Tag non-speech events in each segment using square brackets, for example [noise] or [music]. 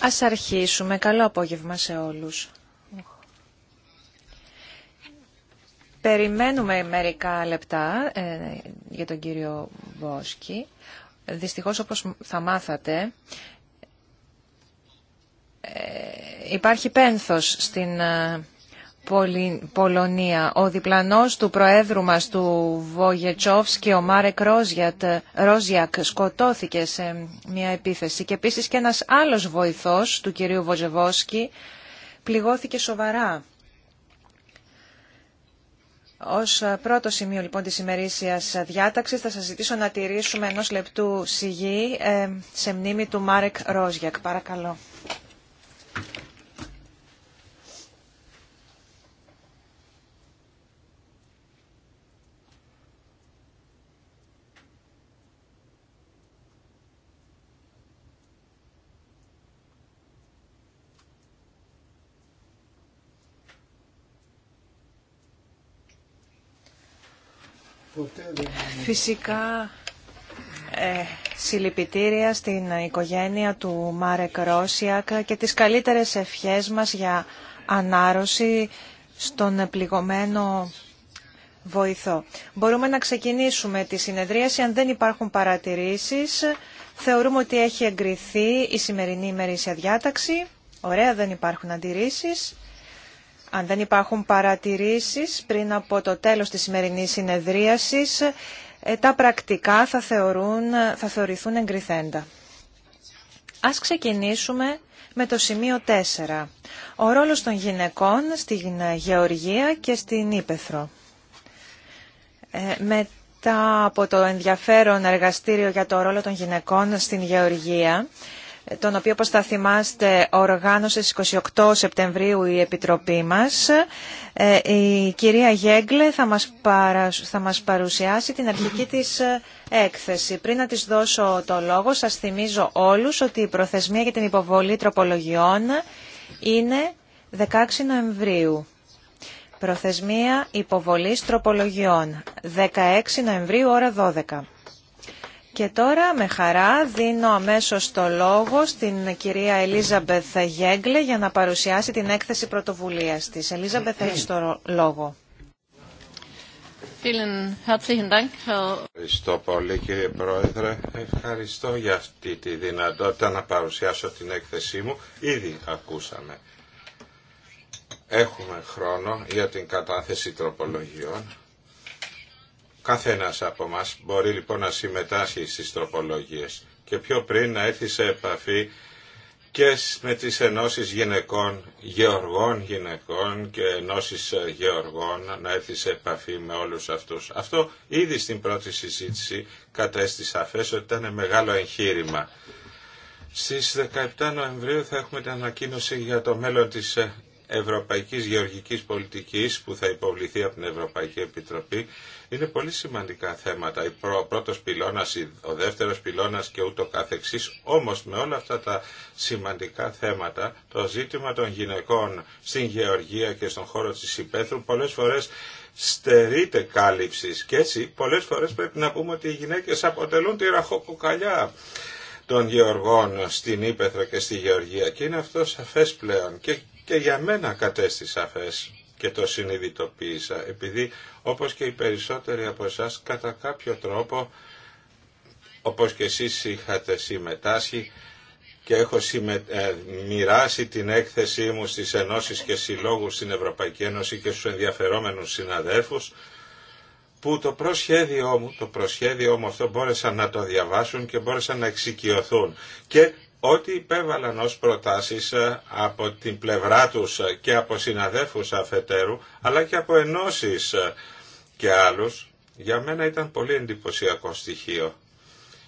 Ας αρχίσουμε. Καλό απόγευμα σε όλους. Περιμένουμε μερικά λεπτά ε, για τον κύριο Βόσκι. Δυστυχώς, όπως θα μάθατε, ε, υπάρχει πένθος στην... Ε, Πολωνία. Ο διπλανός του Προέδρου μας, του Βογετσόφσκι, ο Μάρεκ Ρόζιακ, σκοτώθηκε σε μια επίθεση. Και επίσης και ένας άλλος βοηθός του κυρίου Βοζεβόσκι πληγώθηκε σοβαρά. Ως πρώτο σημείο λοιπόν της ημερήσιας διάταξης θα σας ζητήσω να τηρήσουμε ενός λεπτού σιγή ε, σε μνήμη του Μάρεκ Ρόζιακ. Παρακαλώ. Φυσικά, ε, συλληπιτήρια στην οικογένεια του Μάρεκ Ρώσιακ και τις καλύτερες ευχές μας για ανάρρωση στον πληγωμένο βοηθό. Μπορούμε να ξεκινήσουμε τη συνεδρίαση. Αν δεν υπάρχουν παρατηρήσεις, θεωρούμε ότι έχει εγκριθεί η σημερινή ημερήσια διάταξη. Ωραία, δεν υπάρχουν αντιρρήσεις. Αν δεν υπάρχουν παρατηρήσεις πριν από το τέλος της σημερινής συνεδρίασης, ε, τα πρακτικά θα, θεωρούν, θα θεωρηθούν εγκριθέντα. Ας ξεκινήσουμε με το σημείο 4. Ο ρόλος των γυναικών στην γεωργία και στην ύπεθρο. Ε, μετά από το ενδιαφέρον εργαστήριο για το ρόλο των γυναικών στην γεωργία, τον οποίο, όπως θα θυμάστε, οργάνωσε στις 28 Σεπτεμβρίου η Επιτροπή μας. Ε, η κυρία Γέγκλε θα μας, παρα... θα μας παρουσιάσει την αρχική της ε, έκθεση. Πριν να της δώσω το λόγο, σας θυμίζω όλους ότι η προθεσμία για την υποβολή τροπολογιών είναι 16 Νοεμβρίου. Προθεσμία υποβολής τροπολογιών 16 Νοεμβρίου ώρα 12. Και τώρα με χαρά δίνω αμέσως το λόγο στην κυρία Ελίζαμπεθ Γέγκλε για να παρουσιάσει την έκθεση πρωτοβουλίας της. Ελίζαμπεθ, έχεις το λόγο. Ευχαριστώ πολύ κύριε Πρόεδρε. Ευχαριστώ για αυτή τη δυνατότητα να παρουσιάσω την έκθεσή μου. Ήδη ακούσαμε. Έχουμε χρόνο για την κατάθεση τροπολογιών καθένας από μας μπορεί λοιπόν να συμμετάσχει στις τροπολογίες και πιο πριν να έρθει σε επαφή και με τις ενώσεις γυναικών, γεωργών γυναικών και ενώσεις γεωργών να έρθει σε επαφή με όλους αυτούς. Αυτό ήδη στην πρώτη συζήτηση κατέστησα αφές ότι ήταν μεγάλο εγχείρημα. Στις 17 Νοεμβρίου θα έχουμε την ανακοίνωση για το μέλλον της Ευρωπαϊκής Γεωργικής Πολιτικής που θα υποβληθεί από την Ευρωπαϊκή Επιτροπή είναι πολύ σημαντικά θέματα. ο πρώτος πυλώνας, ο δεύτερος πυλώνας και ούτω καθεξής. Όμως με όλα αυτά τα σημαντικά θέματα, το ζήτημα των γυναικών στην γεωργία και στον χώρο της υπαίθρου πολλές φορές στερείται κάλυψης και έτσι πολλές φορές πρέπει να πούμε ότι οι γυναίκες αποτελούν τη ραχοκοκαλιά των γεωργών στην Ήπεθρο και στη Γεωργία και είναι αυτό σαφές πλέον και, και για μένα κατέστη σαφές και το συνειδητοποίησα, επειδή όπως και οι περισσότεροι από εσά κατά κάποιο τρόπο, όπως και εσείς είχατε συμμετάσχει και έχω συμμε... Ε, μοιράσει την έκθεσή μου στις ενώσεις και συλλόγους στην Ευρωπαϊκή Ένωση και στους ενδιαφερόμενους συναδέλφους, που το προσχέδιό μου, το προσχέδιό μου αυτό μπόρεσαν να το διαβάσουν και μπόρεσαν να εξοικειωθούν. Και Ό,τι υπέβαλαν ως προτάσεις ε, από την πλευρά τους ε, και από συναδέφους αφετέρου, αλλά και από ενώσεις ε, και άλλους, για μένα ήταν πολύ εντυπωσιακό στοιχείο.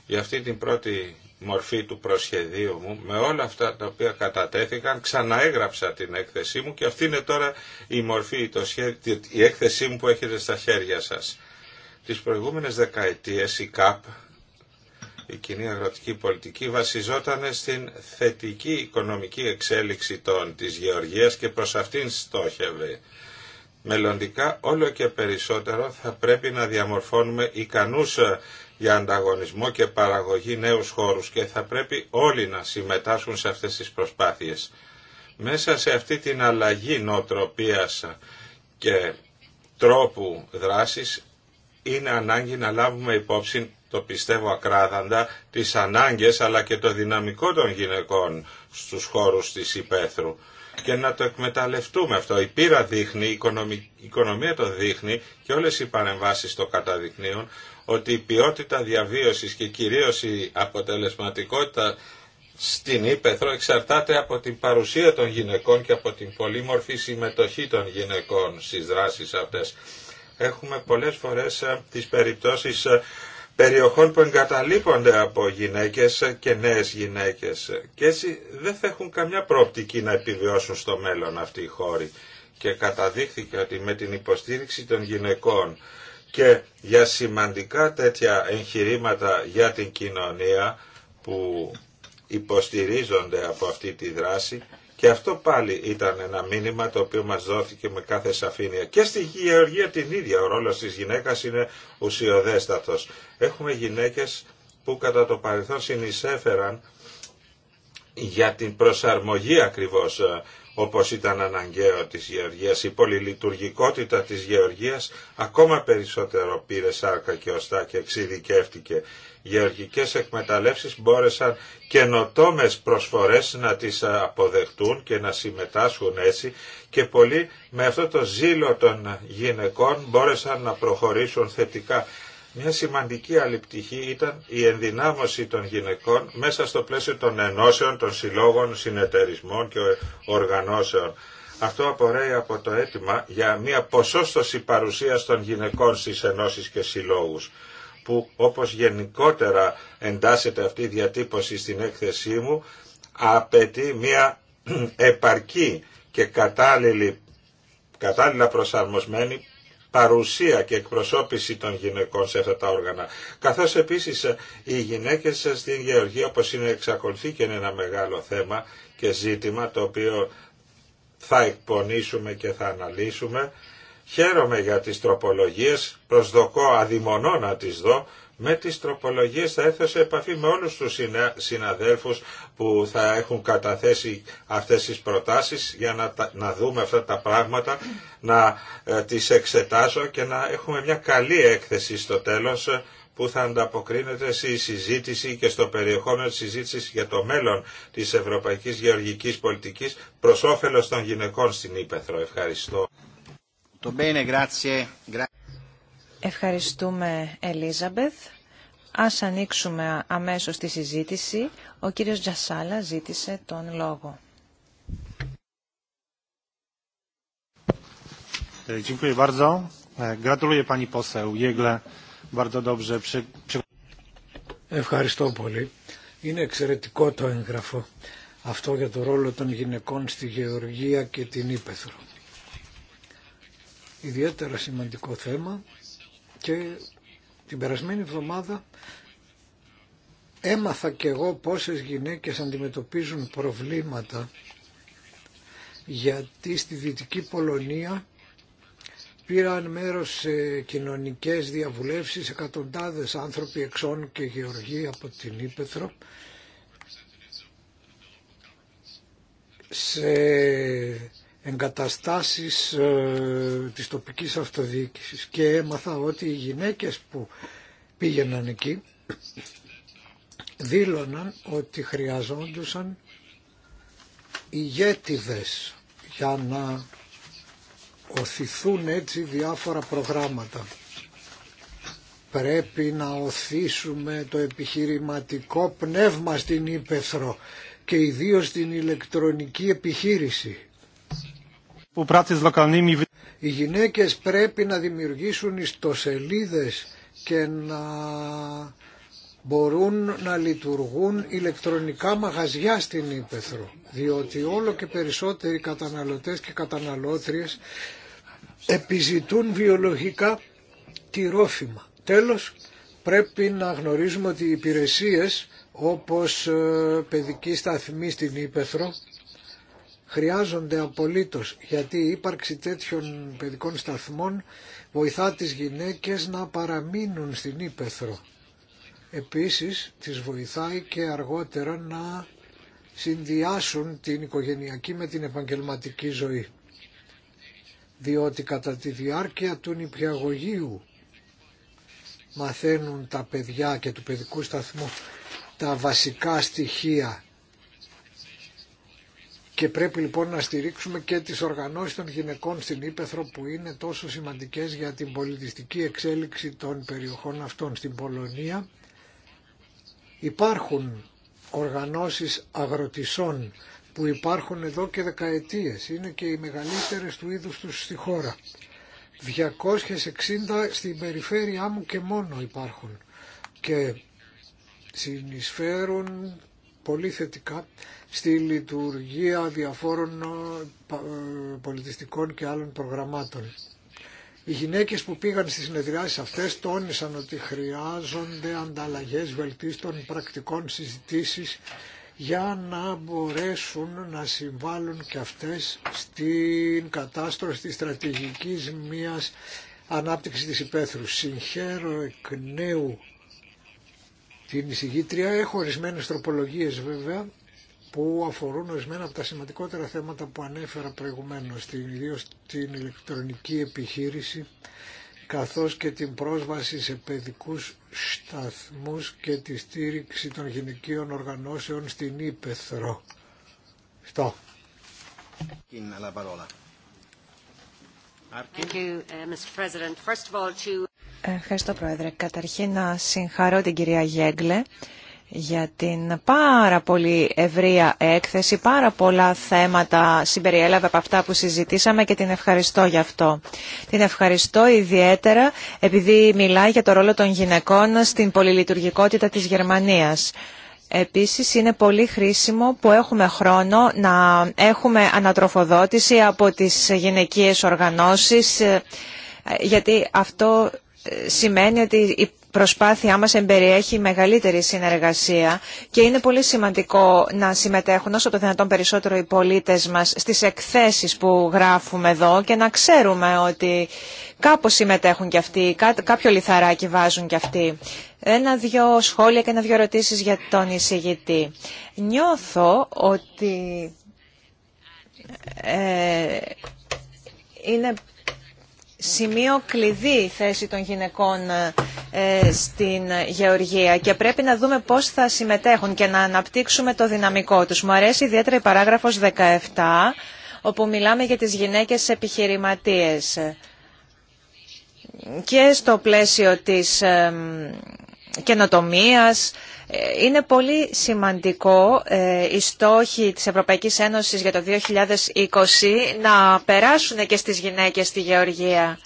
Για αυτή την πρώτη μορφή του προσχεδίου μου, με όλα αυτά τα οποία κατατέθηκαν, ξαναέγραψα την έκθεσή μου και αυτή είναι τώρα η μορφή, το η έκθεσή μου που έχετε στα χέρια σας. Τις προηγούμενες δεκαετίες η ΚΑΠ η κοινή αγροτική πολιτική βασιζόταν στην θετική οικονομική εξέλιξη των της γεωργίας και προς αυτήν στόχευε. Μελλοντικά όλο και περισσότερο θα πρέπει να διαμορφώνουμε ικανούς ε, για ανταγωνισμό και παραγωγή νέους χώρους και θα πρέπει όλοι να συμμετάσχουν σε αυτές τις προσπάθειες. Μέσα σε αυτή την αλλαγή νοοτροπίας και τρόπου δράσης είναι ανάγκη να λάβουμε υπόψη το πιστεύω ακράδαντα, τις ανάγκες αλλά και το δυναμικό των γυναικών στους χώρους της Υπέθρου. και να το εκμεταλλευτούμε αυτό. Η πείρα δείχνει, η οικονομία το δείχνει και όλες οι παρεμβάσεις το καταδεικνύουν ότι η ποιότητα διαβίωσης και κυρίως η αποτελεσματικότητα στην Ήπεθρο εξαρτάται από την παρουσία των γυναικών και από την πολύμορφη συμμετοχή των γυναικών στις δράσεις αυτές. Έχουμε πολλές φορές ε, τις περιπτώσεις ε, περιοχών που εγκαταλείπονται από γυναίκες και νέες γυναίκες και έτσι δεν θα έχουν καμιά πρόπτικη να επιβιώσουν στο μέλλον αυτοί οι χώροι και καταδείχθηκε ότι με την υποστήριξη των γυναικών και για σημαντικά τέτοια εγχειρήματα για την κοινωνία που υποστηρίζονται από αυτή τη δράση και αυτό πάλι ήταν ένα μήνυμα το οποίο μας δόθηκε με κάθε σαφήνεια. Και στη γεωργία την ίδια ο ρόλος της γυναίκας είναι ουσιοδέστατος. Έχουμε γυναίκες που κατά το παρελθόν συνεισέφεραν για την προσαρμογή ακριβώς ε, όπως ήταν αναγκαίο της γεωργίας. Η πολυλειτουργικότητα της γεωργίας ακόμα περισσότερο πήρε σάρκα και οστά και εξειδικεύτηκε γεωργικές εκμεταλλεύσεις μπόρεσαν καινοτόμε προσφορές να τις αποδεχτούν και να συμμετάσχουν έτσι και πολύ με αυτό το ζήλο των γυναικών μπόρεσαν να προχωρήσουν θετικά. Μια σημαντική άλλη ήταν η ενδυνάμωση των γυναικών μέσα στο πλαίσιο των ενώσεων, των συλλόγων, συνεταιρισμών και οργανώσεων. Αυτό απορρέει από το αίτημα για μια ποσόστοση παρουσίας των γυναικών στις ενώσεις και συλλόγους που όπως γενικότερα εντάσσεται αυτή η διατύπωση στην έκθεσή μου απαιτεί μια επαρκή και κατάλληλη, κατάλληλα προσαρμοσμένη παρουσία και εκπροσώπηση των γυναικών σε αυτά τα όργανα. Καθώς επίσης ε, οι γυναίκες στην γεωργία όπως είναι εξακολουθεί και είναι ένα μεγάλο θέμα και ζήτημα το οποίο θα εκπονήσουμε και θα αναλύσουμε Χαίρομαι για τις τροπολογίες, προσδοκώ αδειμονώ να τις δω. Με τις τροπολογίες θα έρθω σε επαφή με όλους τους συναδέλφους που θα έχουν καταθέσει αυτές τις προτάσεις για να, να δούμε αυτά τα πράγματα, να ε, τις εξετάσω και να έχουμε μια καλή έκθεση στο τέλος ε, που θα ανταποκρίνεται στη συζήτηση και στο περιεχόμενο της συζήτησης για το μέλλον της ευρωπαϊκής γεωργικής πολιτικής προς όφελος των γυναικών στην Ήπεθρο. Ευχαριστώ. Ευχαριστούμε, Ελίζαμπεθ. Ας ανοίξουμε αμέσως τη συζήτηση. Ο κύριος Τζασάλα ζήτησε τον λόγο. Ευχαριστώ πολύ. Είναι εξαιρετικό το έγγραφο αυτό για το ρόλο των γυναικών στη γεωργία και την ύπεθρο ιδιαίτερα σημαντικό θέμα και την περασμένη εβδομάδα έμαθα και εγώ πόσες γυναίκες αντιμετωπίζουν προβλήματα γιατί στη Δυτική Πολωνία πήραν μέρος σε κοινωνικές διαβουλεύσεις εκατοντάδες άνθρωποι εξών και γεωργοί από την Ήπεθρο σε εγκαταστάσεις ε, της τοπικής αυτοδιοίκησης και έμαθα ότι οι γυναίκες που πήγαιναν εκεί δήλωναν ότι χρειαζόντουσαν ηγέτιδες για να οθηθούν έτσι διάφορα προγράμματα. Πρέπει να οθήσουμε το επιχειρηματικό πνεύμα στην Ήπεθρο και ιδίως την ηλεκτρονική επιχείρηση οι γυναίκες πρέπει να δημιουργήσουν ιστοσελίδες και να μπορούν να λειτουργούν ηλεκτρονικά μαγαζιά στην Ήπεθρο, διότι όλο και περισσότεροι καταναλωτές και καταναλώτριες επιζητούν βιολογικά ρόφημα. Τέλος, πρέπει να γνωρίζουμε ότι οι υπηρεσίες όπως ε, παιδική σταθμή στην Ήπεθρο χρειάζονται απολύτως γιατί η ύπαρξη τέτοιων παιδικών σταθμών βοηθά τις γυναίκες να παραμείνουν στην ύπεθρο. Επίσης τις βοηθάει και αργότερα να συνδυάσουν την οικογενειακή με την επαγγελματική ζωή. Διότι κατά τη διάρκεια του νηπιαγωγείου μαθαίνουν τα παιδιά και του παιδικού σταθμού τα βασικά στοιχεία και πρέπει λοιπόν να στηρίξουμε και τις οργανώσεις των γυναικών στην Ήπεθρο που είναι τόσο σημαντικές για την πολιτιστική εξέλιξη των περιοχών αυτών στην Πολωνία. Υπάρχουν οργανώσεις αγροτισών που υπάρχουν εδώ και δεκαετίες. Είναι και οι μεγαλύτερες του είδους του στη χώρα. 260 στην περιφέρειά μου και μόνο υπάρχουν και συνεισφέρουν πολύ θετικά στη λειτουργία διαφόρων ε, ε, πολιτιστικών και άλλων προγραμμάτων. Οι γυναίκες που πήγαν στις συνεδριάσεις αυτές τόνισαν ότι χρειάζονται ανταλλαγές βελτίστων πρακτικών συζητήσεις για να μπορέσουν να συμβάλλουν και αυτές στην κατάστροφη της στρατηγικής μίας ανάπτυξης της υπαίθρου. Συγχαίρω εκ νέου την εισηγήτρια. Έχω ορισμένες τροπολογίες βέβαια που αφορούν ορισμένα από τα σημαντικότερα θέματα που ανέφερα προηγουμένως, ιδίω την ηλεκτρονική επιχείρηση, καθώς και την πρόσβαση σε παιδικούς σταθμούς και τη στήριξη των γυναικείων οργανώσεων στην Ήπεθρο. Στο. Uh, Ευχαριστώ Πρόεδρε. Καταρχήν να συγχαρώ την κυρία Γέγκλε για την πάρα πολύ ευρεία έκθεση, πάρα πολλά θέματα συμπεριέλαβε από αυτά που συζητήσαμε και την ευχαριστώ γι' αυτό. Την ευχαριστώ ιδιαίτερα επειδή μιλάει για το ρόλο των γυναικών στην πολυλειτουργικότητα της Γερμανίας. Επίσης είναι πολύ χρήσιμο που έχουμε χρόνο να έχουμε ανατροφοδότηση από τις γυναικείες οργανώσεις γιατί αυτό σημαίνει ότι προσπάθειά μας εμπεριέχει μεγαλύτερη συνεργασία και είναι πολύ σημαντικό να συμμετέχουν όσο το δυνατόν περισσότερο οι πολίτες μας στις εκθέσεις που γράφουμε εδώ και να ξέρουμε ότι κάπως συμμετέχουν κι αυτοί, κάποιο λιθαράκι βάζουν κι αυτοί. Ένα-δυο σχόλια και ένα-δυο ερωτήσει για τον εισηγητή. Νιώθω ότι... Ε, είναι σημείο κλειδί η θέση των γυναικών ε, στην γεωργία και πρέπει να δούμε πώς θα συμμετέχουν και να αναπτύξουμε το δυναμικό τους. Μου αρέσει ιδιαίτερα η παράγραφος 17 όπου μιλάμε για τις γυναίκες επιχειρηματίες και στο πλαίσιο της καινοτομίας ε, είναι πολύ σημαντικό ε, οι στόχοι της Ευρωπαϊκής Ένωσης για το 2020 να περάσουν και στις γυναίκες στη Γεωργία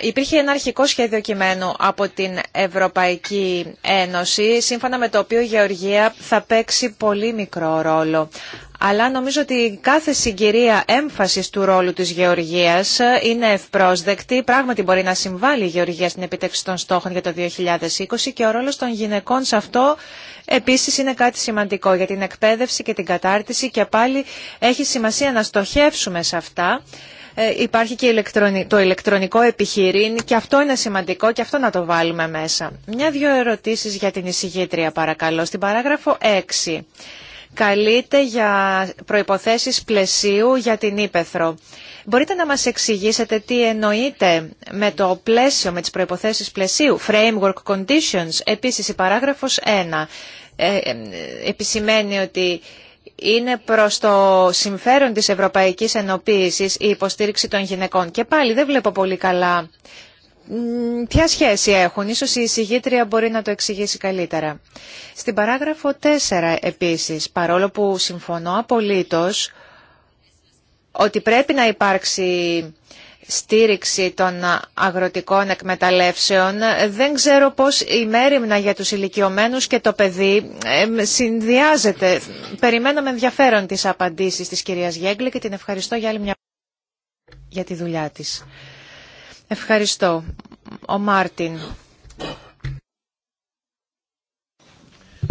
Υπήρχε ένα αρχικό σχέδιο κειμένου από την Ευρωπαϊκή Ένωση, σύμφωνα με το οποίο η Γεωργία θα παίξει πολύ μικρό ρόλο. Αλλά νομίζω ότι κάθε συγκυρία έμφασης του ρόλου της Γεωργίας είναι ευπρόσδεκτη. Πράγματι μπορεί να συμβάλλει η Γεωργία στην επιτέξη των στόχων για το 2020 και ο ρόλος των γυναικών σε αυτό επίσης είναι κάτι σημαντικό για την εκπαίδευση και την κατάρτιση και πάλι έχει σημασία να στοχεύσουμε σε αυτά ε, υπάρχει και το ηλεκτρονικό επιχειρήν και αυτό είναι σημαντικό και αυτό να το βάλουμε μέσα. Μια-δυο ερωτήσεις για την εισηγήτρια παρακαλώ. Στην παράγραφο 6 καλείται για προϋποθέσεις πλαισίου για την Ήπεθρο. Μπορείτε να μας εξηγήσετε τι εννοείτε με το πλαίσιο, με τις προϋποθέσεις πλαισίου, framework conditions, επίσης η παράγραφος 1 ε, ε, επισημαίνει ότι είναι προς το συμφέρον της ευρωπαϊκής ενοποίησης η υποστήριξη των γυναικών. Και πάλι δεν βλέπω πολύ καλά ποια σχέση έχουν. Ίσως η εισηγήτρια μπορεί να το εξηγήσει καλύτερα. Στην παράγραφο 4 επίσης, παρόλο που συμφωνώ απολύτως ότι πρέπει να υπάρξει στήριξη των αγροτικών εκμεταλλεύσεων. Δεν ξέρω πώς η μέρημνα για τους ηλικιωμένου και το παιδί συνδυάζεται. Περιμένω με ενδιαφέρον τις απαντήσεις της κυρίας Γέγκλη και την ευχαριστώ για άλλη μια για τη δουλειά της. Ευχαριστώ. Ο Μάρτιν. [clears throat]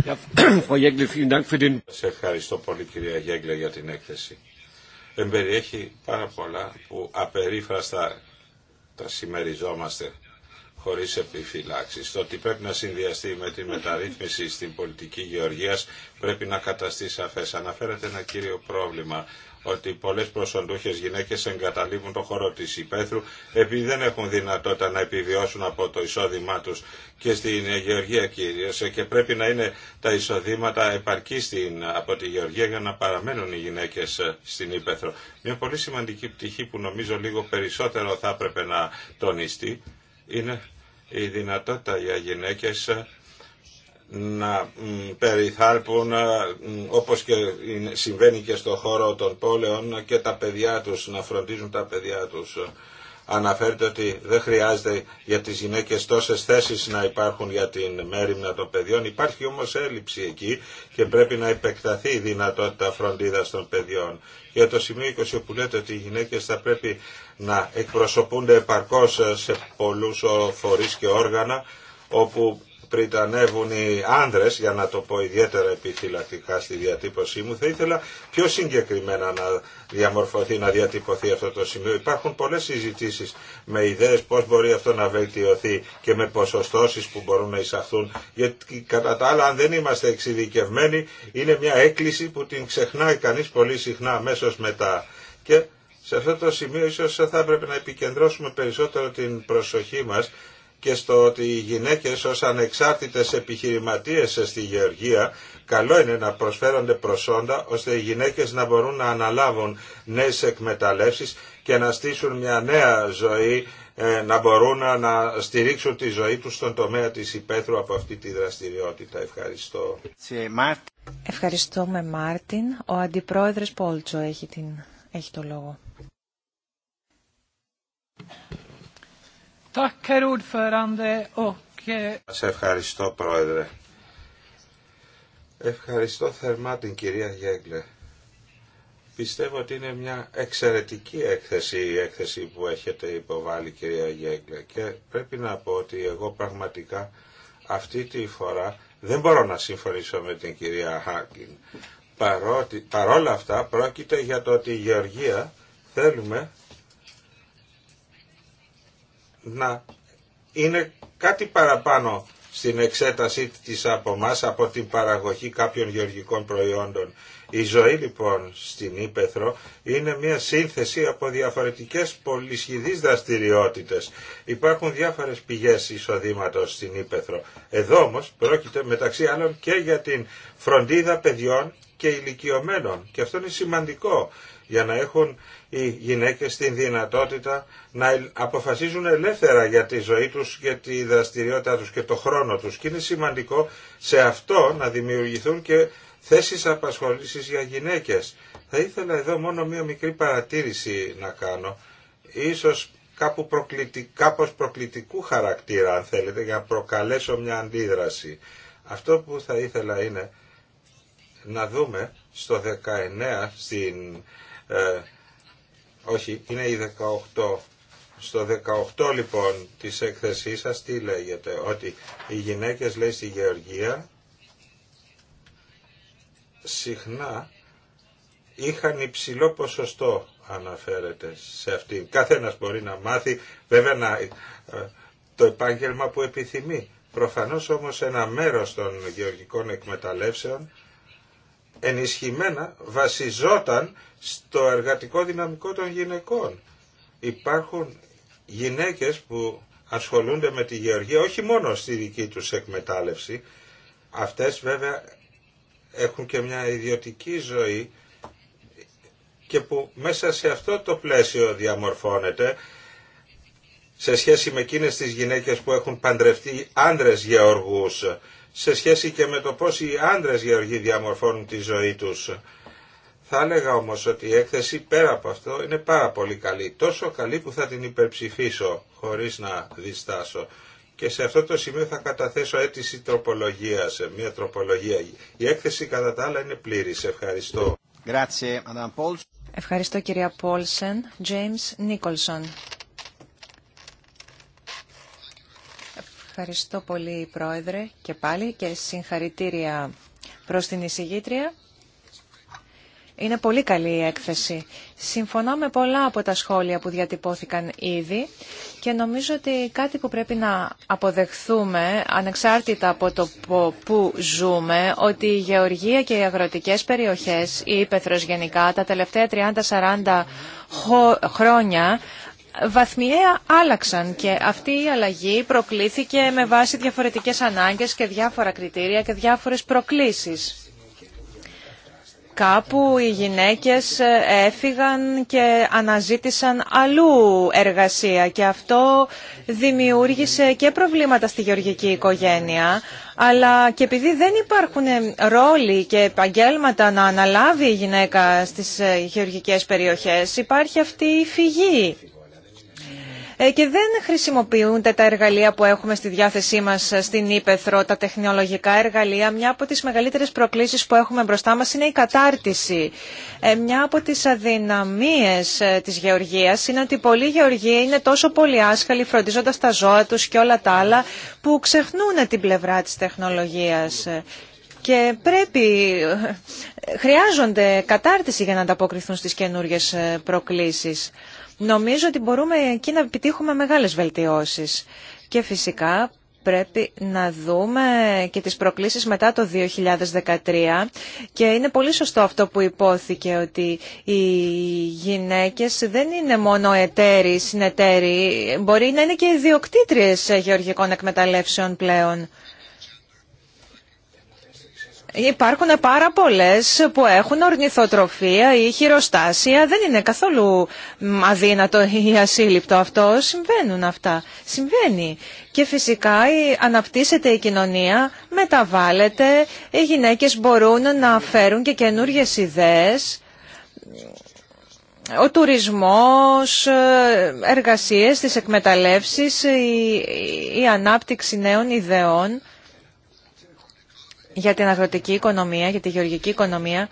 [clears throat] Σε ευχαριστώ πολύ κυρία Γέγκλε για την έκθεση εμπεριέχει πάρα πολλά που απερίφραστα τα σημεριζόμαστε χωρίς επιφυλάξεις. Το ότι πρέπει να συνδυαστεί με τη μεταρρύθμιση στην πολιτική γεωργίας πρέπει να καταστεί σαφές. Αναφέρεται ένα κύριο πρόβλημα ότι πολλές προσοντούχες γυναίκες εγκαταλείπουν το χώρο της υπαίθρου επειδή δεν έχουν δυνατότητα να επιβιώσουν από το εισόδημά τους και στην γεωργία κυρίως ε, και πρέπει να είναι τα εισοδήματα επαρκή στην, από τη γεωργία για να παραμένουν οι γυναίκες ε, στην υπαίθρο. Μια πολύ σημαντική πτυχή που νομίζω λίγο περισσότερο θα έπρεπε να τονιστεί είναι η δυνατότητα για γυναίκες ε, να περιθάλπουν ε, όπως και συμβαίνει και στο χώρο των πόλεων και τα παιδιά τους, να φροντίζουν τα παιδιά τους. Αναφέρεται ότι δεν χρειάζεται για τις γυναίκες τόσες θέσεις να υπάρχουν για την μέρημνα των παιδιών. Υπάρχει όμως έλλειψη εκεί και πρέπει να επεκταθεί η δυνατότητα φροντίδας των παιδιών. Για το σημείο 20 που λέτε ότι οι γυναίκες θα πρέπει να εκπροσωπούνται επαρκώς σε πολλούς φορείς και όργανα όπου πριν τα ανέβουν οι άντρε, για να το πω ιδιαίτερα επιφυλακτικά στη διατύπωσή μου, θα ήθελα πιο συγκεκριμένα να διαμορφωθεί, να διατυπωθεί αυτό το σημείο. Υπάρχουν πολλέ συζητήσει με ιδέε πώ μπορεί αυτό να βελτιωθεί και με ποσοστώσει που μπορούν να εισαχθούν. Γιατί κατά τα άλλα, αν δεν είμαστε εξειδικευμένοι, είναι μια έκκληση που την ξεχνάει κανεί πολύ συχνά αμέσω μετά. Και σε αυτό το σημείο ίσως θα έπρεπε να επικεντρώσουμε περισσότερο την προσοχή μας και στο ότι οι γυναίκες ως ανεξάρτητες επιχειρηματίες στη Γεωργία καλό είναι να προσφέρονται προσόντα ώστε οι γυναίκες να μπορούν να αναλάβουν νέες εκμεταλλεύσεις και να στήσουν μια νέα ζωή, ε, να μπορούν να στηρίξουν τη ζωή τους στον τομέα της υπαίθρου από αυτή τη δραστηριότητα. Ευχαριστώ. Ευχαριστούμε Μάρτιν. Ο Αντιπρόεδρος Πόλτσο την... έχει το λόγο. Eh, Σας ευχαριστώ πρόεδρε. Ευχαριστώ θερμά την κυρία Γέγκλε. Πιστεύω ότι είναι μια εξαιρετική έκθεση η έκθεση που έχετε υποβάλει κυρία Γέγκλε και πρέπει να πω ότι εγώ πραγματικά αυτή τη φορά δεν μπορώ να συμφωνήσω με την κυρία Χάκιν. παρόλα αυτά πρόκειται για το ότι η Γεωργία θέλουμε να είναι κάτι παραπάνω στην εξέτασή της από μας από την παραγωγή κάποιων γεωργικών προϊόντων. Η ζωή λοιπόν στην Ήπεθρο είναι μια σύνθεση από διαφορετικές πολυσχηδείς δραστηριότητες. Υπάρχουν διάφορες πηγές εισοδήματος στην Ήπεθρο. Εδώ όμως πρόκειται μεταξύ άλλων και για την φροντίδα παιδιών και ηλικιωμένων. Και αυτό είναι σημαντικό για να έχουν οι γυναίκες την δυνατότητα να αποφασίζουν ελεύθερα για τη ζωή τους και τη δραστηριότητά τους και το χρόνο τους. Και είναι σημαντικό σε αυτό να δημιουργηθούν και θέσεις απασχολήσεις για γυναίκες. Θα ήθελα εδώ μόνο μία μικρή παρατήρηση να κάνω. Ίσως κάπου κάπως προκλητικού χαρακτήρα αν θέλετε για να προκαλέσω μια αντίδραση. Αυτό που θα ήθελα είναι να δούμε στο 19 στην ε, όχι, είναι η 18. Στο 18 λοιπόν της έκθεσής σας τι λέγεται, ότι οι γυναίκες λέει στη Γεωργία συχνά είχαν υψηλό ποσοστό αναφέρεται σε κάθε Καθένας μπορεί να μάθει βέβαια ε, το επάγγελμα που επιθυμεί. Προφανώς όμως ένα μέρος των γεωργικών εκμεταλλεύσεων ενισχυμένα βασιζόταν στο εργατικό δυναμικό των γυναικών. Υπάρχουν γυναίκες που ασχολούνται με τη γεωργία όχι μόνο στη δική τους εκμετάλλευση, αυτές βέβαια έχουν και μια ιδιωτική ζωή και που μέσα σε αυτό το πλαίσιο διαμορφώνεται σε σχέση με εκείνες τις γυναίκες που έχουν παντρευτεί άντρες γεωργούς σε σχέση και με το πώς οι άντρες γεωργοί διαμορφώνουν τη ζωή τους. Θα έλεγα όμως ότι η έκθεση πέρα από αυτό είναι πάρα πολύ καλή. Τόσο καλή που θα την υπερψηφίσω χωρίς να διστάσω. Και σε αυτό το σημείο θα καταθέσω αίτηση τροπολογίας, μια τροπολογία. Η έκθεση κατά τα άλλα είναι πλήρης. Ευχαριστώ. Ευχαριστώ κυρία Πόλσεν. James Nicholson. Ευχαριστώ πολύ, Πρόεδρε, και πάλι και συγχαρητήρια προς την εισηγήτρια. Είναι πολύ καλή η έκθεση. Συμφωνώ με πολλά από τα σχόλια που διατυπώθηκαν ήδη και νομίζω ότι κάτι που πρέπει να αποδεχθούμε, ανεξάρτητα από το που ζούμε, ότι η γεωργία και οι αγροτικές περιοχές, η Ήπεθρος γενικά, τα τελευταία 30-40 χρόνια βαθμιαία άλλαξαν και αυτή η αλλαγή προκλήθηκε με βάση διαφορετικές ανάγκες και διάφορα κριτήρια και διάφορες προκλήσεις. Κάπου οι γυναίκες ε, έφυγαν και αναζήτησαν αλλού εργασία και αυτό δημιούργησε και προβλήματα στη γεωργική οικογένεια. Αλλά και επειδή δεν υπάρχουν ε, ρόλοι και επαγγέλματα να αναλάβει η γυναίκα στις ε, γεωργικές περιοχές, υπάρχει αυτή η φυγή. Ε, και δεν χρησιμοποιούνται τα εργαλεία που έχουμε στη διάθεσή μας ε, στην Ήπεθρο, τα τεχνολογικά εργαλεία. Μια από τις μεγαλύτερες προκλήσεις που έχουμε μπροστά μας είναι η κατάρτιση. Ε, μια από τις αδυναμίες της γεωργίας είναι ότι πολλοί γεωργοί είναι τόσο πολύ άσχαλοι φροντίζοντας τα ζώα τους και όλα τα άλλα που ξεχνούν την πλευρά της τεχνολογίας. Και πρέπει, χρειάζονται κατάρτιση για να ανταποκριθούν στις καινούριες προκλήσεις. Νομίζω ότι μπορούμε εκεί να επιτύχουμε μεγάλες βελτιώσεις. Και φυσικά πρέπει να δούμε και τις προκλήσεις μετά το 2013 και είναι πολύ σωστό αυτό που υπόθηκε ότι οι γυναίκες δεν είναι μόνο εταίροι, συνεταίροι, μπορεί να είναι και ιδιοκτήτριες γεωργικών εκμεταλλεύσεων πλέον. Υπάρχουν πάρα πολλέ που έχουν ορνηθοτροφία ή χειροστάσια. Δεν είναι καθόλου αδύνατο ή ασύλληπτο αυτό. Συμβαίνουν αυτά. Συμβαίνει. Και φυσικά αναπτύσσεται η κοινωνία, μεταβάλλεται, οι γυναίκες μπορούν να φέρουν και καινούργιες ιδέες ο τουρισμός, εργασίες, τις εκμεταλλεύσεις, η, η ανάπτυξη νέων ιδεών για την αγροτική οικονομία, για τη γεωργική οικονομία,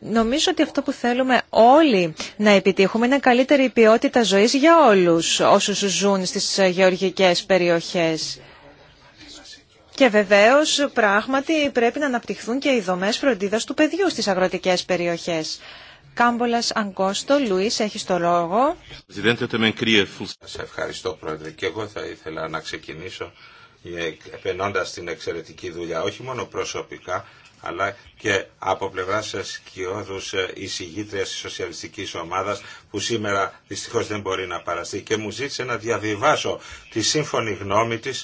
Νομίζω ότι αυτό που θέλουμε όλοι να επιτύχουμε είναι καλύτερη ποιότητα ζωής για όλους όσους ζουν στις γεωργικές περιοχές. Και βεβαίως πράγματι πρέπει να αναπτυχθούν και οι δομές φροντίδας του παιδιού στις αγροτικές περιοχές. Κάμπολας Αγκόστο, Λουίς, έχει το λόγο. Σας ευχαριστώ, Πρόεδρε. Και εγώ θα ήθελα να ξεκινήσω ε, επενώντας την εξαιρετική δουλειά, όχι μόνο προσωπικά, αλλά και από πλευρά σα κοιόδου ε, εισηγήτρια τη Σοσιαλιστική Ομάδα που σήμερα δυστυχώ δεν μπορεί να παραστεί και μου ζήτησε να διαβιβάσω τη σύμφωνη γνώμη τη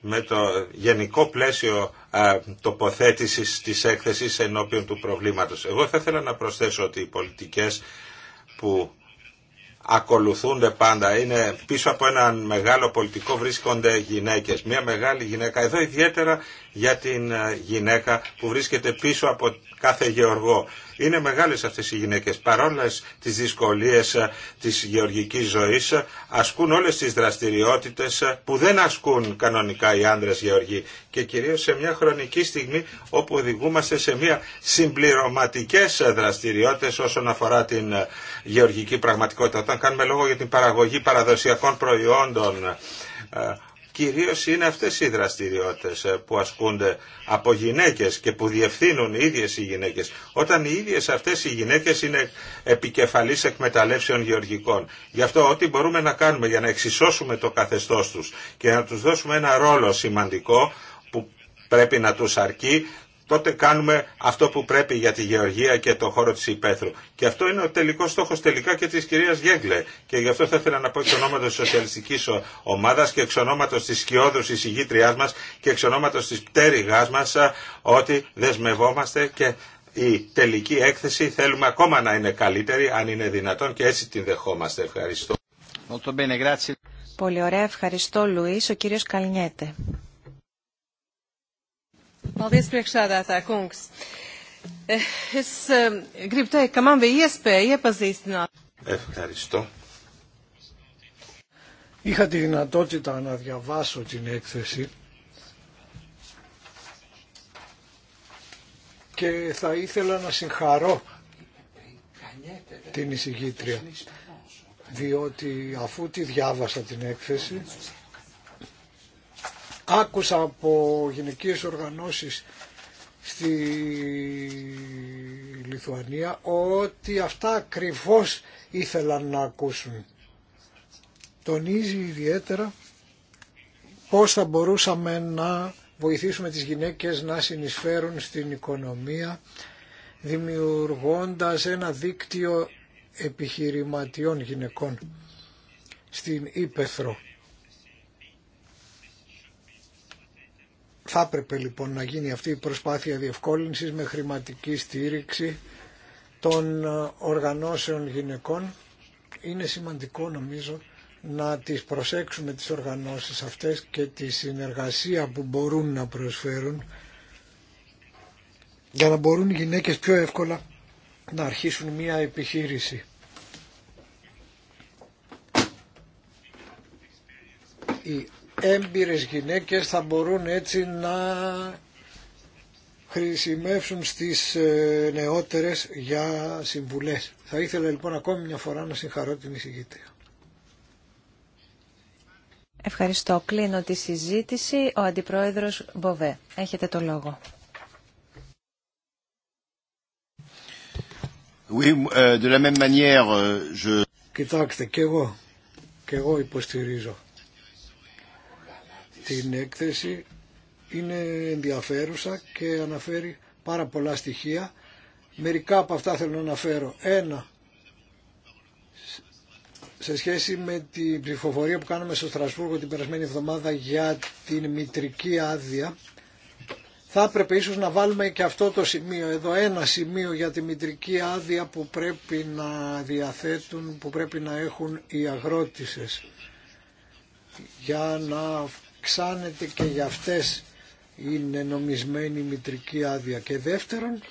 με το γενικό πλαίσιο ε, τοποθέτηση τη έκθεση έκθεσης ενώπιον του προβλήματος. Εγώ θα ήθελα να προσθέσω ότι οι πολιτικέ που ακολουθούνται πάντα. Είναι πίσω από έναν μεγάλο πολιτικό βρίσκονται γυναίκες. Μια μεγάλη γυναίκα. Εδώ ιδιαίτερα για την ε, γυναίκα που βρίσκεται πίσω από κάθε γεωργό. Είναι μεγάλες αυτές οι γυναίκες. παρόλα τις δυσκολίες ε, της γεωργικής ζωής ε, ασκούν όλες τις δραστηριότητες ε, που δεν ασκούν κανονικά οι άνδρες γεωργοί και κυρίως σε μια χρονική στιγμή όπου οδηγούμαστε σε μια συμπληρωματικές δραστηριότητες όσον αφορά την γεωργική πραγματικότητα. Όταν κάνουμε λόγο για την παραγωγή παραδοσιακών προϊόντων κυρίως είναι αυτές οι δραστηριότητες ε, που ασκούνται από γυναίκες και που διευθύνουν οι ίδιες οι γυναίκες. Όταν οι ίδιες αυτές οι γυναίκες είναι επικεφαλής εκμεταλλεύσεων γεωργικών. Γι' αυτό ό,τι μπορούμε να κάνουμε για να εξισώσουμε το καθεστώς τους και να τους δώσουμε ένα ρόλο σημαντικό που πρέπει να τους αρκεί τότε κάνουμε αυτό που πρέπει για τη γεωργία και το χώρο της υπαίθρου. Και αυτό είναι ο τελικός στόχος τελικά και της κυρίας Γέγκλε. Και γι' αυτό θα ήθελα να πω εξ ονόματος της Σοσιαλιστικής Ομάδας και εξ ονόματος της Σκιώδους εισηγήτριάς μας και εξ ονόματος της πτέρυγάς μας ότι δεσμευόμαστε και η τελική έκθεση θέλουμε ακόμα να είναι καλύτερη αν είναι δυνατόν και έτσι την δεχόμαστε. Ευχαριστώ. Πολύ ωραία. Ευχαριστώ Λουίς. Ο κύριος Καλνιέτε. Paldies, priekšsēdētāja kungs. Es gribu teikt, ka man bija iespēja iepazīstināt. Ευχαριστώ. Είχα τη δυνατότητα να διαβάσω την έκθεση και θα ήθελα να συγχαρώ την εισηγήτρια διότι αφού τη διάβασα την έκθεση Άκουσα από γυναικείες οργανώσεις στη Λιθουανία ότι αυτά ακριβώς ήθελαν να ακούσουν. Τονίζει ιδιαίτερα πώς θα μπορούσαμε να βοηθήσουμε τις γυναίκες να συνεισφέρουν στην οικονομία δημιουργώντας ένα δίκτυο επιχειρηματιών γυναικών στην Ήπεθρο. Θα έπρεπε λοιπόν να γίνει αυτή η προσπάθεια διευκόλυνσης με χρηματική στήριξη των ε, οργανώσεων γυναικών. Είναι σημαντικό νομίζω να τις προσέξουμε τις οργανώσεις αυτές και τη συνεργασία που μπορούν να προσφέρουν για να μπορούν οι γυναίκες πιο εύκολα να αρχίσουν μία επιχείρηση έμπειρες γυναίκες θα μπορούν έτσι να χρησιμεύσουν στις ε, νεότερες για συμβουλές. Θα ήθελα λοιπόν ακόμη μια φορά να συγχαρώ την εισηγήτρια. Ευχαριστώ. Κλείνω τη συζήτηση. Ο Αντιπρόεδρος Μποβέ. Έχετε το λόγο. Oui, euh, de la même manière, euh, je... Κοιτάξτε, και εγώ, και εγώ υποστηρίζω την έκθεση είναι ενδιαφέρουσα και αναφέρει πάρα πολλά στοιχεία. Μερικά από αυτά θέλω να αναφέρω. Ένα, σε σχέση με την ψηφοφορία που κάναμε στο Στρασβούργο την περασμένη εβδομάδα για την μητρική άδεια, θα έπρεπε ίσως να βάλουμε και αυτό το σημείο εδώ, ένα σημείο για τη μητρική άδεια που πρέπει να διαθέτουν, που πρέπει να έχουν οι αγρότησες για να αυξάνεται και για αυτές είναι νομισμένη μητρική άδεια. Και δεύτερον,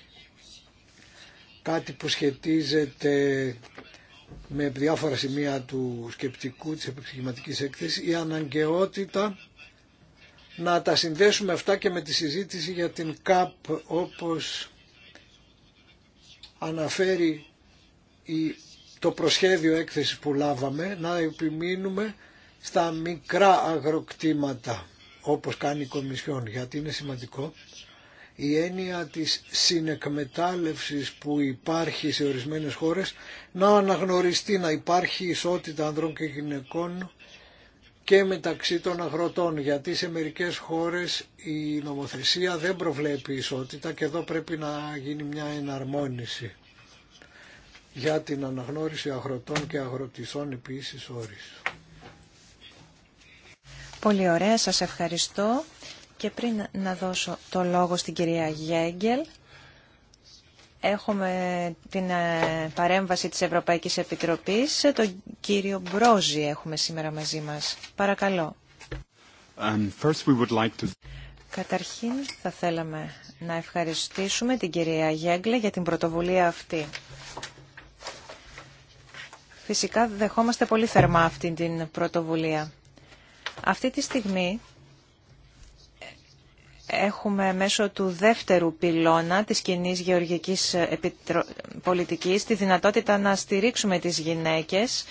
κάτι που σχετίζεται με διάφορα σημεία του σκεπτικού της επεξηγηματικής έκθεσης, η αναγκαιότητα να τα συνδέσουμε αυτά και με τη συζήτηση για την ΚΑΠ όπως αναφέρει το προσχέδιο έκθεσης που λάβαμε, να επιμείνουμε στα μικρά αγροκτήματα όπως κάνει η Κομισιόν γιατί είναι σημαντικό η έννοια της συνεκμετάλλευσης που υπάρχει σε ορισμένες χώρες να αναγνωριστεί να υπάρχει ισότητα ανδρών και γυναικών και μεταξύ των αγροτών γιατί σε μερικές χώρες η νομοθεσία δεν προβλέπει ισότητα και εδώ πρέπει να γίνει μια εναρμόνιση για την αναγνώριση αγροτών και αγροτισών επίσης όρισης. Πολύ ωραία, σας ευχαριστώ. Και πριν να δώσω το λόγο στην κυρία Γέγκελ, έχουμε την ε, παρέμβαση της Ευρωπαϊκής Επιτροπής. Τον κύριο Μπρόζη έχουμε σήμερα μαζί μας. Παρακαλώ. Um, Καταρχήν θα θέλαμε να ευχαριστήσουμε την κυρία Γέγκλε για την πρωτοβουλία αυτή. Φυσικά δεχόμαστε πολύ θερμά αυτή την πρωτοβουλία. Αυτή τη στιγμή έχουμε μέσω του δεύτερου πυλώνα της κοινή γεωργικής πολιτικής τη δυνατότητα να στηρίξουμε τις γυναίκες.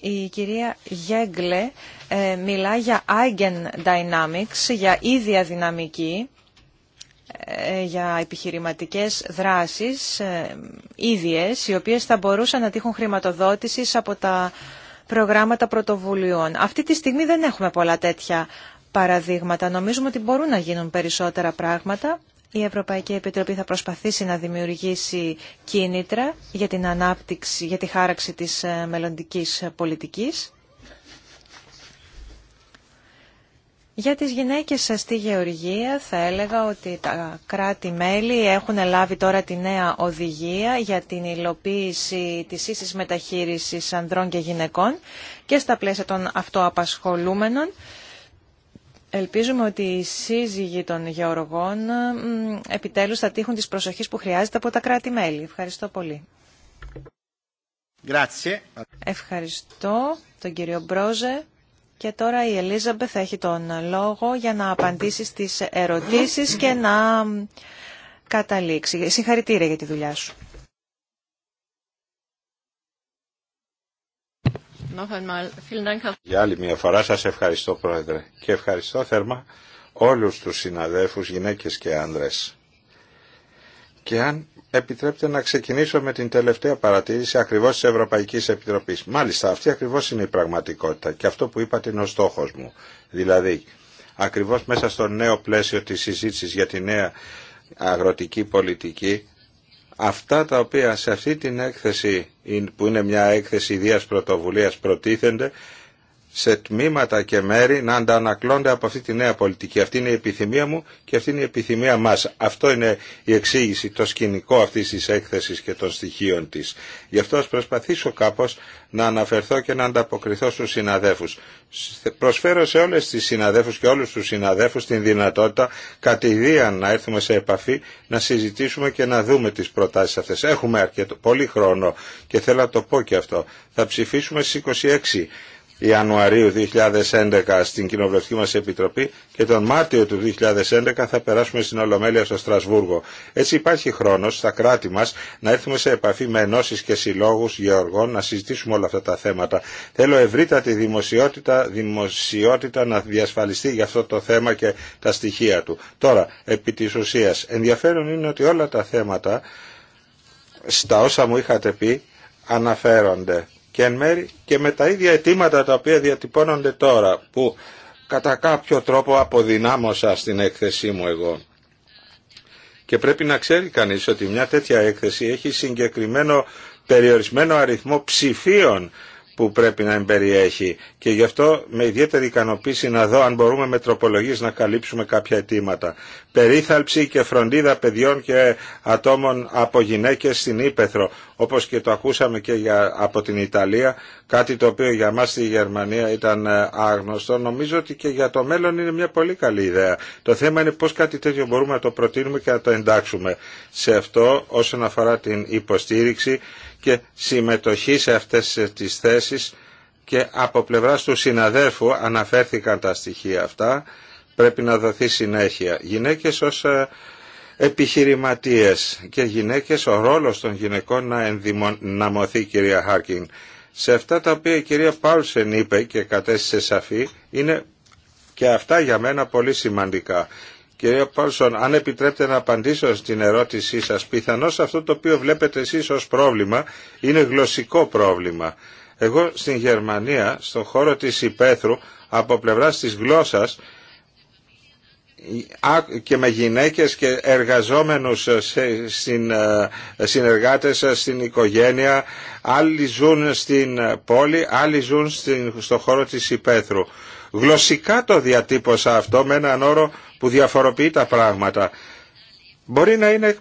Η κυρία Γέγκλε ε, μιλά για Eigen Dynamics, για ίδια δυναμική, ε, για επιχειρηματικές δράσεις ε, ίδιες, οι οποίες θα μπορούσαν να τύχουν χρηματοδότησης από τα προγράμματα πρωτοβουλίων. Αυτή τη στιγμή δεν έχουμε πολλά τέτοια παραδείγματα. Νομίζουμε ότι μπορούν να γίνουν περισσότερα πράγματα. Η Ευρωπαϊκή Επιτροπή θα προσπαθήσει να δημιουργήσει κίνητρα για την ανάπτυξη, για τη χάραξη της ε, μελλοντικής πολιτικής. Για τις γυναίκες σας στη Γεωργία θα έλεγα ότι τα κράτη-μέλη έχουν λάβει τώρα τη νέα οδηγία για την υλοποίηση της ίσης μεταχείρισης ανδρών και γυναικών και στα πλαίσια των αυτοαπασχολούμενων. Ελπίζουμε ότι οι σύζυγοι των γεωργών επιτέλους θα τύχουν τις προσοχής που χρειάζεται από τα κράτη-μέλη. Ευχαριστώ πολύ. Ευχαριστώ τον κύριο Μπρόζε. Και τώρα η Ελίζαμπε έχει τον λόγο για να απαντήσει στις ερωτήσεις και να καταλήξει. Συγχαρητήρια για τη δουλειά σου. Για άλλη μια φορά σας ευχαριστώ Πρόεδρε και ευχαριστώ θερμά όλους τους συναδέλφους, γυναίκες και άνδρες. Και αν επιτρέπετε να ξεκινήσω με την τελευταία παρατήρηση ακριβώς της Ευρωπαϊκής Επιτροπής. Μάλιστα, αυτή ακριβώς είναι η πραγματικότητα και αυτό που είπατε είναι ο στόχος μου. Δηλαδή, ακριβώς μέσα στο νέο πλαίσιο της συζήτηση για τη νέα αγροτική πολιτική, αυτά τα οποία σε αυτή την έκθεση που είναι μια έκθεση ιδίας πρωτοβουλίας προτίθενται, σε τμήματα και μέρη να αντανακλώνται από αυτή τη νέα πολιτική. Αυτή είναι η επιθυμία μου και αυτή είναι η επιθυμία μας. Αυτό είναι η εξήγηση, το σκηνικό αυτής της έκθεσης και των στοιχείων της. Γι' αυτό ας προσπαθήσω κάπως να αναφερθώ και να ανταποκριθώ στους συναδέφους. Προσφέρω σε όλες τις συναδέφους και όλους τους συναδέφους την δυνατότητα κατηδίαν να έρθουμε σε επαφή, να συζητήσουμε και να δούμε τις προτάσεις αυτές. Έχουμε αρκετό, πολύ χρόνο και θέλω να το πω και αυτό. Θα ψηφίσουμε στις 26 Ιανουαρίου 2011 στην Κοινοβουλευτική μας Επιτροπή και τον Μάρτιο του 2011 θα περάσουμε στην Ολομέλεια στο Στρασβούργο. Έτσι υπάρχει χρόνος στα κράτη μας να έρθουμε σε επαφή με ενώσεις και συλλόγους γεωργών να συζητήσουμε όλα αυτά τα θέματα. Θέλω ευρύτατη δημοσιότητα, δημοσιότητα να διασφαλιστεί για αυτό το θέμα και τα στοιχεία του. Τώρα, επί της ουσίας, ενδιαφέρον είναι ότι όλα τα θέματα στα όσα μου είχατε πει αναφέρονται και εν και με τα ίδια αιτήματα τα οποία διατυπώνονται τώρα που κατά κάποιο τρόπο αποδυνάμωσα στην έκθεσή μου εγώ. Και πρέπει να ξέρει κανείς ότι μια τέτοια έκθεση έχει συγκεκριμένο περιορισμένο αριθμό ψηφίων που πρέπει να εμπεριέχει. Και γι' αυτό με ιδιαίτερη ικανοποίηση να δω αν μπορούμε με τροπολογίες να καλύψουμε κάποια αιτήματα. Περίθαλψη και φροντίδα παιδιών και ατόμων από γυναίκες στην Ήπεθρο, όπως και το ακούσαμε και για, από την Ιταλία, κάτι το οποίο για μας στη Γερμανία ήταν ε, άγνωστο. Νομίζω ότι και για το μέλλον είναι μια πολύ καλή ιδέα. Το θέμα είναι πώς κάτι τέτοιο μπορούμε να το προτείνουμε και να το εντάξουμε σε αυτό όσον αφορά την υποστήριξη και συμμετοχή σε αυτές τις θέσεις και από πλευράς του συναδέρφου αναφέρθηκαν τα στοιχεία αυτά, πρέπει να δοθεί συνέχεια. Γυναίκες ως ε, επιχειρηματίες και γυναίκες ο ρόλος των γυναικών να ενδυναμωθεί κυρία Χάρκιν. Σε αυτά τα οποία η κυρία Πάουλσεν είπε και κατέστησε σαφή είναι και αυτά για μένα πολύ σημαντικά. Κυρία Πόλσον, αν επιτρέπετε να απαντήσω στην ερώτησή σας, πιθανώς αυτό το οποίο βλέπετε εσείς ως πρόβλημα είναι γλωσσικό πρόβλημα. Εγώ στην Γερμανία, στον χώρο της Υπέθρου, από πλευράς της γλώσσας, και με γυναίκες και εργαζόμενους στην, ε, συνεργάτες στην οικογένεια άλλοι ζουν στην πόλη άλλοι ζουν στον στο χώρο της Υπέθρου. γλωσσικά το διατύπωσα αυτό με έναν όρο που διαφοροποιεί τα πράγματα. Μπορεί να είναι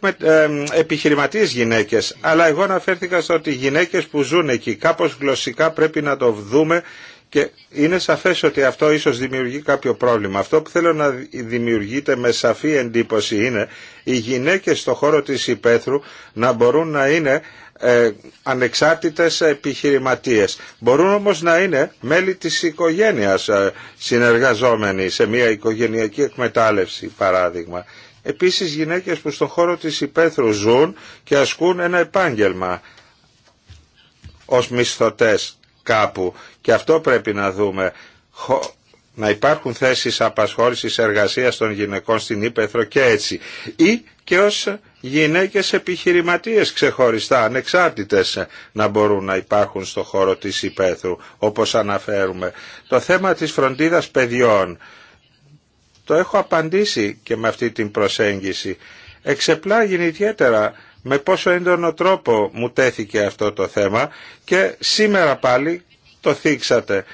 επιχειρηματίες γυναίκες, αλλά εγώ αναφέρθηκα στο ότι οι γυναίκες που ζουν εκεί κάπως γλωσσικά πρέπει να το δούμε και είναι σαφές ότι αυτό ίσως δημιουργεί κάποιο πρόβλημα. Αυτό που θέλω να δημιουργείται με σαφή εντύπωση είναι οι γυναίκες στο χώρο της υπαίθρου να μπορούν να είναι ε, ανεξάρτητες επιχειρηματίες. Μπορούν όμως να είναι μέλη της οικογένειας ε, συνεργαζόμενοι σε μια οικογενειακή εκμετάλλευση παράδειγμα. Επίσης γυναίκες που στον χώρο της υπαίθρου ζουν και ασκούν ένα επάγγελμα ως μισθωτές κάπου. Και αυτό πρέπει να δούμε. Να υπάρχουν θέσεις απασχόλησης εργασίας των γυναικών στην Ήπεθρο και έτσι. Ή και ως γυναίκες επιχειρηματίες ξεχωριστά, ανεξάρτητες να μπορούν να υπάρχουν στο χώρο της υπαίθρου, όπως αναφέρουμε. Το θέμα της φροντίδας παιδιών, το έχω απαντήσει και με αυτή την προσέγγιση. Εξεπλάγει ιδιαίτερα με πόσο έντονο τρόπο μου τέθηκε αυτό το θέμα και σήμερα πάλι το θίξατε.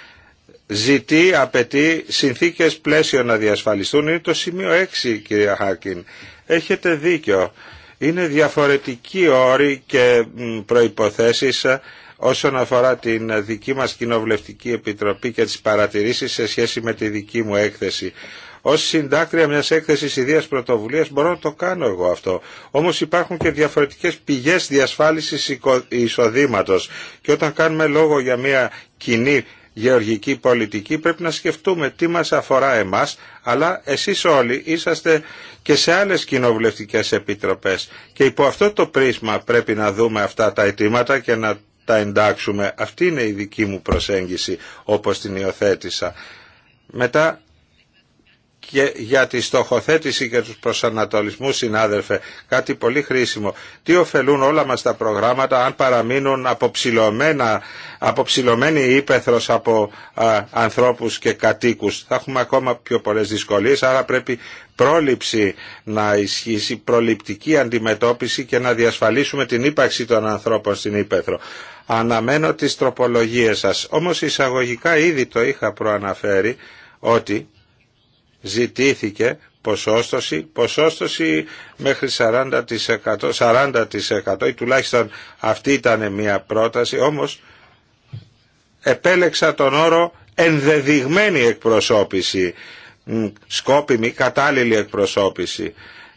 Ζητεί, απαιτεί συνθήκες πλαίσιο να διασφαλιστούν. Είναι το σημείο 6 κυρία Χάκιν. Έχετε δίκιο. Είναι διαφορετικοί όροι και προϋποθέσεις ε, όσον αφορά την ε, δική μας Κοινοβουλευτική Επιτροπή και τις παρατηρήσεις σε σχέση με τη δική μου έκθεση. Ως συντάκτρια μια έκθεση ιδίας πρωτοβουλίας μπορώ να το κάνω εγώ αυτό. Όμως υπάρχουν και διαφορετικές πηγές διασφάλισης εισοδήματος. Και όταν κάνουμε λόγο για μια κοινή γεωργική πολιτική πρέπει να σκεφτούμε τι μας αφορά εμάς, αλλά εσείς όλοι είσαστε και σε άλλες κοινοβουλευτικές επιτροπές και υπό αυτό το πρίσμα πρέπει να δούμε αυτά τα αιτήματα και να τα εντάξουμε. Αυτή είναι η δική μου προσέγγιση όπως την υιοθέτησα. Μετά και για τη στοχοθέτηση και τους προσανατολισμούς συνάδελφε κάτι πολύ χρήσιμο τι ωφελούν όλα μας τα προγράμματα αν παραμείνουν αποψηλωμένα αποψηλωμένη από α, ανθρώπους και κατοίκους θα έχουμε ακόμα πιο πολλές δυσκολίες άρα πρέπει πρόληψη να ισχύσει προληπτική αντιμετώπιση και να διασφαλίσουμε την ύπαρξη των ανθρώπων στην ύπεθρο αναμένω τις τροπολογίες σας όμως εισαγωγικά ήδη το είχα προαναφέρει ότι ζητήθηκε ποσόστοση, ποσόστοση μέχρι 40%, 40% ή τουλάχιστον αυτή ήταν μια πρόταση, όμως επέλεξα τον όρο ενδεδειγμένη εκπροσώπηση, σκόπιμη κατάλληλη εκπροσώπηση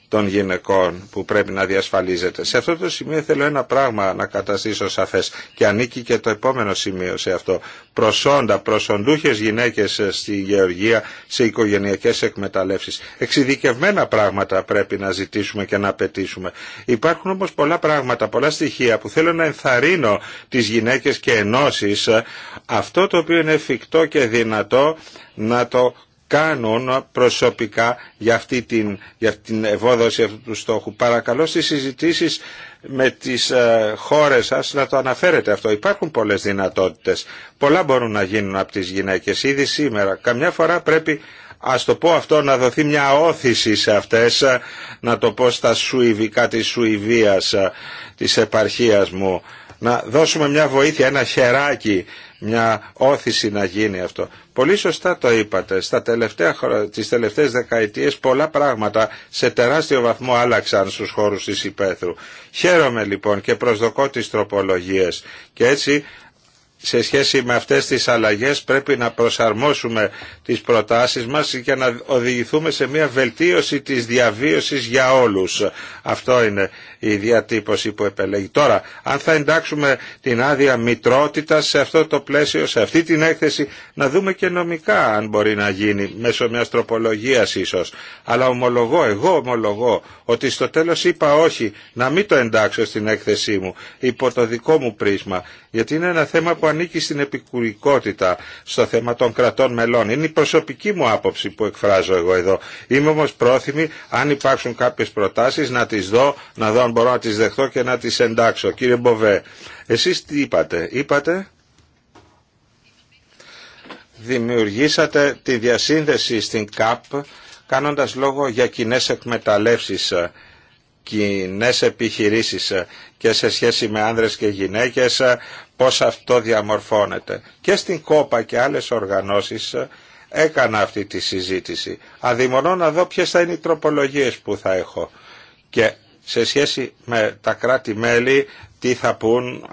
των γυναικών που πρέπει να διασφαλίζεται. Σε αυτό το σημείο θέλω ένα πράγμα να καταστήσω σαφές και ανήκει και το επόμενο σημείο σε αυτό. Προσόντα, προσοντούχες γυναίκες στη γεωργία, σε οικογενειακές εκμεταλλεύσεις. Εξειδικευμένα πράγματα πρέπει να ζητήσουμε και να απαιτήσουμε. Υπάρχουν όμως πολλά πράγματα, πολλά στοιχεία που θέλω να ενθαρρύνω τις γυναίκες και ενώσεις ε, αυτό το οποίο είναι εφικτό και δυνατό να το κάνουν προσωπικά για αυτή την, για την ευόδοση αυτού του στόχου. Παρακαλώ στις συζητήσεις με τις ε, χώρες σας να το αναφέρετε αυτό. Υπάρχουν πολλές δυνατότητες. Πολλά μπορούν να γίνουν από τις γυναίκες ήδη σήμερα. Καμιά φορά πρέπει ας το πω αυτό να δοθεί μια όθηση σε αυτές ε, να το πω στα σουηβικά της Σουηβίας ε, της επαρχίας μου να δώσουμε μια βοήθεια, ένα χεράκι, μια όθηση να γίνει αυτό. Πολύ σωστά το είπατε. Στα τελευταία, τις τελευταίες δεκαετίες πολλά πράγματα σε τεράστιο βαθμό άλλαξαν στους χώρους της υπαίθρου. Χαίρομαι λοιπόν και προσδοκώ τις τροπολογίες. Και έτσι σε σχέση με αυτές τις αλλαγές πρέπει να προσαρμόσουμε τις προτάσεις μας και να οδηγηθούμε σε μια βελτίωση της διαβίωσης για όλους. Αυτό είναι η διατύπωση που επελέγει. Τώρα, αν θα εντάξουμε την άδεια μητρότητα σε αυτό το πλαίσιο, σε αυτή την έκθεση, να δούμε και νομικά αν μπορεί να γίνει, μέσω μια τροπολογίας ίσως. Αλλά ομολογώ, εγώ ομολογώ, ότι στο τέλος είπα όχι, να μην το εντάξω στην έκθεσή μου, υπό το δικό μου πρίσμα, γιατί είναι ένα θέμα που ανήκει στην επικουρικότητα στο θέμα των κρατών μελών. Είναι η προσωπική μου άποψη που εκφράζω εγώ εδώ. Είμαι όμως πρόθυμη αν υπάρξουν κάποιες προτάσεις να τις δω, να δω αν μπορώ να τις δεχτώ και να τις εντάξω. Κύριε Μποβέ, εσείς τι είπατε, είπατε δημιουργήσατε τη διασύνδεση στην ΚΑΠ κάνοντας λόγο για κοινέ εκμεταλλεύσεις, ε, κοινέ επιχειρήσεις και σε σχέση με άνδρες και γυναίκες ε, πώς αυτό διαμορφώνεται. Και στην ΚΟΠΑ και άλλες οργανώσεις ε, έκανα αυτή τη συζήτηση. Αδειμονώ να δω ποιες θα είναι οι τροπολογίες που θα έχω. Και σε σχέση με τα κράτη-μέλη τι θα πούν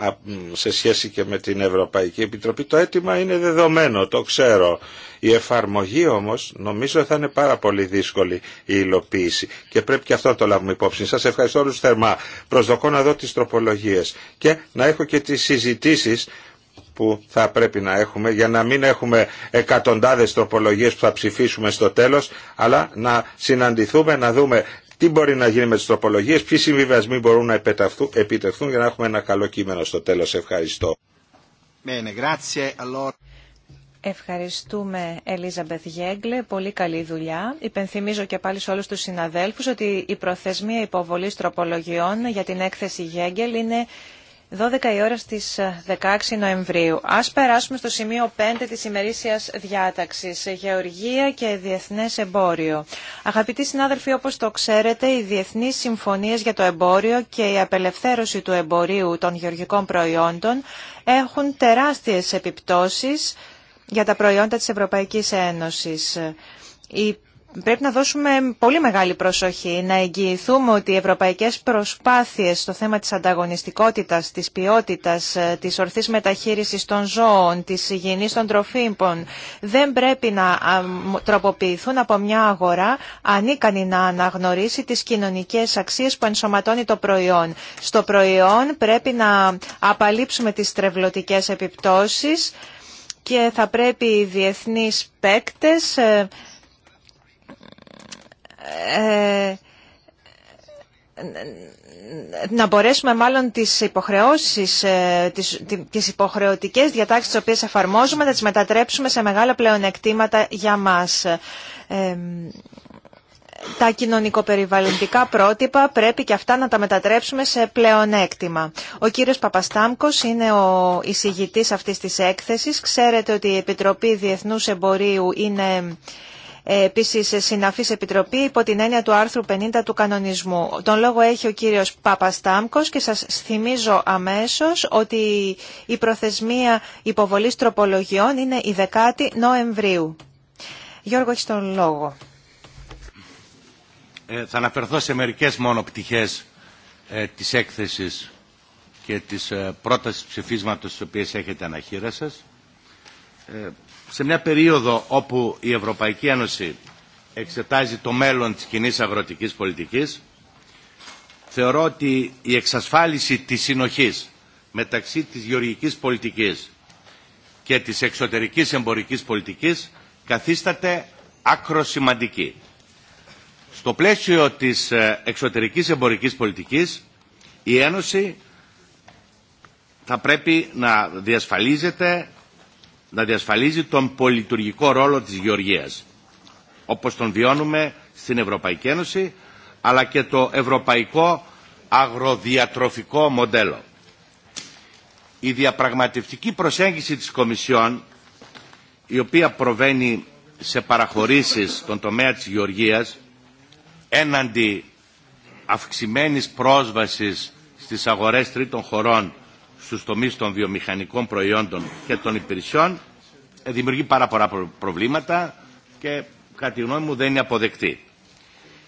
σε σχέση και με την Ευρωπαϊκή Επιτροπή. Το αίτημα είναι δεδομένο, το ξέρω. Η εφαρμογή όμως νομίζω θα είναι πάρα πολύ δύσκολη η υλοποίηση και πρέπει και αυτό να το λάβουμε υπόψη. Σας ευχαριστώ όλους θερμά. Προσδοκώ να δω τις τροπολογίες και να έχω και τις συζητήσεις που θα πρέπει να έχουμε για να μην έχουμε εκατοντάδες τροπολογίες που θα ψηφίσουμε στο τέλος αλλά να συναντηθούμε, να δούμε τι μπορεί να γίνει με τις τροπολογίες, ποιοι συμβιβασμοί μπορούν να επιτευχθούν για να έχουμε ένα καλό κείμενο στο τέλος. Ευχαριστώ. Ευχαριστούμε Ελίζαμπεθ Γέγκλε, πολύ καλή δουλειά. Υπενθυμίζω και πάλι σε όλους τους συναδέλφους ότι η προθεσμία υποβολής τροπολογιών για την έκθεση Γέγκελ είναι 12 η ώρα στις 16 ε, Νοεμβρίου. Ας περάσουμε στο σημείο 5 της ημερήσιας διάταξης, γεωργία και διεθνές εμπόριο. Αγαπητοί συνάδελφοι, όπως το ξέρετε, οι διεθνείς συμφωνίες για το εμπόριο και η απελευθέρωση του εμπορίου των γεωργικών προϊόντων έχουν τεράστιες επιπτώσεις για τα προϊόντα της Ευρωπαϊκής Ένωσης. Η Πρέπει να δώσουμε πολύ μεγάλη προσοχή, να εγγυηθούμε ότι οι ευρωπαϊκές προσπάθειες στο θέμα της ανταγωνιστικότητας, της ποιότητας, ε, της ορθής μεταχείρισης των ζώων, της υγιεινής των τροφίμπων δεν πρέπει να τροποποιηθούν από μια αγορά ανίκανη να αναγνωρίσει τις κοινωνικές αξίες που ενσωματώνει το προϊόν. Στο προϊόν πρέπει να απαλείψουμε τις τρευλωτικές επιπτώσεις και θα πρέπει οι διεθνείς παίκτες ε, ε, να μπορέσουμε μάλλον τις υποχρεώσεις, ε, τις, τις υποχρεωτικές διατάξεις τις οποίες εφαρμόζουμε να τις μετατρέψουμε σε μεγάλα πλεονεκτήματα για μας. Ε, τα κοινωνικοπεριβαλλοντικά πρότυπα πρέπει και αυτά να τα μετατρέψουμε σε πλεονέκτημα. Ο κύριος Παπαστάμκος είναι ο εισηγητής αυτής της έκθεσης. Ξέρετε ότι η Επιτροπή Διεθνούς Εμπορίου είναι ε, επίσης συναφή επιτροπή υπό την έννοια του άρθρου 50 του κανονισμού. Τον λόγο έχει ο κύριος Παπαστάμκο και σας θυμίζω αμέσως ότι η προθεσμία υποβολής τροπολογιών είναι η 10η Νοεμβρίου. Γιώργο, έχει τον λόγο. Ε, θα αναφερθώ σε μερικές μόνο πτυχές ε, της έκθεσης και της ε, πρότασης ψηφίσματος τις οποίες έχετε αναχείρα σας. Ε, σε μια περίοδο όπου η Ευρωπαϊκή Ένωση εξετάζει το μέλλον της κοινή αγροτικής πολιτικής, θεωρώ ότι η εξασφάλιση της συνοχής μεταξύ της γεωργικής πολιτικής και της εξωτερικής εμπορικής πολιτικής καθίσταται άκρο σημαντική. Στο πλαίσιο της ε, εξωτερικής εμπορικής πολιτικής, η Ένωση θα πρέπει να διασφαλίζεται να διασφαλίζει τον πολιτουργικό ρόλο της γεωργίας, όπως τον βιώνουμε στην Ευρωπαϊκή Ένωση, αλλά και το ευρωπαϊκό αγροδιατροφικό μοντέλο. Η διαπραγματευτική προσέγγιση της Κομισιόν, η οποία προβαίνει σε παραχωρήσεις στον τομέα της γεωργίας, έναντι αυξημένης πρόσβασης στις αγορές τρίτων χωρών στους τομείς των βιομηχανικών προϊόντων και των υπηρεσιών ε, δημιουργεί πάρα πολλά προβλήματα και κατά τη γνώμη μου δεν είναι αποδεκτή.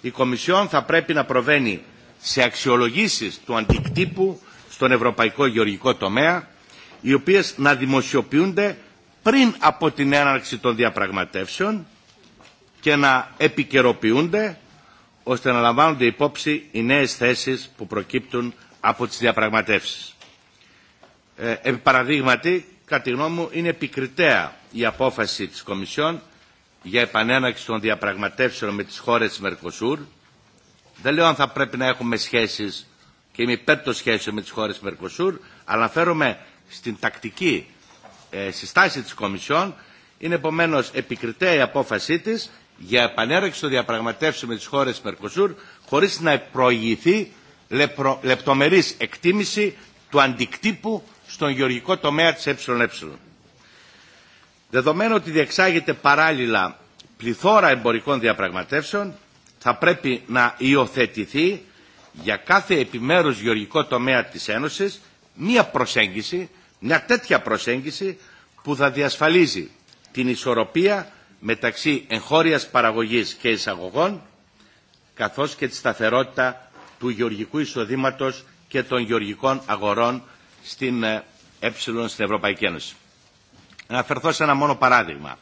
Η Κομισιόν θα πρέπει να προβαίνει σε αξιολογήσεις του αντικτύπου στον ευρωπαϊκό γεωργικό τομέα, οι οποίες να δημοσιοποιούνται πριν από την έναρξη των διαπραγματεύσεων και να επικαιροποιούνται ώστε να λαμβάνονται υπόψη οι νέες θέσεις που προκύπτουν από τις διαπραγματεύσεις. Ε, παραδείγματι, κατά τη γνώμη μου, είναι επικριτέα η απόφαση της Κομισιόν για επανέναξη των διαπραγματεύσεων με τις χώρες της Μερκοσούρ. Δεν λέω αν θα πρέπει να έχουμε σχέσεις και είμαι υπέρ των σχέσεων με τις χώρες της Μερκοσούρ, αλλά αναφέρομαι στην τακτική ε, συστάση της Κομισιόν. Είναι επομένω επικριτέα η απόφασή της για επανέναξη των διαπραγματεύσεων με τις χώρες της Μερκοσούρ χωρίς να προηγηθεί λεπτομερής εκτίμηση του αντικτύπου στον γεωργικό τομέα της ΕΕ. Δεδομένου ότι διεξάγεται παράλληλα πληθώρα εμπορικών διαπραγματεύσεων, θα πρέπει να υιοθετηθεί για κάθε επιμέρους γεωργικό τομέα της Ένωσης μία προσέγγιση, μια τέτοια προσέγγιση που θα διασφαλίζει την ισορροπία μεταξύ εγχώριας παραγωγής και εισαγωγών καθώς και τη σταθερότητα του γεωργικού εισοδήματος και των γεωργικών αγορών στην ε, ε στην Ευρωπαϊκή Ένωση. Να αφερθώ σε ένα μόνο παράδειγμα.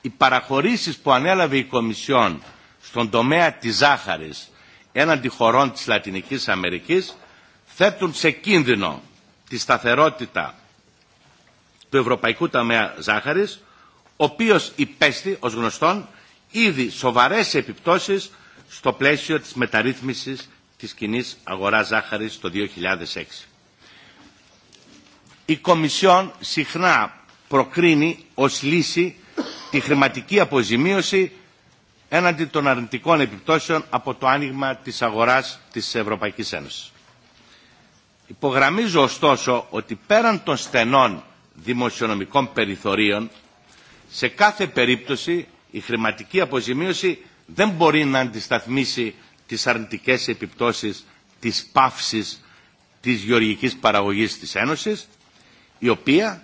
Οι παραχωρήσεις που ανέλαβε η Κομισιόν στον τομέα της ζάχαρης έναντι χωρών της Λατινικής Αμερικής θέτουν σε κίνδυνο τη σταθερότητα του Ευρωπαϊκού Ταμέα Ζάχαρης, ο οποίος υπέστη, ως γνωστόν, ήδη σοβαρές επιπτώσεις στο πλαίσιο της μεταρρύθμισης της κοινή αγοράς ζάχαρης το 2006 η Κομισιόν συχνά προκρίνει ως λύση τη χρηματική αποζημίωση έναντι των αρνητικών επιπτώσεων από το άνοιγμα της αγοράς της Ευρωπαϊκής Ένωσης. Υπογραμμίζω ωστόσο ότι πέραν των στενών δημοσιονομικών περιθωρίων, σε κάθε περίπτωση η χρηματική αποζημίωση δεν μπορεί να αντισταθμίσει τις αρνητικές επιπτώσεις της πάυσης της γεωργικής παραγωγής της Ένωσης η οποία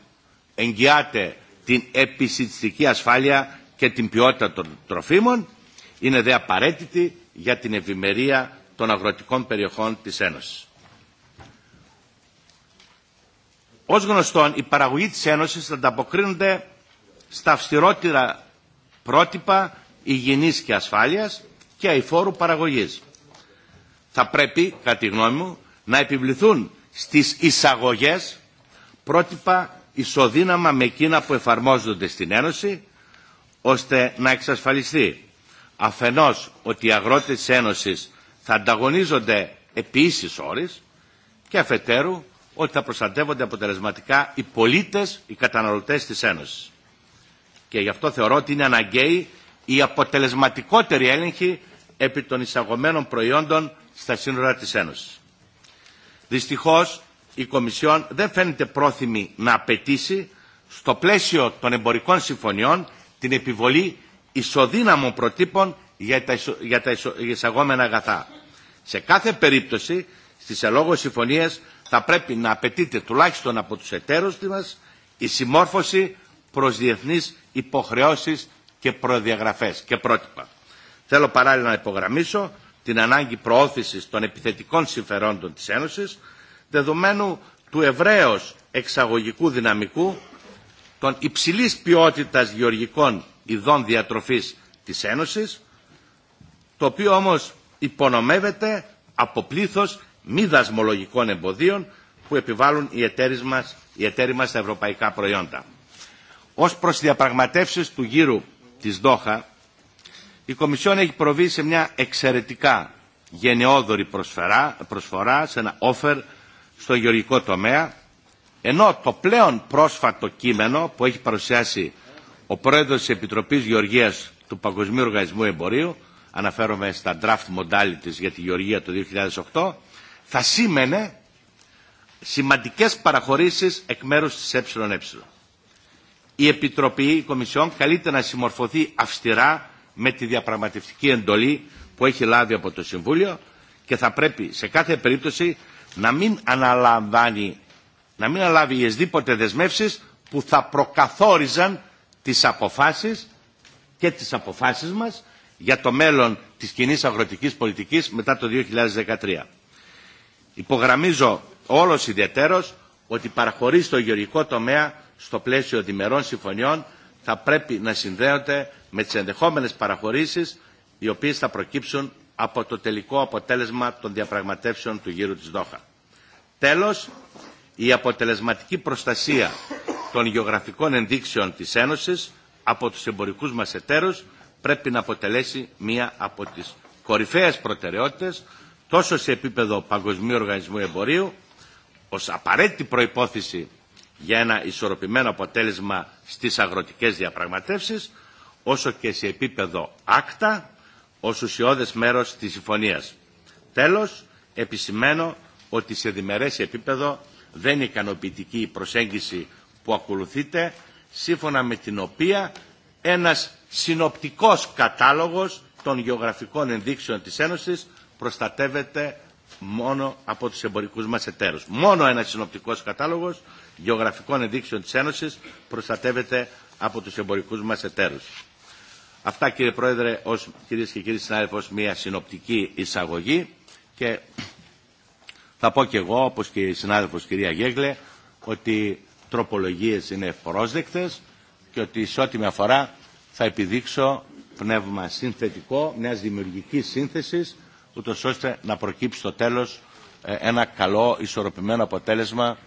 εγγυάται την επιστημιστική ασφάλεια και την ποιότητα των τροφίμων, είναι δε απαραίτητη για την ευημερία των αγροτικών περιοχών της Ένωσης. Ως γνωστόν, η παραγωγή της Ένωσης ανταποκρίνονται στα αυστηρότερα πρότυπα υγιεινής και ασφάλειας και αηφόρου παραγωγής. Θα πρέπει, κατά τη γνώμη μου, να επιβληθούν στις εισαγωγές πρότυπα ισοδύναμα με εκείνα που εφαρμόζονται στην Ένωση, ώστε να εξασφαλιστεί αφενός ότι οι αγρότες της Ένωσης θα ανταγωνίζονται επί ίσης όρης και αφετέρου ότι θα προστατεύονται αποτελεσματικά οι πολίτες, οι καταναλωτές της Ένωσης. Και γι' αυτό θεωρώ ότι είναι αναγκαίη η αποτελεσματικότερη έλεγχη επί των εισαγωμένων προϊόντων στα σύνορα της Ένωσης. Δυστυχώς, η Κομισιόν δεν φαίνεται πρόθυμη να απαιτήσει στο πλαίσιο των εμπορικών συμφωνιών την επιβολή ισοδύναμων προτύπων για τα, εισαγόμενα αγαθά. Σε κάθε περίπτωση στις ελόγω συμφωνίες θα πρέπει να απαιτείται τουλάχιστον από τους εταίρους μας η συμμόρφωση προς διεθνείς υποχρεώσεις και προδιαγραφές και πρότυπα. Θέλω παράλληλα να υπογραμμίσω την ανάγκη προώθησης των επιθετικών συμφερόντων της Ένωσης δεδομένου του ευρέως εξαγωγικού δυναμικού, των υψηλής ποιότητας γεωργικών ειδών διατροφής της Ένωσης, το οποίο όμως υπονομεύεται από πλήθος μη δασμολογικών εμποδίων που επιβάλλουν οι εταίροι μας, οι εταίροι στα ευρωπαϊκά προϊόντα. Ως προς διαπραγματεύσεις του γύρου της Δόχα, η Κομισιόν έχει προβεί σε μια εξαιρετικά γενναιόδορη προσφορά, σε ένα offer στο γεωργικό τομέα, ενώ το πλέον πρόσφατο κείμενο που έχει παρουσιάσει ο πρόεδρος της Επιτροπής Γεωργίας του Παγκοσμίου Οργανισμού Εμπορίου, αναφέρομαι στα draft modalities για τη γεωργία το 2008, θα σήμαινε σημαντικές παραχωρήσεις εκ μέρους της ΕΕ. Η Επιτροπή η Κομισιόν καλείται να συμμορφωθεί αυστηρά με τη διαπραγματευτική εντολή που έχει λάβει από το Συμβούλιο και θα πρέπει σε κάθε περίπτωση να μην αναλαμβάνει, να μην αναλάβει εσδήποτε δεσμεύσεις που θα προκαθόριζαν τις αποφάσεις και τις αποφάσεις μας για το μέλλον της κοινή αγροτικής πολιτικής μετά το 2013. Υπογραμμίζω όλος ιδιαίτερος ότι παραχωρεί στο γεωργικό τομέα στο πλαίσιο διμερών συμφωνιών θα πρέπει να συνδέονται με τις ενδεχόμενες παραχωρήσεις οι οποίες θα προκύψουν από το τελικό αποτέλεσμα των διαπραγματεύσεων του γύρου της Δόχα. Τέλος, η αποτελεσματική προστασία των γεωγραφικών ενδείξεων της Ένωσης από τους εμπορικούς μας εταίρους πρέπει να αποτελέσει μία από τις κορυφαίες προτεραιότητες τόσο σε επίπεδο Παγκοσμίου Οργανισμού Εμπορίου ως απαραίτητη προϋπόθεση για ένα ισορροπημένο αποτέλεσμα στις αγροτικές διαπραγματεύσεις όσο και σε επίπεδο άκτα ως ουσιώδες μέρος της συμφωνίας. Τέλος, επισημαίνω ότι σε διμερές επίπεδο δεν είναι ικανοποιητική η προσέγγιση που ακολουθείται, σύμφωνα με την οποία ένας συνοπτικός κατάλογος των γεωγραφικών ενδείξεων της Ένωσης προστατεύεται μόνο από τους εμπορικούς μας εταίρους. Μόνο ένας συνοπτικός κατάλογος γεωγραφικών ενδείξεων της Ένωσης προστατεύεται από τους εμπορικούς μας εταίρους. Αυτά κύριε Πρόεδρε, ως, κυρίες και κύριοι συνάδελφοι, ως μια συνοπτική εισαγωγή και θα πω και εγώ, όπως και η συνάδελφος κυρία Γέγλε, ότι τροπολογίες είναι προσδεκτές και ότι σε ό,τι με αφορά θα επιδείξω πνεύμα συνθετικό, μια δημιουργική σύνθεσης, ούτω ώστε να προκύψει στο τέλος ε, ένα καλό ισορροπημένο αποτέλεσμα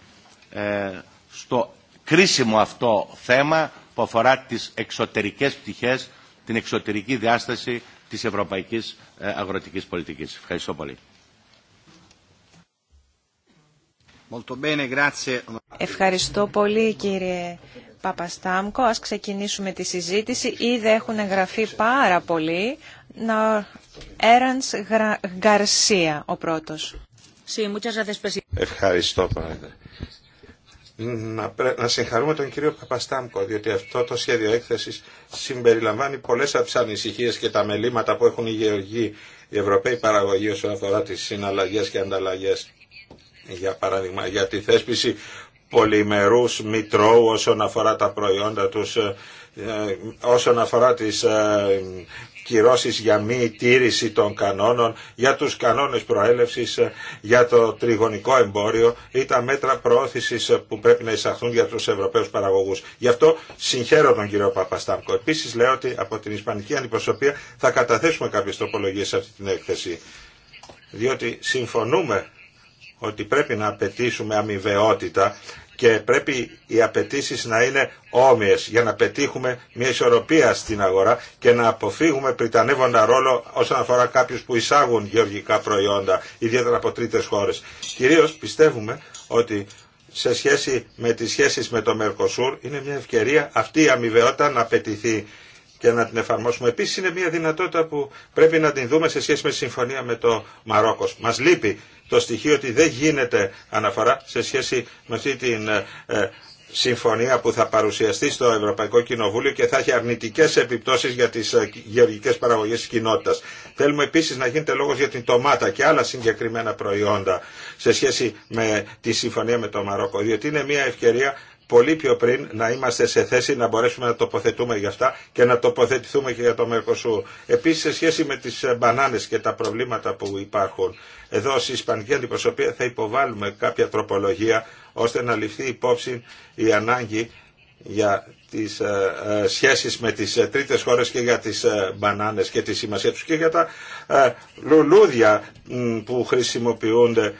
ε, στο κρίσιμο αυτό θέμα που αφορά τις εξωτερικές πτυχές, την εξωτερική διάσταση τη Ευρωπαϊκή ε, αγροτικής πολιτική. Ευχαριστώ πολύ. Ευχαριστώ πολύ κύριε Παπαστάμκο. Ας ξεκινήσουμε τη συζήτηση. Ήδη έχουν εγγραφεί πάρα πολλοί. Να... Έρανς Γκαρσία ο πρώτος. Ευχαριστώ πρόεδρε. Να, να συγχαρούμε τον κύριο Παπαστάμκο, διότι αυτό το σχέδιο έκθεσης συμπεριλαμβάνει πολλές από τις ανησυχίες και τα μελήματα που έχουν οι γεωργοί, οι Ευρωπαίοι παραγωγοί όσον αφορά τις συναλλαγές και ανταλλαγές για παράδειγμα, για τη θέσπιση πολυμερούς μητρώου όσον αφορά τα προϊόντα τους, ε, όσον αφορά τις ε, κυρώσεις για μη τήρηση των κανόνων, για τους κανόνες προέλευσης, ε, για το τριγωνικό εμπόριο ή τα μέτρα προώθησης που πρέπει να εισαχθούν για τους Ευρωπαίους παραγωγούς. Γι' αυτό συγχαίρω τον κύριο Παπαστάμκο. Επίσης λέω ότι από την Ισπανική Αντιπροσωπεία θα καταθέσουμε κάποιες τροπολογίες σε αυτή την έκθεση. Διότι συμφωνούμε ότι πρέπει να απαιτήσουμε αμοιβαιότητα και πρέπει οι απαιτήσει να είναι όμοιε για να πετύχουμε μια ισορροπία στην αγορά και να αποφύγουμε πριτανεύοντα ρόλο όσον αφορά κάποιου που εισάγουν γεωργικά προϊόντα, ιδιαίτερα από τρίτε χώρε. Κυρίω πιστεύουμε ότι σε σχέση με τις σχέσεις με το Μερκοσούρ είναι μια ευκαιρία αυτή η αμοιβαιότητα να απαιτηθεί και να την εφαρμόσουμε. Επίση είναι μια δυνατότητα που πρέπει να την δούμε σε σχέση με τη συμφωνία με το Μαρόκο. Μα λείπει το στοιχείο ότι δεν γίνεται αναφορά σε σχέση με αυτή την ε, ε, συμφωνία που θα παρουσιαστεί στο Ευρωπαϊκό Κοινοβούλιο και θα έχει αρνητικέ επιπτώσει για τι ε, γεωργικέ παραγωγέ τη κοινότητα. Θέλουμε επίση να γίνεται λόγο για την τομάτα και άλλα συγκεκριμένα προϊόντα σε σχέση με τη συμφωνία με το Μαρόκο, διότι είναι μια ευκαιρία πολύ πιο πριν να είμαστε σε θέση να μπορέσουμε να τοποθετούμε για αυτά και να τοποθετηθούμε και για το Μερκοσούρ. Επίσης σε σχέση με τις ε, μπανάνες και τα προβλήματα που υπάρχουν, εδώ στη Ισπανική Αντιπροσωπεία θα υποβάλουμε κάποια τροπολογία ώστε να ληφθεί υπόψη η ανάγκη για τις ε, ε, σχέσεις με τις τρίτες χώρες και για τις μπανάνες και τη σημασία τους και για τα λουλούδια που χρησιμοποιούνται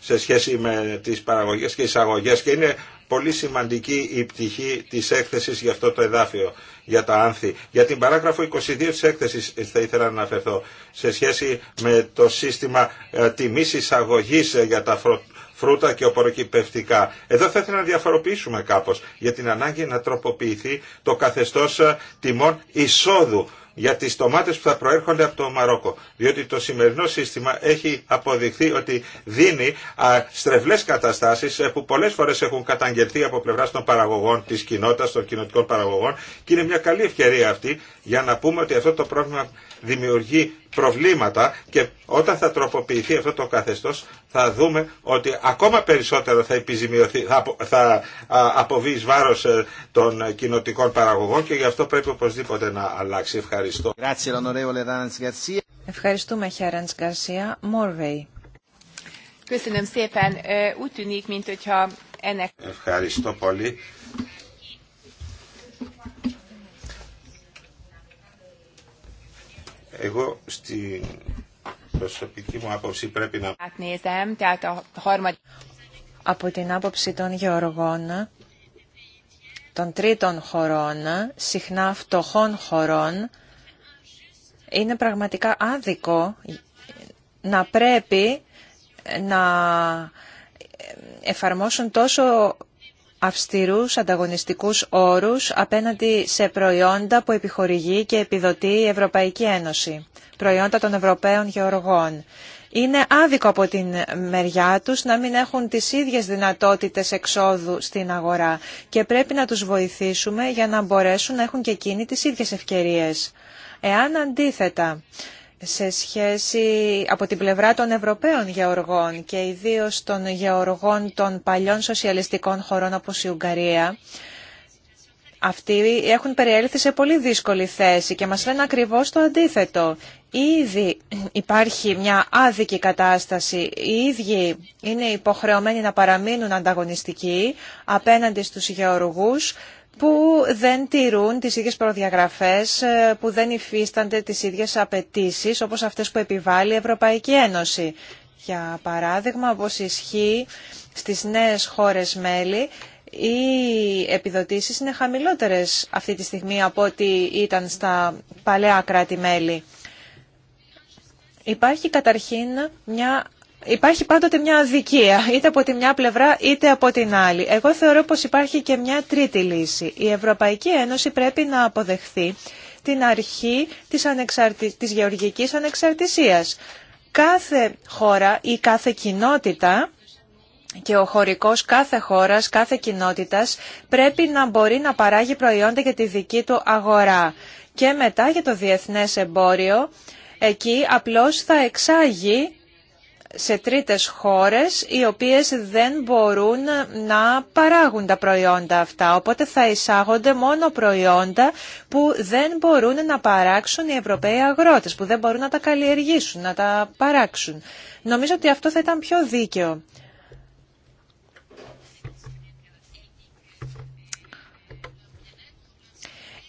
σε σχέση με τις παραγωγές και εισαγωγές και είναι πολύ σημαντική η πτυχή της έκθεσης για αυτό το εδάφιο, για τα άνθη. Για την παράγραφο 22 της έκθεσης θα ήθελα να αναφερθώ σε σχέση με το σύστημα ε, τιμής εισαγωγής ε, για τα φρούτα και οποροκυπευτικά. Εδώ θα ήθελα να διαφοροποιήσουμε κάπως για την ανάγκη να τροποποιηθεί το καθεστώς ε, τιμών εισόδου για τις ντομάτες που θα προέρχονται από το Μαρόκο. Διότι το σημερινό σύστημα έχει αποδειχθεί ότι δίνει στρεβλές καταστάσεις ε, που πολλές φορές έχουν καταγγελθεί από πλευράς των παραγωγών της κοινότητας, των κοινωτικών παραγωγών και είναι μια καλή ευκαιρία αυτή για να πούμε ότι αυτό το πρόβλημα δημιουργεί προβλήματα και όταν θα τροποποιηθεί αυτό το καθεστώς θα δούμε ότι ακόμα περισσότερο θα επιζημιωθεί, θα, αποβεί εις βάρος ε, των κοινοτικών παραγωγών και γι' αυτό πρέπει οπωσδήποτε να αλλάξει. Ευχαριστώ. Ευχαριστούμε Χέραντς Γκαρσία. Μόρβεϊ. Ευχαριστώ πολύ. Εγώ στην προσωπική μου άποψη πρέπει να... Από την άποψη των γεωργών, των τρίτων χωρών, συχνά φτωχών χωρών, είναι πραγματικά άδικο να πρέπει να εφαρμόσουν τόσο αυστηρούς ανταγωνιστικούς όρους απέναντι σε προϊόντα που επιχορηγεί και επιδοτεί η Ευρωπαϊκή Ένωση, προϊόντα των Ευρωπαίων Γεωργών. Είναι άδικο από την μεριά τους να μην έχουν τις ίδιες δυνατότητες εξόδου στην αγορά και πρέπει να τους βοηθήσουμε για να μπορέσουν να έχουν και εκείνοι τις ίδιες ευκαιρίες. Εάν αντίθετα σε σχέση από την πλευρά των Ευρωπαίων γεωργών και ιδίως των γεωργών των παλιών σοσιαλιστικών χωρών όπως η Ουγγαρία. Αυτοί έχουν περιέλθει σε πολύ δύσκολη θέση και μας λένε ακριβώς το αντίθετο. Ήδη υπάρχει μια άδικη κατάσταση. Οι ίδιοι είναι υποχρεωμένοι να παραμείνουν ανταγωνιστικοί απέναντι στους γεωργούς που δεν τηρούν τις ίδιες προδιαγραφές, ε, που δεν υφίστανται τις ίδιες απαιτήσεις όπως αυτές που επιβάλλει η Ευρωπαϊκή Ένωση. Για παράδειγμα, όπως ισχύει στις νέες χώρες μέλη, οι επιδοτήσεις είναι χαμηλότερες αυτή τη στιγμή από ό,τι ήταν στα παλαιά κράτη-μέλη. Υπάρχει καταρχήν μια Υπάρχει πάντοτε μια αδικία, είτε από τη μια πλευρά είτε από την άλλη. Εγώ θεωρώ πως υπάρχει και μια τρίτη λύση. Η Ευρωπαϊκή Ένωση πρέπει να αποδεχθεί την αρχή της, ανεξαρτη... της γεωργικής ανεξαρτησίας. Κάθε χώρα ή κάθε κοινότητα και ο χωρικός κάθε χώρας, κάθε κοινότητας πρέπει να μπορεί να παράγει προϊόντα για τη δική του αγορά. Και μετά για το διεθνές εμπόριο, εκεί απλώς θα εξάγει σε τρίτες χώρες οι οποίες δεν μπορούν να παράγουν τα προϊόντα αυτά. Οπότε θα εισάγονται μόνο προϊόντα που δεν μπορούν να παράξουν οι Ευρωπαίοι αγρότες, που δεν μπορούν να τα καλλιεργήσουν, να τα παράξουν. Νομίζω ότι αυτό θα ήταν πιο δίκαιο.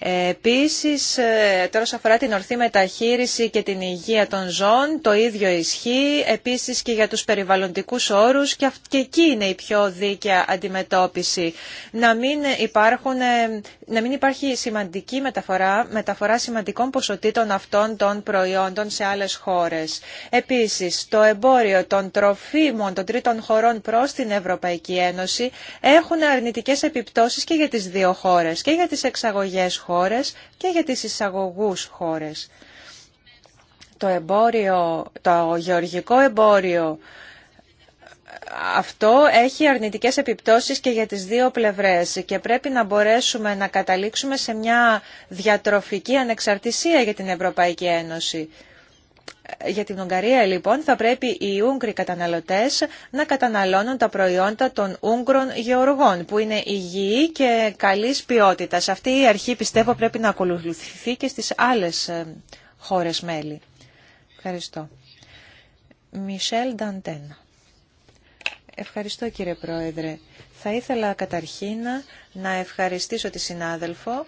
Επίσης, ε, τώρα σε αφορά την ορθή μεταχείριση και την υγεία των ζώων, το ίδιο ισχύει. Επίσης και για τους περιβαλλοντικούς όρους και εκεί είναι η πιο δίκαια αντιμετώπιση. Να μην, υπάρχουν, ε, υπάρχει σημαντική μεταφορά, μεταφορά σημαντικών ποσοτήτων αυτών των προϊόντων σε άλλες χώρες. Επίσης, το εμπόριο των τροφίμων των τρίτων χωρών προς την Ευρωπαϊκή Ένωση έχουν αρνητικές επιπτώσεις και για τις δύο χώρες και για τις εξαγωγές χώρε και για τις εισαγωγούς χώρες. Το, εμπόριο, το γεωργικό εμπόριο αυτό έχει αρνητικές επιπτώσεις και για τις δύο πλευρές και πρέπει να μπορέσουμε να καταλήξουμε σε μια διατροφική ανεξαρτησία για την Ευρωπαϊκή Ένωση. Για την Ουγγαρία, λοιπόν, θα πρέπει οι Ούγγροι καταναλωτές να καταναλώνουν τα προϊόντα των Ούγγρων γεωργών, που είναι υγιή και καλής ποιότητας. Αυτή η αρχή, πιστεύω, πρέπει να ακολουθηθεί και στις άλλες ε, χώρες μέλη. Ευχαριστώ. Μισελ Νταντένα. Ευχαριστώ, κύριε Πρόεδρε. Θα ήθελα καταρχήν να ευχαριστήσω συνάδελφο,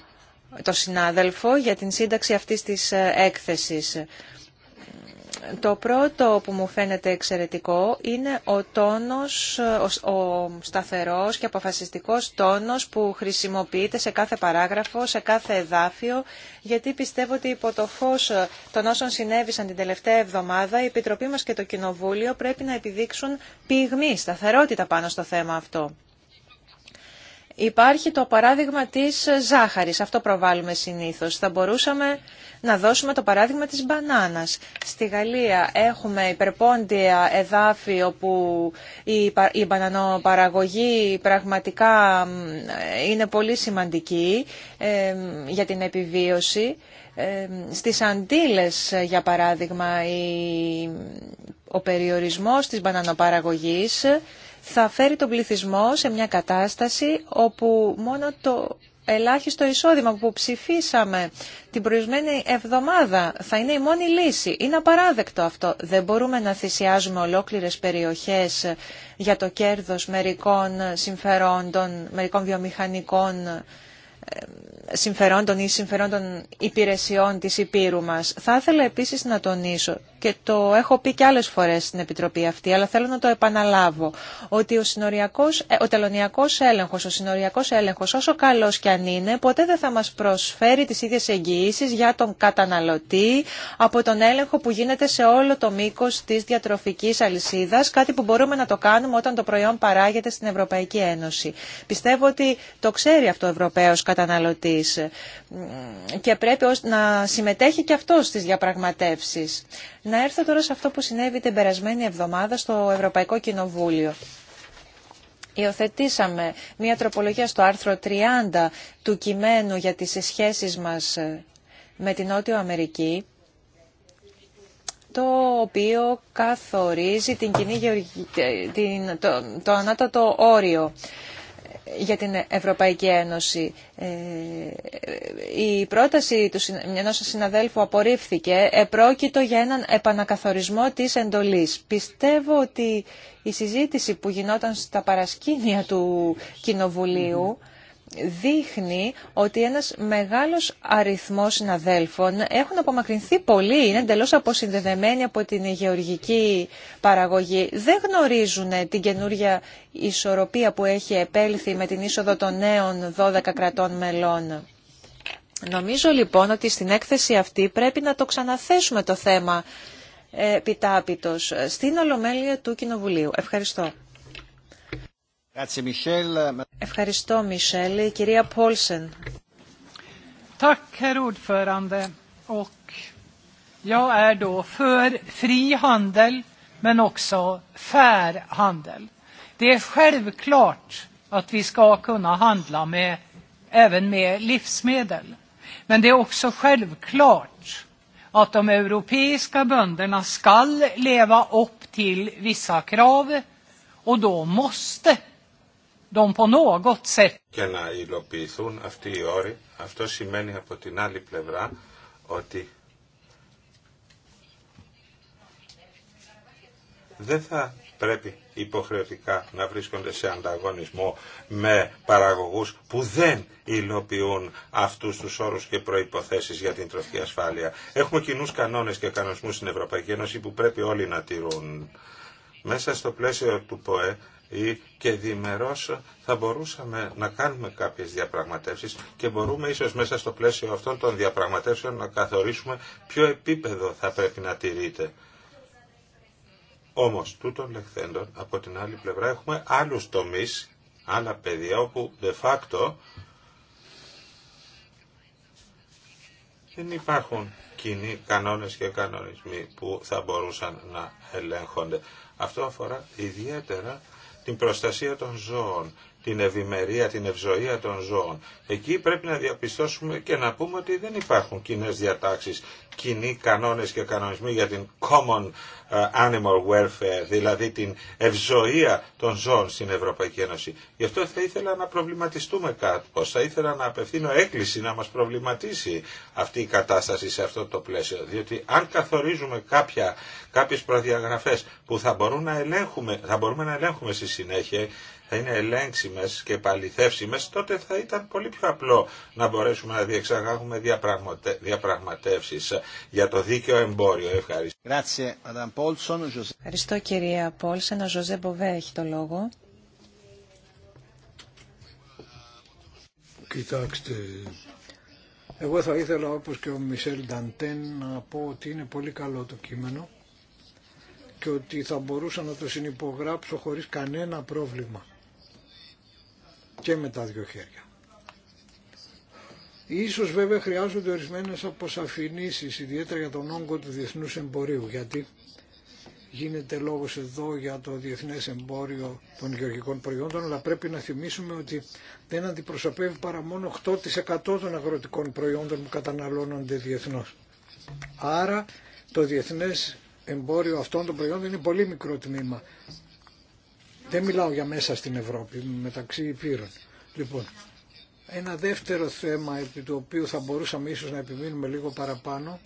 το συνάδελφο για την σύνταξη αυτής της ε, έκθεσης το πρώτο που μου φαίνεται εξαιρετικό είναι ο τόνος, ο, σταθερός και αποφασιστικός τόνος που χρησιμοποιείται σε κάθε παράγραφο, σε κάθε εδάφιο, γιατί πιστεύω ότι υπό το φως των όσων συνέβησαν την τελευταία εβδομάδα, η Επιτροπή μας και το Κοινοβούλιο πρέπει να επιδείξουν πυγμή, σταθερότητα πάνω στο θέμα αυτό. Υπάρχει το παράδειγμα της ζάχαρης, αυτό προβάλλουμε συνήθως. Θα μπορούσαμε να δώσουμε το παράδειγμα της μπανάνας. Στη Γαλλία έχουμε υπερπόντια εδάφη όπου η μπανανοπαραγωγή πραγματικά είναι πολύ σημαντική ε, για την επιβίωση. Ε, στις αντίλες, για παράδειγμα, ο περιορισμός της μπανανοπαραγωγής θα φέρει τον πληθυσμό σε μια κατάσταση όπου μόνο το ελάχιστο εισόδημα που ψηφίσαμε την προηγούμενη εβδομάδα θα είναι η μόνη λύση. Είναι απαράδεκτο αυτό. Δεν μπορούμε να θυσιάζουμε ολόκληρες περιοχές για το κέρδος μερικών συμφερόντων, μερικών βιομηχανικών ε, συμφερόντων ή συμφερόντων υπηρεσιών της Υπήρου μας. Θα ήθελα επίσης να τονίσω, και το έχω πει και άλλες φορές στην Επιτροπή αυτή, αλλά θέλω να το επαναλάβω, ότι ο, συνοριακός, ε, ο τελωνιακός έλεγχος, ο συνοριακός έλεγχος, όσο καλός κι αν είναι, ποτέ δεν θα μας προσφέρει τις ίδιες εγγυήσεις για τον καταναλωτή από τον έλεγχο που γίνεται σε όλο το μήκος της διατροφικής αλυσίδας, κάτι που μπορούμε να το κάνουμε όταν το προϊόν παράγεται στην Ευρωπαϊκή Ένωση. Πιστεύω ότι το ξέρει αυτό ο Ευρωπαίος καταναλωτής και πρέπει να συμμετέχει και αυτός στις διαπραγματεύσεις. Να έρθω τώρα σε αυτό που συνέβη την περασμένη εβδομάδα στο Ευρωπαϊκό Κοινοβούλιο. Υιοθετήσαμε μια τροπολογία στο άρθρο 30 του κειμένου για τις σχέσεις μας με την Νότιο Αμερική το οποίο καθορίζει την κοινή, το, το ανάτατο όριο για την Ευρωπαϊκή Ένωση. Ε, η πρόταση του ενός συναδέλφου απορρίφθηκε. Επρόκειτο για έναν επανακαθορισμό της εντολής. Πιστεύω ότι η συζήτηση που γινόταν στα παρασκήνια του Κοινοβουλίου δείχνει ότι ένας μεγάλος αριθμός συναδέλφων έχουν απομακρυνθεί πολύ, είναι εντελώς αποσυνδεδεμένοι από την γεωργική παραγωγή. Δεν γνωρίζουν την καινούργια ισορροπία που έχει επέλθει με την είσοδο των νέων 12 κρατών μελών. Νομίζω λοιπόν ότι στην έκθεση αυτή πρέπει να το ξαναθέσουμε το θέμα ε, επιτάπητος στην Ολομέλεια του Κοινοβουλίου. Ευχαριστώ. Ευχαριστώ, Μισελ. men κυρία Πόλσεν. Det är självklart att vi ska kunna handla med, även med livsmedel. Men det är också självklart att de europeiska bönderna ska leva upp till vissa krav och då måste και να υλοποιηθούν αυτοί οι όροι. Αυτό σημαίνει από την άλλη πλευρά ότι δεν θα πρέπει υποχρεωτικά να βρίσκονται σε ανταγωνισμό με παραγωγούς που δεν υλοποιούν αυτούς τους όρους και προϋποθέσεις για την τροφική ασφάλεια. Έχουμε κοινούς κανόνες και κανονισμούς στην Ευρωπαϊκή Ένωση που πρέπει όλοι να τηρούν. Μέσα στο πλαίσιο του ΠΟΕ ή και διμερός θα μπορούσαμε να κάνουμε κάποιες διαπραγματεύσεις και μπορούμε ίσως μέσα στο πλαίσιο αυτών των διαπραγματεύσεων να καθορίσουμε ποιο επίπεδο θα πρέπει να τηρείται. Όμως, τούτων λεχθέντων, από την άλλη πλευρά έχουμε άλλους τομείς, άλλα πεδία όπου de facto δεν υπάρχουν κοινοί κανόνες και κανονισμοί που θα μπορούσαν να ελέγχονται. Αυτό αφορά ιδιαίτερα την προστασία των ζώων την ευημερία, την ευζοία των ζώων. Εκεί πρέπει να διαπιστώσουμε και να πούμε ότι δεν υπάρχουν κοινέ διατάξεις, κοινοί κανόνες και κανονισμοί για την common ε, animal welfare, δηλαδή την ευζοία των ζώων στην Ευρωπαϊκή Ένωση. Γι' αυτό θα ήθελα να προβληματιστούμε κάπως, θα ήθελα να απευθύνω έκκληση να μας προβληματίσει αυτή η κατάσταση σε αυτό το πλαίσιο, διότι αν καθορίζουμε κάποια, κάποιες προδιαγραφές που θα, να ελέγχουμε, θα μπορούμε να ελέγχουμε στη συνέχεια, θα είναι ελέγξιμες και παληθεύσιμες, τότε θα ήταν πολύ πιο απλό να μπορέσουμε να διεξαγάγουμε διαπραγματεύσεις για το δίκαιο εμπόριο. Ευχαριστώ. Ευχαριστώ κυρία Πόλσεν. Ο Ζωζέ Μποβέ έχει το λόγο. Κοιτάξτε, εγώ θα ήθελα όπως και ο Μισελ Νταντέν να πω ότι είναι πολύ καλό το κείμενο και ότι θα μπορούσα να το συνυπογράψω χωρίς κανένα πρόβλημα και με τα δύο χέρια. Ίσως βέβαια χρειάζονται ορισμένες αποσαφηνήσεις, ιδιαίτερα για τον όγκο του διεθνούς εμπορίου, γιατί γίνεται λόγος εδώ για το διεθνές εμπόριο των γεωργικών προϊόντων, αλλά πρέπει να θυμίσουμε ότι δεν αντιπροσωπεύει παρά μόνο 8% των αγροτικών προϊόντων που καταναλώνονται διεθνώς. Άρα το διεθνές εμπόριο αυτών των προϊόντων είναι πολύ μικρό τμήμα δεν μιλάω για μέσα στην Ευρώπη, μεταξύ υπήρων. Λοιπόν, ένα δεύτερο θέμα επί του οποίου θα μπορούσαμε ίσως να επιμείνουμε λίγο παραπάνω,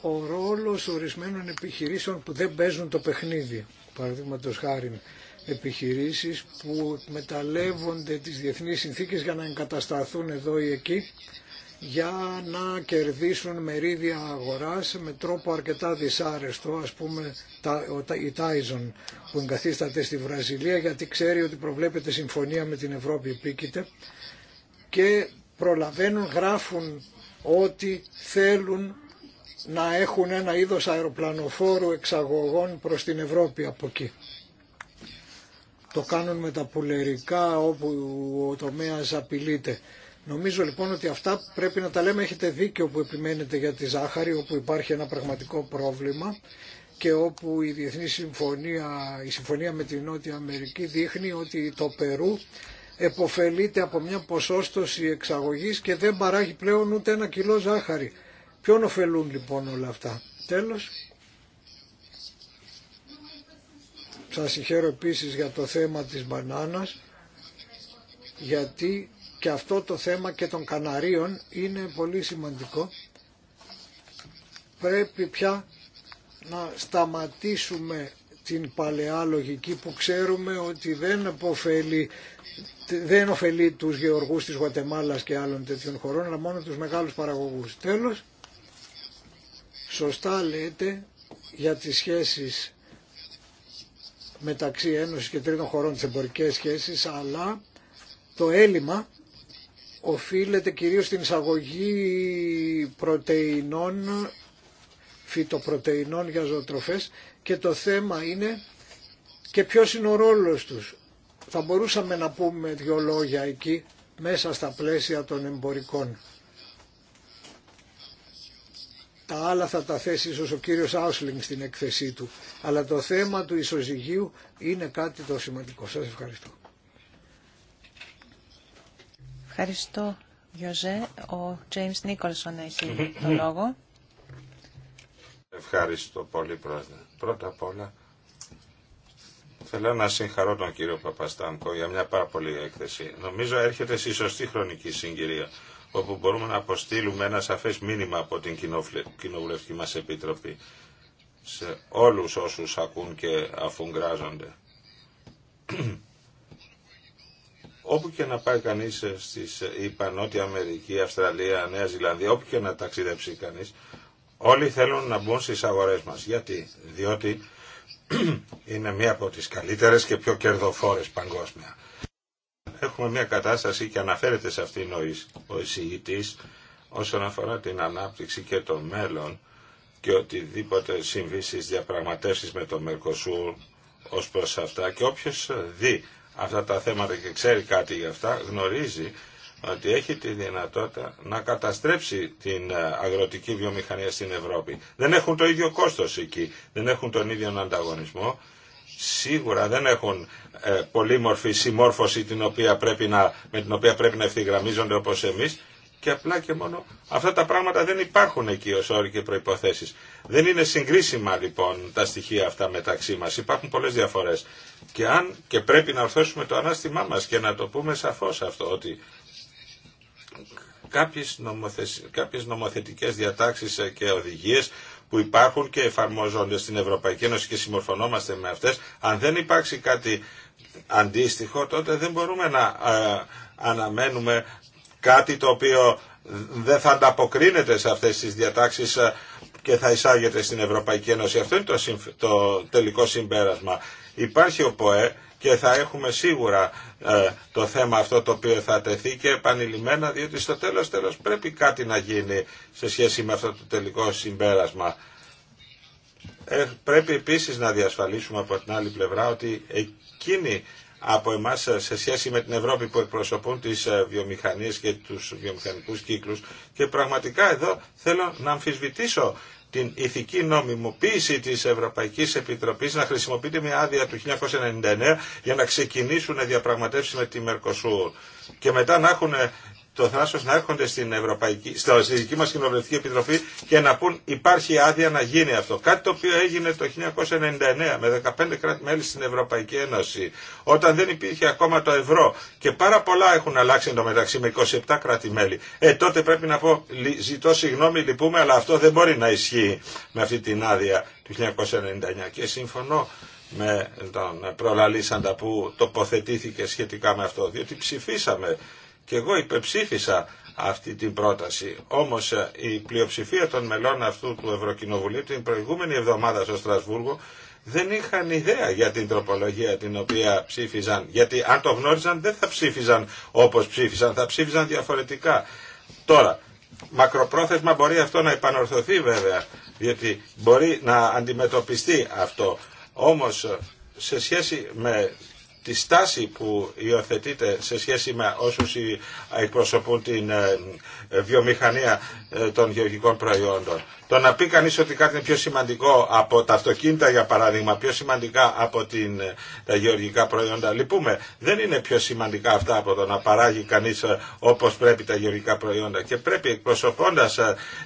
ο ρόλος ορισμένων επιχειρήσεων που δεν παίζουν το παιχνίδι. Παραδείγματο χάρη επιχειρήσεις που μεταλλεύονται τις διεθνείς συνθήκες για να εγκατασταθούν εδώ ή εκεί για να κερδίσουν μερίδια αγοράς με τρόπο αρκετά δυσάρεστο, ας πούμε η Tyson που εγκαθίσταται στη Βραζιλία γιατί ξέρει ότι προβλέπεται συμφωνία με την Ευρώπη επίκειται και προλαβαίνουν, γράφουν ότι θέλουν να έχουν ένα είδος αεροπλανοφόρου εξαγωγών προς την Ευρώπη από εκεί. Το κάνουν με τα πουλερικά όπου ο τομέας απειλείται. Νομίζω λοιπόν ότι αυτά πρέπει να τα λέμε. Έχετε δίκιο που επιμένετε για τη ζάχαρη, όπου υπάρχει ένα πραγματικό πρόβλημα και όπου η Διεθνή Συμφωνία, η Συμφωνία με την Νότια Αμερική δείχνει ότι το Περού εποφελείται από μια ποσόστοση εξαγωγής και δεν παράγει πλέον ούτε ένα κιλό ζάχαρη. Ποιον ωφελούν λοιπόν όλα αυτά. Τέλος, σας συγχαίρω επίσης για το θέμα της μπανάνας, γιατί και αυτό το θέμα και των Καναρίων είναι πολύ σημαντικό. Πρέπει πια να σταματήσουμε την παλαιά λογική που ξέρουμε ότι δεν, αποφέλει, δεν ωφελεί τους γεωργούς της Γουατεμάλας και άλλων τέτοιων χωρών, αλλά μόνο τους μεγάλους παραγωγούς. Τέλος, σωστά λέτε για τις σχέσεις μεταξύ Ένωσης και τρίτων χωρών, τις εμπορικές σχέσεις, αλλά το έλλειμμα οφείλεται κυρίως στην εισαγωγή πρωτεϊνών, φυτοπρωτεϊνών για ζωοτροφές και το θέμα είναι και ποιος είναι ο ρόλος τους. Θα μπορούσαμε να πούμε δυο λόγια εκεί μέσα στα πλαίσια των εμπορικών. Τα άλλα θα τα θέσει ίσως ο κύριος Άουσλινγκ στην εκθεσή του. Αλλά το θέμα του ισοζυγίου είναι κάτι το σημαντικό. Σας ευχαριστώ. Ευχαριστώ, Γιωζέ. Ο Τζέιμς Νίκολσον έχει το [coughs] λόγο. Ευχαριστώ πολύ, Πρόεδρε. Πρώτα απ' όλα, Θέλω να συγχαρώ τον κύριο Παπαστάμκο για μια πάρα πολύ έκθεση. Νομίζω έρχεται στη σωστή χρονική συγκυρία, όπου μπορούμε να αποστείλουμε ένα σαφές μήνυμα από την κοινοβουλευτική μας Επίτροπη σε όλους όσους ακούν και αφουγκράζονται. Όπου και να πάει κανείς ε, στις ε, ΗΠΑ, Νότια Αμερική, Αυστραλία, Νέα Ζηλανδία, όπου και να ταξιδέψει κανείς, όλοι θέλουν να μπουν στις αγορές μας. Γιατί, διότι [clears throat] είναι μία από τις καλύτερες και πιο κερδοφόρες παγκόσμια. Έχουμε μία κατάσταση και αναφέρεται σε αυτήν ο εισηγητή όσον αφορά την ανάπτυξη και το μέλλον και οτιδήποτε συμβεί στι διαπραγματεύσει με το Μερκοσούρ ως προς αυτά και όποιο δει αυτά τα θέματα και ξέρει κάτι για αυτά, γνωρίζει ότι έχει τη δυνατότητα να καταστρέψει την ε, αγροτική βιομηχανία στην Ευρώπη. Δεν έχουν το ίδιο κόστος εκεί, δεν έχουν τον ίδιο ανταγωνισμό. Σίγουρα δεν έχουν ε, πολύμορφη συμμόρφωση την οποία πρέπει να, με την οποία πρέπει να ευθυγραμμίζονται όπως εμείς και απλά και μόνο αυτά τα πράγματα δεν υπάρχουν εκεί ως όροι και προϋποθέσεις. Δεν είναι συγκρίσιμα λοιπόν τα στοιχεία αυτά μεταξύ μας. Υπάρχουν πολλές διαφορές. Και αν και πρέπει να ορθώσουμε το ανάστημά μας και να το πούμε σαφώς αυτό ότι κάποιες, νομοθεσ... κάποιες νομοθετικές διατάξεις και οδηγίες που υπάρχουν και εφαρμόζονται στην Ευρωπαϊκή Ένωση και συμμορφωνόμαστε με αυτές, αν δεν υπάρξει κάτι αντίστοιχο τότε δεν μπορούμε να ε, αναμένουμε κάτι το οποίο δεν θα ανταποκρίνεται σε αυτές τις διατάξεις ε, και θα εισάγεται στην Ευρωπαϊκή Ένωση. Αυτό είναι το, το τελικό συμπέρασμα. Υπάρχει ο ΠΟΕ και θα έχουμε σίγουρα ε, το θέμα αυτό το οποίο θα τεθεί και επανειλημμένα διότι στο τέλος τέλος πρέπει κάτι να γίνει σε σχέση με αυτό το τελικό συμπέρασμα. Ε, πρέπει επίσης να διασφαλίσουμε από την άλλη πλευρά ότι εκείνοι από εμάς σε σχέση με την Ευρώπη που εκπροσωπούν τις ε, βιομηχανίες και τους βιομηχανικούς κύκλους και πραγματικά εδώ θέλω να αμφισβητήσω την ηθική νομιμοποίηση της Ευρωπαϊκής Επιτροπής να χρησιμοποιείται μια άδεια του 1999 για να ξεκινήσουν διαπραγματεύσει με τη Μερκοσούρ και μετά να έχουν το θράσος να έρχονται στην, Ευρωπαϊκή, στη δική μας Κοινοβουλευτική Επιτροπή και να πούν υπάρχει άδεια να γίνει αυτό. Κάτι το οποίο έγινε το 1999 με 15 κράτη-μέλη στην Ευρωπαϊκή Ένωση όταν δεν υπήρχε ακόμα το ευρώ και πάρα πολλά έχουν αλλάξει μεταξύ με 27 κράτη-μέλη. Ε, τότε πρέπει να πω ζητώ συγγνώμη λυπούμε αλλά αυτό δεν μπορεί να ισχύει με αυτή την άδεια του 1999 και συμφωνώ με τον προλαλήσαντα που τοποθετήθηκε σχετικά με αυτό, διότι ψηφίσαμε και εγώ υπεψήφισα αυτή την πρόταση. Όμως ε, η πλειοψηφία των μελών αυτού του Ευρωκοινοβουλίου την προηγούμενη εβδομάδα στο Στρασβούργο δεν είχαν ιδέα για την τροπολογία την οποία ψήφιζαν. Γιατί αν το γνώριζαν δεν θα ψήφιζαν όπως ψήφισαν, θα ψήφιζαν διαφορετικά. Τώρα, μακροπρόθεσμα μπορεί αυτό να επανορθωθεί βέβαια, διότι μπορεί να αντιμετωπιστεί αυτό. Όμως ε, σε σχέση με τη στάση που υιοθετείται σε σχέση με όσους εκπροσωπούν την ε, βιομηχανία ε, των γεωργικών προϊόντων. Το να πει κανείς ότι κάτι είναι πιο σημαντικό από τα αυτοκίνητα, για παράδειγμα, πιο σημαντικά από την, ε, τα γεωργικά προϊόντα. Λυπούμε, δεν είναι πιο σημαντικά αυτά από το να παράγει κανείς όπως πρέπει τα γεωργικά προϊόντα. Και πρέπει εκπροσωπώντας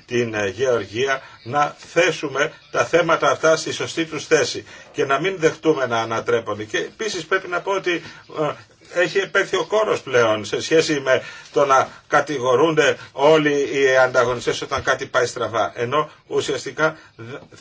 την γεωργία να θέσουμε τα θέματα αυτά στη σωστή τους θέση και να μην δεχτούμε να ανατρέπονται. Και επίση πρέπει να πω ότι ε, έχει επέθει ο κόρος πλέον σε σχέση με το να κατηγορούνται όλοι οι ανταγωνιστές όταν κάτι πάει στραβά. Ενώ ουσιαστικά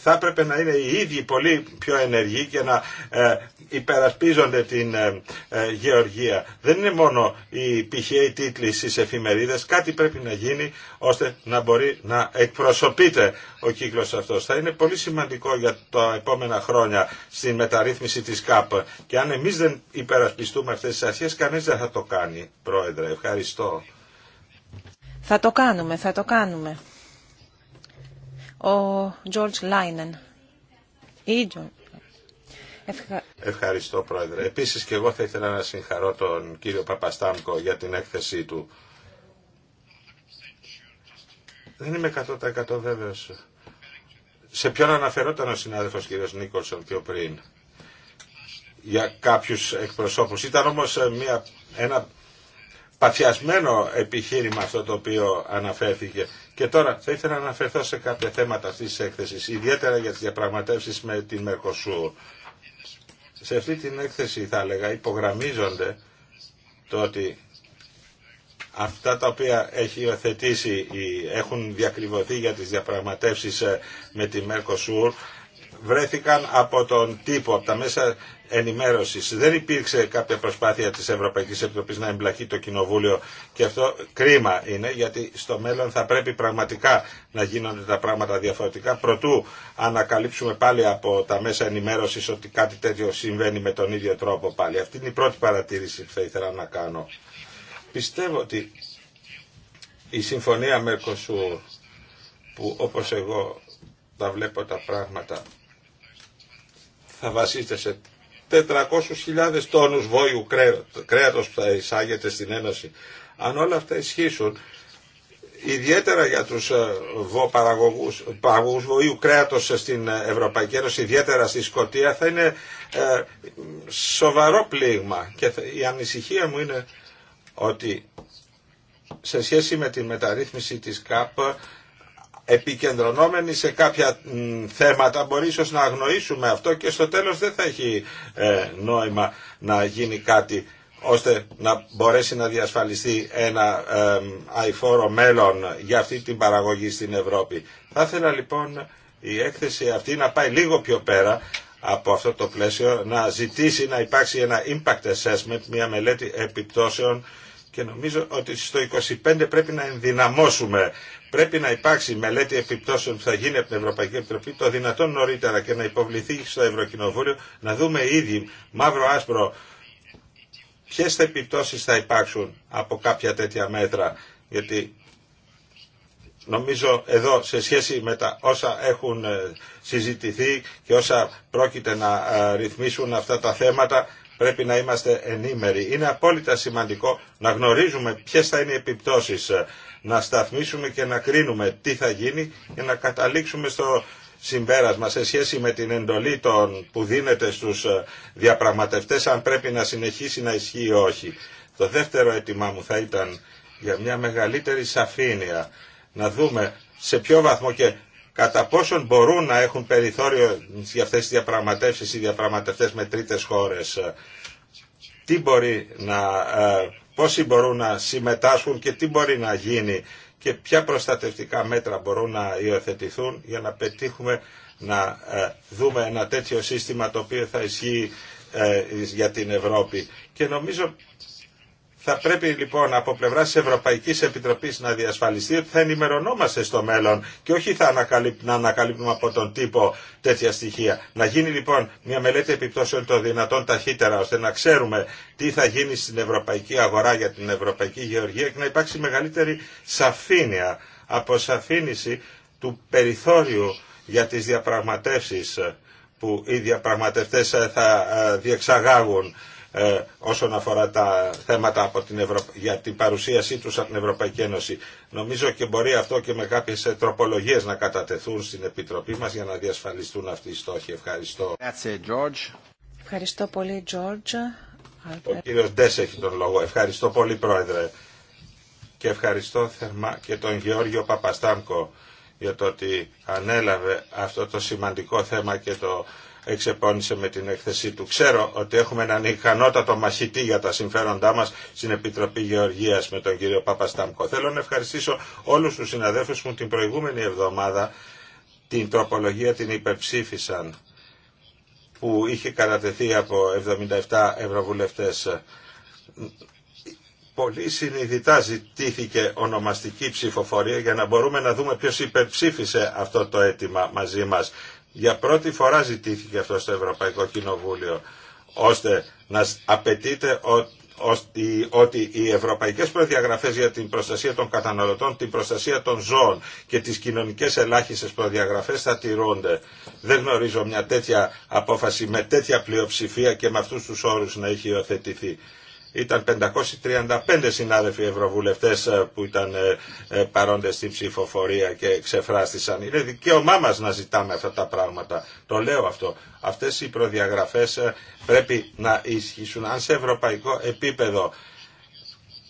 θα έπρεπε να είναι οι ίδιοι πολύ πιο ενεργοί και να ε, υπερασπίζονται την ε, ε, γεωργία. Δεν είναι μόνο οι πηχαίοι τίτλοι στις εφημερίδες, κάτι πρέπει να γίνει ώστε να μπορεί να εκπροσωπείται ο κύκλος αυτός. Θα είναι πολύ σημαντικό για τα επόμενα χρόνια στην μεταρρύθμιση της ΚΑΠ και αν εμείς δεν υπερασπιστούμε αυτές τις αρχές διαδικασίες κανείς δεν θα το κάνει, Πρόεδρε. Ευχαριστώ. Θα το κάνουμε, θα το κάνουμε. Ο George Λάινεν. Ευχαριστώ, Πρόεδρε. Επίσης και εγώ θα ήθελα να συγχαρώ τον κύριο Παπαστάμκο για την έκθεσή του. Δεν είμαι 100% βέβαιος. Σε ποιον αναφερόταν ο συνάδελφος κύριος Νίκολσον πιο πριν για κάποιους εκπροσώπους. Ήταν όμως ε, μια, ένα παθιασμένο επιχείρημα αυτό το οποίο αναφέρθηκε. Και τώρα θα ήθελα να αναφερθώ σε κάποια θέματα αυτής της έκθεσης, ιδιαίτερα για τις διαπραγματεύσεις με την Μερκοσούρ. Σε αυτή την έκθεση θα έλεγα υπογραμμίζονται το ότι αυτά τα οποία έχει υιοθετήσει ή έχουν διακριβωθεί για τις διαπραγματεύσεις ε, με τη Μερκοσούρ βρέθηκαν από τον τύπο, από τα μέσα ενημέρωσης. Δεν υπήρξε κάποια προσπάθεια της Ευρωπαϊκής Επιτροπής να εμπλακεί το Κοινοβούλιο και αυτό κρίμα είναι γιατί στο μέλλον θα πρέπει πραγματικά να γίνονται τα πράγματα διαφορετικά Πρωτού ανακαλύψουμε πάλι από τα μέσα ενημέρωσης ότι κάτι τέτοιο συμβαίνει με τον ίδιο τρόπο πάλι. Αυτή είναι η πρώτη παρατήρηση που θα ήθελα να κάνω. Πιστεύω ότι η συμφωνία Mercosur που όπως εγώ τα βλέπω τα πράγματα θα βασίζεται σε 400.000 τόνους βόηου κρέατος που θα εισάγεται στην Ένωση. Αν όλα αυτά ισχύσουν, ιδιαίτερα για τους ε, παραγωγούς, βοήου κρέατος στην ε, Ευρωπαϊκή Ένωση, ιδιαίτερα στη Σκοτία, θα είναι ε, σοβαρό πλήγμα. Και η ανησυχία μου είναι ότι σε σχέση με τη μεταρρύθμιση της ΚΑΠ επικεντρωνόμενοι σε κάποια θέματα μπορεί ίσως να αγνοήσουμε αυτό και στο τέλος δεν θα έχει ε, νόημα να γίνει κάτι ώστε να μπορέσει να διασφαλιστεί ένα ε, αηφόρο μέλλον για αυτή την παραγωγή στην Ευρώπη. Θα ήθελα λοιπόν η έκθεση αυτή να πάει λίγο πιο πέρα από αυτό το πλαίσιο, να ζητήσει να υπάρξει ένα impact assessment, μια μελέτη επιπτώσεων και νομίζω ότι στο 25 πρέπει να ενδυναμώσουμε. Πρέπει να υπάρξει μελέτη επιπτώσεων που θα γίνει από την Ευρωπαϊκή Επιτροπή το δυνατόν νωρίτερα και να υποβληθεί στο Ευρωκοινοβούλιο να δούμε ήδη μαύρο-άσπρο ποιε θα επιπτώσεις θα υπάρξουν από κάποια τέτοια μέτρα. Γιατί νομίζω εδώ σε σχέση με τα όσα έχουν ε, συζητηθεί και όσα πρόκειται να ε, ρυθμίσουν αυτά τα θέματα πρέπει να είμαστε ενήμεροι. Είναι απόλυτα σημαντικό να γνωρίζουμε ποιες θα είναι οι επιπτώσεις, ε, να σταθμίσουμε και να κρίνουμε τι θα γίνει και να καταλήξουμε στο συμπέρασμα σε σχέση με την εντολή των που δίνεται στους ε, διαπραγματευτές αν πρέπει να συνεχίσει να ισχύει ή όχι. Το δεύτερο αίτημά μου θα ήταν για μια μεγαλύτερη σαφήνεια να δούμε σε ποιο βαθμό και κατά πόσον μπορούν να έχουν περιθώριο για αυτές τις διαπραγματεύσεις οι διαπραγματευτές με τρίτες χώρες. Τι μπορεί να, ε, πόσοι μπορούν να συμμετάσχουν και τι μπορεί να γίνει και ποια προστατευτικά μέτρα μπορούν να υιοθετηθούν για να πετύχουμε να ε, δούμε ένα τέτοιο σύστημα το οποίο θα ισχύει ε, για την Ευρώπη. Και νομίζω θα πρέπει λοιπόν από πλευρά τη Ευρωπαϊκή Επιτροπή να διασφαλιστεί ότι θα ενημερωνόμαστε στο μέλλον και όχι θα να ανακαλύπτουμε από τον τύπο τέτοια στοιχεία. Να γίνει λοιπόν μια μελέτη επιπτώσεων των δυνατών ταχύτερα ώστε να ξέρουμε τι θα γίνει στην ευρωπαϊκή αγορά για την ευρωπαϊκή γεωργία και να υπάρξει μεγαλύτερη σαφήνεια, αποσαφήνιση του περιθώριου για τις διαπραγματεύσεις που οι διαπραγματευτές ε, θα ε, διεξαγάγουν ε, όσον αφορά τα θέματα από την Ευρω... για την παρουσίασή τους από την Ευρωπαϊκή Ένωση. Νομίζω και μπορεί αυτό και με κάποιες ε, τροπολογίες να κατατεθούν στην Επιτροπή μας για να διασφαλιστούν αυτοί οι στόχοι. Ευχαριστώ. Ευχαριστώ πολύ, George. Ο κύριος Ντές έχει τον λόγο. Ευχαριστώ πολύ, Πρόεδρε. Και ευχαριστώ θερμά και τον Γεώργιο Παπαστάμκο για το ότι ανέλαβε αυτό το σημαντικό θέμα και το εξεπώνησε με την έκθεσή του. Ξέρω ότι έχουμε έναν ικανότατο μαχητή για τα συμφέροντά μας στην Επιτροπή Γεωργίας με τον κύριο Παπαστάμκο. Θέλω να ευχαριστήσω όλους τους συναδέλφους μου την προηγούμενη εβδομάδα την τροπολογία την υπερψήφισαν που είχε κατατεθεί από 77 ευρωβουλευτές. Πολύ συνειδητά ζητήθηκε ονομαστική ψηφοφορία για να μπορούμε να δούμε ποιος υπερψήφισε αυτό το αίτημα μαζί μας για πρώτη φορά ζητήθηκε αυτό στο Ευρωπαϊκό Κοινοβούλιο, ώστε να απαιτείται ότι οι ευρωπαϊκές προδιαγραφές για την προστασία των καταναλωτών, την προστασία των ζώων και τις κοινωνικές ελάχιστες προδιαγραφές θα τηρούνται. Δεν γνωρίζω μια τέτοια απόφαση με τέτοια πλειοψηφία και με αυτούς τους όρους να έχει υιοθετηθεί ήταν 535 συνάδελφοι ευρωβουλευτές ε, που ήταν ε, ε, παρόντες στην ψηφοφορία και εξεφράστησαν. Είναι δικαίωμά μας να ζητάμε αυτά τα πράγματα. Το λέω αυτό. Αυτές οι προδιαγραφές πρέπει να ισχύσουν. Αν σε ευρωπαϊκό επίπεδο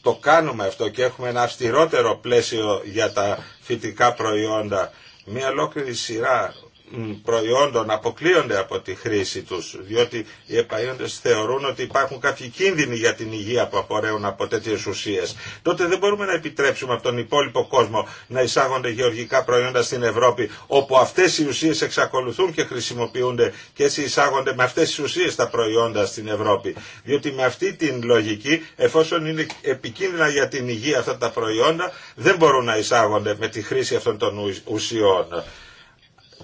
το κάνουμε αυτό και έχουμε ένα αυστηρότερο πλαίσιο για τα φυτικά προϊόντα, μια ολόκληρη σειρά προϊόντων αποκλείονται από τη χρήση τους, διότι οι επαΐοντες θεωρούν ότι υπάρχουν κάποιοι κίνδυνοι για την υγεία που απορρέουν από τέτοιες ουσίες. Τότε δεν μπορούμε να επιτρέψουμε από τον υπόλοιπο κόσμο να εισάγονται γεωργικά προϊόντα στην Ευρώπη, όπου αυτές οι ουσίες εξακολουθούν και χρησιμοποιούνται και έτσι εισάγονται με αυτές τις ουσίες τα προϊόντα στην Ευρώπη. Διότι με αυτή την λογική, εφόσον είναι επικίνδυνα για την υγεία αυτά τα προϊόντα, δεν μπορούν να εισάγονται με τη χρήση αυτών των ουσιών.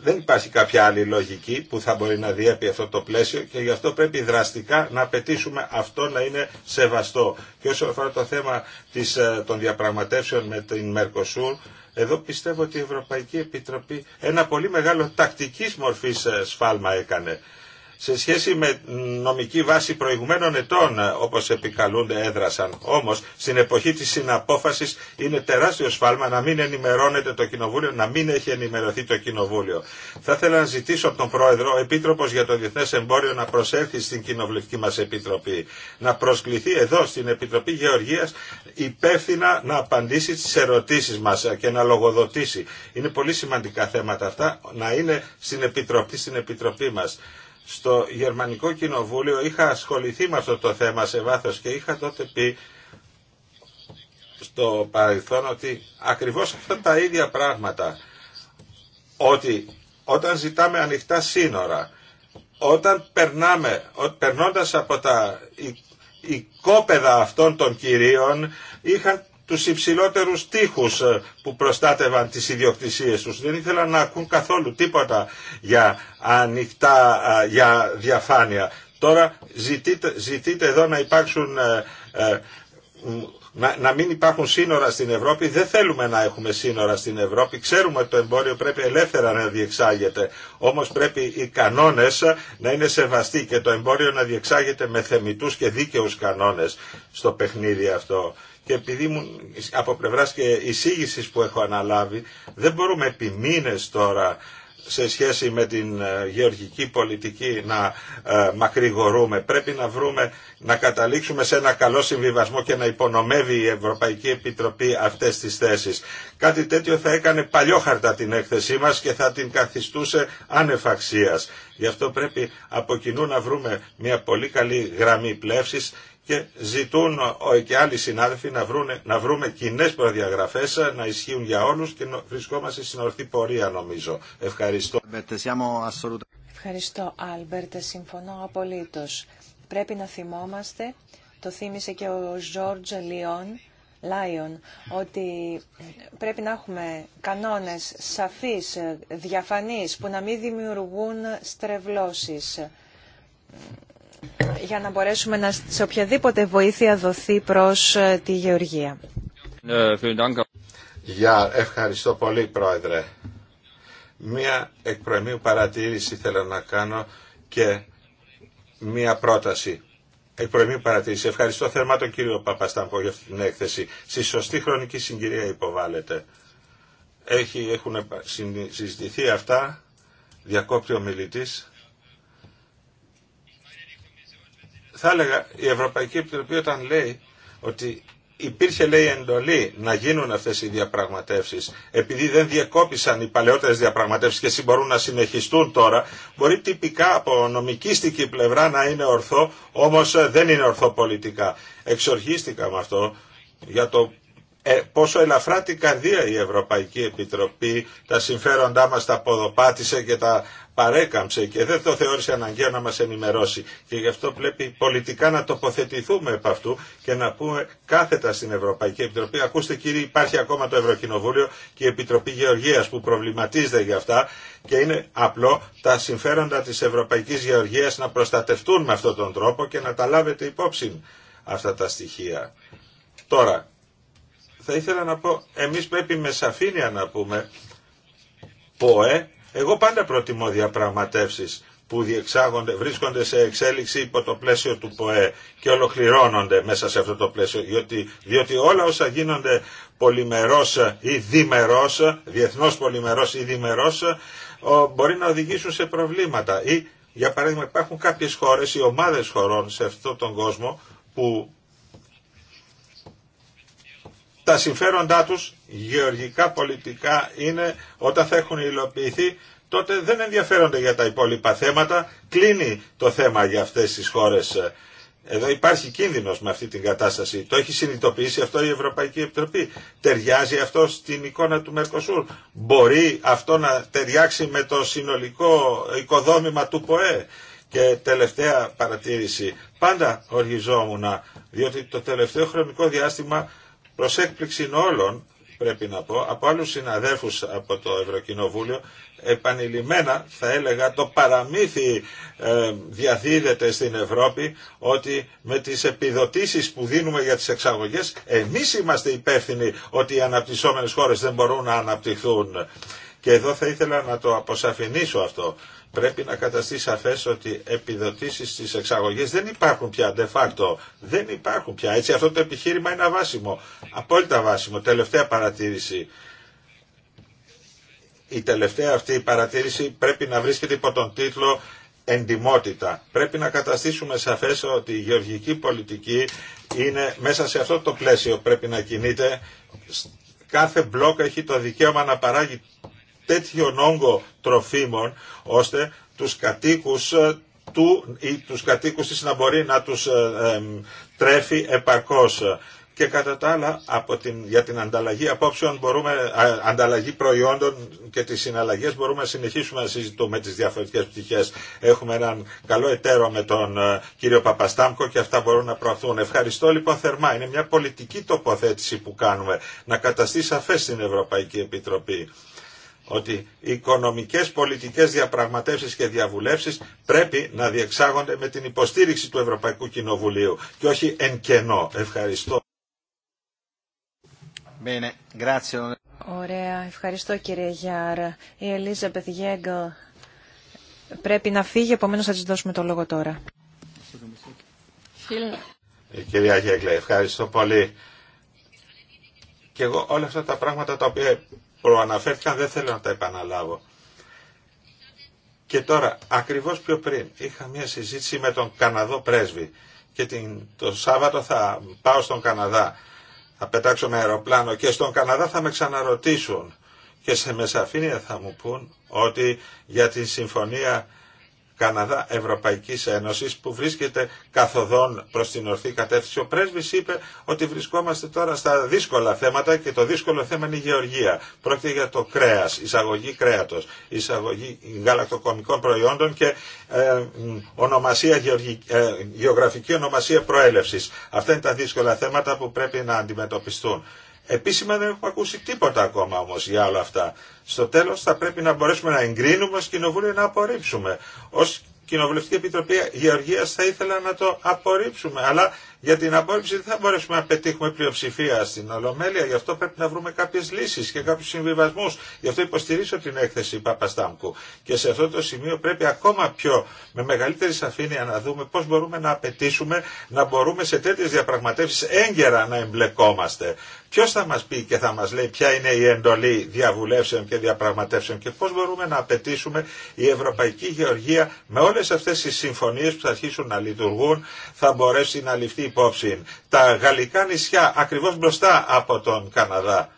Δεν υπάρχει κάποια άλλη λογική που θα μπορεί να διέπει αυτό το πλαίσιο και γι' αυτό πρέπει δραστικά να απαιτήσουμε αυτό να είναι σεβαστό. Και όσον αφορά το θέμα της, ε, των διαπραγματεύσεων με την Μερκοσούρ, εδώ πιστεύω ότι η Ευρωπαϊκή Επιτροπή ένα πολύ μεγάλο τακτικής μορφής ε, σφάλμα έκανε σε σχέση με νομική βάση προηγουμένων ετών όπως επικαλούνται έδρασαν. Όμως στην εποχή της συναπόφασης είναι τεράστιο σφάλμα να μην ενημερώνεται το Κοινοβούλιο, να μην έχει ενημερωθεί το Κοινοβούλιο. Θα ήθελα να ζητήσω από τον Πρόεδρο, ο Επίτροπος για το Διεθνές Εμπόριο να προσέλθει στην Κοινοβουλευτική μας Επιτροπή, να προσκληθεί εδώ στην Επιτροπή Γεωργίας υπεύθυνα να απαντήσει τις ερωτήσεις μας και να λογοδοτήσει. Είναι πολύ σημαντικά θέματα αυτά να είναι στην Επιτροπή, στην Επιτροπή μας στο Γερμανικό Κοινοβούλιο είχα ασχοληθεί με αυτό το θέμα σε βάθος και είχα τότε πει στο παρελθόν ότι ακριβώς αυτά τα ίδια πράγματα ότι όταν ζητάμε ανοιχτά σύνορα όταν περνάμε, περνώντας από τα οικόπεδα αυτών των κυρίων είχαν τους υψηλότερους τείχους ε, που προστάτευαν τις ιδιοκτησίες τους. Δεν ήθελαν να ακούν καθόλου τίποτα για ανοιχτά, ε, για διαφάνεια. Τώρα ζητείτε, ζητείτε εδώ να υπάρξουν ε, να, να μην υπάρχουν σύνορα στην Ευρώπη. Δεν θέλουμε να έχουμε σύνορα στην Ευρώπη. Ξέρουμε ότι το εμπόριο πρέπει ελεύθερα να διεξάγεται. Όμως πρέπει οι κανόνες να είναι σεβαστοί και το εμπόριο να διεξάγεται με θεμητού και δίκαιους κανόνες στο παιχνίδι αυτό και επειδή από πλευράς και εισήγηση που έχω αναλάβει, δεν μπορούμε επί μήνες τώρα σε σχέση με την ε, γεωργική πολιτική να ε, μακρηγορούμε. Πρέπει να βρούμε, να καταλήξουμε σε ένα καλό συμβιβασμό και να υπονομεύει η Ευρωπαϊκή Επιτροπή αυτές τις θέσεις. Κάτι τέτοιο θα έκανε παλιόχαρτα την έκθεσή μας και θα την καθιστούσε ανεφαξίας. Γι' αυτό πρέπει από κοινού να βρούμε μια πολύ καλή γραμμή πλεύσης και ζητούν και άλλοι συνάδελφοι να, βρούνε, να βρούμε κοινέ προδιαγραφές να ισχύουν για όλους και βρισκόμαστε στην ορθή πορεία νομίζω. Ευχαριστώ. Ευχαριστώ Άλμπερτ, συμφωνώ απολύτως. Πρέπει να θυμόμαστε, το θύμισε και ο Ζόρτζ Λιόν, Lion, ότι πρέπει να έχουμε κανόνες σαφείς, διαφανείς, που να μην δημιουργούν στρεβλώσεις για να μπορέσουμε να, σε οποιαδήποτε βοήθεια δοθεί προς ε, τη Γεωργία. Ε, Γεια, ευχαριστώ πολύ Πρόεδρε. Μία εκπροημίου παρατήρηση θέλω να κάνω και μία πρόταση. Εκπροημίου παρατήρηση. Ευχαριστώ θερμά τον κύριο Παπασταμπό για αυτή την έκθεση. Στη σωστή χρονική συγκυρία υποβάλλεται. Έχει, έχουν συζητηθεί αυτά. Διακόπτει ο μιλητής. θα έλεγα η Ευρωπαϊκή Επιτροπή όταν λέει ότι υπήρχε λέει εντολή να γίνουν αυτές οι διαπραγματεύσεις επειδή δεν διεκόπησαν οι παλαιότερες διαπραγματεύσεις και μπορούν να συνεχιστούν τώρα μπορεί τυπικά από νομικήστική πλευρά να είναι ορθό όμως ε, δεν είναι ορθό πολιτικά εξοργίστηκα με αυτό για το ε, πόσο ελαφρά την καρδία η Ευρωπαϊκή Επιτροπή τα συμφέροντά μας τα ποδοπάτησε και τα παρέκαμψε και δεν το θεώρησε αναγκαίο να μας ενημερώσει. Και γι' αυτό πρέπει πολιτικά να τοποθετηθούμε επ' αυτού και να πούμε κάθετα στην Ευρωπαϊκή Επιτροπή. Ακούστε κύριε υπάρχει ακόμα το Ευρωκοινοβούλιο και η Επιτροπή Γεωργίας που προβληματίζεται για αυτά και είναι απλό τα συμφέροντα της Ευρωπαϊκής Γεωργίας να προστατευτούν με αυτόν τον τρόπο και να τα λάβετε υπόψη αυτά τα στοιχεία. Τώρα, θα ήθελα να πω, εμείς πρέπει με σαφήνεια να πούμε ΠΟΕ εγώ πάντα προτιμώ διαπραγματεύσεις που διεξάγονται, βρίσκονται σε εξέλιξη υπό το πλαίσιο του ΠΟΕ και ολοκληρώνονται μέσα σε αυτό το πλαίσιο, διότι, διότι όλα όσα γίνονται πολυμερός ή διμερός, διεθνώς πολυμερός ή διμερός, μπορεί να οδηγήσουν σε προβλήματα. Ή, για παράδειγμα, υπάρχουν κάποιες χώρες ή ομάδες χωρών σε αυτόν τον κόσμο που τα συμφέροντά τους γεωργικά πολιτικά είναι όταν θα έχουν υλοποιηθεί τότε δεν ενδιαφέρονται για τα υπόλοιπα θέματα, κλείνει το θέμα για αυτές τις χώρες. Εδώ υπάρχει κίνδυνος με αυτή την κατάσταση. Το έχει συνειδητοποιήσει αυτό η Ευρωπαϊκή Επιτροπή. Ταιριάζει αυτό στην εικόνα του Μερκοσούρ. Μπορεί αυτό να ταιριάξει με το συνολικό οικοδόμημα του ΠΟΕ. Και τελευταία παρατήρηση. Πάντα οργιζόμουν, διότι το τελευταίο χρονικό διάστημα Προς έκπληξη όλων, πρέπει να πω, από άλλους συναδέφους από το Ευρωκοινοβούλιο, επανειλημμένα θα έλεγα το παραμύθι ε, διαδίδεται στην Ευρώπη ότι με τις επιδοτήσεις που δίνουμε για τις εξαγωγές εμείς είμαστε υπεύθυνοι ότι οι αναπτυσσόμενες χώρες δεν μπορούν να αναπτυχθούν. Και εδώ θα ήθελα να το αποσαφηνίσω αυτό πρέπει να καταστεί σαφές ότι επιδοτήσεις στις εξαγωγές δεν υπάρχουν πια de facto. Δεν υπάρχουν πια. Έτσι αυτό το επιχείρημα είναι αβάσιμο. Απόλυτα βάσιμο. Τελευταία παρατήρηση. Η τελευταία αυτή η παρατήρηση πρέπει να βρίσκεται υπό τον τίτλο εντιμότητα. Πρέπει να καταστήσουμε σαφές ότι η γεωργική πολιτική είναι μέσα σε αυτό το πλαίσιο πρέπει να κινείται. Κάθε μπλοκ έχει το δικαίωμα να παράγει τέτοιον όγκο τροφίμων ώστε τους κατοίκους ε, του ή τους κατοίκους της να μπορεί να τους ε, τρέφει επαρκώς. Και κατά τα άλλα, από την, για την ανταλλαγή απόψεων, μπορούμε, α, ανταλλαγή προϊόντων και τις συναλλαγές μπορούμε να συνεχίσουμε να συζητούμε τις διαφορετικές πτυχές. Έχουμε έναν καλό εταίρο με τον ε, κύριο Παπαστάμκο και αυτά μπορούν να προωθούν. Ευχαριστώ λοιπόν θερμά. Είναι μια πολιτική τοποθέτηση που κάνουμε να καταστεί σαφές στην Ευρωπαϊκή Επιτροπή ότι οι οικονομικές πολιτικές διαπραγματεύσεις και διαβουλεύσεις πρέπει να διεξάγονται με την υποστήριξη του Ευρωπαϊκού Κοινοβουλίου και όχι εν κενό. Ευχαριστώ. Ωραία, ευχαριστώ κύριε Γιάρα. Η Ελίζα Πεθιγέγκο πρέπει να φύγει, επομένω θα της δώσουμε το λόγο τώρα. Η ε, κυρία Γέγκλε, ευχαριστώ πολύ. Και εγώ όλα αυτά τα πράγματα τα οποία προαναφέρθηκαν, δεν θέλω να τα επαναλάβω. Και τώρα, ακριβώς πιο πριν, είχα μια συζήτηση με τον Καναδό πρέσβη και την, το Σάββατο θα πάω στον Καναδά, θα πετάξω με αεροπλάνο και στον Καναδά θα με ξαναρωτήσουν και σε μεσαφήνεια θα μου πούν ότι για τη συμφωνία Καναδά Ευρωπαϊκής Ένωσης που βρίσκεται καθοδόν προς την ορθή κατεύθυνση. Ο πρέσβης είπε ότι βρισκόμαστε τώρα στα δύσκολα θέματα και το δύσκολο θέμα είναι η γεωργία. Πρόκειται για το κρέας, εισαγωγή κρέατος, εισαγωγή γαλακτοκομικών προϊόντων και ε, ονομασία, ε, γεωγραφική ονομασία προέλευσης. Αυτά είναι τα δύσκολα θέματα που πρέπει να αντιμετωπιστούν. Επίσημα δεν έχουμε ακούσει τίποτα ακόμα όμως για όλα αυτά. Στο τέλος θα πρέπει να μπορέσουμε να εγκρίνουμε ως κοινοβούλιο να απορρίψουμε. Ως Κοινοβουλευτική Επιτροπή Γεωργίας θα ήθελα να το απορρίψουμε, αλλά για την απόρριψη δεν θα μπορέσουμε να πετύχουμε πλειοψηφία στην Ολομέλεια, γι' αυτό πρέπει να βρούμε κάποιε λύσει και κάποιου συμβιβασμού. Γι' αυτό υποστηρίζω την έκθεση Παπαστάμκου. Και σε αυτό το σημείο πρέπει ακόμα πιο με μεγαλύτερη σαφήνεια να δούμε πώ μπορούμε να απαιτήσουμε να μπορούμε σε τέτοιε διαπραγματεύσει έγκαιρα να εμπλεκόμαστε. Ποιο θα μα πει και θα μα λέει ποια είναι η εντολή διαβουλεύσεων και διαπραγματεύσεων και πώ μπορούμε να απαιτήσουμε η Ευρωπαϊκή Γεωργία με όλε αυτέ τι συμφωνίε που θα αρχίσουν να λειτουργούν θα μπορέσει να ληφθεί υπόψη τα γαλλικά νησιά ακριβώς μπροστά από τον Καναδά.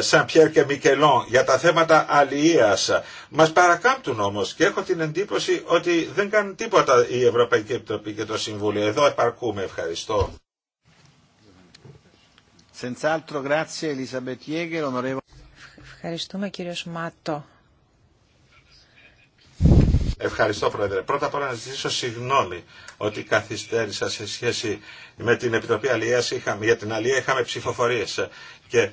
Σαν ε, Πιέρ και Μικελόν για τα θέματα αλληλείας. Μας παρακάμπτουν όμως και έχω την εντύπωση ότι δεν κάνουν τίποτα η Ευρωπαϊκή Επιτροπή και το Συμβούλιο. Εδώ επαρκούμε. Ευχαριστώ. Ευχαριστούμε κύριο ματό. Ευχαριστώ Πρόεδρε. Πρώτα απ' όλα να ζητήσω συγγνώμη ότι καθυστέρησα σε σχέση με την Επιτροπή Αλίας. Είχαμε, για την Αλία είχαμε ψηφοφορίες. Και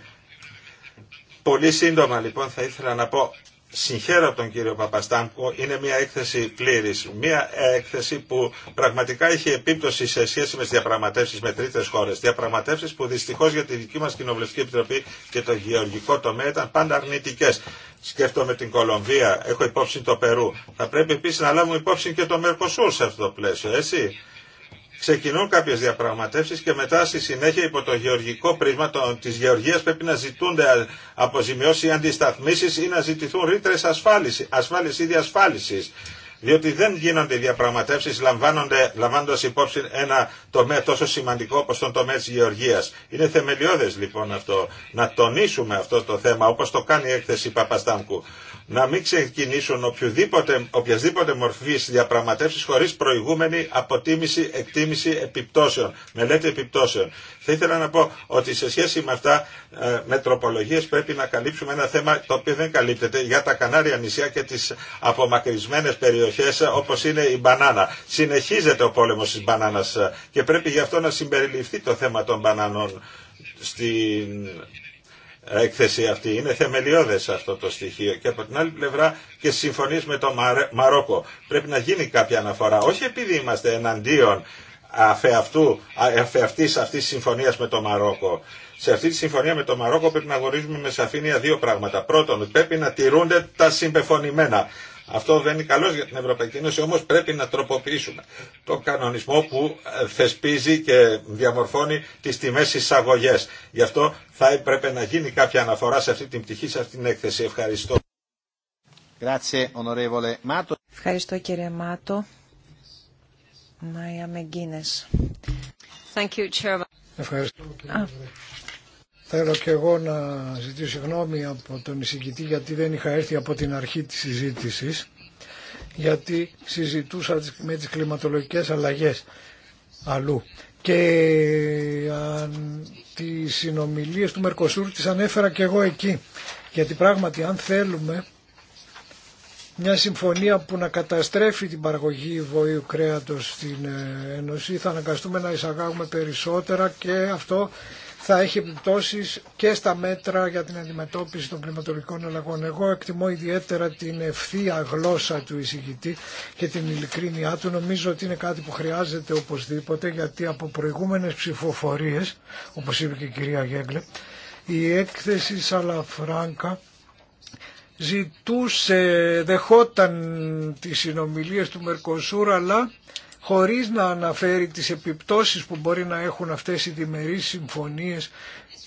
πολύ σύντομα λοιπόν θα ήθελα να πω συγχαίρω τον κύριο Παπαστάμκο, είναι μια έκθεση πλήρης, μια έκθεση που πραγματικά έχει επίπτωση σε σχέση με τις διαπραγματεύσεις με τρίτες χώρες. Διαπραγματεύσεις που δυστυχώς για τη δική μας Κοινοβουλευτική Επιτροπή και το γεωργικό τομέα ήταν πάντα αρνητικές. Σκέφτομαι την Κολομβία, έχω υπόψη το Περού. Θα πρέπει επίσης να λάβουμε υπόψη και το Μερκοσούρ σε αυτό το πλαίσιο, έτσι ξεκινούν κάποιες διαπραγματεύσεις και μετά στη συνέχεια υπό το γεωργικό πρίσμα της γεωργίας πρέπει να ζητούνται αποζημιώσεις ή αντισταθμίσεις ή να ζητηθούν ρήτρες ασφάλισης ή διασφάλισης διότι δεν γίνονται διαπραγματεύσεις λαμβάνοντας υπόψη ένα τομέα τόσο σημαντικό όπως τον τομέα της γεωργίας. Είναι θεμελιώδες λοιπόν αυτό να τονίσουμε αυτό το θέμα όπως το κάνει η έκθεση Παπαστάμκου να μην ξεκινήσουν οποιασδήποτε μορφή διαπραγματεύσει χωρί προηγούμενη αποτίμηση, εκτίμηση επιπτώσεων, μελέτη επιπτώσεων. Θα ήθελα να πω ότι σε σχέση με αυτά ε, με τροπολογίε πρέπει να καλύψουμε ένα θέμα το οποίο δεν καλύπτεται για τα Κανάρια νησιά και τι απομακρυσμένε περιοχέ, ε, όπω είναι η μπανάνα. Συνεχίζεται ο πόλεμος τη μπανάνας ε, και πρέπει γι' αυτό να συμπεριληφθεί το θέμα των μπανανών στην έκθεση αυτή. Είναι θεμελιώδες αυτό το στοιχείο. Και από την άλλη πλευρά και στι με το Μαρόκο πρέπει να γίνει κάποια αναφορά. Όχι επειδή είμαστε εναντίον αφεαυτού, αφεαυτής αυτής συμφωνίας με το Μαρόκο. Σε αυτή τη συμφωνία με το Μαρόκο πρέπει να γνωρίζουμε με σαφήνεια δύο πράγματα. Πρώτον, πρέπει να τηρούνται τα συμπεφωνημένα. Αυτό δεν είναι καλό για την Ευρωπαϊκή Ένωση, όμω πρέπει να τροποποιήσουμε τον κανονισμό που ε, θεσπίζει και διαμορφώνει τι τιμέ εισαγωγέ. Γι' αυτό θα έπρεπε να γίνει κάποια αναφορά σε αυτή την πτυχή, σε αυτή την έκθεση. Ευχαριστώ. Ευχαριστώ κύριε Μάτο. Μάια Chairman. Ευχαριστώ κύριε Θέλω και εγώ να ζητήσω συγγνώμη από τον εισηγητή γιατί δεν είχα έρθει από την αρχή της συζήτησης γιατί συζητούσα με τις κλιματολογικές αλλαγές αλλού και ε, τις συνομιλίες του Μερκοσούρ τις ανέφερα και εγώ εκεί γιατί πράγματι αν θέλουμε μια συμφωνία που να καταστρέφει την παραγωγή βοήου κρέατος στην ε, Ένωση θα αναγκαστούμε να εισαγάγουμε περισσότερα και αυτό θα έχει επιπτώσεις και στα μέτρα για την αντιμετώπιση των κλιματολογικών αλλαγών. Εγώ εκτιμώ ιδιαίτερα την ευθεία γλώσσα του εισηγητή και την ειλικρίνειά του. Νομίζω ότι είναι κάτι που χρειάζεται οπωσδήποτε γιατί από προηγούμενες ψηφοφορίες, όπως είπε και η κυρία Γέγκλε, η έκθεση Σαλαφράγκα ζητούσε, δεχόταν τις συνομιλίες του Μερκοσούρ αλλά χωρίς να αναφέρει τις επιπτώσεις που μπορεί να έχουν αυτές οι διμερείς συμφωνίες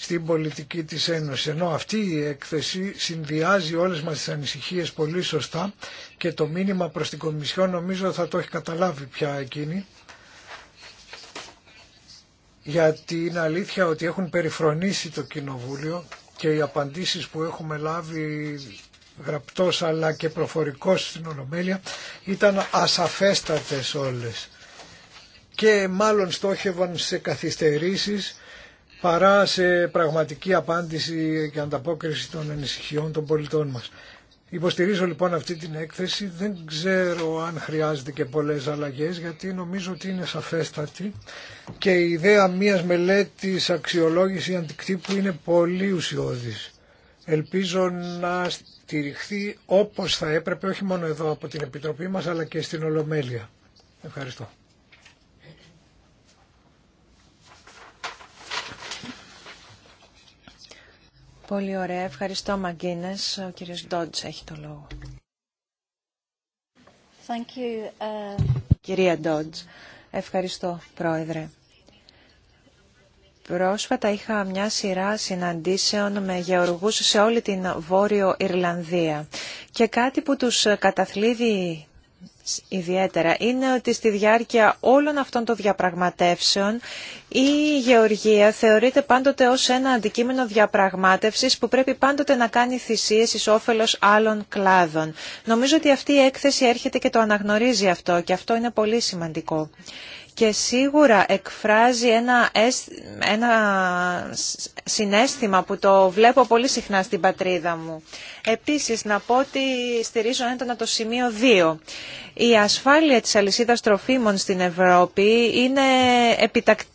στην πολιτική της Ένωσης. Ενώ αυτή η έκθεση συνδυάζει όλες μας τις ανησυχίες πολύ σωστά και το μήνυμα προς την Κομισιό νομίζω θα το έχει καταλάβει πια εκείνη γιατί είναι αλήθεια ότι έχουν περιφρονήσει το Κοινοβούλιο και οι απαντήσεις που έχουμε λάβει γραπτός αλλά και προφορικός στην Ολομέλεια ήταν ασαφέστατες όλες και μάλλον στόχευαν σε καθυστερήσεις παρά σε πραγματική απάντηση και ανταπόκριση των ανησυχιών των πολιτών μας. Υποστηρίζω λοιπόν αυτή την έκθεση, δεν ξέρω αν χρειάζεται και πολλές αλλαγές γιατί νομίζω ότι είναι σαφέστατη και η ιδέα μιας μελέτης αξιολόγηση αντικτύπου είναι πολύ ουσιώδης ελπίζω να στηριχθεί όπως θα έπρεπε, όχι μόνο εδώ από την Επιτροπή μας, αλλά και στην Ολομέλεια. Ευχαριστώ. Πολύ ωραία. Ευχαριστώ, Μαγκίνες. Ο κύριος Ντότς έχει το λόγο. Thank you. Uh, Κυρία Ντότς, ευχαριστώ, Πρόεδρε. Πρόσφατα είχα μια σειρά συναντήσεων με γεωργούς σε όλη την Βόρειο Ιρλανδία και κάτι που τους καταθλίβει ιδιαίτερα είναι ότι στη διάρκεια όλων αυτών των διαπραγματεύσεων η γεωργία θεωρείται πάντοτε ως ένα αντικείμενο διαπραγμάτευσης που πρέπει πάντοτε να κάνει θυσίες εις όφελος άλλων κλάδων. Νομίζω ότι αυτή η έκθεση έρχεται και το αναγνωρίζει αυτό και αυτό είναι πολύ σημαντικό και σίγουρα εκφράζει ένα, ένα συνέστημα που το βλέπω πολύ συχνά στην πατρίδα μου. Επίσης, να πω ότι στηρίζω έντονα το σημείο 2. Η ασφάλεια της αλυσίδας τροφίμων στην Ευρώπη είναι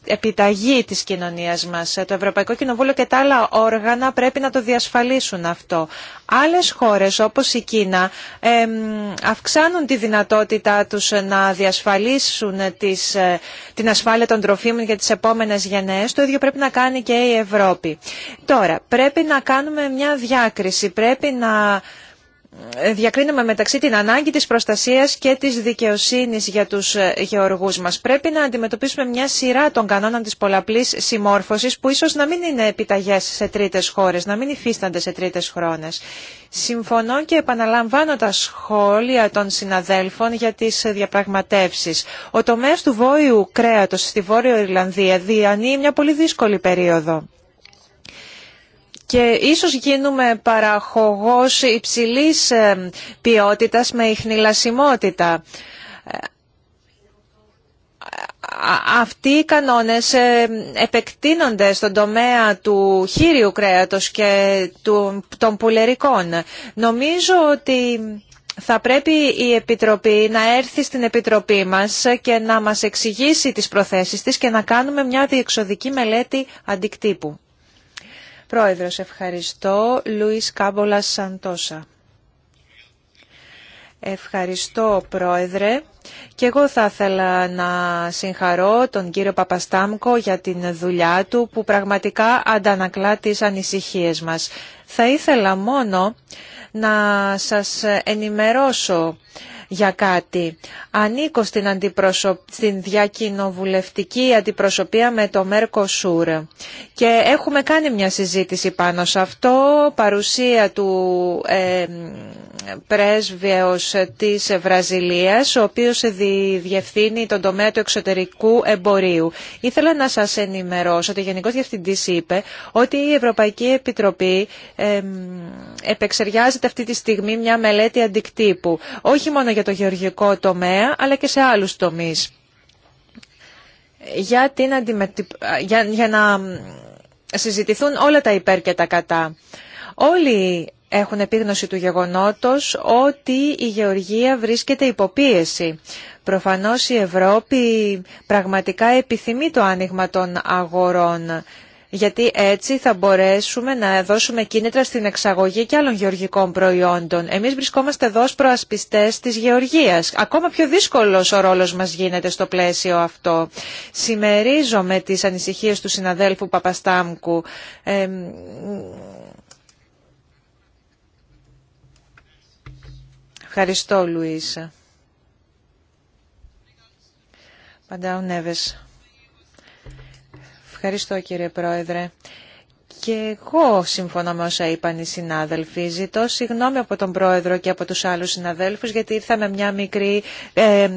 επιταγή της κοινωνίας μας. Το Ευρωπαϊκό Κοινοβούλιο και τα άλλα όργανα πρέπει να το διασφαλίσουν αυτό. Άλλες χώρες όπως η Κίνα αυξάνουν τη δυνατότητά τους να διασφαλίσουν τις ε, την ασφάλεια των τροφίμων για τις επόμενες γενναίες. Το ίδιο πρέπει να κάνει και η Ευρώπη. Τώρα, πρέπει να κάνουμε μια διάκριση. Πρέπει να ε, διακρίνουμε μεταξύ την ανάγκη της προστασίας και της δικαιοσύνης για τους ε, γεωργούς μας. Πρέπει να αντιμετωπίσουμε μια σειρά των κανόνων της πολλαπλής συμμόρφωσης που ίσως να μην είναι επιταγές σε τρίτες χώρες, να μην υφίστανται σε τρίτες χρόνες. Συμφωνώ και επαναλαμβάνω τα σχόλια των συναδέλφων για τις διαπραγματεύσεις. Ο τομέας του βόηου κρέατος στη Βόρειο Ιρλανδία διανύει μια πολύ δύσκολη περίοδο και ίσως γίνουμε παραχωγός υψηλής ε, ποιότητας με ιχνηλασιμότητα. Ε, αυτοί οι κανόνες ε, επεκτείνονται στον τομέα του χείριου κρέατος και των πουλερικών. Νομίζω ότι θα πρέπει η Επιτροπή να έρθει στην Επιτροπή μας και να μας εξηγήσει τις προθέσεις της και να κάνουμε μια διεξοδική μελέτη αντικτύπου. Πρόεδρος, ευχαριστώ. Λουίς Κάμπολα Σαντόσα. Ευχαριστώ Πρόεδρε και εγώ θα ήθελα να συγχαρώ τον κύριο Παπαστάμκο για την δουλειά του που πραγματικά αντανακλά τις ανησυχίες μας. Θα ήθελα μόνο να σας ενημερώσω για κάτι. Ανήκω στην, αντιπροσω... στην διακοινοβουλευτική αντιπροσωπεία με το Μέρκοσουρ και έχουμε κάνει μια συζήτηση πάνω σε αυτό, παρουσία του... Ε, πρέσβεως της Βραζιλίας, ο οποίος διευθύνει τον τομέα του εξωτερικού εμπορίου. Ήθελα να σας ενημερώσω ότι ο Γενικός Διευθυντής είπε ότι η Ευρωπαϊκή Επιτροπή επεξεργάζεται αυτή τη στιγμή μια μελέτη αντικτύπου, όχι μόνο για το γεωργικό τομέα, αλλά και σε άλλους τομείς. Για, την για, να συζητηθούν όλα τα υπέρ και τα κατά. Όλοι έχουν επίγνωση του γεγονότος ότι η γεωργία βρίσκεται υποπίεση. Προφανώς η Ευρώπη πραγματικά επιθυμεί το άνοιγμα των αγορών γιατί έτσι θα μπορέσουμε να δώσουμε κίνητρα στην εξαγωγή και άλλων γεωργικών προϊόντων. Εμείς βρισκόμαστε εδώ ως προασπιστές της γεωργίας. Ακόμα πιο δύσκολος ο ρόλος μας γίνεται στο πλαίσιο αυτό. Σημερίζομαι τις ανησυχίες του συναδέλφου Παπαστάμκου. Ευχαριστώ, Λουίσα. Παντάου Νέβες. Ευχαριστώ, κύριε Πρόεδρε. Και εγώ συμφωνώ με όσα είπαν οι συνάδελφοι. Ζητώ συγγνώμη από τον Πρόεδρο και από τους άλλους συναδέλφους γιατί ήρθα με μια μικρή ε,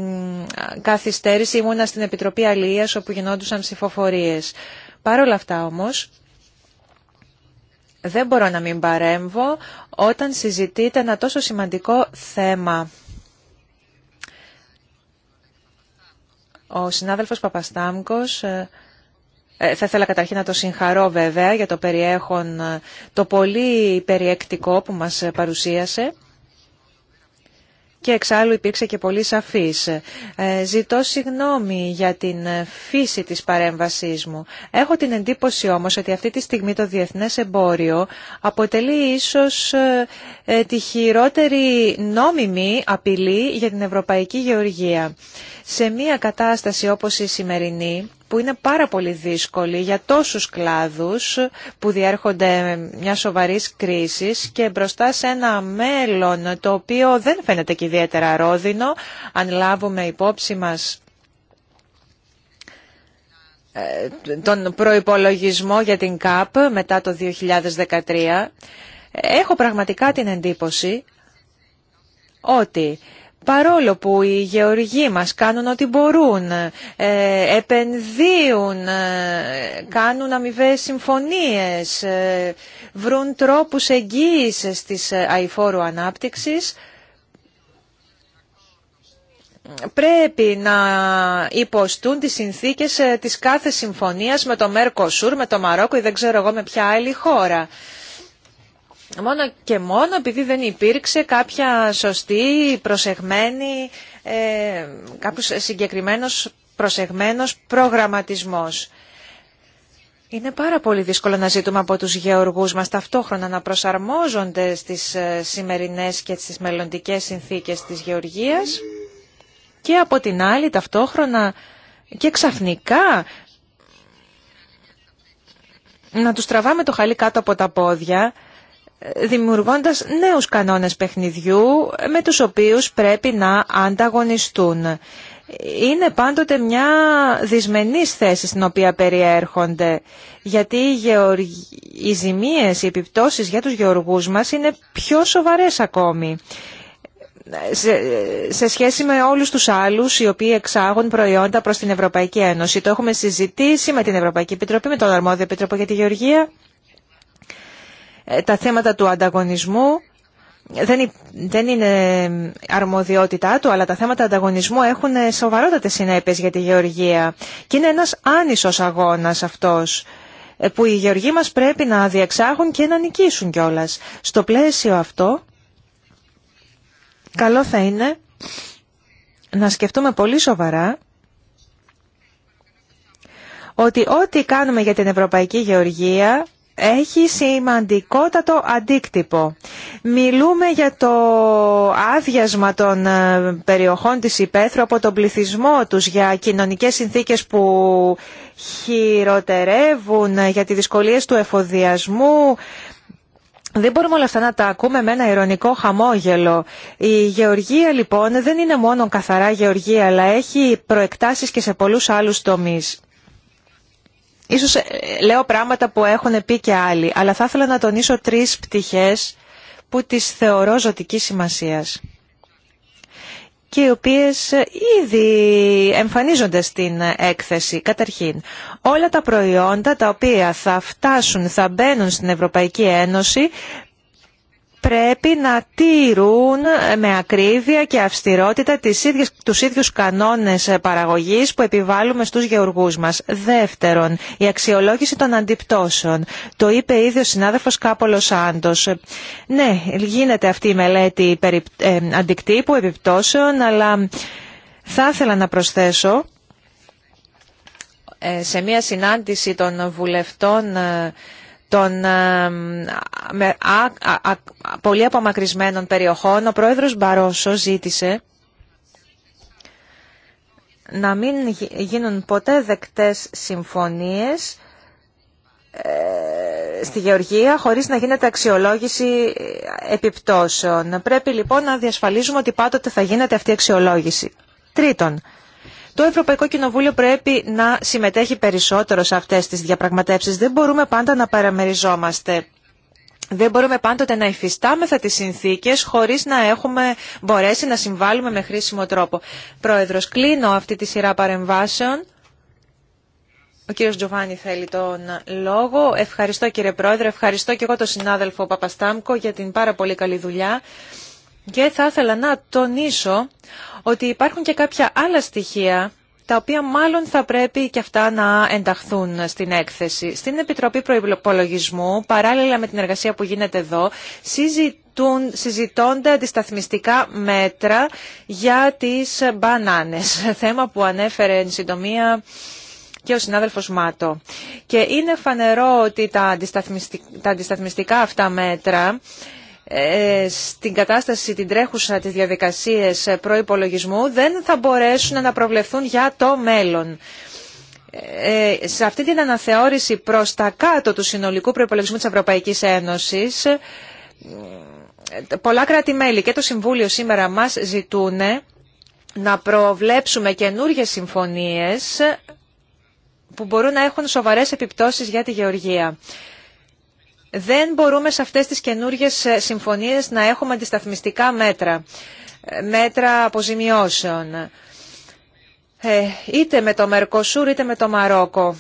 καθυστέρηση. Ήμουνα στην Επιτροπή Αλίας όπου γινόντουσαν ψηφοφορίες. Παρ' όλα αυτά όμως δεν μπορώ να μην παρέμβω όταν συζητείτε ένα τόσο σημαντικό θέμα. Ο συνάδελφος Παπαστάμκος ε, ε, θα ήθελα καταρχήν να το συγχαρώ βέβαια για το περιέχον, ε, το πολύ περιεκτικό που μας παρουσίασε και εξάλλου υπήρξε και πολύ σαφής. Ε, ζητώ συγγνώμη για την φύση της παρέμβασής μου. Έχω την εντύπωση όμως ότι αυτή τη στιγμή το διεθνές εμπόριο αποτελεί ίσως ε, ε, τη χειρότερη νόμιμη απειλή για την ευρωπαϊκή γεωργία σε μια κατάσταση όπως η σημερινή, που είναι πάρα πολύ δύσκολη για τόσους κλάδους που διέρχονται μια σοβαρή κρίση και μπροστά σε ένα μέλλον το οποίο δεν φαίνεται και ιδιαίτερα ρόδινο, αν λάβουμε υπόψη μας ε, τον προϋπολογισμό για την ΚΑΠ μετά το 2013, έχω πραγματικά την εντύπωση ότι Παρόλο που οι γεωργοί μας κάνουν ό,τι μπορούν, ε, επενδύουν, ε, κάνουν αμοιβέ συμφωνίες, ε, βρουν τρόπους εγγύησης της αηφόρου ανάπτυξης, πρέπει να υποστούν τις συνθήκες της κάθε συμφωνίας με το Μέρκοσουρ, με το Μαρόκο ή δεν ξέρω εγώ με ποια άλλη χώρα μόνο και μόνο επειδή δεν υπήρξε κάποια σωστή, προσεγμένη, ε, κάποιος συγκεκριμένος προσεγμένος προγραμματισμός. Είναι πάρα πολύ δύσκολο να ζητούμε από τους γεωργούς μας ταυτόχρονα να προσαρμόζονται στις ε, σημερινές και στις μελλοντικές συνθήκες της γεωργίας και από την άλλη ταυτόχρονα και ξαφνικά να τους τραβάμε το χαλί κάτω από τα πόδια δημιουργώντας νέους κανόνες παιχνιδιού με τους οποίους πρέπει να ανταγωνιστούν. Είναι πάντοτε μια δυσμενής θέση στην οποία περιέρχονται, γιατί οι ζημίες, οι επιπτώσεις για τους γεωργούς μας είναι πιο σοβαρές ακόμη. Σε, σε σχέση με όλους τους άλλους οι οποίοι εξάγουν προϊόντα προς την Ευρωπαϊκή Ένωση. Το έχουμε συζητήσει με την Ευρωπαϊκή Επιτροπή, με τον Αρμόδιο Επιτροπό για τη Γεωργία ε, τα θέματα του ανταγωνισμού δεν, δεν είναι αρμοδιότητά του, αλλά τα θέματα ανταγωνισμού έχουν ε, σοβαρότατες συνέπειες για τη γεωργία. Και είναι ένας άνισος αγώνας αυτός ε, που οι γεωργοί μας πρέπει να διεξάγουν και να νικήσουν κιόλας. Στο πλαίσιο αυτό, καλό θα είναι να σκεφτούμε πολύ σοβαρά ότι ό,τι κάνουμε για την Ευρωπαϊκή Γεωργία έχει σημαντικότατο αντίκτυπο. Μιλούμε για το άδειασμα των ε, περιοχών της υπαίθρου από τον πληθυσμό τους, για κοινωνικές συνθήκες που χειροτερεύουν, ε, για τις δυσκολίες του εφοδιασμού, δεν μπορούμε όλα αυτά να τα ακούμε με ένα ειρωνικό χαμόγελο. Η γεωργία λοιπόν δεν είναι μόνο καθαρά γεωργία, αλλά έχει προεκτάσεις και σε πολλούς άλλους τομείς. Ίσως ε, λέω πράγματα που έχουν πει και άλλοι, αλλά θα ήθελα να τονίσω τρεις πτυχές που τις θεωρώ ζωτικής σημασίας και οι οποίες ε, ήδη εμφανίζονται στην έκθεση. Καταρχήν, όλα τα προϊόντα τα οποία θα φτάσουν, θα μπαίνουν στην Ευρωπαϊκή Ένωση πρέπει να τηρούν με ακρίβεια και αυστηρότητα τις ίδιες, τους ίδιους κανόνες παραγωγής που επιβάλλουμε στους γεωργούς μας. Δεύτερον, η αξιολόγηση των αντιπτώσεων. Το είπε ήδη ο συνάδελφος Κάπολος Άντος. Ναι, γίνεται αυτή η μελέτη ε, αντικτύπου επιπτώσεων, αλλά θα ήθελα να προσθέσω ε, σε μια συνάντηση των βουλευτών ε, των ε, με, α, α, πολύ απομακρυσμένων περιοχών, ο πρόεδρος Μπαρόσο ζήτησε να μην γίνουν ποτέ δεκτές συμφωνίες ε, στη Γεωργία χωρίς να γίνεται αξιολόγηση επιπτώσεων. Πρέπει λοιπόν να διασφαλίζουμε ότι πάντοτε θα γίνεται αυτή η αξιολόγηση. Τρίτον, το Ευρωπαϊκό Κοινοβούλιο πρέπει να συμμετέχει περισσότερο σε αυτές τις διαπραγματεύσεις. Δεν μπορούμε πάντα να παραμεριζόμαστε. Δεν μπορούμε πάντοτε να υφιστάμεθα τις συνθήκες χωρίς να έχουμε μπορέσει να συμβάλλουμε με χρήσιμο τρόπο. Πρόεδρος, κλείνω αυτή τη σειρά παρεμβάσεων. Ο κύριος Τζοβάνι θέλει τον λόγο. Ευχαριστώ κύριε Πρόεδρε, ευχαριστώ και εγώ τον συνάδελφο Παπαστάμκο για την πάρα πολύ καλή δουλειά. Και θα ήθελα να τονίσω ότι υπάρχουν και κάποια άλλα στοιχεία τα οποία μάλλον θα πρέπει και αυτά να ενταχθούν στην έκθεση. Στην Επιτροπή Προϋπολογισμού, παράλληλα με την εργασία που γίνεται εδώ, συζητούν, συζητώνται αντισταθμιστικά μέτρα για τις μπανάνες. [laughs] Θέμα που ανέφερε εν συντομία και ο συνάδελφος Μάτο. Και είναι φανερό ότι τα τα αντισταθμιστικά αυτά μέτρα ε, στην κατάσταση την τρέχουσα τις διαδικασίες προϋπολογισμού δεν θα μπορέσουν να προβλεφθούν για το μέλλον. Ε, σε αυτή την αναθεώρηση προς τα κάτω του συνολικού προϋπολογισμού της Ευρωπαϊκής Ένωσης πολλά κράτη-μέλη και το Συμβούλιο σήμερα μας ζητούν να προβλέψουμε καινούργιες συμφωνίες που μπορούν να έχουν σοβαρές επιπτώσεις για τη γεωργία δεν μπορούμε σε αυτές τις καινούργιες ε, συμφωνίες να έχουμε αντισταθμιστικά μέτρα, ε, μέτρα αποζημιώσεων, ε, είτε με το Μερκοσούρ είτε με το Μαρόκο.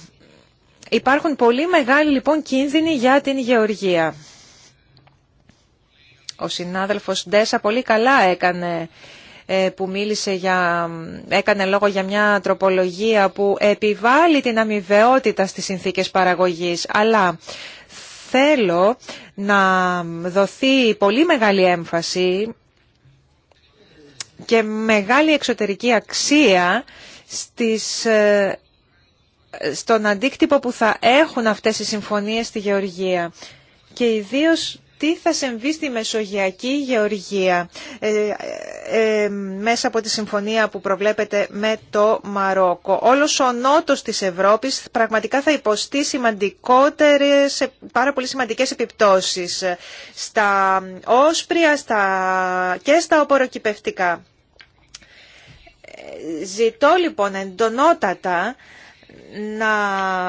Υπάρχουν πολύ μεγάλοι λοιπόν κίνδυνοι για την γεωργία. Ο συνάδελφος Ντέσα πολύ καλά έκανε που μίλησε για, έκανε λόγο για μια τροπολογία που επιβάλλει την αμοιβαιότητα στις συνθήκες παραγωγής. Αλλά θέλω να δοθεί πολύ μεγάλη έμφαση και μεγάλη εξωτερική αξία στις, ε, στον αντίκτυπο που θα έχουν αυτές οι συμφωνίες στη Γεωργία. Και ιδίως τι θα συμβεί στη Μεσογειακή Γεωργία ε, ε, μέσα από τη συμφωνία που προβλέπεται με το Μαρόκο. Όλος ο νότος της Ευρώπης πραγματικά θα υποστεί σημαντικότερες, πάρα πολύ σημαντικές επιπτώσεις στα όσπρια στα... και στα οποροκυπευτικά. Ε, ζητώ λοιπόν εντονότατα να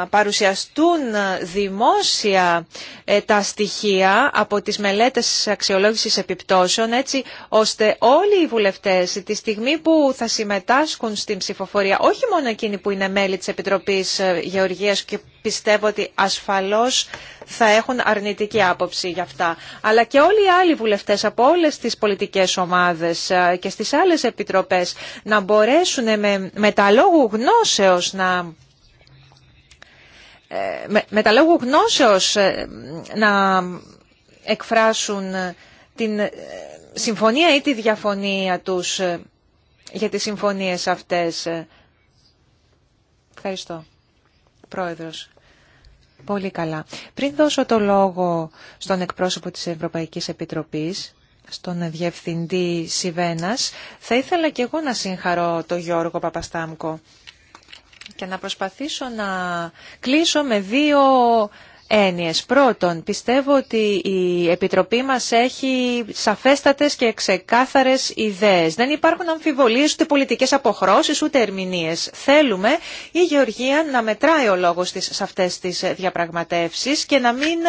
παρουσιαστούν δημόσια ε, τα στοιχεία από τις μελέτες αξιολόγησης επιπτώσεων έτσι ώστε όλοι οι βουλευτές τη στιγμή που θα συμμετάσχουν στην ψηφοφορία όχι μόνο εκείνοι που είναι μέλη της Επιτροπής ε, Γεωργίας και πιστεύω ότι ασφαλώς θα έχουν αρνητική άποψη γι' αυτά. Αλλά και όλοι οι άλλοι βουλευτές από όλες τις πολιτικές ομάδες ε, και στις άλλες επιτροπές να μπορέσουν με, με τα λόγου γνώσεως να ε, με, τα λόγου γνώσεως ε, να εκφράσουν ε, την συμφωνία ή τη διαφωνία τους για τις συμφωνίες αυτές. Ευχαριστώ. Πρόεδρος. Πολύ καλά. Πριν δώσω το λόγο στον εκπρόσωπο της Ευρωπαϊκής Επιτροπής, στον Διευθυντή Σιβένας, θα ήθελα και εγώ να συγχαρώ τον Γιώργο Παπαστάμκο και να προσπαθήσω να κλείσω με δύο έννοιες. Πρώτον, πιστεύω ότι η Επιτροπή μας έχει σαφέστατες και ξεκάθαρες ιδέες. Δεν υπάρχουν αμφιβολίες ούτε πολιτικές αποχρώσεις ούτε ερμηνείες. Θέλουμε η Γεωργία να μετράει ο λόγος της σε αυτές τις διαπραγματεύσεις και να μην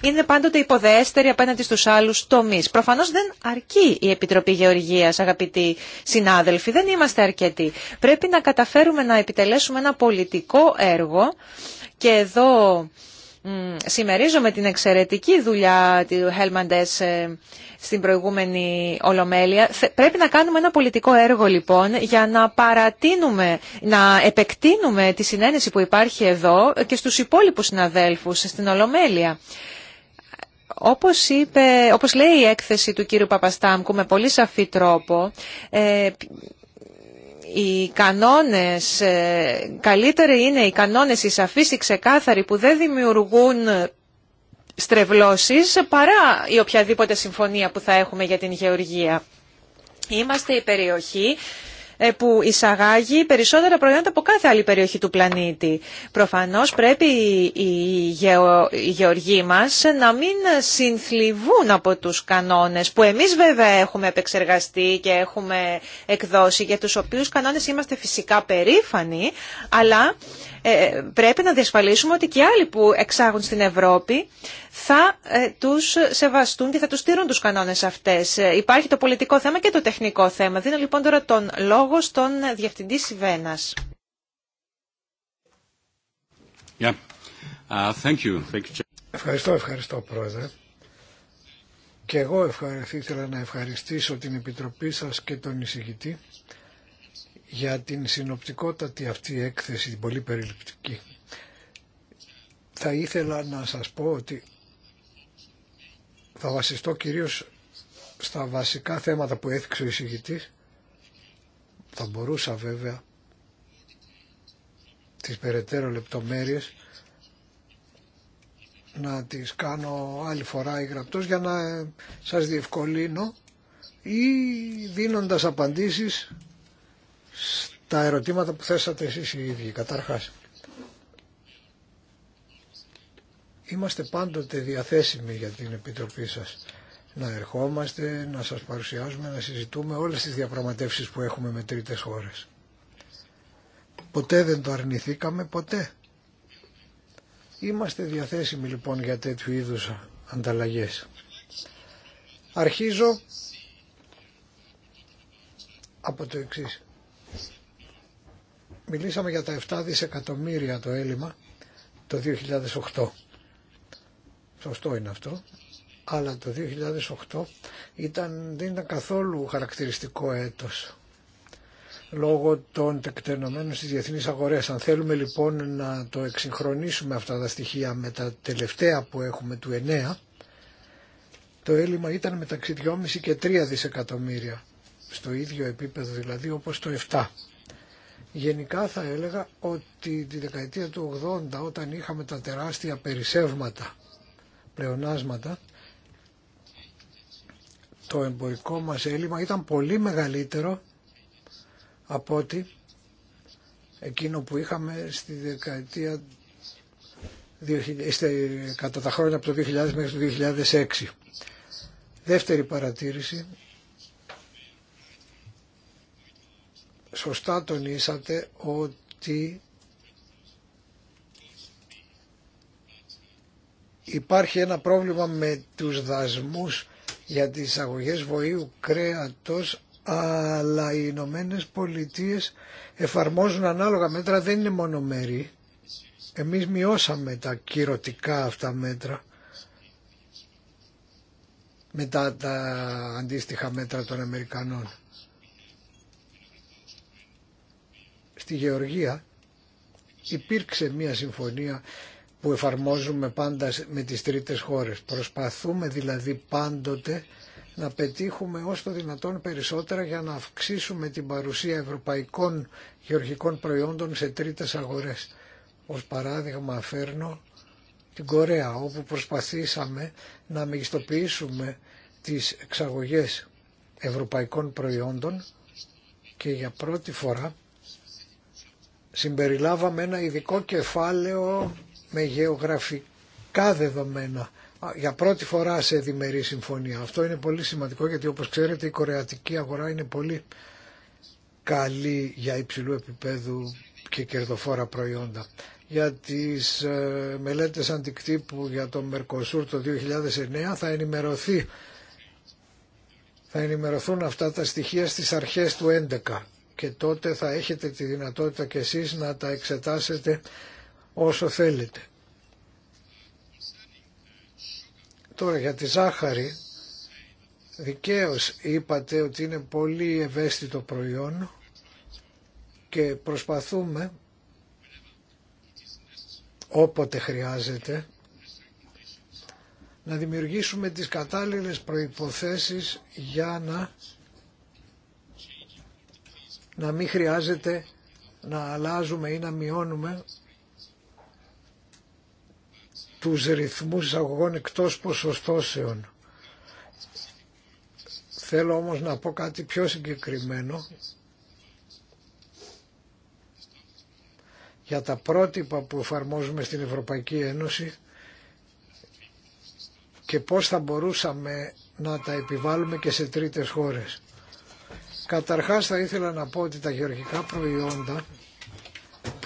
είναι πάντοτε υποδέστερη απέναντι στους άλλους τομείς. Προφανώς δεν αρκεί η Επιτροπή Γεωργίας, αγαπητοί συνάδελφοι. Δεν είμαστε αρκετοί. Πρέπει να καταφέρουμε να επιτελέσουμε ένα πολιτικό έργο και εδώ συμμερίζομαι την εξαιρετική δουλειά του Χέλμαντες στην προηγούμενη Ολομέλεια. Πρέπει να κάνουμε ένα πολιτικό έργο λοιπόν για να παρατείνουμε, να επεκτείνουμε τη συνένεση που υπάρχει εδώ και στους υπόλοιπους συναδέλφους στην Ολομέλεια. Όπως, είπε, όπως λέει η έκθεση του κύριου Παπαστάμκου με πολύ σαφή τρόπο, ε, οι κανόνες, ε, καλύτεροι είναι οι κανόνες οι σαφείς, οι ξεκάθαροι που δεν δημιουργούν στρεβλώσεις παρά η οποιαδήποτε συμφωνία που θα έχουμε για την γεωργία. Είμαστε η περιοχή ε, που εισαγάγει περισσότερα προϊόντα από κάθε άλλη περιοχή του πλανήτη. Προφανώς πρέπει οι γεωργοί μας να μην συνθλιβούν από τους κανόνες που εμείς βέβαια έχουμε επεξεργαστεί και έχουμε εκδώσει για τους οποίους κανόνες είμαστε φυσικά περήφανοι αλλά ε, πρέπει να διασφαλίσουμε ότι και άλλοι που εξάγουν στην Ευρώπη θα ε, τους σεβαστούν και θα τους στήρουν τους κανόνες αυτές. Υπάρχει το πολιτικό θέμα και το τεχνικό θέμα. Δίνω λοιπόν τώρα τον λόγο λόγο στον Διευθυντή Yeah. Uh, Ευχαριστώ, ευχαριστώ Πρόεδρε. Και εγώ ήθελα να ευχαριστήσω την Επιτροπή σας και τον εισηγητή για την συνοπτικότατη αυτή έκθεση, την πολύ περιληπτική. Θα ήθελα να σας πω ότι θα βασιστώ κυρίως στα βασικά θέματα που έθιξε ο εισηγητής θα μπορούσα βέβαια τις περαιτέρω λεπτομέρειες να τις κάνω άλλη φορά ή γραπτός για να σας διευκολύνω ή δίνοντας απαντήσεις στα ερωτήματα που θέσατε εσείς οι ίδιοι καταρχάς. Είμαστε πάντοτε διαθέσιμοι για την Επιτροπή σας να ερχόμαστε, να σας παρουσιάζουμε, να συζητούμε όλες τις διαπραγματεύσεις που έχουμε με τρίτες χώρες. Ποτέ δεν το αρνηθήκαμε, ποτέ. Είμαστε διαθέσιμοι λοιπόν για τέτοιου είδους ανταλλαγές. Αρχίζω από το εξή. Μιλήσαμε για τα 7 δισεκατομμύρια το έλλειμμα το 2008. Σωστό είναι αυτό αλλά το 2008 ήταν, δεν ήταν καθόλου χαρακτηριστικό έτος λόγω των τεκτενωμένων στις διεθνείς αγορές. Αν θέλουμε λοιπόν να το εξυγχρονίσουμε αυτά τα στοιχεία με τα τελευταία που έχουμε του 9, το έλλειμμα ήταν μεταξύ 2,5 και 3 δισεκατομμύρια, στο ίδιο επίπεδο δηλαδή όπως το 7. Γενικά θα έλεγα ότι τη δεκαετία του 80 όταν είχαμε τα τεράστια περισσεύματα, πλεονάσματα, το εμπορικό μας έλλειμμα ήταν πολύ μεγαλύτερο από ότι εκείνο που είχαμε στη δεκαετία ε, κατά τα χρόνια από το 2000 μέχρι το 2006. Δεύτερη παρατήρηση. Σωστά τονίσατε ότι υπάρχει ένα πρόβλημα με τους δασμούς για τις εισαγωγέ βοήου κρέατος αλλά οι Ηνωμένε Πολιτείε εφαρμόζουν ανάλογα μέτρα, δεν είναι μονομερή. Εμείς μειώσαμε τα κυρωτικά αυτά μέτρα μετά τα αντίστοιχα μέτρα των Αμερικανών. Στη Γεωργία υπήρξε μια συμφωνία που εφαρμόζουμε πάντα με τις τρίτες χώρες. Προσπαθούμε δηλαδή πάντοτε να πετύχουμε ως το δυνατόν περισσότερα για να αυξήσουμε την παρουσία ευρωπαϊκών γεωργικών προϊόντων σε τρίτες αγορές. Ως παράδειγμα φέρνω την Κορέα όπου προσπαθήσαμε να μεγιστοποιήσουμε τις εξαγωγές ευρωπαϊκών προϊόντων και για πρώτη φορά συμπεριλάβαμε ένα ειδικό κεφάλαιο με γεωγραφικά δεδομένα για πρώτη φορά σε διμερή συμφωνία. Αυτό είναι πολύ σημαντικό γιατί όπως ξέρετε η κορεατική αγορά είναι πολύ καλή για υψηλού επίπεδου και κερδοφόρα προϊόντα. Για τις ε, μελέτες αντικτύπου για το Μερκοσούρ το 2009 θα ενημερωθεί θα ενημερωθούν αυτά τα στοιχεία στις αρχές του 2011 και τότε θα έχετε τη δυνατότητα κι εσείς να τα εξετάσετε όσο θέλετε. Τώρα για τη ζάχαρη, δικαίως είπατε ότι είναι πολύ ευαίσθητο προϊόν και προσπαθούμε όποτε χρειάζεται να δημιουργήσουμε τις κατάλληλες προϋποθέσεις για να, να μην χρειάζεται να αλλάζουμε ή να μειώνουμε τους ρυθμούς εισαγωγών εκτός ποσοστώσεων. Θέλω όμως να πω κάτι πιο συγκεκριμένο για τα πρότυπα που εφαρμόζουμε στην Ευρωπαϊκή Ένωση και πώς θα μπορούσαμε να τα επιβάλλουμε και σε τρίτες χώρες. Καταρχάς θα ήθελα να πω ότι τα γεωργικά προϊόντα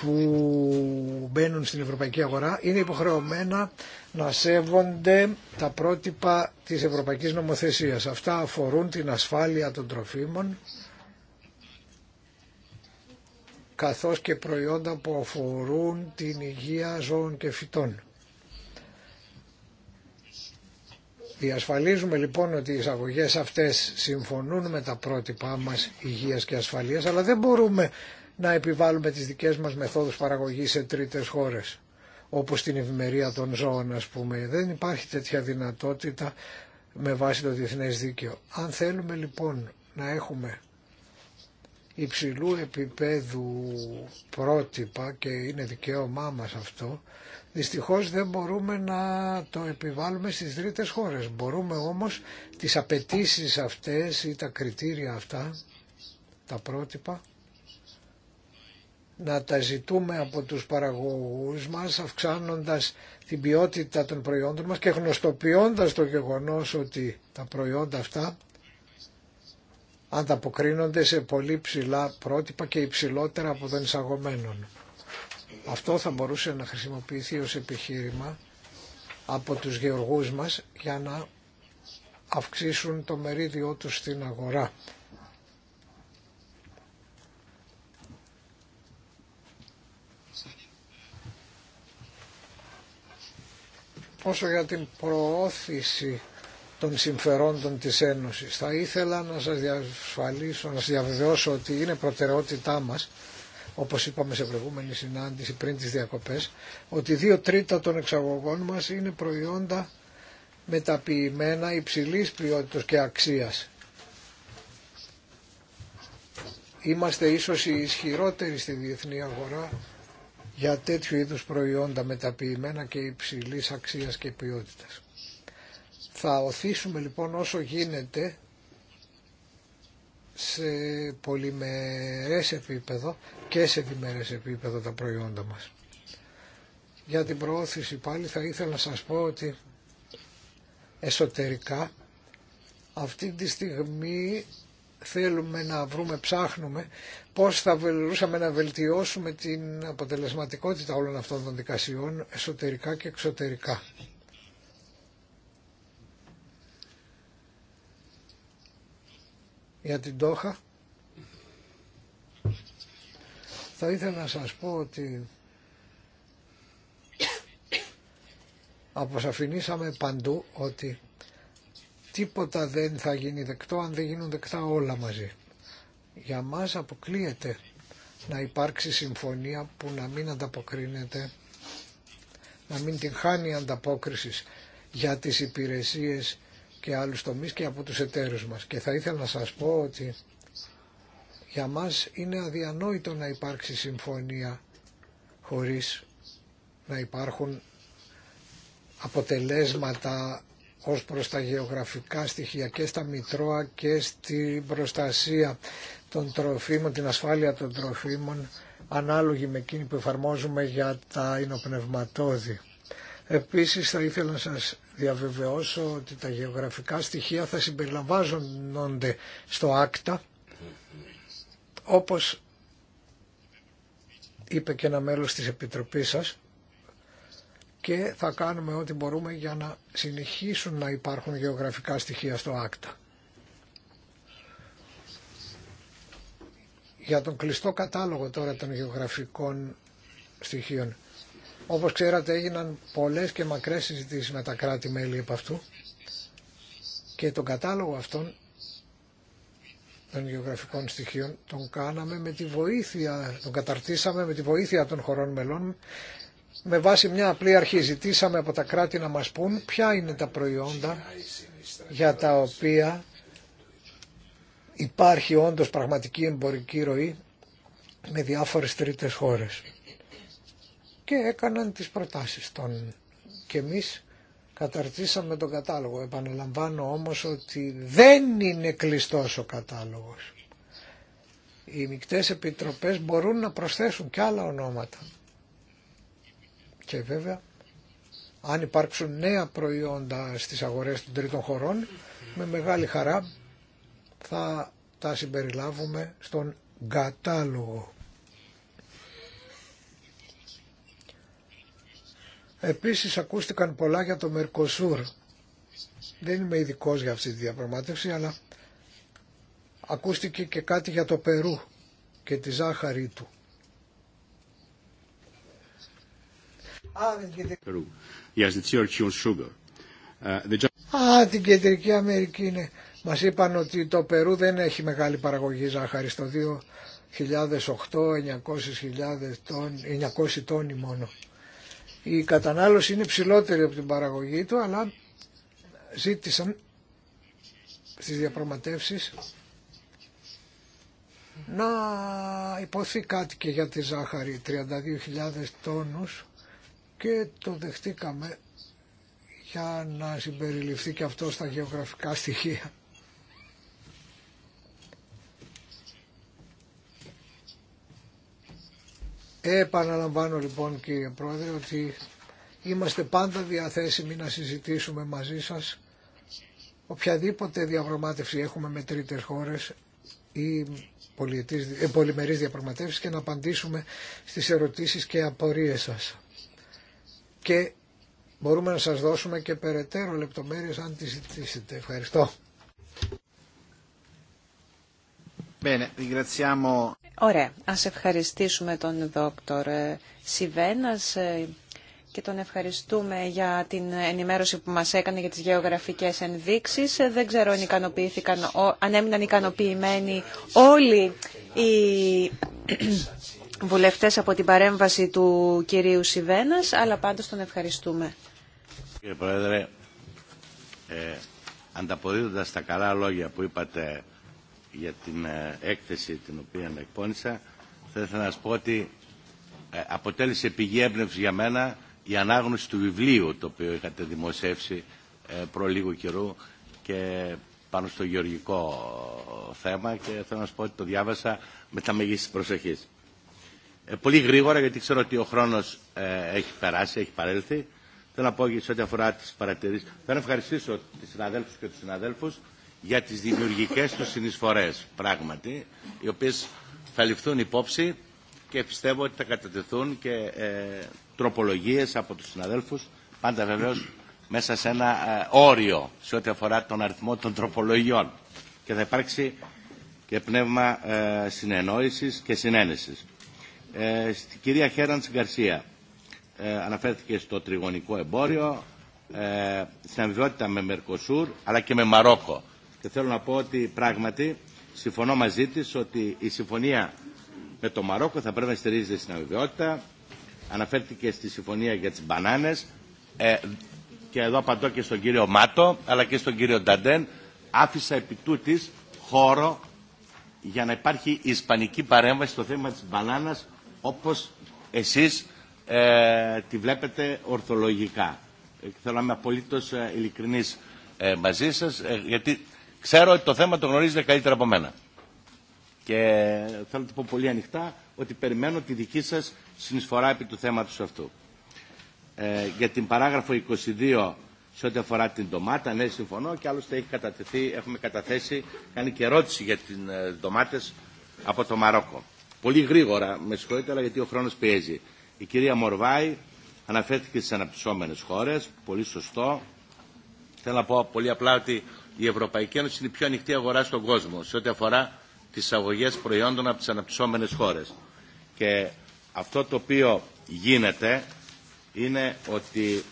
που μπαίνουν στην ευρωπαϊκή αγορά είναι υποχρεωμένα να σέβονται τα πρότυπα της ευρωπαϊκής νομοθεσίας. Αυτά αφορούν την ασφάλεια των τροφίμων καθώς και προϊόντα που αφορούν την υγεία ζώων και φυτών. Διασφαλίζουμε λοιπόν ότι οι εισαγωγές αυτές συμφωνούν με τα πρότυπά μας υγείας και ασφαλείας, αλλά δεν μπορούμε να επιβάλλουμε τις δικές μας μεθόδους παραγωγής σε τρίτες χώρες όπως την ευημερία των ζώων ας πούμε. Δεν υπάρχει τέτοια δυνατότητα με βάση το διεθνές δίκαιο. Αν θέλουμε λοιπόν να έχουμε υψηλού επίπεδου πρότυπα και είναι δικαίωμά μας αυτό, δυστυχώς δεν μπορούμε να το επιβάλλουμε στις τρίτες χώρες. Μπορούμε όμως τις απαιτήσει αυτές ή τα κριτήρια αυτά, τα πρότυπα, να τα ζητούμε από τους παραγωγούς μας αυξάνοντας την ποιότητα των προϊόντων μας και γνωστοποιώντας το γεγονός ότι τα προϊόντα αυτά ανταποκρίνονται σε πολύ ψηλά πρότυπα και υψηλότερα από των εισαγωμένων. Αυτό θα μπορούσε να χρησιμοποιηθεί ως επιχείρημα από τους γεωργούς μας για να αυξήσουν το μερίδιό τους στην αγορά Όσο για την προώθηση των συμφερόντων της Ένωσης. Θα ήθελα να σας διασφαλίσω, να σας διαβεβαιώσω ότι είναι προτεραιότητά μας, όπως είπαμε σε προηγούμενη συνάντηση πριν τις διακοπές, ότι δύο τρίτα των εξαγωγών μας είναι προϊόντα μεταποιημένα υψηλής ποιότητας και αξίας. Είμαστε ίσως οι ισχυρότεροι στη διεθνή αγορά για τέτοιου είδους προϊόντα μεταποιημένα και υψηλής αξίας και ποιότητας. Θα οθήσουμε λοιπόν όσο γίνεται σε πολυμερές επίπεδο και σε διμερές επίπεδο τα προϊόντα μας. Για την προώθηση πάλι θα ήθελα να σας πω ότι εσωτερικά αυτή τη στιγμή θέλουμε να βρούμε, ψάχνουμε πώς θα βελούσαμε να βελτιώσουμε την αποτελεσματικότητα όλων αυτών των δικασιών εσωτερικά και εξωτερικά. Για την Τόχα θα ήθελα να σας πω ότι αποσαφηνίσαμε παντού ότι τίποτα δεν θα γίνει δεκτό αν δεν γίνουν δεκτά όλα μαζί. Για μας αποκλείεται να υπάρξει συμφωνία που να μην ανταποκρίνεται, να μην την χάνει ανταπόκριση για τις υπηρεσίες και άλλους τομείς και από τους εταίρους μας. Και θα ήθελα να σας πω ότι για μας είναι αδιανόητο να υπάρξει συμφωνία χωρίς να υπάρχουν αποτελέσματα ως προς τα γεωγραφικά στοιχεία και στα μητρώα και στην προστασία των τροφίμων, την ασφάλεια των τροφίμων ανάλογη με εκείνη που εφαρμόζουμε για τα ινοπνευματώδη. Επίσης θα ήθελα να σας διαβεβαιώσω ότι τα γεωγραφικά στοιχεία θα συμπεριλαμβάνονται στο άκτα όπως είπε και ένα μέλος της Επιτροπής σας και θα κάνουμε ό,τι μπορούμε για να συνεχίσουν να υπάρχουν γεωγραφικά στοιχεία στο άκτα. Για τον κλειστό κατάλογο τώρα των γεωγραφικών στοιχείων. Όπως ξέρατε έγιναν πολλές και μακρές συζητήσεις με τα κράτη-μέλη επ' αυτού και τον κατάλογο αυτών των γεωγραφικών στοιχείων τον κάναμε με τη βοήθεια, τον καταρτήσαμε με τη βοήθεια των χωρών μελών με βάση μια απλή αρχή ζητήσαμε από τα κράτη να μας πούν ποια είναι τα προϊόντα για τα οποία υπάρχει όντως πραγματική εμπορική ροή με διάφορες τρίτες χώρες. Και έκαναν τις προτάσεις των και εμείς καταρτήσαμε τον κατάλογο. Επαναλαμβάνω όμως ότι δεν είναι κλειστός ο κατάλογος. Οι μικτές επιτροπές μπορούν να προσθέσουν και άλλα ονόματα. Και βέβαια, αν υπάρξουν νέα προϊόντα στις αγορές των τρίτων χωρών, με μεγάλη χαρά θα τα συμπεριλάβουμε στον κατάλογο. Επίσης ακούστηκαν πολλά για το Μερκοσούρ. Δεν είμαι ειδικό για αυτή τη διαπραγμάτευση, αλλά ακούστηκε και κάτι για το Περού και τη ζάχαρη του. Uh, Α, την Κεντρική Αμερική είναι. Μα είπαν ότι το Περού δεν έχει μεγάλη παραγωγή ζάχαρη στο 2008, 900, τόνοι μόνο. Η κατανάλωση είναι ψηλότερη από την παραγωγή του, αλλά ζήτησαν στις διαπραγματεύσεις να υποθεί κάτι και για τη ζάχαρη, 32.000 τόνους και το δεχτήκαμε για να συμπεριληφθεί και αυτό στα γεωγραφικά στοιχεία. Επαναλαμβάνω λοιπόν κύριε Πρόεδρε ότι είμαστε πάντα διαθέσιμοι να συζητήσουμε μαζί σας οποιαδήποτε διαπραγμάτευση έχουμε με τρίτες χώρες ή ε, πολυμερείς διαπραγματεύσεις και να απαντήσουμε στις ερωτήσεις και απορίες σας και μπορούμε να σας δώσουμε και περαιτέρω λεπτομέρειες αν τις ζητήσετε. Ευχαριστώ. Ωραία. Ας ευχαριστήσουμε τον δόκτωρ ε, Σιβένας ε, και τον ευχαριστούμε για την ενημέρωση που μας έκανε για τις γεωγραφικές ενδείξεις. Ε, δεν ξέρω αν, ικανοποιήθηκαν, αν έμειναν ικανοποιημένοι όλοι οι βουλευτές από την παρέμβαση του κυρίου Σιβένας, αλλά πάντως τον ευχαριστούμε. Κύριε Πρόεδρε, ε, ανταποδίδοντας τα καλά λόγια που είπατε για την ε, έκθεση την οποία εκπώνησα, θέλω να σας πω ότι ε, αποτέλεσε πηγή έμπνευση για μένα η ανάγνωση του βιβλίου το οποίο είχατε δημοσιεύσει ε, προ λίγο καιρού και πάνω στο γεωργικό θέμα και θέλω να σας πω ότι το διάβασα με τα μεγίστης προσοχής. Ε, πολύ γρήγορα, γιατί ξέρω ότι ο χρόνος ε, έχει περάσει, έχει παρέλθει. Θέλω να πω σε ό,τι αφορά τι παρατηρήσει. Θέλω να ευχαριστήσω τις συναδέλφου και του συναδέλφου για τι δημιουργικέ του συνεισφορέ, πράγματι, οι οποίε θα ληφθούν υπόψη και πιστεύω ότι θα κατατεθούν και ε, τροπολογίες από του συναδέλφου, πάντα βεβαίω, μέσα σε ένα ε, όριο σε ό,τι αφορά τον αριθμό των τροπολογιών. Και θα υπάρξει και πνεύμα ε, συνεννόησης και συνένεση. Ε, στην κυρία Χέραντς Γκαρσία ε, αναφέρθηκε στο τριγωνικό εμπόριο, ε, στην αμοιβαιότητα με Μερκοσούρ αλλά και με Μαρόκο. Και θέλω να πω ότι πράγματι συμφωνώ μαζί της ότι η συμφωνία με το Μαρόκο θα πρέπει να στηρίζεται στην αμοιβαιότητα. Αναφέρθηκε στη συμφωνία για τις μπανάνες ε, και εδώ απαντώ και στον κύριο Μάτο αλλά και στον κύριο Νταντέν. Άφησα επί χώρο για να υπάρχει ισπανική παρέμβαση στο θέμα της μπανάνας όπως εσείς ε, τη βλέπετε ορθολογικά. Ε, θέλω να είμαι απολύτως ε, ειλικρινής ε, μαζί σας, ε, γιατί ξέρω ότι το θέμα το γνωρίζετε καλύτερα από μένα. Και θέλω να το πω πολύ ανοιχτά ότι περιμένω τη δική σας συνεισφορά επί του θέματος αυτού. για την παράγραφο 22 σε ό,τι αφορά την ντομάτα, ναι, συμφωνώ και άλλωστε έχει έχουμε καταθέσει, κάνει και ερώτηση για τις ντομάτες από το Μαρόκο. Πολύ γρήγορα, με συγχωρείτε, αλλά γιατί ο χρόνος πιέζει. Η κυρία Μορβάη αναφέρθηκε στις αναπτυσσόμενες χώρες, πολύ σωστό. Θέλω να πω πολύ απλά ότι η Ευρωπαϊκή Ένωση είναι η πιο ανοιχτή αγορά στον κόσμο σε ό,τι αφορά τις αγωγές προϊόντων από τις αναπτυσσόμενες χώρες. Και αυτό το οποίο γίνεται είναι ότι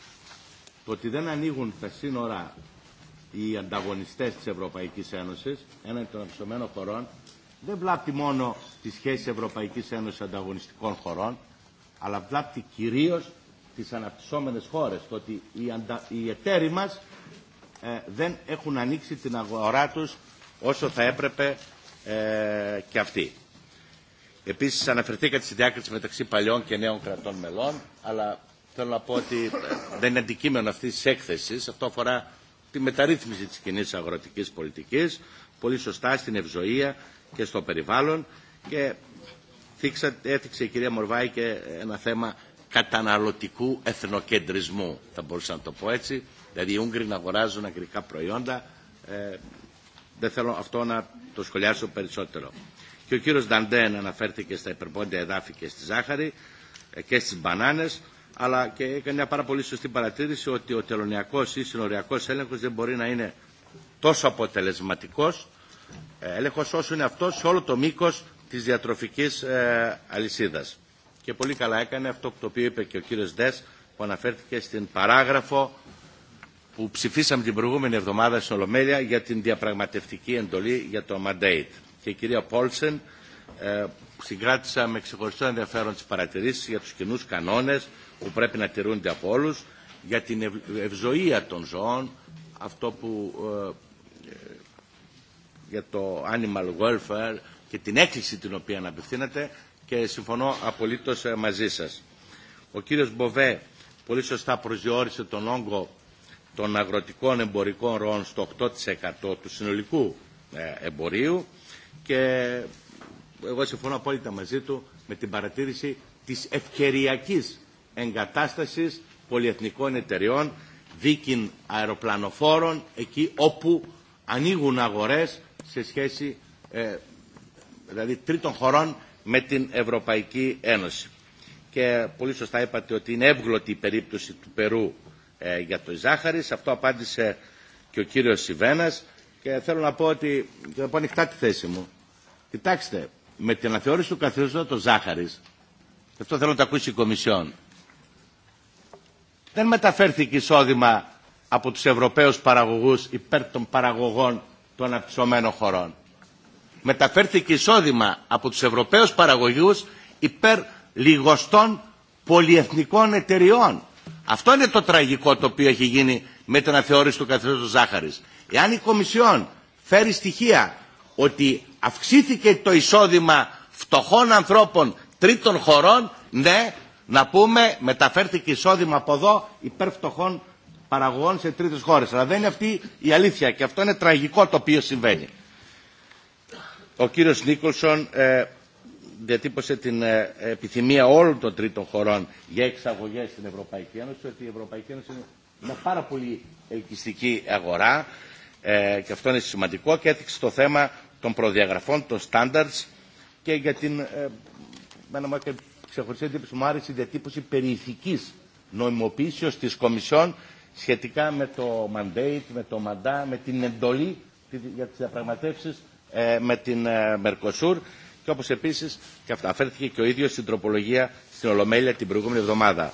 το ότι δεν ανοίγουν τα σύνορα οι ανταγωνιστές της Ευρωπαϊκής Ένωσης έναντι των αναπτυσσομένων χωρών δεν βλάπτει μόνο τις σχέσεις Ευρωπαϊκής Ένωσης ανταγωνιστικών χωρών, αλλά βλάπτει κυρίως τις αναπτυσσόμενες χώρες, το ότι οι, αντα... οι εταίροι μας ε, δεν έχουν ανοίξει την αγορά τους όσο θα έπρεπε ε, και αυτοί. Επίσης αναφερθήκατε στη διάκριση μεταξύ παλιών και νέων κρατών μελών, αλλά θέλω να πω ότι ε, δεν είναι αντικείμενο αυτής της έκθεσης. Αυτό αφορά τη μεταρρύθμιση της κοινή αγροτικής πολιτικής, πολύ σωστά στην ευζοία και στο περιβάλλον και έθιξε η κυρία Μορβάη και ένα θέμα καταναλωτικού εθνοκεντρισμού, θα μπορούσα να το πω έτσι. Δηλαδή οι Ούγγροι να αγοράζουν αγγλικά προϊόντα. Ε, δεν θέλω αυτό να το σχολιάσω περισσότερο. Και ο κύριος Νταντέν αναφέρθηκε στα υπερπόντια εδάφη και στη ζάχαρη ε, και στις μπανάνες, αλλά και έκανε μια πάρα πολύ σωστή παρατήρηση ότι ο τελωνιακός ή συνοριακός έλεγχος δεν μπορεί να είναι τόσο αποτελεσματικός ε, έλεγχος όσο είναι αυτό σε όλο το μήκος της διατροφικής ε, αλυσίδας. Και πολύ καλά έκανε αυτό που το οποίο είπε και ο κύριος Ντες που αναφέρθηκε στην παράγραφο που ψηφίσαμε την προηγούμενη εβδομάδα στην Ολομέλεια για την διαπραγματευτική εντολή για το mandate. Και η κυρία Πόλσεν ε, συγκράτησα με ξεχωριστό ενδιαφέρον τις παρατηρήσεις για τους κοινού κανόνες που πρέπει να τηρούνται από όλους, για την ευ ευζοία των ζώων, αυτό που ε, για το animal welfare και την έκκληση την οποία απευθύνεται... και συμφωνώ απολύτως ε, μαζί σας. Ο κύριος Μποβέ πολύ σωστά προσδιορίσε τον όγκο των αγροτικών εμπορικών ροών στο 8% του συνολικού ε, εμπορίου και εγώ συμφωνώ απόλυτα μαζί του με την παρατήρηση της ευκαιριακής εγκατάστασης πολυεθνικών εταιριών δίκην αεροπλανοφόρων εκεί όπου ανοίγουν αγορές σε σχέση ε, δηλαδή τρίτων χωρών με την Ευρωπαϊκή Ένωση. Και πολύ σωστά είπατε ότι είναι εύγλωτη η περίπτωση του Περού ε, για το Ζάχαρης. Αυτό απάντησε και ο κύριος Σιβένας. Και θέλω να πω ότι, και να πω ανοιχτά τη θέση μου, κοιτάξτε, με την αναθεώρηση του το Ζάχαρης, αυτό θέλω να το ακούσει η Κομισιόν, δεν μεταφέρθηκε εισόδημα από τους Ευρωπαίους παραγωγούς υπέρ των παραγωγών των αναπτυσσομένων χωρών. Μεταφέρθηκε εισόδημα από τους Ευρωπαίους παραγωγούς υπέρ λιγοστών πολιεθνικών εταιριών. Αυτό είναι το τραγικό το οποίο έχει γίνει με την αθεώρηση του καθεστώτος ζάχαρης. Εάν η Κομισιόν φέρει στοιχεία ότι αυξήθηκε το εισόδημα φτωχών ανθρώπων τρίτων χωρών, ναι, να πούμε μεταφέρθηκε εισόδημα από εδώ υπέρ φτωχών παραγωγών σε τρίτες χώρες. Αλλά δεν είναι αυτή η αλήθεια και αυτό είναι τραγικό το οποίο συμβαίνει. Ο κύριος Νίκολσον ε, διατύπωσε την ε, επιθυμία όλων των τρίτων χωρών για εξαγωγές στην Ευρωπαϊκή Ένωση, ότι η Ευρωπαϊκή Ένωση είναι μια πάρα πολύ ελκυστική αγορά ε, και αυτό είναι σημαντικό και έθιξε το θέμα των προδιαγραφών, των standards και για την, ε, ξεχωριστή εντύπωση μου άρεσε η διατύπωση περιηθικής νομιμοποίησεως της Κομισιόν σχετικά με το mandate, με το μαντά, με την εντολή για τις διαπραγματεύσεις ε, με την Mercosur ε, και όπως επίσης και αυτά αφέρθηκε και ο ίδιος στην τροπολογία στην Ολομέλεια την προηγούμενη εβδομάδα.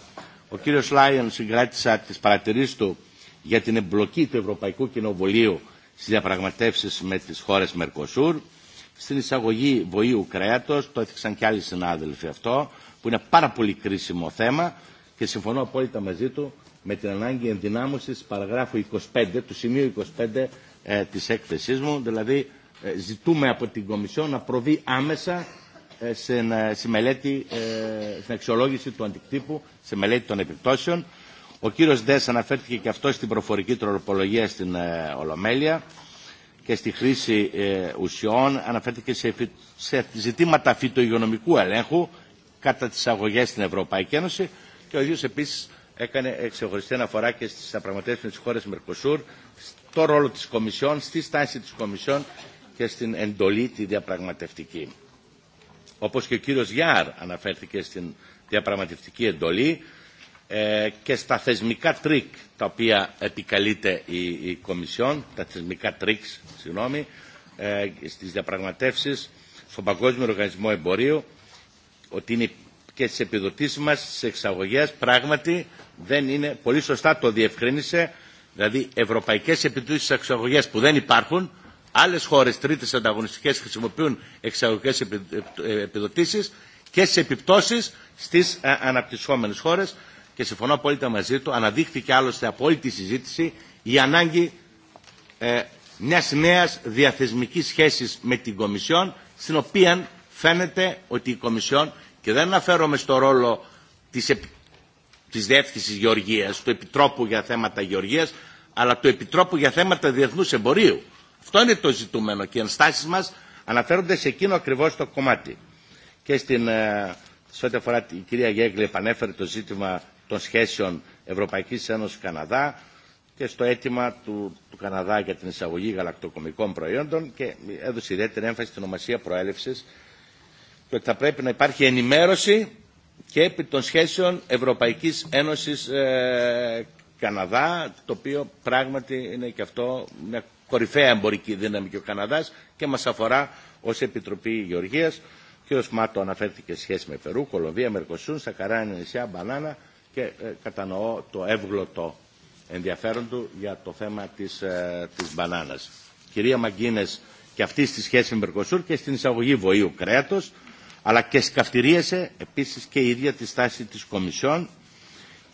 Ο κύριος Λάιον συγκράτησα τις παρατηρήσεις του για την εμπλοκή του Ευρωπαϊκού Κοινοβουλίου στις διαπραγματεύσεις με τις χώρες Mercosur. στην εισαγωγή βοήου κρέατος, το έθιξαν και άλλοι συνάδελφοι αυτό, που είναι πάρα πολύ κρίσιμο θέμα και συμφωνώ απόλυτα μαζί του με την ανάγκη ενδυνάμωσης παραγράφου 25, του σημείου 25 ε, της έκθεσής μου, δηλαδή ε, ζητούμε από την Κομισιό να προβεί άμεσα ε, σε, μελέτη, ε, στην αξιολόγηση του αντικτύπου, σε μελέτη των επιπτώσεων. Ο κύριος Ντέσ αναφέρθηκε και αυτό στην προφορική τροπολογία στην Ολομέλεια και στη χρήση ουσιών, αναφέρθηκε σε, σε ζητήματα φυτογειονομικού ελέγχου κατά τις αγωγές στην Ευρωπαϊκή Ένωση και ο ίδιος επίσης έκανε ξεχωριστή αναφορά και στις διαπραγματεύσει με τι χώρες Μερκοσούρ, στο ρόλο της Κομισιόν, στη στάση της Κομισιόν και στην εντολή τη διαπραγματευτική. Όπως και ο κύριο Γιάρ αναφέρθηκε στην διαπραγματευτική εντολή ε, και στα θεσμικά τρίκ τα οποία επικαλείται η, η Κομισιόν, τα θεσμικά τρίκ, συγγνώμη, ε, στις διαπραγματεύσεις στον Παγκόσμιο Οργανισμό Εμπορίου, ότι είναι και τις επιδοτήσεις μας στις εξαγωγές πράγματι δεν είναι, πολύ σωστά το διευκρίνησε, δηλαδή ευρωπαϊκές επιδοτήσεις στις εξαγωγές που δεν υπάρχουν, άλλες χώρες τρίτες ανταγωνιστικές χρησιμοποιούν εξαγωγικές ε, επιδοτήσεις και σε επιπτώσεις στις ε, αναπτυσσόμενες χώρες και συμφωνώ απόλυτα μαζί του, αναδείχθηκε άλλωστε από όλη τη συζήτηση η ανάγκη ε, μιας νέας διαθεσμικής σχέσης με την Κομισιόν, στην οποία φαίνεται ότι η Κομισιόν και δεν αναφέρομαι στο ρόλο της, της Διεύθυνσης Γεωργίας, του Επιτρόπου για θέματα Γεωργίας, αλλά του Επιτρόπου για θέματα διεθνούς εμπορίου. Αυτό είναι το ζητούμενο και οι ενστάσεις μας αναφέρονται σε εκείνο ακριβώς το κομμάτι. Και στην, ε, σε ό,τι αφορά η κυρία Γέγκλη επανέφερε το ζήτημα των σχέσεων Ευρωπαϊκής Ένωσης Καναδά και στο αίτημα του, του Καναδά για την εισαγωγή γαλακτοκομικών προϊόντων και έδωσε ιδιαίτερη έμφαση στην ομασία προέλευσης και ότι θα πρέπει να υπάρχει ενημέρωση και επί των σχέσεων Ευρωπαϊκής Ένωσης ε, Καναδά, το οποίο πράγματι είναι και αυτό μια κορυφαία εμπορική δύναμη και ο Καναδάς και μας αφορά ως Επιτροπή Γεωργίας. Ο κ. Μάτο αναφέρθηκε σχέση με Περού, Κολομβία, Μερκοσούν, Σακαράνια νησιά, Μπανάνα και ε, κατανοώ το εύγλωτο ενδιαφέρον του για το θέμα της, ε, της μπανάνας. Κυρία Μαγκίνες, και αυτή στη σχέση με Μερκοσούρ και στην εισαγωγή βοήου κρέατος, αλλά και σκαυτηρίασε επίσης και η ίδια τη στάση της Κομισιόν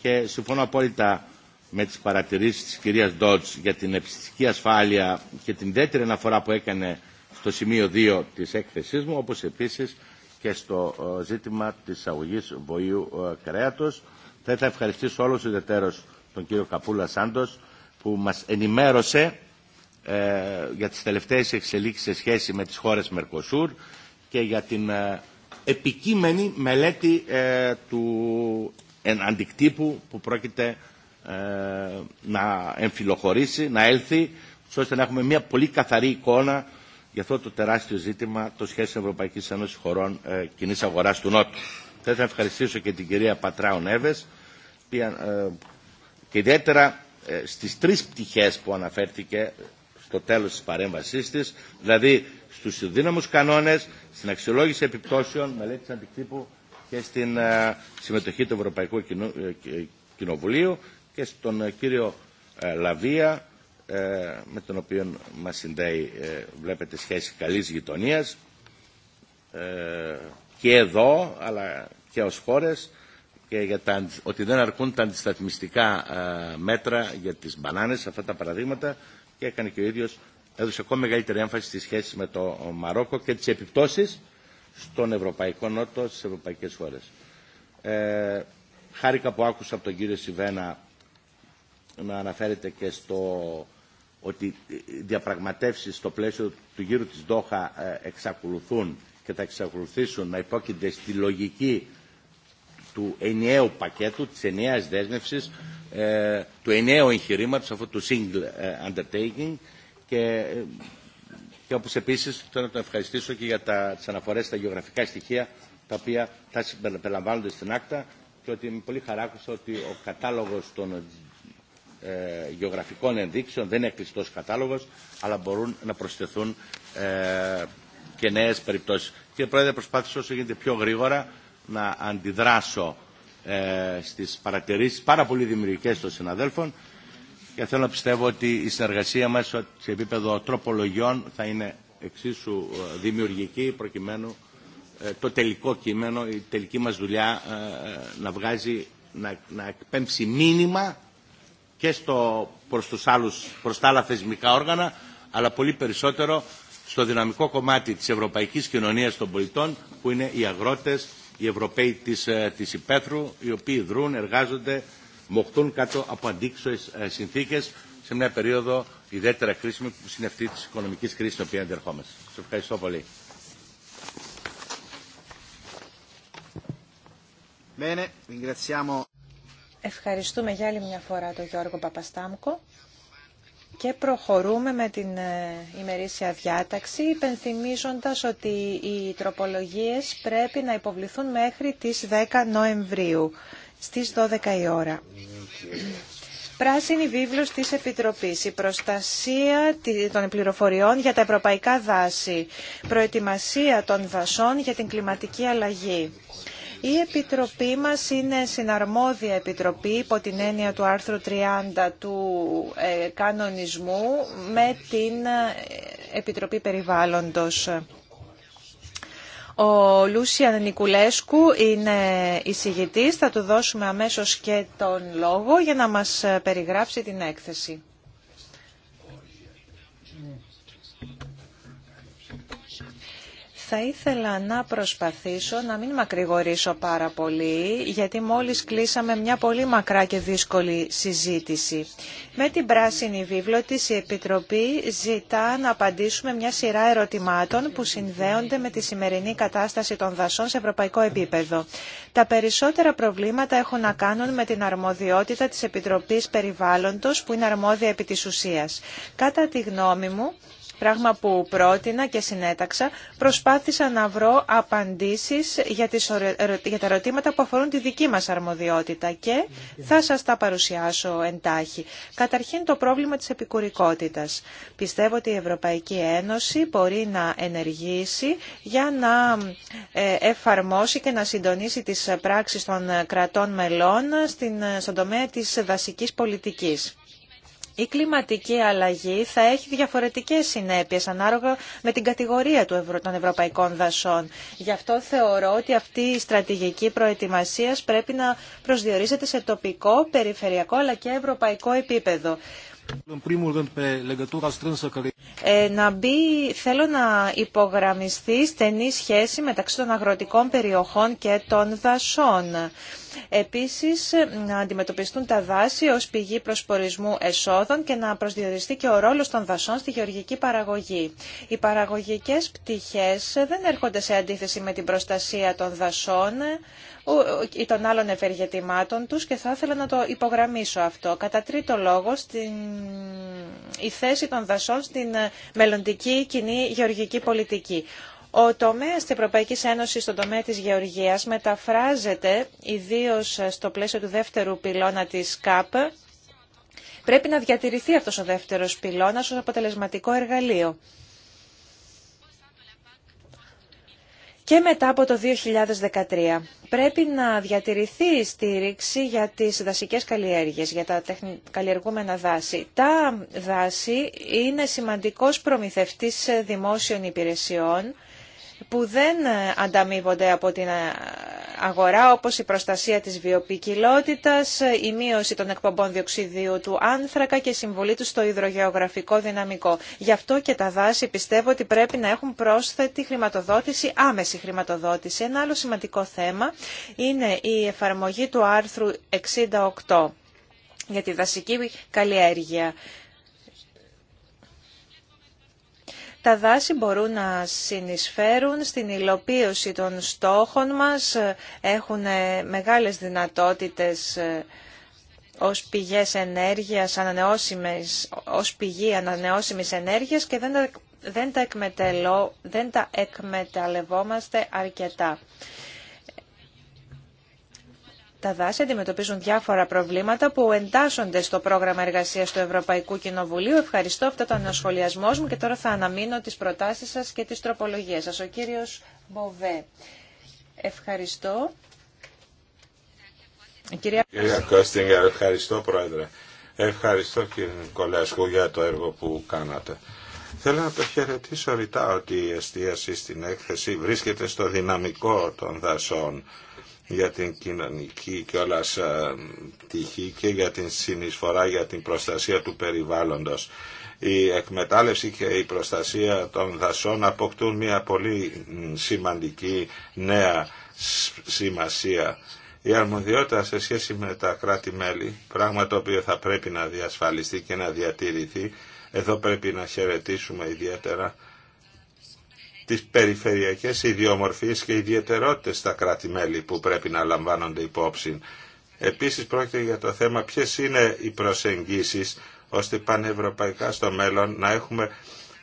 και συμφωνώ απόλυτα με τις παρατηρήσεις της κυρίας Ντότς για την επιστημική ασφάλεια και την ιδιαίτερη αναφορά που έκανε στο σημείο 2 της έκθεσής μου, όπως επίσης και στο ε, ζήτημα της αγωγής βοήου ε, κρέατος. Θα ήθελα ευχαριστήσω όλους ιδιαίτερους τον κύριο Καπούλα Σάντος που μας ενημέρωσε ε, για τις τελευταίες εξελίξεις σε σχέση με τις χώρες Μερκοσούρ και για την επικείμενη μελέτη ε, του αντικτύπου που πρόκειται ε, να εμφυλοχωρήσει, να έλθει, ώστε να έχουμε μια πολύ καθαρή εικόνα για αυτό το τεράστιο ζήτημα των σχέσεων Ευρωπαϊκής Ένωσης χωρών ε, κοινή αγοράς του Νότου. Θα ήθελα να ευχαριστήσω και την κυρία Πατράου Νέβες ε, και ιδιαίτερα ε, στις τρεις πτυχές που αναφέρθηκε στο τέλος της παρέμβασής της, δηλαδή στους δύναμους κανόνες, στην αξιολόγηση επιπτώσεων, μελέτη αντικτύπου και στην ε, συμμετοχή του Ευρωπαϊκού ε, Κοινοβουλίου και στον ε, κύριο Λαβία, με τον οποίο μας συνδέει, βλέπετε, σχέση καλής γειτονίας και εδώ, αλλά και ως χώρες, και για ότι δεν αρκούν τα αντισταθμιστικά μέτρα για τις μπανάνες, αυτά τα παραδείγματα, και έκανε και ο ίδιος έδωσε ακόμα μεγαλύτερη έμφαση στις σχέσεις με το Μαρόκο και τις επιπτώσεις στον Ευρωπαϊκό Νότο, στις ευρωπαϊκές χώρες. Ε, χάρηκα που άκουσα από τον κύριο Σιβένα να αναφέρεται και στο ότι οι διαπραγματεύσεις στο πλαίσιο του γύρου της Δόχα ε, εξακολουθούν και θα εξακολουθήσουν να υπόκεινται στη λογική του ενιαίου πακέτου, της ενιαίας δέσμευσης, ε, του ενιαίου εγχειρήματος, αυτού του single ε, undertaking, και, ε, και όπως επίσης θέλω να τον ευχαριστήσω και για τα, τις αναφορές στα γεωγραφικά στοιχεία τα οποία θα συμπεριλαμβάνονται στην άκτα και ότι είμαι πολύ χαράκουσα ότι ο κατάλογος των ε, γεωγραφικών ενδείξεων δεν είναι κλειστός κατάλογος αλλά μπορούν να προσθεθούν ε, και νέες περιπτώσεις. Κύριε Πρόεδρε, προσπάθησα όσο γίνεται πιο γρήγορα να αντιδράσω ε, στις παρατηρήσεις πάρα πολύ δημιουργικές των συναδέλφων και θέλω να πιστεύω ότι η συνεργασία μας σε επίπεδο τροπολογιών θα είναι εξίσου ε, δημιουργική προκειμένου ε, το τελικό κείμενο, η τελική μας δουλειά ε, να βγάζει, να, να εκπέμψει μήνυμα και στο, προς, τους άλλους, προς τα άλλα θεσμικά όργανα, αλλά πολύ περισσότερο στο δυναμικό κομμάτι της ευρωπαϊκής κοινωνίας των πολιτών, που είναι οι αγρότες, οι Ευρωπαίοι της, της Υπέθρου, οι οποίοι δρούν, εργάζονται μοχτούν κάτω από αντίξωε συνθήκε σε μια περίοδο ιδιαίτερα κρίσιμη που είναι αυτή της οικονομικής κρίσης στην οποία ενδερχόμαστε. Σα ευχαριστώ πολύ. Ευχαριστούμε για άλλη μια φορά τον Γιώργο Παπαστάμκο και προχωρούμε με την ε, ημερήσια διάταξη υπενθυμίζοντας ότι οι τροπολογίες πρέπει να υποβληθούν μέχρι τις 10 Νοεμβρίου στις 12 η ώρα. Πράσινη βίβλος της Επιτροπής. Η προστασία των πληροφοριών για τα ευρωπαϊκά δάση. Προετοιμασία των δασών για την κλιματική αλλαγή. Η Επιτροπή μας είναι συναρμόδια Επιτροπή υπό την έννοια του άρθρου 30 του ε, κανονισμού με την ε, Επιτροπή Περιβάλλοντος. Ο Λούσια Νικουλέσκου είναι εισηγητής. Θα του δώσουμε αμέσως και τον λόγο για να μας περιγράψει την έκθεση. Θα ήθελα να προσπαθήσω να μην μακρηγορήσω πάρα πολύ, γιατί μόλις κλείσαμε μια πολύ μακρά και δύσκολη συζήτηση. Με την πράσινη βίβλο της η Επιτροπή ζητά να απαντήσουμε μια σειρά ερωτημάτων που συνδέονται με τη σημερινή κατάσταση των δασών σε ευρωπαϊκό επίπεδο. Τα περισσότερα προβλήματα έχουν να κάνουν με την αρμοδιότητα της Επιτροπής Περιβάλλοντος, που είναι αρμόδια επί της ουσίας. Κατά τη γνώμη μου, πράγμα που πρότεινα και συνέταξα, προσπάθησα να βρω απαντήσεις για, τα ερωτήματα που αφορούν τη δική μας αρμοδιότητα και θα σας τα παρουσιάσω εντάχει. Καταρχήν το πρόβλημα της επικουρικότητας. Πιστεύω ότι η Ευρωπαϊκή Ένωση μπορεί να ενεργήσει για να ε, εφαρμόσει και να συντονίσει τις πράξεις των κρατών μελών στον τομέα της δασικής πολιτικής. Η κλιματική αλλαγή θα έχει διαφορετικές συνέπειες ανάλογα με την κατηγορία των ευρωπαϊκών δασών. Γι' αυτό θεωρώ ότι αυτή η στρατηγική προετοιμασία πρέπει να προσδιορίζεται σε τοπικό, περιφερειακό αλλά και ευρωπαϊκό επίπεδο. Ε, να μπει, θέλω να υπογραμμιστεί στενή σχέση μεταξύ των αγροτικών περιοχών και των δασών. Επίσης, να αντιμετωπιστούν τα δάση ως πηγή προσπορισμού εσόδων και να προσδιοριστεί και ο ρόλος των δασών στη γεωργική παραγωγή. Οι παραγωγικές πτυχές δεν έρχονται σε αντίθεση με την προστασία των δασών ή των άλλων ευεργετημάτων τους και θα ήθελα να το υπογραμμίσω αυτό. Κατά τρίτο λόγο, στην... η θέση των δασών στην μελλοντική κοινή γεωργική πολιτική. Ο τομέας της Ευρωπαϊκής Ένωσης στον τομέα της γεωργίας μεταφράζεται ιδίως στο πλαίσιο του δεύτερου πυλώνα της ΚΑΠ. Πρέπει να διατηρηθεί αυτός ο δεύτερος πυλώνας ως αποτελεσματικό εργαλείο. Και μετά από το 2013 πρέπει να διατηρηθεί η στήριξη για τις δασικές καλλιέργειες, για τα καλλιεργούμενα δάση. Τα δάση είναι σημαντικός προμηθευτής δημόσιων υπηρεσιών που δεν ε, ανταμείβονται από την ε, αγορά όπως η προστασία της βιοπικιλότητας, ε, η μείωση των εκπομπών διοξιδίου του άνθρακα και η συμβολή του στο υδρογεωγραφικό δυναμικό. Γι' αυτό και τα δάση πιστεύω ότι πρέπει να έχουν πρόσθετη χρηματοδότηση, άμεση χρηματοδότηση. Ένα άλλο σημαντικό θέμα είναι η εφαρμογή του άρθρου 68 για τη δασική καλλιέργεια. Τα δάση μπορούν να συνεισφέρουν στην υλοποίηση των στόχων μας, έχουν ε, μεγάλες δυνατότητες ε, ως πηγές ενέργειας, ανανεώσιμες, ως πηγή ανανεώσιμης ενέργειας και δεν, τα, δεν τα εκμεταλλευόμαστε αρκετά. Τα δάση αντιμετωπίζουν διάφορα προβλήματα που εντάσσονται στο πρόγραμμα εργασία του Ευρωπαϊκού Κοινοβουλίου. Ευχαριστώ. Αυτό ήταν ο σχολιασμό μου και τώρα θα αναμείνω τι προτάσει σα και τι τροπολογίε σα. Ο κύριο Μποβέ. Ευχαριστώ. Κυρία, Κυρία Κώστιγκερ, ευχαριστώ Πρόεδρε. Ευχαριστώ κύριε Νικολέσκου για το έργο που κάνατε. Θέλω να το χαιρετήσω ρητά ότι η εστίαση στην έκθεση βρίσκεται στο δυναμικό των δασών για την κοινωνική και όλας ε, τυχή και για την συνεισφορά για την προστασία του περιβάλλοντος. Η εκμετάλλευση και η προστασία των δασών αποκτούν μια πολύ σημαντική νέα σημασία. Η αρμοδιότητα σε σχέση με τα κράτη-μέλη, πράγμα το οποίο θα πρέπει να διασφαλιστεί και να διατηρηθεί, εδώ πρέπει να χαιρετήσουμε ιδιαίτερα τις περιφερειακές ιδιομορφίες και ιδιαιτερότητες στα κράτη-μέλη που πρέπει να λαμβάνονται υπόψη. Επίσης πρόκειται για το θέμα ποιες είναι οι προσεγγίσεις ώστε πανευρωπαϊκά στο μέλλον να έχουμε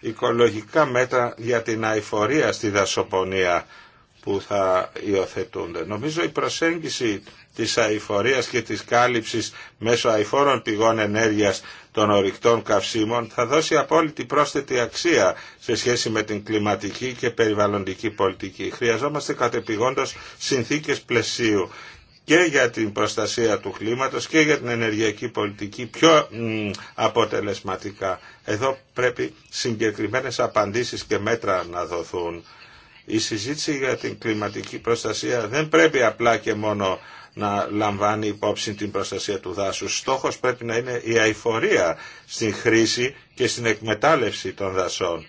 οικολογικά μέτρα για την αηφορία στη δασοπονία που θα υιοθετούνται. Νομίζω η προσέγγιση της αηφορίας και της κάλυψης μέσω αηφόρων πηγών ενέργειας των ορυκτών καυσίμων θα δώσει απόλυτη πρόσθετη αξία σε σχέση με την κλιματική και περιβαλλοντική πολιτική. Χρειαζόμαστε κατεπηγόντως συνθήκες πλαισίου και για την προστασία του κλίματος και για την ενεργειακή πολιτική πιο αποτελεσματικά. Εδώ πρέπει συγκεκριμένες απαντήσεις και μέτρα να δοθούν. Η συζήτηση για την κλιματική προστασία δεν πρέπει απλά και μόνο να λαμβάνει υπόψη την προστασία του δάσους. Στόχος πρέπει να είναι η αηφορία στην χρήση και στην εκμετάλλευση των δασών.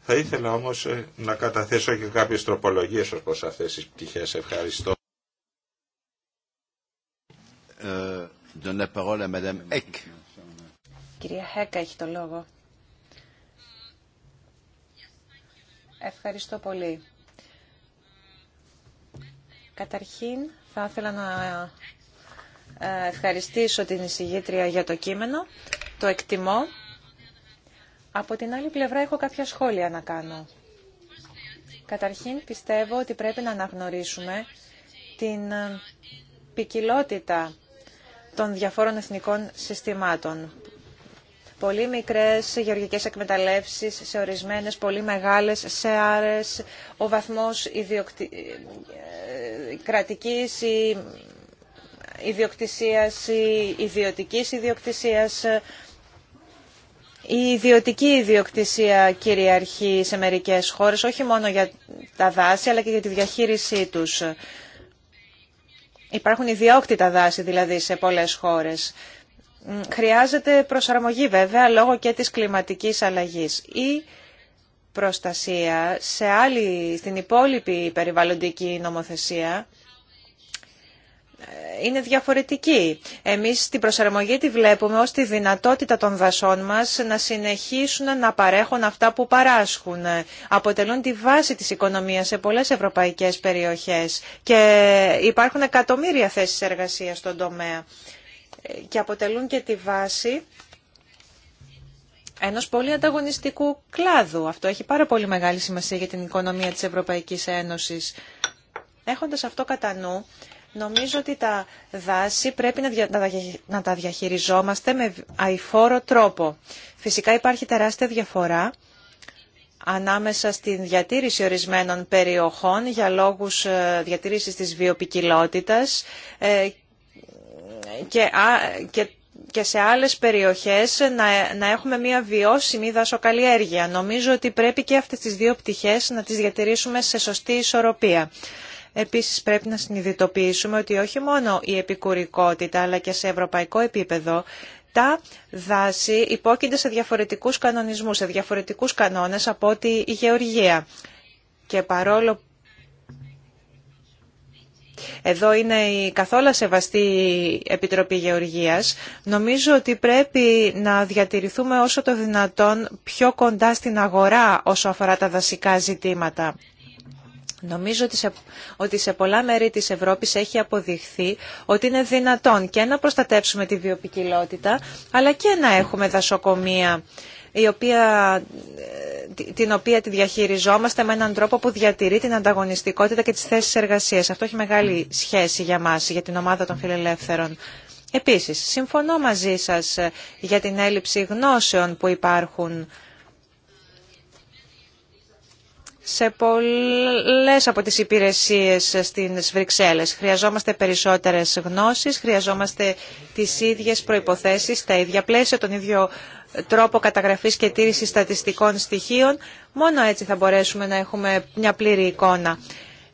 Θα ήθελα όμως ε, να καταθέσω και κάποιες τροπολογίες ως προς αυτές τις πτυχές. Ευχαριστώ. Ε, Κυρία Χέκα έχει το λόγο. Ευχαριστώ πολύ. Καταρχήν, θα ήθελα να ε, ευχαριστήσω την εισηγήτρια για το κείμενο. Το εκτιμώ. Από την άλλη πλευρά έχω κάποια σχόλια να κάνω. Καταρχήν πιστεύω ότι πρέπει να αναγνωρίσουμε την ε, ποικιλότητα των διαφόρων εθνικών συστημάτων πολύ μικρές γεωργικές εκμεταλλεύσεις, σε ορισμένες πολύ μεγάλες, σε άρες, ο βαθμός ιδιοκτη... Ε, κρατικής ή ιδιοκτησίας ή ιδιωτικής ιδιοκτησίας. Η ιδιωτική ιδιοκτησία κυριαρχεί σε μερικές χώρες, όχι μόνο για τα δάση, αλλά και για τη διαχείρισή τους. Υπάρχουν ιδιόκτητα δάση δηλαδή σε πολλές χώρες. Χρειάζεται προσαρμογή βέβαια λόγω και της κλιματικής αλλαγής. Η προστασία σε άλλη, στην υπόλοιπη περιβαλλοντική νομοθεσία ε, είναι διαφορετική. Εμείς την προσαρμογή τη βλέπουμε ως τη δυνατότητα των δασών μας να συνεχίσουν να παρέχουν αυτά που παράσχουν. Αποτελούν τη βάση της οικονομίας σε πολλές ευρωπαϊκές περιοχές και υπάρχουν εκατομμύρια θέσεις εργασίας στον τομέα και αποτελούν και τη βάση ενός πολύ ανταγωνιστικού κλάδου. Αυτό έχει πάρα πολύ μεγάλη σημασία για την οικονομία της Ευρωπαϊκής Ένωσης. Έχοντας αυτό κατά νου, νομίζω ότι τα δάση πρέπει να τα διαχειριζόμαστε με αηφόρο τρόπο. Φυσικά υπάρχει τεράστια διαφορά ανάμεσα στην διατήρηση ορισμένων περιοχών για λόγους ε, διατήρησης της βιοπικιλότητας ε, και, σε άλλες περιοχές να, έχουμε μια βιώσιμη δασοκαλλιέργεια. Νομίζω ότι πρέπει και αυτές τις δύο πτυχές να τις διατηρήσουμε σε σωστή ισορροπία. Επίσης πρέπει να συνειδητοποιήσουμε ότι όχι μόνο η επικουρικότητα αλλά και σε ευρωπαϊκό επίπεδο τα δάση υπόκεινται σε διαφορετικούς κανονισμούς, σε διαφορετικούς κανόνες από ό,τι η γεωργία. Και παρόλο εδώ είναι η καθόλου σεβαστή Επιτροπή Γεωργίας. Νομίζω ότι πρέπει να διατηρηθούμε όσο το δυνατόν πιο κοντά στην αγορά όσο αφορά τα δασικά ζητήματα. Νομίζω ότι σε, ότι σε πολλά μέρη της Ευρώπης έχει αποδειχθεί ότι είναι δυνατόν και να προστατεύσουμε τη βιοπικιλότητα αλλά και να έχουμε δασοκομεία η οποία την οποία τη διαχειριζόμαστε με έναν τρόπο που διατηρεί την ανταγωνιστικότητα και τις θέσεις εργασίας. Αυτό έχει μεγάλη σχέση για μας, για την ομάδα των φιλελεύθερων. Επίσης, συμφωνώ μαζί σας ε, για την έλλειψη γνώσεων που υπάρχουν σε πολλές από τις υπηρεσίες ε, στις Βρυξέλλες. Χρειαζόμαστε περισσότερες γνώσεις, χρειαζόμαστε τις ίδιες προϋποθέσεις, τα ίδια πλαίσια, τον ίδιο τρόπο καταγραφής και τήρησης στατιστικών στοιχείων. Μόνο έτσι θα μπορέσουμε να έχουμε μια πλήρη εικόνα.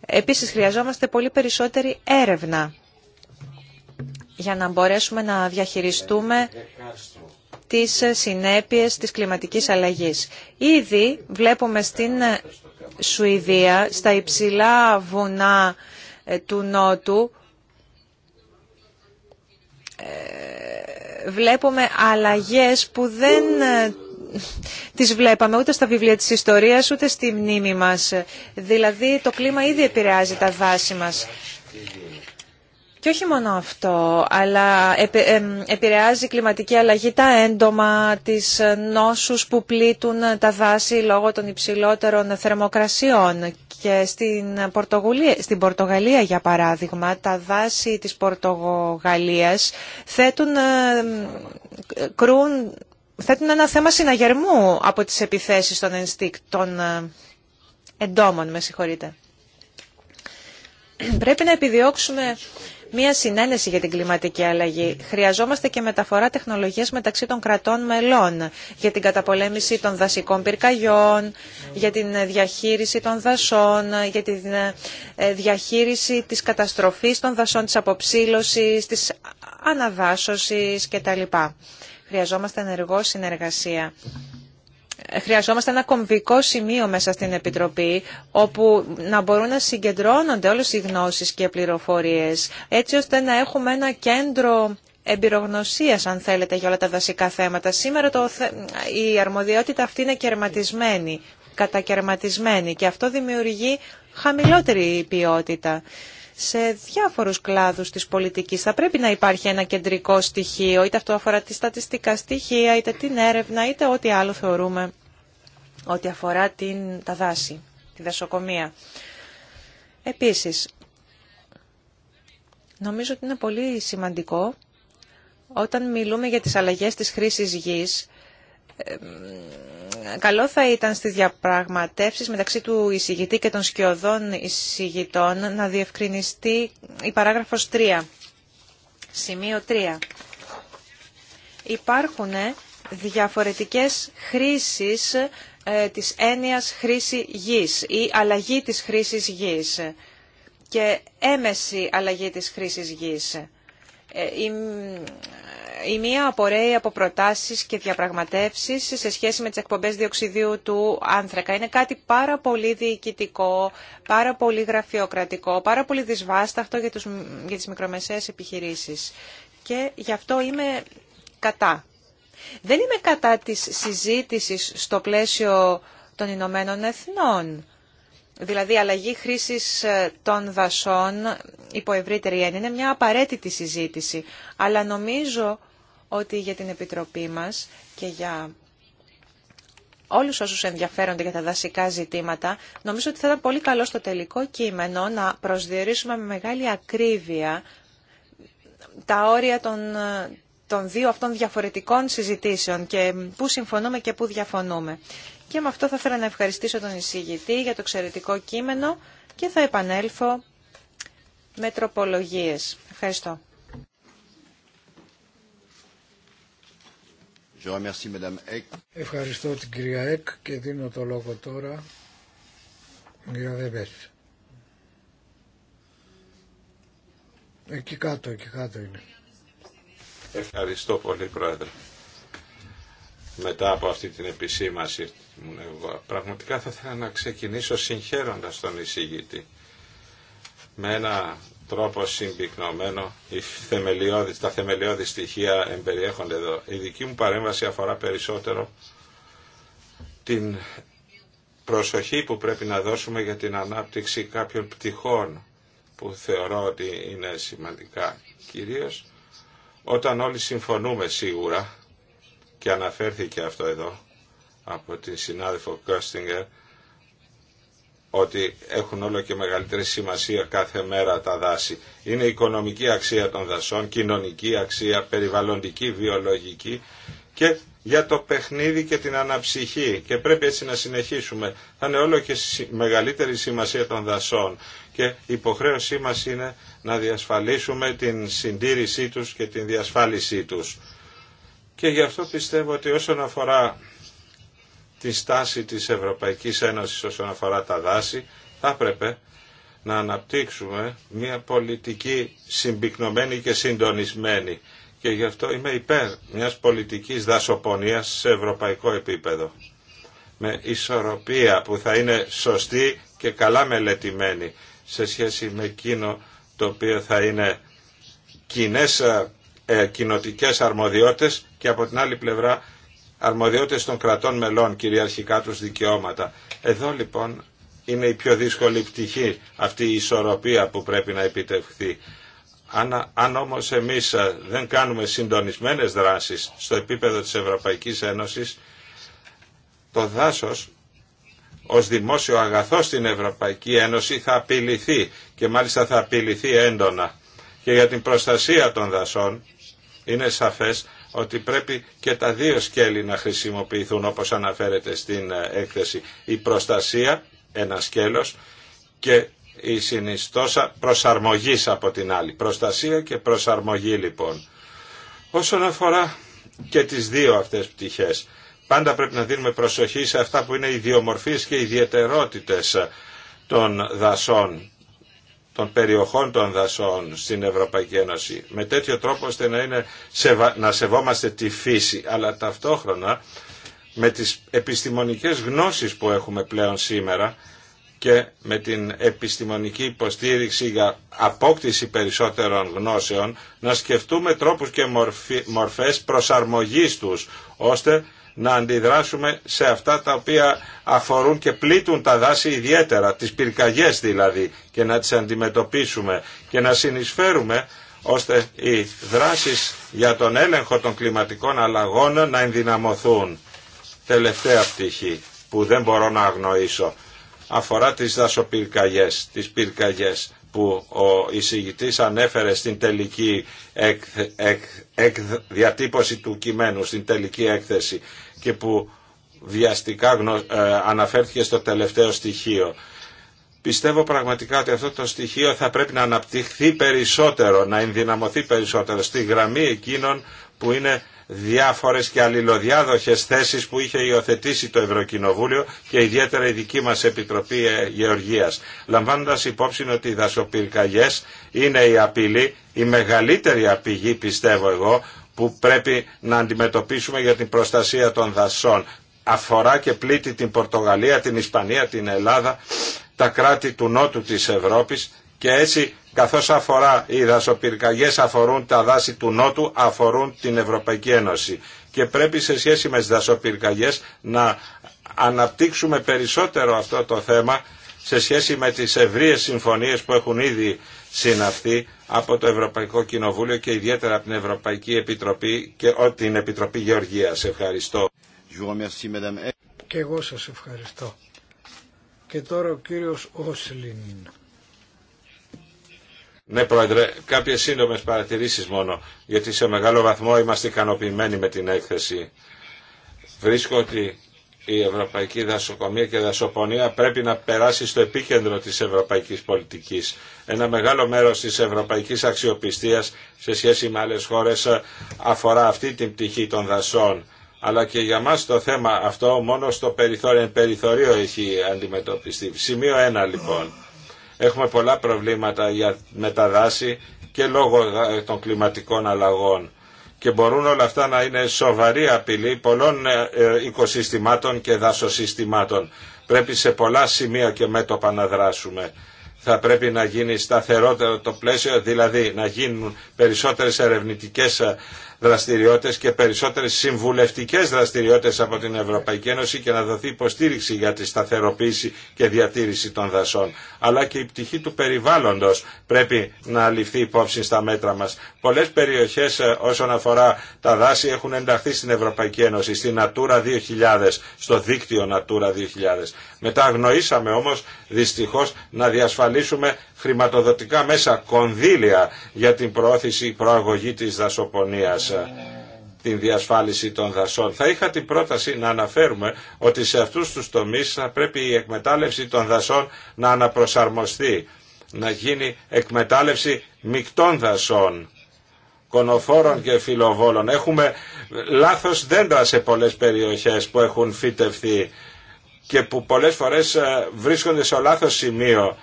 Επίσης χρειαζόμαστε πολύ περισσότερη έρευνα για να μπορέσουμε να διαχειριστούμε τις συνέπειες της κλιματικής αλλαγής. Ήδη βλέπουμε στην Σουηδία, στα υψηλά βουνά ε, του Νότου, ε, βλέπουμε αλλαγές που δεν ε, τις βλέπαμε ούτε στα βιβλία της ιστορίας ούτε στη μνήμη μας. Δηλαδή το κλίμα ήδη επηρεάζει τα δάση μας. Και όχι μόνο αυτό, αλλά επηρεάζει η κλιματική αλλαγή τα έντομα, τις νόσους που πλήττουν τα δάση λόγω των υψηλότερων θερμοκρασιών. Και στην, Πορτογαλία, στην Πορτογαλία, για παράδειγμα, τα δάση της Πορτογαλίας θέτουν, κρούν, θέτουν ένα θέμα συναγερμού από τις επιθέσεις των, ενστικ, ε, εντόμων. Με συγχωρείτε. Πρέπει να επιδιώξουμε μία συνένεση για την κλιματική αλλαγή. Χρειαζόμαστε και μεταφορά τεχνολογίας μεταξύ των κρατών μελών για την καταπολέμηση των δασικών πυρκαγιών, για την διαχείριση των δασών, για την ε, διαχείριση της καταστροφής των δασών, της αποψήλωσης, της αναδάσωσης κτλ. Χρειαζόμαστε ενεργό συνεργασία χρειαζόμαστε ένα κομβικό σημείο μέσα στην Επιτροπή όπου να μπορούν να συγκεντρώνονται όλες οι γνώσεις και πληροφορίες έτσι ώστε να έχουμε ένα κέντρο εμπειρογνωσίας αν θέλετε για όλα τα δασικά θέματα. Σήμερα το, η αρμοδιότητα αυτή είναι κερματισμένη, κατακερματισμένη και αυτό δημιουργεί χαμηλότερη ποιότητα σε διάφορους κλάδους της πολιτικής. Θα πρέπει να υπάρχει ένα κεντρικό στοιχείο, είτε αυτό αφορά τη στατιστικά στοιχεία, είτε την έρευνα, είτε ό,τι άλλο θεωρούμε ό,τι αφορά την, τα δάση, τη δασοκομεία. Επίσης, νομίζω ότι είναι πολύ σημαντικό όταν μιλούμε για τις αλλαγές της χρήσης γης, καλό θα ήταν στις διαπραγματεύσεις μεταξύ του εισηγητή και των σκιωδών εισηγητών να διευκρινιστεί η παράγραφος 3, σημείο 3. Υπάρχουν διαφορετικές χρήσεις ε, της έννοιας χρήση γης ή αλλαγή της χρήσης γης και έμεση αλλαγή της χρήσης γης. Ε, η, η μία απορρέει από προτάσεις και διαπραγματεύσεις σε σχέση με τις εκπομπές διοξιδίου του άνθρακα. Είναι κάτι πάρα πολύ διοικητικό, πάρα πολύ γραφειοκρατικό, πάρα πολύ δυσβάσταχτο για, τους, για τις μικρομεσαίες επιχειρήσεις. Και γι' αυτό είμαι κατά. Δεν είμαι κατά της συζήτησης στο πλαίσιο των Ηνωμένων Εθνών. Δηλαδή, αλλαγή χρήσης ε, των δασών υπό ευρύτερη έννοια είναι μια απαραίτητη συζήτηση. Αλλά νομίζω ότι για την Επιτροπή μας και για όλους όσους ενδιαφέρονται για τα δασικά ζητήματα, νομίζω ότι θα ήταν πολύ καλό στο τελικό κείμενο να προσδιορίσουμε με μεγάλη ακρίβεια τα όρια των, ε, των δύο αυτών διαφορετικών συζητήσεων και πού συμφωνούμε και πού διαφωνούμε. Και με αυτό θα ήθελα να ευχαριστήσω τον εισηγητή για το εξαιρετικό κείμενο και θα επανέλθω με τροπολογίες. Ευχαριστώ. Ευχαριστώ την κυρία Εκ και δίνω το λόγο τώρα για Εκεί κάτω, εκεί κάτω είναι. Ευχαριστώ πολύ Πρόεδρε. Μετά από αυτή την επισήμαση πραγματικά θα ήθελα να ξεκινήσω συγχαίροντας τον εισηγητή με ένα τρόπο συμπυκνωμένο θεμελιώδη, τα θεμελιώδη στοιχεία εμπεριέχονται εδώ. Η δική μου παρέμβαση αφορά περισσότερο την προσοχή που πρέπει να δώσουμε για την ανάπτυξη κάποιων πτυχών που θεωρώ ότι είναι σημαντικά κυρίως όταν όλοι συμφωνούμε σίγουρα, και αναφέρθηκε αυτό εδώ από την συνάδελφο Κόστιγκερ, ότι έχουν όλο και μεγαλύτερη σημασία κάθε μέρα τα δάση. Είναι οικονομική αξία των δασών, κοινωνική αξία, περιβαλλοντική, βιολογική και για το παιχνίδι και την αναψυχή και πρέπει έτσι να συνεχίσουμε. Θα είναι όλο και μεγαλύτερη σημασία των δασών και η υποχρέωσή μας είναι να διασφαλίσουμε την συντήρησή τους και την διασφάλισή τους. Και γι' αυτό πιστεύω ότι όσον αφορά τη στάση της Ευρωπαϊκής Ένωσης όσον αφορά τα δάση, θα έπρεπε να αναπτύξουμε μια πολιτική συμπυκνωμένη και συντονισμένη. Και γι' αυτό είμαι υπέρ μιας πολιτικής δασοπονίας σε ευρωπαϊκό επίπεδο. Με ισορροπία που θα είναι σωστή και καλά μελετημένη σε σχέση με εκείνο το οποίο θα είναι κοινές ε, ε, κοινοτικές αρμοδιότητες και από την άλλη πλευρά αρμοδιότητες των κρατών μελών, κυριαρχικά τους δικαιώματα. Εδώ λοιπόν είναι η πιο δύσκολη πτυχή αυτή η ισορροπία που πρέπει να επιτευχθεί. Αν, αν όμως εμείς ε, δεν κάνουμε συντονισμένες δράσεις στο επίπεδο της Ευρωπαϊκής Ένωσης, το δάσος ως δημόσιο αγαθό στην Ευρωπαϊκή Ένωση θα απειληθεί και μάλιστα θα απειληθεί έντονα. Και για την προστασία των δασών είναι σαφές ότι πρέπει και τα δύο σκέλη να χρησιμοποιηθούν όπως αναφέρεται στην έκθεση. Η προστασία, ένα σκέλος, και η συνιστόσα προσαρμογής από την άλλη. Προστασία και προσαρμογή λοιπόν. Όσον αφορά και τις δύο αυτές πτυχές, Πάντα πρέπει να δίνουμε προσοχή σε αυτά που είναι οι ιδιομορφίες και οι ιδιαιτερότητες των δασών, των περιοχών των δασών στην Ευρωπαϊκή Ένωση. Με τέτοιο τρόπο ώστε να, είναι, να σεβόμαστε τη φύση, αλλά ταυτόχρονα με τις επιστημονικές γνώσεις που έχουμε πλέον σήμερα και με την επιστημονική υποστήριξη για απόκτηση περισσότερων γνώσεων να σκεφτούμε τρόπους και μορφές προσαρμογής τους ώστε να αντιδράσουμε σε αυτά τα οποία αφορούν και πλήττουν τα δάση ιδιαίτερα, τις πυρκαγιές δηλαδή, και να τις αντιμετωπίσουμε και να συνεισφέρουμε ώστε οι δράσεις για τον έλεγχο των κλιματικών αλλαγών να ενδυναμωθούν. Τελευταία πτυχή που δεν μπορώ να αγνοήσω αφορά τις δασοπυρκαγιές, τις πυρκαγιές που ο εισηγητής ανέφερε στην τελική εκ, εκ, διατύπωση του κειμένου, στην τελική έκθεση και που βιαστικά ε, αναφέρθηκε στο τελευταίο στοιχείο. Πιστεύω πραγματικά ότι αυτό το στοιχείο θα πρέπει να αναπτυχθεί περισσότερο, να ενδυναμωθεί περισσότερο στη γραμμή εκείνων που είναι διάφορες και αλληλοδιάδοχες θέσεις που είχε υιοθετήσει το Ευρωκοινοβούλιο και ιδιαίτερα η δική μας Επιτροπή ε, Γεωργίας. Λαμβάνοντας υπόψη ότι οι δασοπυρκαγιές είναι η απειλή, η μεγαλύτερη απειγή πιστεύω εγώ, που πρέπει να αντιμετωπίσουμε για την προστασία των δασών. Αφορά και πλήττει την Πορτογαλία, την Ισπανία, την Ελλάδα, τα κράτη του νότου της Ευρώπης, και έτσι καθώς αφορά οι δασοπυρκαγιές αφορούν τα δάση του Νότου, αφορούν την Ευρωπαϊκή Ένωση. Και πρέπει σε σχέση με τις δασοπυρκαγιές να αναπτύξουμε περισσότερο αυτό το θέμα σε σχέση με τις ευρείες συμφωνίες που έχουν ήδη συναυθεί από το Ευρωπαϊκό Κοινοβούλιο και ιδιαίτερα από την Ευρωπαϊκή Επιτροπή και την Επιτροπή Γεωργίας. Ευχαριστώ. Και εγώ σας ευχαριστώ. Και τώρα ο κύριος Όσλιν. Ναι, Πρόεδρε, κάποιε σύντομε παρατηρήσει μόνο, γιατί σε μεγάλο βαθμό είμαστε ικανοποιημένοι με την έκθεση. Βρίσκω ότι η Ευρωπαϊκή Δασοκομεία και Δασοπονία πρέπει να περάσει στο επίκεντρο της ευρωπαϊκής πολιτικής. Ένα μεγάλο μέρος της ευρωπαϊκής αξιοπιστίας σε σχέση με άλλες χώρες αφορά αυτή την πτυχή των δασών. Αλλά και για μας το θέμα αυτό μόνο στο περιθώριο, περιθωρίο έχει αντιμετωπιστεί. Σημείο 1 λοιπόν Έχουμε πολλά προβλήματα για, με τα δάση και λόγω ε, των κλιματικών αλλαγών. Και μπορούν όλα αυτά να είναι σοβαρή απειλή πολλών ε, ε, οικοσυστημάτων και δασοσυστημάτων. Πρέπει σε πολλά σημεία και μέτωπα να δράσουμε θα πρέπει να γίνει σταθερότερο το πλαίσιο, δηλαδή να γίνουν περισσότερες ερευνητικές δραστηριότητες και περισσότερες συμβουλευτικές δραστηριότητες από την Ευρωπαϊκή Ένωση και να δοθεί υποστήριξη για τη σταθεροποίηση και διατήρηση των δασών. Αλλά και η πτυχή του περιβάλλοντος πρέπει να ληφθεί υπόψη στα μέτρα μας. Πολλές περιοχές ε, όσον αφορά τα δάση έχουν ενταχθεί στην Ευρωπαϊκή Ένωση, στη Natura 2000, στο δίκτυο Natura 2000. Μετά αγνοήσαμε όμως δυστυχώς να διασφαλίσουμε χρηματοδοτικά μέσα κονδύλια για την προώθηση προαγωγή της δασοπονίας ε, την διασφάλιση των δασών. Θα είχα την πρόταση να αναφέρουμε ότι σε αυτούς τους τομείς θα πρέπει η εκμετάλλευση των δασών να αναπροσαρμοστεί, να γίνει εκμετάλλευση μεικτών δασών, κονοφόρων και φιλοβόλων. Έχουμε λάθος δέντρα σε πολλές περιοχές που έχουν φύτευθεί και που πολλές φορές ε, βρίσκονται σε λάθος σημείο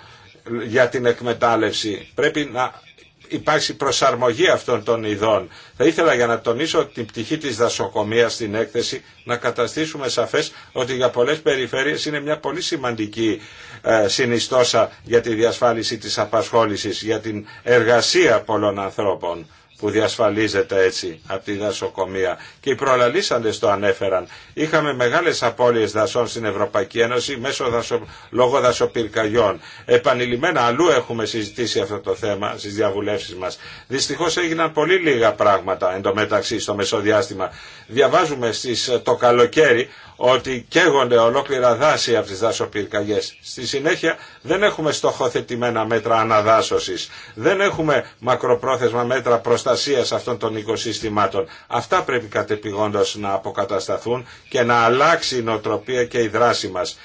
για την εκμετάλλευση. Πρέπει να υπάρξει προσαρμογή αυτών των ειδών. Θα ήθελα για να τονίσω την πτυχή της δασοκομείας στην έκθεση να καταστήσουμε σαφές ότι για πολλές περιφέρειες είναι μια πολύ σημαντική ε, συνιστόσα για τη διασφάλιση της απασχόλησης, για την εργασία πολλών ανθρώπων που διασφαλίζεται έτσι από τη δασοκομεία. Και οι προαλαλήσαντες το ανέφεραν. Είχαμε μεγάλες απώλειες δασών στην Ευρωπαϊκή Ένωση μέσω λόγω δασοπυρκαγιών. Επανειλημμένα αλλού έχουμε συζητήσει αυτό το θέμα στις διαβουλεύσεις μας. Δυστυχώς έγιναν πολύ λίγα πράγματα εντωμεταξύ στο μεσοδιάστημα. Διαβάζουμε στις... το καλοκαίρι ότι καίγονται ολόκληρα δάση από τις δασοπυρκαγιές. Στη συνέχεια δεν έχουμε στοχοθετημένα μέτρα αναδάσωσης. Δεν έχουμε μακροπρόθεσμα μέτρα προστασίας αυτών των οικοσύστηματων. Αυτά πρέπει κατεπηγόντως να αποκατασταθούν και να αλλάξει η νοοτροπία και η δράση μας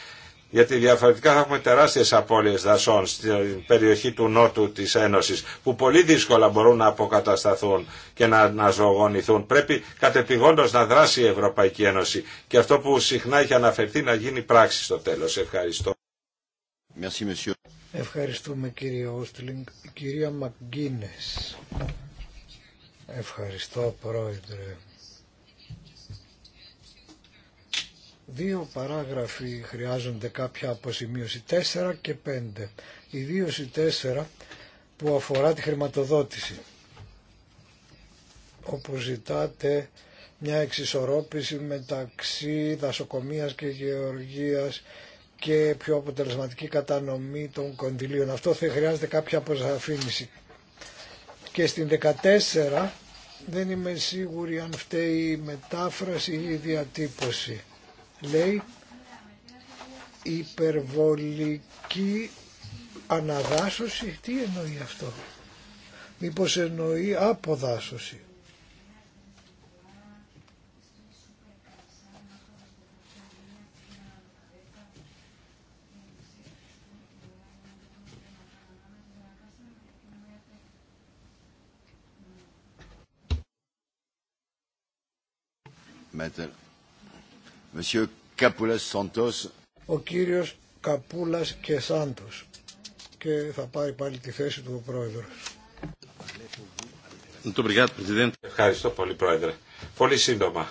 γιατί διαφορετικά θα έχουμε τεράστιες απώλειες δασών στην περιοχή του νότου της Ένωσης που πολύ δύσκολα μπορούν να αποκατασταθούν και να, να ζωογονηθούν. Πρέπει κατεπηγόντως να δράσει η Ευρωπαϊκή Ένωση και αυτό που συχνά έχει αναφερθεί να γίνει πράξη στο τέλος. Ευχαριστώ. Ευχαριστούμε κύριε Όστλινγκ. Κυρία Μαγκίνες. Ευχαριστώ πρόεδρε. Δύο παράγραφοι χρειάζονται κάποια αποσημείωση, 4 και 5. Ιδίω η 4 που αφορά τη χρηματοδότηση. Όπου ζητάτε μια εξισορρόπηση μεταξύ δασοκομείας και γεωργίας και πιο αποτελεσματική κατανομή των κοντιλίων. Αυτό θα χρειάζεται κάποια αποσαφήνιση. Και στην 14 δεν είμαι σίγουρη αν φταίει η μετάφραση ή η διατύπωση λέει υπερβολική αναδάσωση, τι εννοεί αυτό, μήπως εννοεί αποδάσωση. Μέτερ. Ο κύριος Καπούλας και Σάντος και θα πάρει πάλι τη θέση του ο Ευχαριστώ πολύ πρόεδρε. Πολύ σύντομα.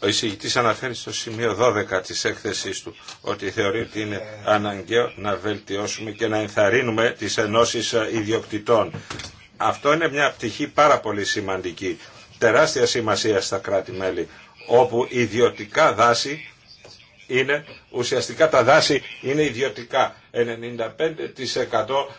Ο εισηγητή αναφέρει στο σημείο 12 τη έκθεση του ότι θεωρεί ότι είναι αναγκαίο να βελτιώσουμε και να ενθαρρύνουμε τι ενώσει ιδιοκτητών αυτό είναι μια πτυχή πάρα πολύ σημαντική, τεράστια σημασία στα κράτη-μέλη, όπου ιδιωτικά δάση είναι, ουσιαστικά τα δάση είναι ιδιωτικά. 95%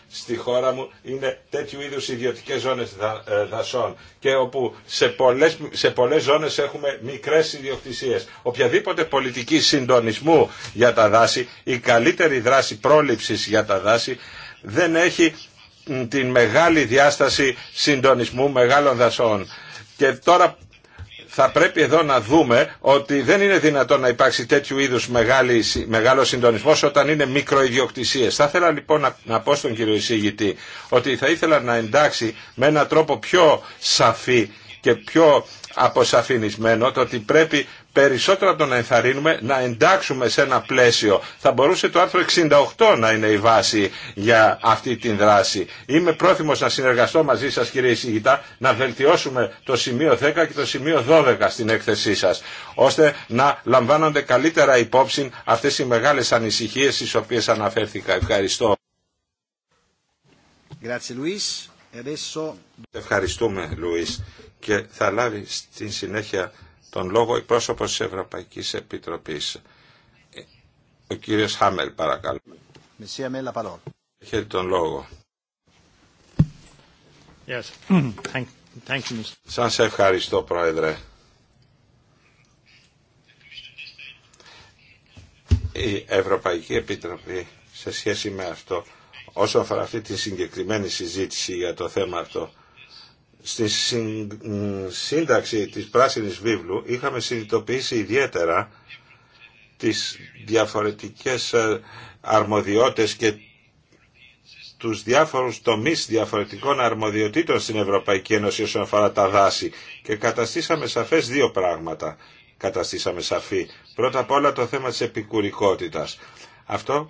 στη χώρα μου είναι τέτοιου είδους ιδιωτικές ζώνες ε, δασών και όπου σε πολλές, σε πολλές ζώνες έχουμε μικρές ιδιοκτησίες. Οποιαδήποτε πολιτική συντονισμού για τα δάση, η καλύτερη δράση πρόληψης για τα δάση δεν έχει την μεγάλη διάσταση συντονισμού μεγάλων δασών. Και τώρα θα πρέπει εδώ να δούμε ότι δεν είναι δυνατόν να υπάρξει τέτοιου είδους μεγάλη, μεγάλο συντονισμός όταν είναι μικροϊδιοκτησίες. Θα ήθελα λοιπόν να, να πω στον κύριο εισηγητή ότι θα ήθελα να εντάξει με έναν τρόπο πιο σαφή και πιο αποσαφηνισμένο το ότι πρέπει περισσότερο από το να ενθαρρύνουμε να εντάξουμε σε ένα πλαίσιο. Θα μπορούσε το άρθρο 68 να είναι η βάση για αυτή την δράση. Είμαι πρόθυμος να συνεργαστώ μαζί σας κύριε Ισηγητά να βελτιώσουμε το σημείο 10 και το σημείο 12 στην έκθεσή σας ώστε να λαμβάνονται καλύτερα υπόψη αυτές οι μεγάλες ανησυχίες στις οποίες αναφέρθηκα. Ευχαριστώ. E Ευχαριστούμε Λουίς και θα λάβει στην συνέχεια τον λόγο η πρόσωπο της Ευρωπαϊκής Επιτροπής. Ο κύριος Χάμελ παρακαλώ. Έχετε τον λόγο. Yes. Thank, thank you. Σας ευχαριστώ Πρόεδρε. Η Ευρωπαϊκή Επιτροπή σε σχέση με αυτό όσον αφορά αυτή τη συγκεκριμένη συζήτηση για το θέμα αυτό στη σύνταξη της Πράσινης Βίβλου είχαμε συνειδητοποιήσει ιδιαίτερα τις διαφορετικές ε, αρμοδιότητες και τους διάφορους τομείς διαφορετικών αρμοδιοτήτων στην Ευρωπαϊκή Ένωση όσον αφορά τα δάση και καταστήσαμε σαφές δύο πράγματα. Καταστήσαμε σαφή. Πρώτα απ' όλα το θέμα της επικουρικότητας. Αυτό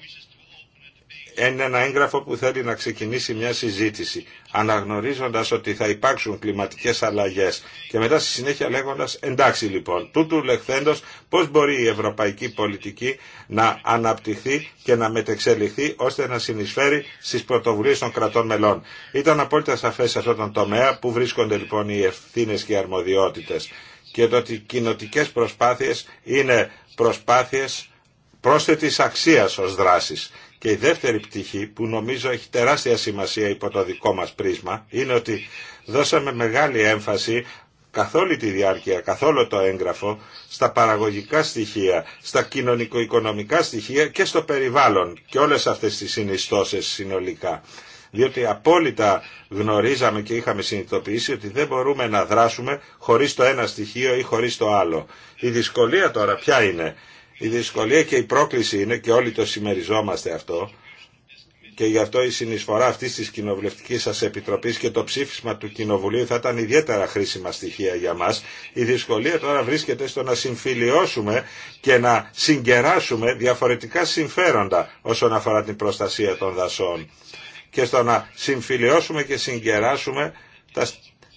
είναι ένα έγγραφο που θέλει να ξεκινήσει μια συζήτηση, αναγνωρίζοντας ότι θα υπάρξουν κλιματικές αλλαγές και μετά στη συνέχεια λέγοντας εντάξει λοιπόν, τούτου λεχθέντος πώς μπορεί η ευρωπαϊκή πολιτική να αναπτυχθεί και να μετεξελιχθεί ώστε να συνεισφέρει στις πρωτοβουλίες των κρατών μελών. Ήταν απόλυτα σαφές σε αυτόν τον τομέα που βρίσκονται λοιπόν οι ευθύνε και οι αρμοδιότητες και το ότι κοινοτικές προσπάθειες είναι προσπάθειες πρόσθετης αξίας ως δράσης και η δεύτερη πτυχή που νομίζω έχει τεράστια σημασία υπό το δικό μας πρίσμα είναι ότι δώσαμε μεγάλη έμφαση καθ' όλη τη διάρκεια, καθ' όλο το έγγραφο, στα παραγωγικά στοιχεία, στα κοινωνικο-οικονομικά στοιχεία και στο περιβάλλον και όλες αυτές τις συνιστώσεις συνολικά. Διότι απόλυτα γνωρίζαμε και είχαμε συνειδητοποιήσει ότι δεν μπορούμε να δράσουμε χωρίς το ένα στοιχείο ή χωρίς το άλλο. Η δυσκολία τώρα ποια είναι η δυσκολία και η πρόκληση είναι και όλοι το συμμεριζόμαστε αυτό και γι' αυτό η συνεισφορά αυτή τη κοινοβουλευτική σα επιτροπή και το ψήφισμα του Κοινοβουλίου θα ήταν ιδιαίτερα χρήσιμα στοιχεία για μα. Η δυσκολία τώρα βρίσκεται στο να συμφιλιώσουμε και να συγκεράσουμε διαφορετικά συμφέροντα όσον αφορά την προστασία των δασών και στο να συμφιλιώσουμε και συγκεράσουμε τα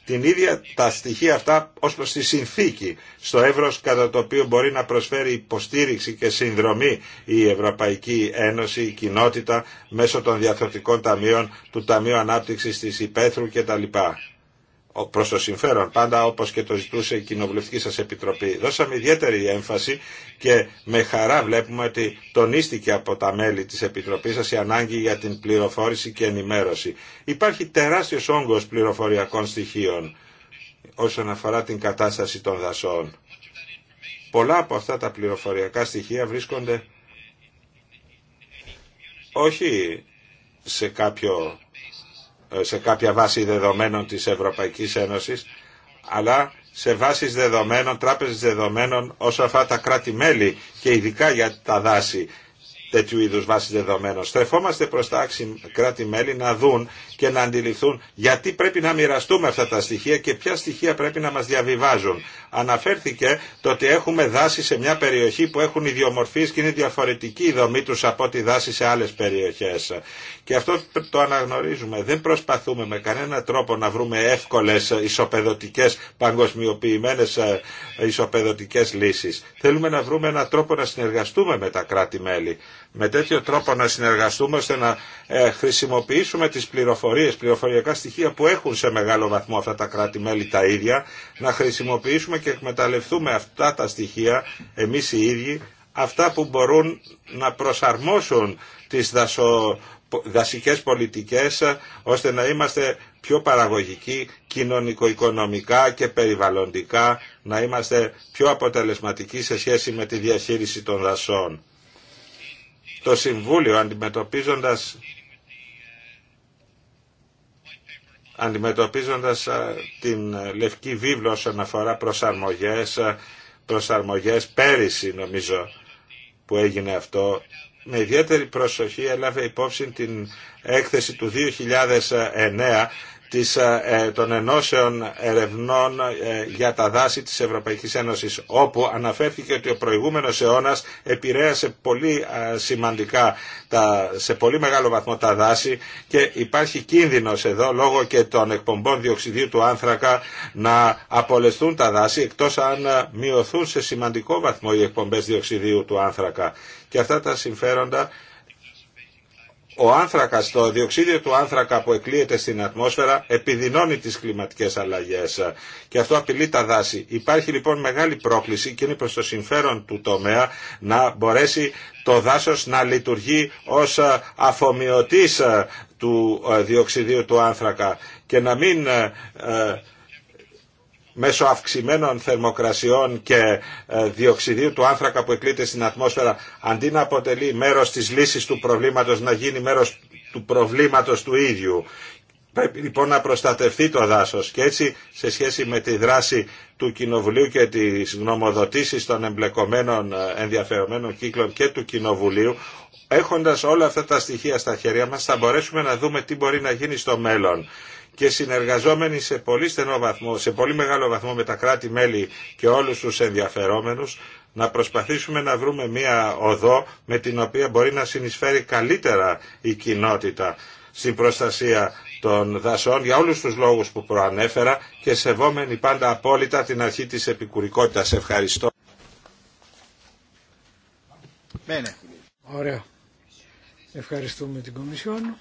την ίδια τα στοιχεία αυτά ως προς τη συνθήκη στο εύρος κατά το οποίο μπορεί να προσφέρει υποστήριξη και συνδρομή η Ευρωπαϊκή Ένωση, η κοινότητα μέσω των διαθροτικών ταμείων, του Ταμείου Ανάπτυξης της Υπέθρου κτλ. Προ το συμφέρον πάντα όπως και το ζητούσε η κοινοβουλευτική σας επιτροπή. Δώσαμε ιδιαίτερη έμφαση και με χαρά βλέπουμε ότι τονίστηκε από τα μέλη της επιτροπής σα η ανάγκη για την πληροφόρηση και ενημέρωση. Υπάρχει τεράστιος όγκος πληροφοριακών στοιχείων όσον αφορά την κατάσταση των δασών. Πολλά από αυτά τα πληροφοριακά στοιχεία βρίσκονται όχι σε κάποιο ε, σε κάποια βάση δεδομένων της Ευρωπαϊκής Ένωσης, αλλά σε βάσεις δεδομένων, τράπεζες δεδομένων όσο αυτά τα κράτη-μέλη και ειδικά για τα δάση τέτοιου είδους βάσεις δεδομένων. Στρεφόμαστε προς τα κράτη-μέλη να δουν και να αντιληφθούν γιατί πρέπει να μοιραστούμε αυτά τα στοιχεία και ποια στοιχεία πρέπει να μας διαβιβάζουν. Αναφέρθηκε το ότι έχουμε δάση σε μια περιοχή που έχουν ιδιομορφίες και είναι διαφορετική η δομή τους από τη δάση σε άλλες περιοχές. Και αυτό το αναγνωρίζουμε. Δεν προσπαθούμε με κανένα τρόπο να βρούμε εύκολες ισοπεδωτικές, παγκοσμιοποιημένες ε, ισοπεδωτικές λύσεις. Θέλουμε να βρούμε έναν τρόπο να συνεργαστούμε με τα κράτη-μέλη. Με τέτοιο τρόπο να συνεργαστούμε ώστε να ε, χρησιμοποιήσουμε τις πληροφορίες, πληροφοριακά στοιχεία που έχουν σε μεγάλο βαθμό αυτά τα κράτη-μέλη τα ίδια, να χρησιμοποιήσουμε και εκμεταλλευτούμε αυτά τα στοιχεία εμείς οι ίδιοι, αυτά που μπορούν να προσαρμόσουν τις δασο, δασικές πολιτικές ώστε να είμαστε πιο παραγωγικοί κοινωνικο-οικονομικά και περιβαλλοντικά, να είμαστε πιο αποτελεσματικοί σε σχέση με τη διαχείριση των δασών. Το Συμβούλιο αντιμετωπίζοντας αντιμετωπίζοντας την λευκή βίβλο όσον αφορά προσαρμογές, προσαρμογές πέρυσι νομίζω που έγινε αυτό, με ιδιαίτερη προσοχή έλαβε υπόψη την έκθεση του 2009 της, ε, ε, των ενώσεων ερευνών ε, για τα δάση της Ευρωπαϊκής Ένωσης όπου αναφέρθηκε ότι ο προηγούμενος αιώνας επηρέασε πολύ σημαντικά τα, σε πολύ μεγάλο βαθμό τα δάση και υπάρχει κίνδυνος εδώ λόγω και των εκπομπών διοξιδίου του άνθρακα να απολεστούν τα δάση εκτός αν μειωθούν σε σημαντικό βαθμό οι εκπομπές διοξιδίου του άνθρακα και αυτά τα συμφέροντα ο άνθρακα το διοξίδιο του άνθρακα που εκλείεται στην ατμόσφαιρα επιδεινώνει τις κλιματικές αλλαγές και αυτό απειλεί τα δάση. Υπάρχει λοιπόν μεγάλη πρόκληση και είναι προς το συμφέρον του τομέα να μπορέσει το δάσος να λειτουργεί ως αφομοιωτή του ε, διοξιδίου του άνθρακα και να μην ε, ε, μέσω αυξημένων θερμοκρασιών και ε, διοξιδίου του άνθρακα που εκλείται στην ατμόσφαιρα αντί να αποτελεί μέρος της λύσης του προβλήματος να γίνει μέρος του προβλήματος του ίδιου. Πρέπει λοιπόν να προστατευτεί το δάσος και έτσι σε σχέση με τη δράση του Κοινοβουλίου και τις γνωμοδοτήσεις των εμπλεκομένων ε, ενδιαφερομένων κύκλων και του Κοινοβουλίου έχοντας όλα αυτά τα στοιχεία στα χέρια μας θα μπορέσουμε να δούμε τι μπορεί να γίνει στο μέλλον και συνεργαζόμενοι σε πολύ στενό βαθμό, σε πολύ μεγάλο βαθμό με τα κράτη-μέλη και όλους τους ενδιαφερόμενους, να προσπαθήσουμε να βρούμε μία οδό με την οποία μπορεί να συνεισφέρει καλύτερα η κοινότητα στην προστασία των δασών για όλους τους λόγους που προανέφερα και σεβόμενοι πάντα απόλυτα την αρχή της επικουρικότητας. Ευχαριστώ. Ωραία. Ευχαριστούμε την Κομισιόν.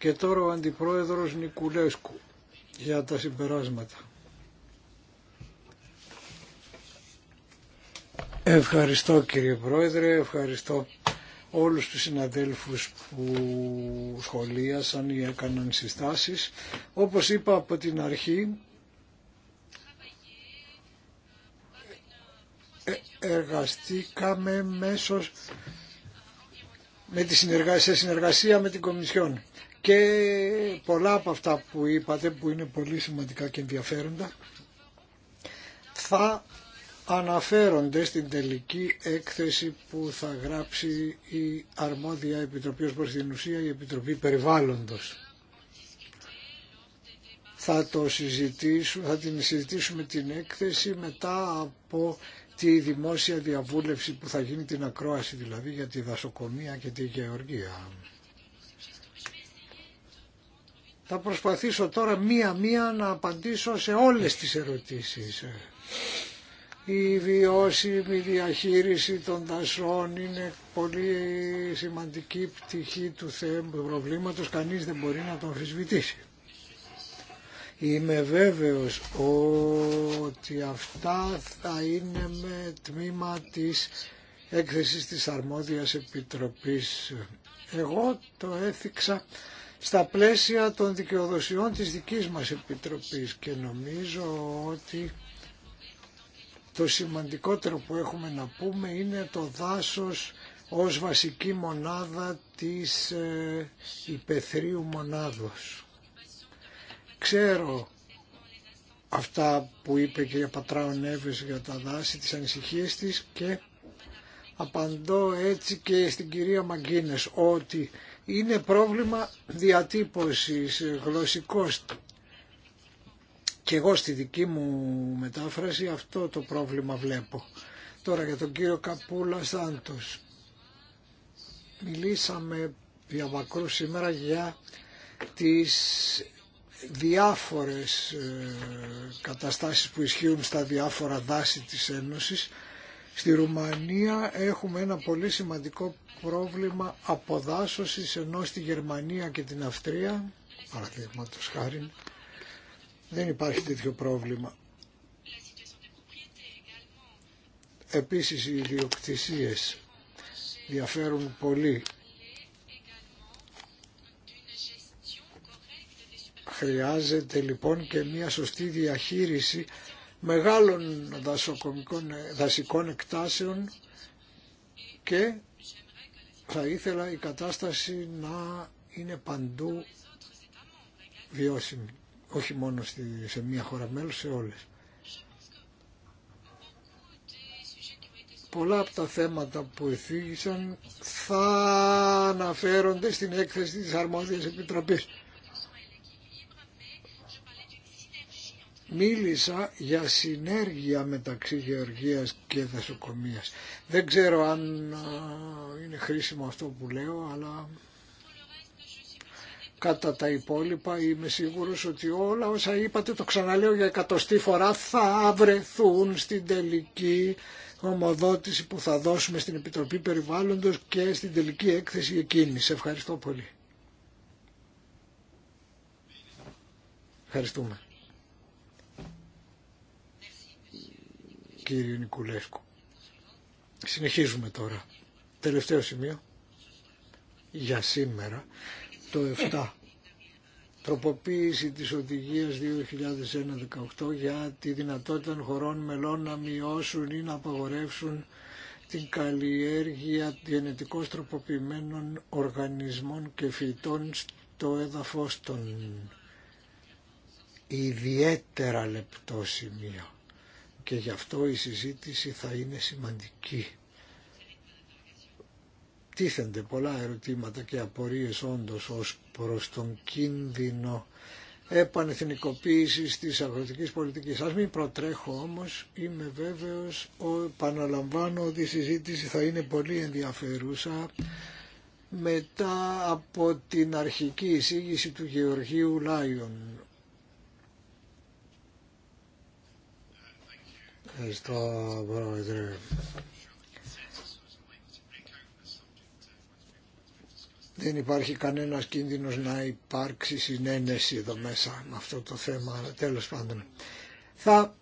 Και τώρα ο Αντιπρόεδρος Νικουλέσκου για τα συμπεράσματα. Ευχαριστώ κύριε Πρόεδρε, ευχαριστώ όλους τους συναδέλφους που σχολίασαν ή έκαναν συστάσεις. Όπως είπα από την αρχή, ε, εργαστήκαμε μέσω με τη συνεργασία, σε συνεργασία με την Κομισιόν και πολλά από αυτά που είπατε που είναι πολύ σημαντικά και ενδιαφέροντα θα αναφέρονται στην τελική έκθεση που θα γράψει η αρμόδια Επιτροπή ως προς την ουσία, η Επιτροπή Περιβάλλοντος. Θα, το συζητήσουμε, θα την συζητήσουμε την έκθεση μετά από τη δημόσια διαβούλευση που θα γίνει την ακρόαση δηλαδή για τη δασοκομεία και τη γεωργία. Θα προσπαθήσω τώρα μία-μία να απαντήσω σε όλες τις ερωτήσεις. Η βιώσιμη διαχείριση των δασών είναι πολύ σημαντική πτυχή του θέμου του προβλήματος. Κανείς δεν μπορεί να τον αμφισβητήσει. Είμαι βέβαιος ότι αυτά θα είναι με τμήμα της έκθεσης της Αρμόδιας Επιτροπής. Εγώ το έθιξα στα πλαίσια των δικαιοδοσιών της δικής μας Επιτροπής και νομίζω ότι το σημαντικότερο που έχουμε να πούμε είναι το δάσος ως βασική μονάδα της ε, υπεθρίου μονάδος. Ξέρω αυτά που είπε η κυρία Πατράου για τα δάση, τις ανησυχίες της και απαντώ έτσι και στην κυρία Μαγκίνες ότι είναι πρόβλημα διατύπωσης γλωσσικός και εγώ στη δική μου μετάφραση αυτό το πρόβλημα βλέπω. Τώρα για τον κύριο Καπούλα Σάντος. Μιλήσαμε για μακρού σήμερα για τις διάφορες ε, καταστάσεις που ισχύουν στα διάφορα δάση της Ένωσης Στη Ρουμανία έχουμε ένα πολύ σημαντικό πρόβλημα αποδάσωσης ενώ στη Γερμανία και την Αυστρία, παραδείγματος χάρη, δεν υπάρχει τέτοιο πρόβλημα. Επίσης οι ιδιοκτησίες διαφέρουν πολύ. Χρειάζεται λοιπόν και μια σωστή διαχείριση μεγάλων δασοκομικών, δασικών εκτάσεων και θα ήθελα η κατάσταση να είναι παντού βιώσιμη, όχι μόνο σε μία χώρα μέλος, σε όλες. Πολλά από τα θέματα που εφήγησαν θα αναφέρονται στην έκθεση της Αρμόδιας Επιτροπής. μίλησα για συνέργεια μεταξύ γεωργίας και δασοκομείας. Δεν ξέρω αν είναι χρήσιμο αυτό που λέω, αλλά κατά τα υπόλοιπα είμαι σίγουρος ότι όλα όσα είπατε, το ξαναλέω για εκατοστή φορά, θα βρεθούν στην τελική ομοδότηση που θα δώσουμε στην Επιτροπή Περιβάλλοντος και στην τελική έκθεση εκείνης. Ευχαριστώ πολύ. Ευχαριστούμε. κύριε Νικουλέσκου. Συνεχίζουμε τώρα. Τελευταίο σημείο για σήμερα, το 7. Τροποποίηση της οδηγίας 2018 για τη δυνατότητα των χωρών μελών να μειώσουν ή να απαγορεύσουν την καλλιέργεια γενετικώς τροποποιημένων οργανισμών και φυτών στο έδαφος των ιδιαίτερα λεπτό σημείο και γι' αυτό η συζήτηση θα είναι σημαντική. Τίθενται πολλά ερωτήματα και απορίες όντως ως προς τον κίνδυνο επανεθνικοποίησης της αγροτικής πολιτικής. Ας μην προτρέχω όμως, είμαι βέβαιος, επαναλαμβάνω ότι η συζήτηση θα είναι πολύ ενδιαφερούσα μετά από την αρχική εισήγηση του Γεωργίου Λάιον Ευχαριστώ, Πρόεδρε. Δεν υπάρχει κανένας κίνδυνος να υπάρξει συνένεση εδώ μέσα με αυτό το θέμα, αλλά τέλος πάντων. Θα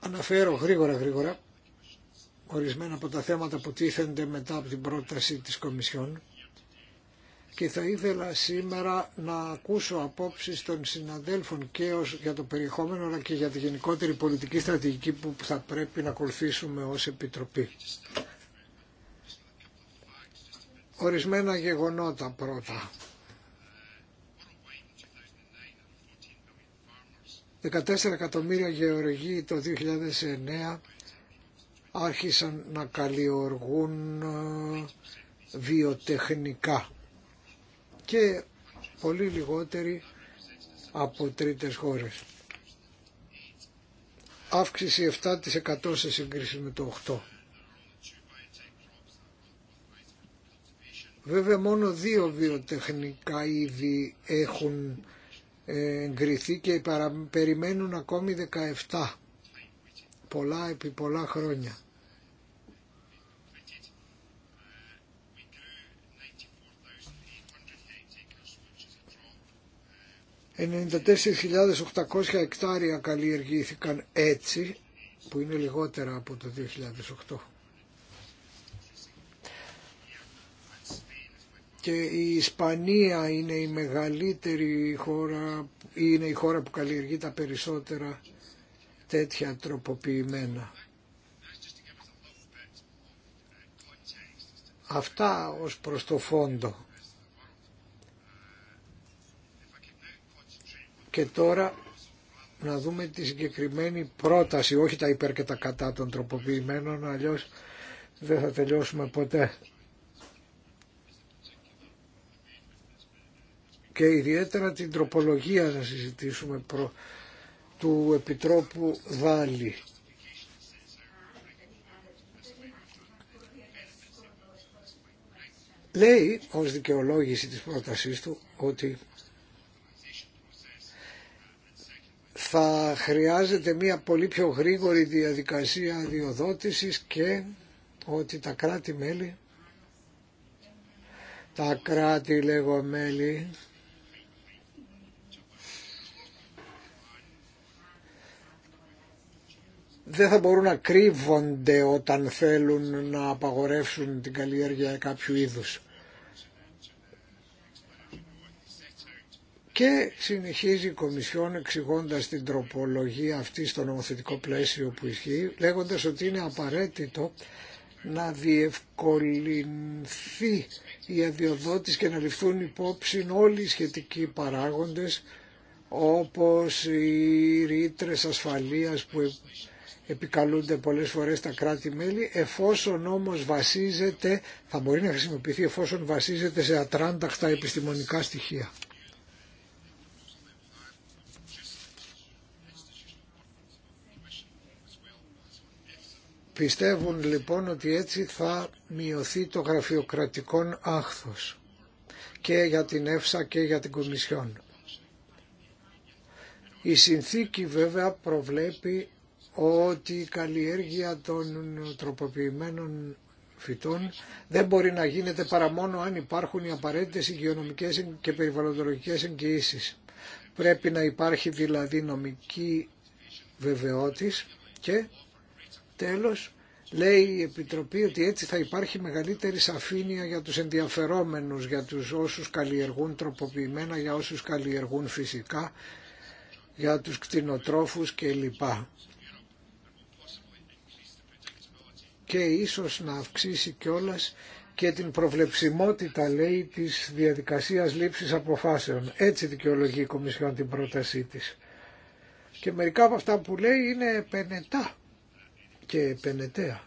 αναφέρω γρήγορα γρήγορα ορισμένα από τα θέματα που τίθενται μετά από την πρόταση της Κομισιόν και θα ήθελα σήμερα να ακούσω απόψεις των συναδέλφων και ως για το περιεχόμενο αλλά και για τη γενικότερη πολιτική στρατηγική που θα πρέπει να ακολουθήσουμε ως Επιτροπή. Ορισμένα γεγονότα πρώτα. 14 εκατομμύρια γεωργοί το 2009 άρχισαν να καλλιεργούν ε, βιοτεχνικά και πολύ λιγότεροι από τρίτες χώρες. Αύξηση 7% σε σύγκριση με το 8%. Βέβαια μόνο δύο βιοτεχνικά είδη έχουν ε, εγκριθεί και περιμένουν ακόμη 17 πολλά επί πολλά χρόνια. 94.800 εκτάρια καλλιεργήθηκαν έτσι, που είναι λιγότερα από το 2008. Και η Ισπανία είναι η μεγαλύτερη χώρα, είναι η χώρα που καλλιεργεί τα περισσότερα τέτοια τροποποιημένα. Αυτά ως προς το φόντο. Και τώρα να δούμε τη συγκεκριμένη πρόταση, όχι τα υπέρ και τα κατά των τροποποιημένων, αλλιώς δεν θα τελειώσουμε ποτέ. Και ιδιαίτερα την τροπολογία να συζητήσουμε προ του Επιτρόπου Βάλλη. Λέει ως δικαιολόγηση της πρότασής του ότι θα χρειάζεται μια πολύ πιο γρήγορη διαδικασία διοδότησης και ότι τα κράτη-μέλη, τα κράτη λέγω μέλη, δεν θα μπορούν να κρύβονται όταν θέλουν να απαγορεύσουν την καλλιέργεια κάποιου είδους. Και συνεχίζει η Κομισιόν εξηγώντας την τροπολογία αυτή στο νομοθετικό πλαίσιο που ισχύει, λέγοντας ότι είναι απαραίτητο να διευκολυνθεί η αδειοδότηση και να ληφθούν υπόψη όλοι οι σχετικοί παράγοντες όπως οι ρήτρε ασφαλείας που επικαλούνται πολλές φορές τα κράτη-μέλη εφόσον όμω βασίζεται, θα μπορεί να χρησιμοποιηθεί εφόσον βασίζεται σε ατράνταχτα επιστημονικά στοιχεία. Πιστεύουν λοιπόν ότι έτσι θα μειωθεί το γραφειοκρατικό άχθος και για την ΕΦΣΑ και για την Κομισιόν. Η συνθήκη βέβαια προβλέπει ότι η καλλιέργεια των τροποποιημένων φυτών δεν μπορεί να γίνεται παρά μόνο αν υπάρχουν οι απαραίτητες υγειονομικές και περιβαλλοντολογικές εγγυήσεις. Πρέπει να υπάρχει δηλαδή νομική και Τέλος, λέει η Επιτροπή ότι έτσι θα υπάρχει μεγαλύτερη σαφήνεια για τους ενδιαφερόμενους, για τους όσους καλλιεργούν τροποποιημένα, για όσους καλλιεργούν φυσικά, για τους κτηνοτρόφους κλπ. Και ίσως να αυξήσει κιόλας και την προβλεψιμότητα, λέει, της διαδικασίας λήψης αποφάσεων. Έτσι δικαιολογεί η Κομισιόν την πρότασή της. Και μερικά από αυτά που λέει είναι πενετά και Πενετέα.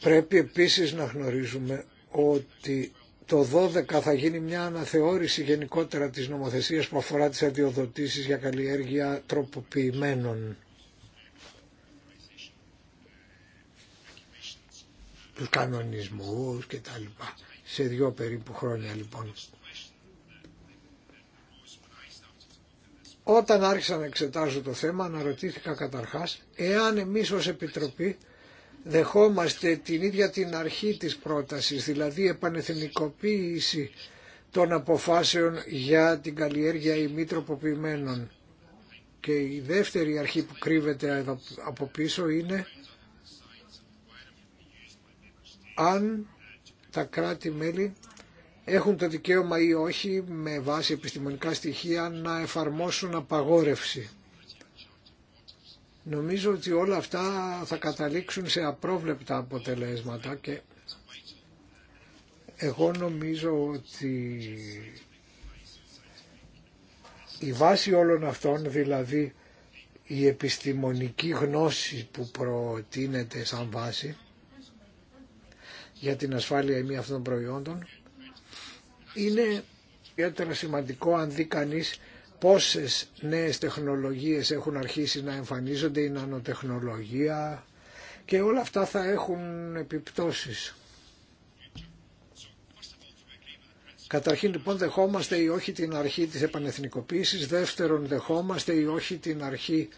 Πρέπει επίσης να γνωρίζουμε ότι το 12 θα γίνει μια αναθεώρηση γενικότερα της νομοθεσίας που αφορά τις αδειοδοτήσεις για καλλιέργεια τροποποιημένων. Τους κανονισμούς και τα λοιπά σε δυο περίπου χρόνια λοιπόν. Όταν άρχισα να εξετάζω το θέμα αναρωτήθηκα καταρχάς εάν εμείς ως Επιτροπή δεχόμαστε την ίδια την αρχή της πρότασης, δηλαδή επανεθνικοποίηση των αποφάσεων για την καλλιέργεια ημίτροποποιημένων. Και η δεύτερη αρχή που κρύβεται από πίσω είναι αν τα κράτη-μέλη έχουν το δικαίωμα ή όχι με βάση επιστημονικά στοιχεία να εφαρμόσουν απαγόρευση. Νομίζω ότι όλα αυτά θα καταλήξουν σε απρόβλεπτα αποτελέσματα και εγώ νομίζω ότι η βάση όλων αυτών, δηλαδή η επιστημονική γνώση που προτείνεται σαν βάση, για την ασφάλεια ημία αυτών των προϊόντων. Είναι ιδιαίτερα σημαντικό αν δει κανεί πόσες νέες τεχνολογίες έχουν αρχίσει να εμφανίζονται, η νανοτεχνολογία και όλα αυτά θα έχουν επιπτώσεις. Καταρχήν λοιπόν δεχόμαστε ή όχι την αρχή της επανεθνικοποίησης, δεύτερον δεχόμαστε ή όχι την αρχή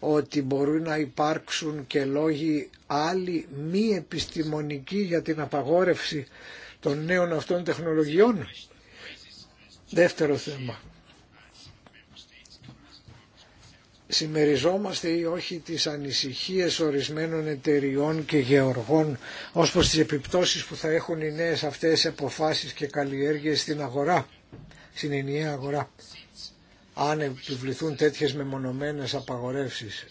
ότι μπορούν να υπάρξουν και λόγοι άλλοι μη επιστημονικοί για την απαγόρευση των νέων αυτών τεχνολογιών. Δεύτερο θέμα. Συμμεριζόμαστε ή όχι τις ανησυχίες ορισμένων εταιριών και γεωργών ως προς τις επιπτώσεις που θα έχουν οι νέες αυτές αποφάσεις και καλλιέργειες στην αγορά, στην ενιαία αγορά αν επιβληθούν τέτοιες μεμονωμένες απαγορεύσεις.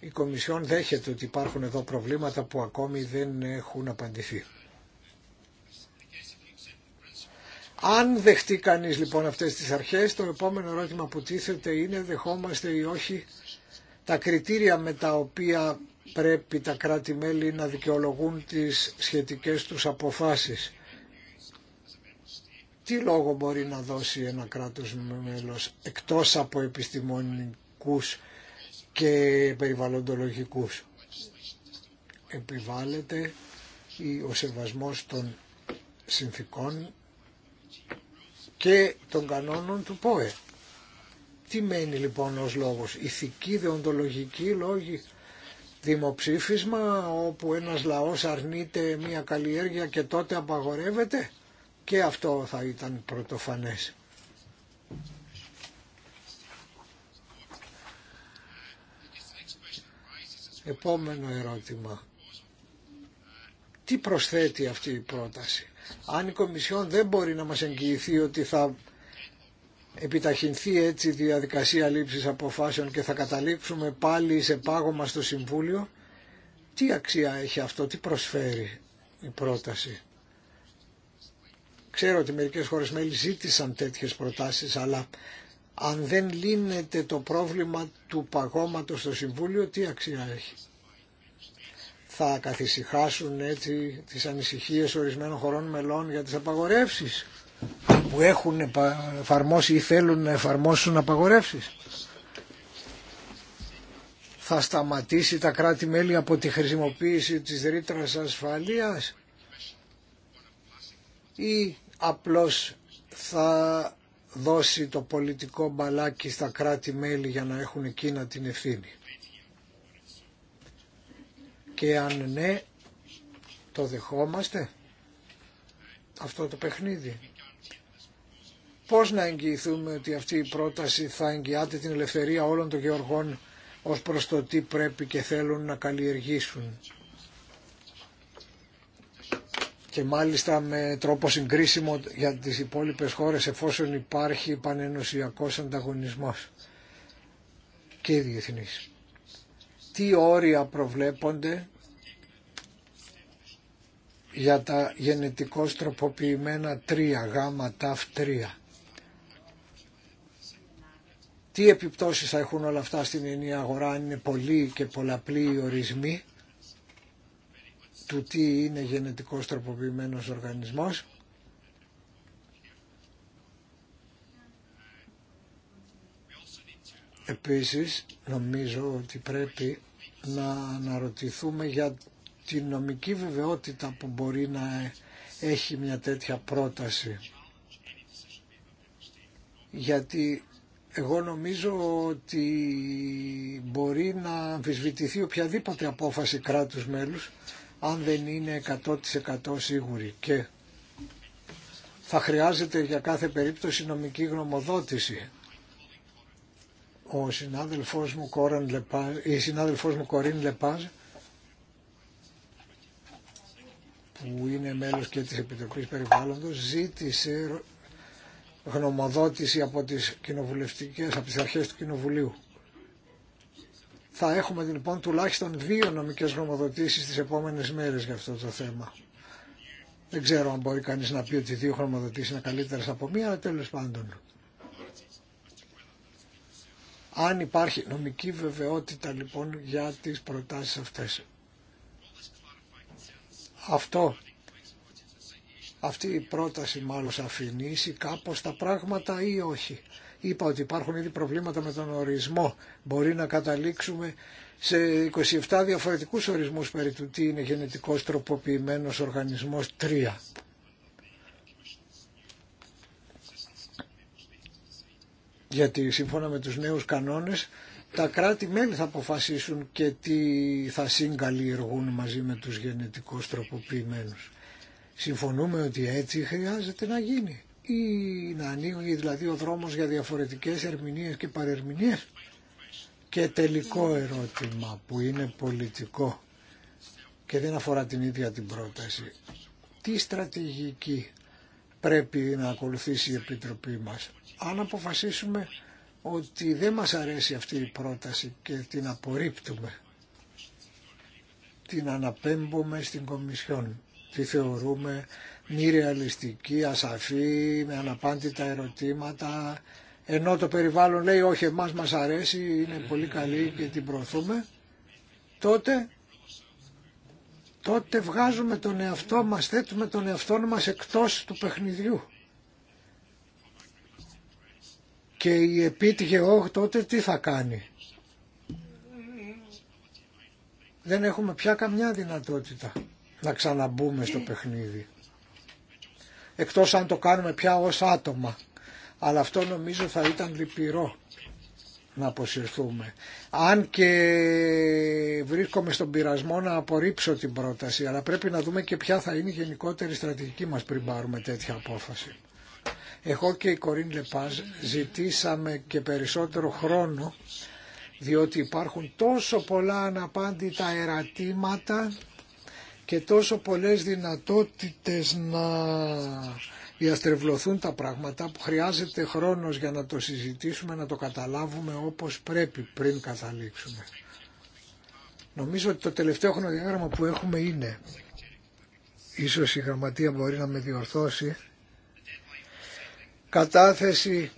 Η Κομισιόν δέχεται ότι υπάρχουν εδώ προβλήματα που ακόμη δεν έχουν απαντηθεί. Αν δεχτεί κανείς λοιπόν αυτές τις αρχές, το επόμενο ερώτημα που τίθεται είναι δεχόμαστε ή όχι τα κριτήρια με τα οποία πρέπει τα κράτη-μέλη να δικαιολογούν τις σχετικές τους αποφάσεις τι λόγο μπορεί να δώσει ένα κράτος μέλος εκτός από επιστημονικούς και περιβαλλοντολογικούς. Επιβάλλεται ο σεβασμός των συνθήκων και των κανόνων του ΠΟΕ. Τι μένει λοιπόν ως λόγος, ηθική, δεοντολογική λόγη, δημοψήφισμα όπου ένας λαός αρνείται μια καλλιέργεια και τότε απαγορεύεται και αυτό θα ήταν πρωτοφανές. Επόμενο ερώτημα. Τι προσθέτει αυτή η πρόταση. Αν η Κομισιόν δεν μπορεί να μας εγγυηθεί ότι θα επιταχυνθεί έτσι η διαδικασία λήψης αποφάσεων και θα καταλήξουμε πάλι σε πάγωμα στο Συμβούλιο, τι αξία έχει αυτό, τι προσφέρει η πρόταση. Ξέρω ότι μερικές χώρες μέλη ζήτησαν τέτοιες προτάσεις, αλλά αν δεν λύνεται το πρόβλημα του παγώματος στο Συμβούλιο, τι αξία έχει. Θα καθησυχάσουν έτσι τις ανησυχίες ορισμένων χωρών μελών για τις απαγορεύσεις που έχουν εφαρμόσει ή θέλουν να εφαρμόσουν απαγορεύσεις. Θα σταματήσει τα κράτη-μέλη από τη χρησιμοποίηση της ρήτρας ασφαλείας ή απλώς θα δώσει το πολιτικό μπαλάκι στα κράτη-μέλη για να έχουν εκείνα την ευθύνη. Και αν ναι, το δεχόμαστε αυτό το παιχνίδι. Πώς να εγγυηθούμε ότι αυτή η πρόταση θα εγγυάται την ελευθερία όλων των γεωργών ως προς το τι πρέπει και θέλουν να καλλιεργήσουν και μάλιστα με τρόπο συγκρίσιμο για τις υπόλοιπες χώρες εφόσον υπάρχει πανενωσιακός ανταγωνισμός και διεθνής. Τι όρια προβλέπονται για τα γενετικώς τροποποιημένα τρία, γάμα ταφ 3. Τι επιπτώσεις θα έχουν όλα αυτά στην ενιαία αγορά αν είναι πολλοί και πολλαπλοί οι ορισμοί του τι είναι γενετικός τροποποιημένος οργανισμός. Επίσης, νομίζω ότι πρέπει να αναρωτηθούμε για τη νομική βεβαιότητα που μπορεί να έχει μια τέτοια πρόταση. Γιατί εγώ νομίζω ότι μπορεί να αμφισβητηθεί οποιαδήποτε απόφαση κράτους μέλους αν δεν είναι 100% σίγουροι και θα χρειάζεται για κάθε περίπτωση νομική γνωμοδότηση. Ο συνάδελφός μου, Κόραν Λεπάζ, η συνάδελφός μου Κορίν Λεπάζ που είναι μέλος και της Επιτροπής Περιβάλλοντος ζήτησε γνωμοδότηση από τις, κοινοβουλευτικές, από τις αρχές του Κοινοβουλίου. Θα έχουμε λοιπόν τουλάχιστον δύο νομικές γνωμοδοτήσεις τις επόμενες μέρες για αυτό το θέμα. Δεν ξέρω αν μπορεί κανείς να πει ότι δύο χρωματοδοτήσεις είναι καλύτερες από μία, αλλά τέλος πάντων. Αν υπάρχει νομική βεβαιότητα λοιπόν για τις προτάσεις αυτές. Αυτό, αυτή η πρόταση μάλλον αφηνήσει κάπως τα πράγματα ή όχι. Είπα ότι υπάρχουν ήδη προβλήματα με τον ορισμό. Μπορεί να καταλήξουμε σε 27 διαφορετικούς ορισμούς περί του τι είναι γενετικός τροποποιημένος οργανισμός 3. Γιατί σύμφωνα με τους νέους κανόνες τα κράτη-μέλη θα αποφασίσουν και τι θα συγκαλλιεργούν μαζί με τους γενετικούς τροποποιημένους. Συμφωνούμε ότι έτσι χρειάζεται να γίνει ή να ανοίγει δηλαδή ο δρόμος για διαφορετικές ερμηνείες και παρερμηνείες. Και τελικό ερώτημα που είναι πολιτικό και δεν αφορά την ίδια την πρόταση. Τι στρατηγική πρέπει να ακολουθήσει η Επιτροπή μας. Αν αποφασίσουμε ότι δεν μας αρέσει αυτή η πρόταση και την απορρίπτουμε, την αναπέμπουμε στην Κομισιόν. Τη θεωρούμε μη ρεαλιστική, ασαφή, με αναπάντητα ερωτήματα, ενώ το περιβάλλον λέει όχι εμάς μας αρέσει, είναι πολύ καλή και την προωθούμε, τότε, τότε βγάζουμε τον εαυτό μας, θέτουμε τον εαυτό μας εκτός του παιχνιδιού. Και η επίτυχε όχι τότε τι θα κάνει. Δεν έχουμε πια καμιά δυνατότητα να ξαναμπούμε στο παιχνίδι εκτός αν το κάνουμε πια ως άτομα. Αλλά αυτό νομίζω θα ήταν λυπηρό να αποσυρθούμε. Αν και βρίσκομαι στον πειρασμό να απορρίψω την πρόταση, αλλά πρέπει να δούμε και ποια θα είναι η γενικότερη στρατηγική μας πριν πάρουμε τέτοια απόφαση. Εγώ και η Κορίν Λεπάζ ζητήσαμε και περισσότερο χρόνο, διότι υπάρχουν τόσο πολλά αναπάντητα ερατήματα και τόσο πολλές δυνατότητες να διαστρεβλωθούν τα πράγματα που χρειάζεται χρόνος για να το συζητήσουμε, να το καταλάβουμε όπως πρέπει πριν καταλήξουμε. Νομίζω ότι το τελευταίο χρονοδιάγραμμα που έχουμε είναι, ίσως η γραμματεία μπορεί να με διορθώσει, κατάθεση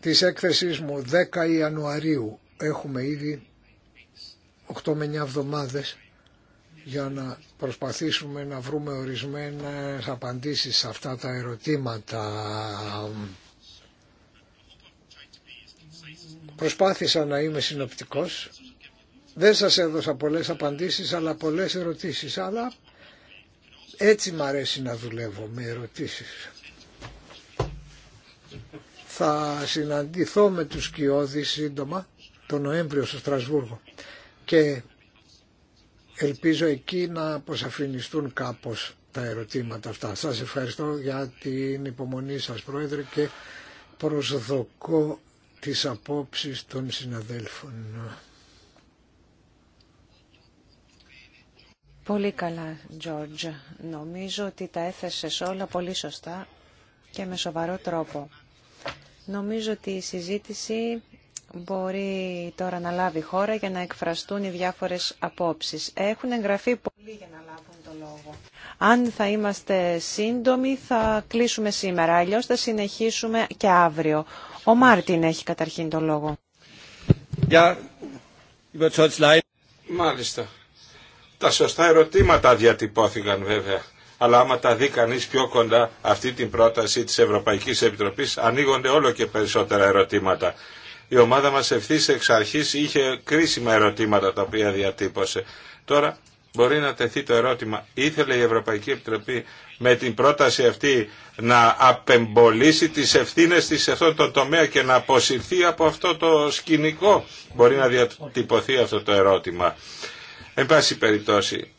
της έκθεσής μου 10 Ιανουαρίου. Έχουμε ήδη 8 με 9 εβδομάδες για να προσπαθήσουμε να βρούμε ορισμένες απαντήσεις σε αυτά τα ερωτήματα. Προσπάθησα να είμαι συνοπτικός. Δεν σας έδωσα πολλές απαντήσεις αλλά πολλές ερωτήσεις. Αλλά έτσι μ' αρέσει να δουλεύω με ερωτήσεις. Θα συναντηθώ με τους Κιώδης σύντομα το Νοέμβριο στο Στρασβούργο και Ελπίζω εκεί να αποσαφινιστούν κάπως τα ερωτήματα αυτά. Σας ευχαριστώ για την υπομονή σας Πρόεδρε και προσδοκώ τις απόψεις των συναδέλφων. Πολύ καλά, Τζόρτζ. Νομίζω ότι τα έθεσες όλα πολύ σωστά και με σοβαρό τρόπο. Νομίζω ότι η συζήτηση μπορεί τώρα να λάβει χώρα για να εκφραστούν οι διάφορες απόψεις. Έχουν εγγραφεί πολλοί για να λάβουν το λόγο. Αν θα είμαστε σύντομοι θα κλείσουμε σήμερα, Αλλιώ θα συνεχίσουμε και αύριο. Ο Μάρτιν έχει καταρχήν το λόγο. Μάλιστα. Τα σωστά ερωτήματα διατυπώθηκαν βέβαια. Αλλά άμα τα δει κανεί πιο κοντά αυτή την πρόταση της Ευρωπαϊκής Επιτροπής ανοίγονται όλο και περισσότερα ερωτήματα η ομάδα μας ευθύς εξ αρχής είχε κρίσιμα ερωτήματα τα οποία διατύπωσε. Τώρα μπορεί να τεθεί το ερώτημα, ήθελε η Ευρωπαϊκή Επιτροπή με την πρόταση αυτή να απεμπολίσει τις ευθύνες της σε αυτό το τομέα και να αποσυρθεί από αυτό το σκηνικό. Μπορεί να διατυπωθεί αυτό το ερώτημα. Εν πάση περιπτώσει,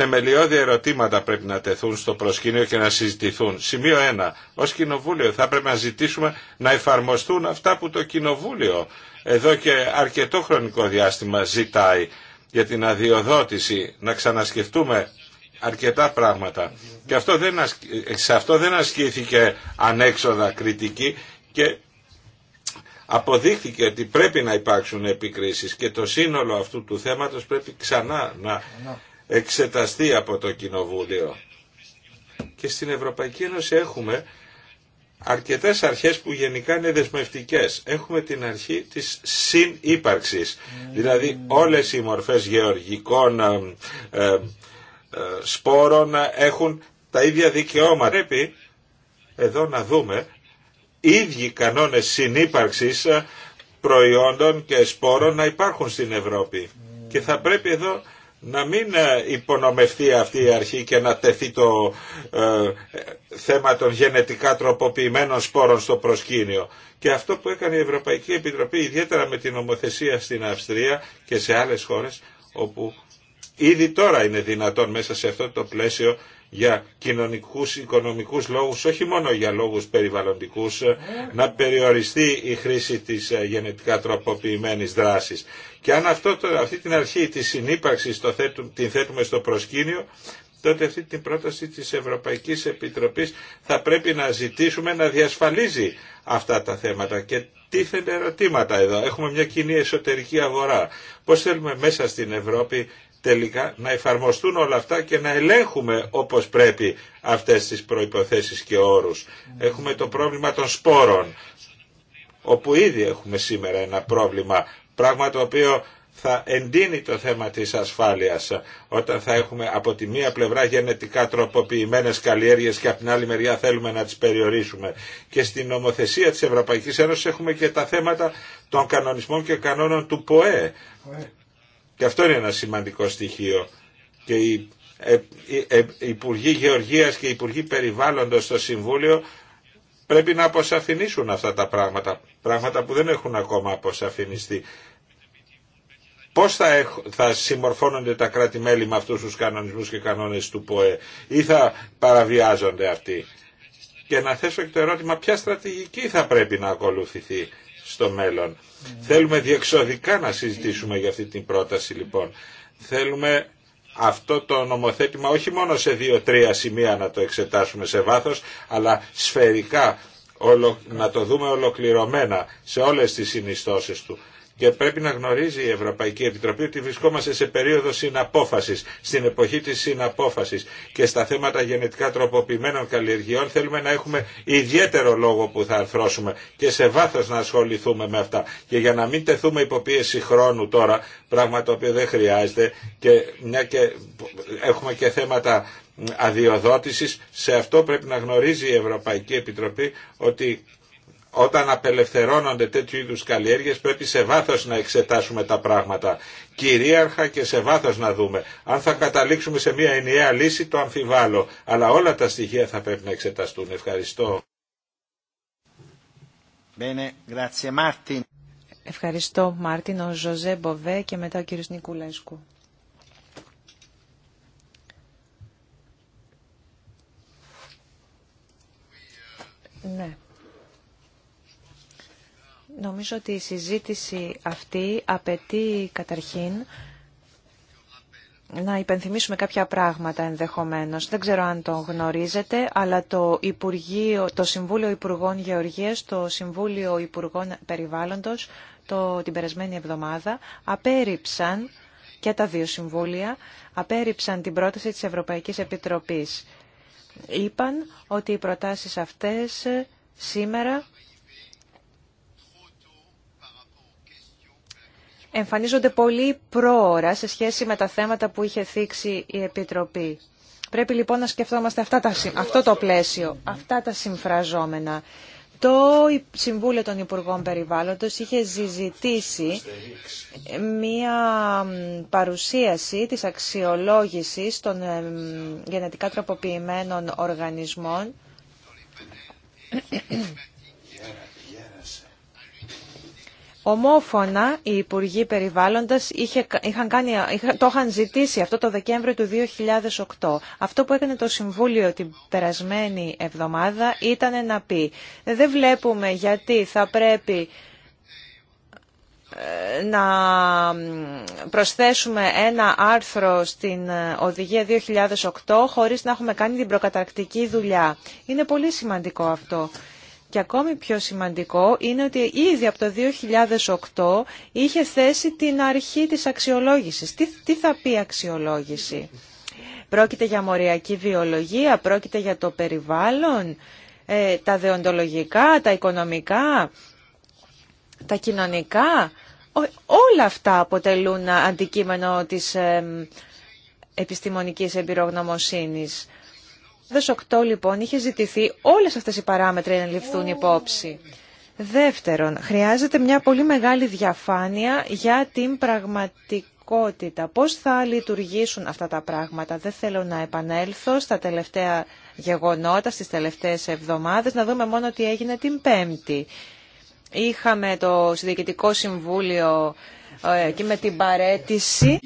θεμελιώδη ερωτήματα πρέπει να τεθούν στο προσκήνιο και να συζητηθούν. Σημείο 1. Ως Κοινοβούλιο θα πρέπει να ζητήσουμε να εφαρμοστούν αυτά που το Κοινοβούλιο εδώ και αρκετό χρονικό διάστημα ζητάει για την αδειοδότηση να ξανασκεφτούμε αρκετά πράγματα. Και αυτό δεν σε αυτό δεν ασκήθηκε ανέξοδα κριτική και αποδείχθηκε ότι πρέπει να υπάρξουν επικρίσεις και το σύνολο αυτού του θέματος πρέπει ξανά να εξεταστεί από το Κοινοβούλιο. Και στην Ευρωπαϊκή Ένωση έχουμε αρκετές αρχές που γενικά είναι δεσμευτικές. Έχουμε την αρχή της συνύπαρξης, δηλαδή όλες οι μορφές γεωργικών ε, ε, ε, σπόρων έχουν τα ίδια δικαιώματα. Πρέπει εδώ να δούμε ίδιοι κανόνες συνύπαρξης προϊόντων και σπόρων να υπάρχουν στην Ευρώπη. Και θα πρέπει εδώ να μην ε, υπονομευτεί αυτή η αρχή και να τεθεί το ε, θέμα των γενετικά τροποποιημένων σπόρων στο προσκήνιο. Και αυτό που έκανε η Ευρωπαϊκή Επιτροπή ιδιαίτερα με την νομοθεσία στην Αυστρία και σε άλλες χώρες όπου ήδη τώρα είναι δυνατόν μέσα σε αυτό το πλαίσιο για κοινωνικούς, οικονομικούς λόγους, όχι μόνο για λόγους περιβαλλοντικούς, ε, να περιοριστεί η χρήση της ε, γενετικά τροποποιημένης δράσης. Και αν αυτό, αυτή την αρχή της συνύπαρξης το την θέτουμε στο προσκήνιο, τότε αυτή την πρόταση της Ευρωπαϊκής Επιτροπής θα πρέπει να ζητήσουμε να διασφαλίζει αυτά τα θέματα και τίθενται ερωτήματα εδώ. Έχουμε μια κοινή εσωτερική αγορά. Πώς θέλουμε μέσα στην Ευρώπη τελικά να εφαρμοστούν όλα αυτά και να ελέγχουμε όπως πρέπει αυτές τις προϋποθέσεις και όρους. Έχουμε το πρόβλημα των σπόρων, όπου ήδη έχουμε σήμερα ένα πρόβλημα, πράγμα το οποίο θα εντείνει το θέμα της ασφάλειας όταν θα έχουμε από τη μία πλευρά γενετικά τροποποιημένες καλλιέργειες και από την άλλη μεριά θέλουμε να τις περιορίσουμε. Και στην νομοθεσία της Ευρωπαϊκής Ένωσης έχουμε και τα θέματα των κανονισμών και κανόνων του ΠΟΕ και αυτό είναι ένα σημαντικό στοιχείο. Και οι ε, ε, ε, Υπουργοί Γεωργίας και οι Υπουργοί Περιβάλλοντος στο Συμβούλιο πρέπει να αποσαφηνίσουν αυτά τα πράγματα. Πράγματα που δεν έχουν ακόμα αποσαφηνιστεί. Πώς θα, έχ, θα συμμορφώνονται τα κράτη-μέλη με αυτούς τους κανονισμούς και κανόνες του ΠΟΕ ή θα παραβιάζονται αυτοί. Και να θέσω και το ερώτημα ποια στρατηγική θα πρέπει να ακολουθηθεί στο μέλλον. Θέλουμε διεξοδικά να συζητήσουμε για αυτή την πρόταση λοιπόν. Θέλουμε αυτό το νομοθέτημα όχι μόνο σε δύο-τρία σημεία να το εξετάσουμε σε βάθος, αλλά σφαιρικά να το δούμε ολοκληρωμένα σε όλες τις συνιστώσεις του. Και πρέπει να γνωρίζει η Ευρωπαϊκή Επιτροπή ότι βρισκόμαστε σε περίοδο συναπόφαση, στην εποχή τη συναπόφαση και στα θέματα γενετικά τροποποιημένων καλλιεργειών θέλουμε να έχουμε ιδιαίτερο λόγο που θα αρθρώσουμε και σε βάθο να ασχοληθούμε με αυτά. Και για να μην τεθούμε υποπίεση χρόνου τώρα, πράγμα το οποίο δεν χρειάζεται και μια και έχουμε και θέματα αδειοδότησης. Σε αυτό πρέπει να γνωρίζει η Ευρωπαϊκή Επιτροπή ότι όταν απελευθερώνονται τέτοιου είδους καλλιέργειες πρέπει σε βάθος να εξετάσουμε τα πράγματα. Κυρίαρχα και σε βάθος να δούμε. Αν θα καταλήξουμε σε μια ενιαία λύση το αμφιβάλλω. Αλλά όλα τα στοιχεία θα πρέπει να εξεταστούν. Ευχαριστώ. Bene, grazie Martin. Ευχαριστώ Μάρτιν, ο Ζωζέ Μποβέ και μετά ο κύριος Νικουλέσκου. Ναι. Νομίζω ότι η συζήτηση αυτή απαιτεί καταρχήν να υπενθυμίσουμε κάποια πράγματα ενδεχομένως. Δεν ξέρω αν το γνωρίζετε, αλλά το, Υπουργείο, το Συμβούλιο Υπουργών Γεωργίας, το Συμβούλιο Υπουργών Περιβάλλοντος το, την περασμένη εβδομάδα απέριψαν, και τα δύο συμβούλια απέρριψαν την πρόταση της Ευρωπαϊκής Επιτροπής. Είπαν ότι οι προτάσεις αυτές σήμερα εμφανίζονται πολύ πρόωρα σε σχέση με τα θέματα που είχε θίξει η Επιτροπή. Πρέπει λοιπόν να σκεφτόμαστε αυτά τα, αυτό το πλαίσιο, αυτά τα συμφραζόμενα. Το Συμβούλιο των Υπουργών Περιβάλλοντος είχε ζητήσει μία παρουσίαση της αξιολόγησης των γενετικά τροποποιημένων οργανισμών Ομόφωνα οι Υπουργοί Περιβάλλοντας είχαν κάνει, το είχαν ζητήσει αυτό το Δεκέμβριο του 2008. Αυτό που έκανε το Συμβούλιο την περασμένη εβδομάδα ήταν να πει «Δεν βλέπουμε γιατί θα πρέπει ε, να προσθέσουμε ένα άρθρο στην ε, Οδηγία 2008 χωρίς να έχουμε κάνει την προκαταρκτική δουλειά». Είναι πολύ σημαντικό αυτό. Και ακόμη πιο σημαντικό είναι ότι ήδη από το 2008 είχε θέσει την αρχή της αξιολόγησης. Τι, θα πει αξιολόγηση. Πρόκειται για μοριακή βιολογία, πρόκειται για το περιβάλλον, ε, τα δεοντολογικά, τα οικονομικά, τα κοινωνικά. όλα αυτά αποτελούν αντικείμενο της ε, επιστημονικής εμπειρογνωμοσύνης. 2008 λοιπόν είχε ζητηθεί όλες αυτές οι παράμετροι να ληφθούν υπόψη. Δεύτερον, χρειάζεται μια πολύ μεγάλη διαφάνεια για την πραγματικότητα. Πώς θα λειτουργήσουν αυτά τα πράγματα. Δεν θέλω να επανέλθω στα τελευταία γεγονότα, στις τελευταίες εβδομάδες, να δούμε μόνο τι έγινε την Πέμπτη. Είχαμε το Συνδικητικό Συμβούλιο ε, και με την παρέτηση.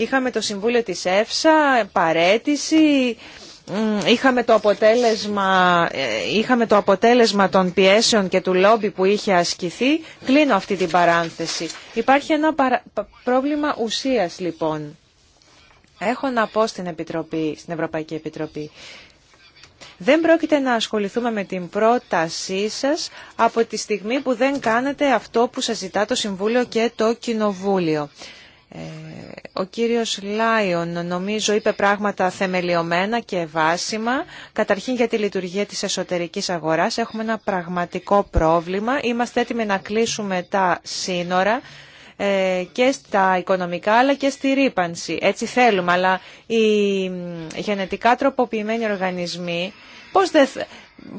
Είχαμε το Συμβούλιο της ΕΦΣΑ, παρέτηση. Είχαμε το, αποτέλεσμα, ε, είχαμε το αποτέλεσμα των πιέσεων και του λόμπι που είχε ασκηθεί. Κλείνω αυτή την παράνθεση. Υπάρχει ένα πρόβλημα ουσίας λοιπόν. Έχω να πω στην, Επιτροπή, στην Ευρωπαϊκή Επιτροπή. Δεν πρόκειται να ασχοληθούμε με την πρότασή σας από τη στιγμή που δεν κάνετε αυτό που σας ζητά το Συμβούλιο και το Κοινοβούλιο. Ε, ο κύριος Λάιον νομίζω είπε πράγματα θεμελιωμένα και βάσιμα. Καταρχήν για τη λειτουργία της εσωτερικής αγοράς έχουμε ένα πραγματικό πρόβλημα. Είμαστε έτοιμοι να κλείσουμε τα σύνορα ε, και στα οικονομικά αλλά και στη ρήπανση. Έτσι θέλουμε, αλλά οι γενετικά τροποποιημένοι οργανισμοί πώς,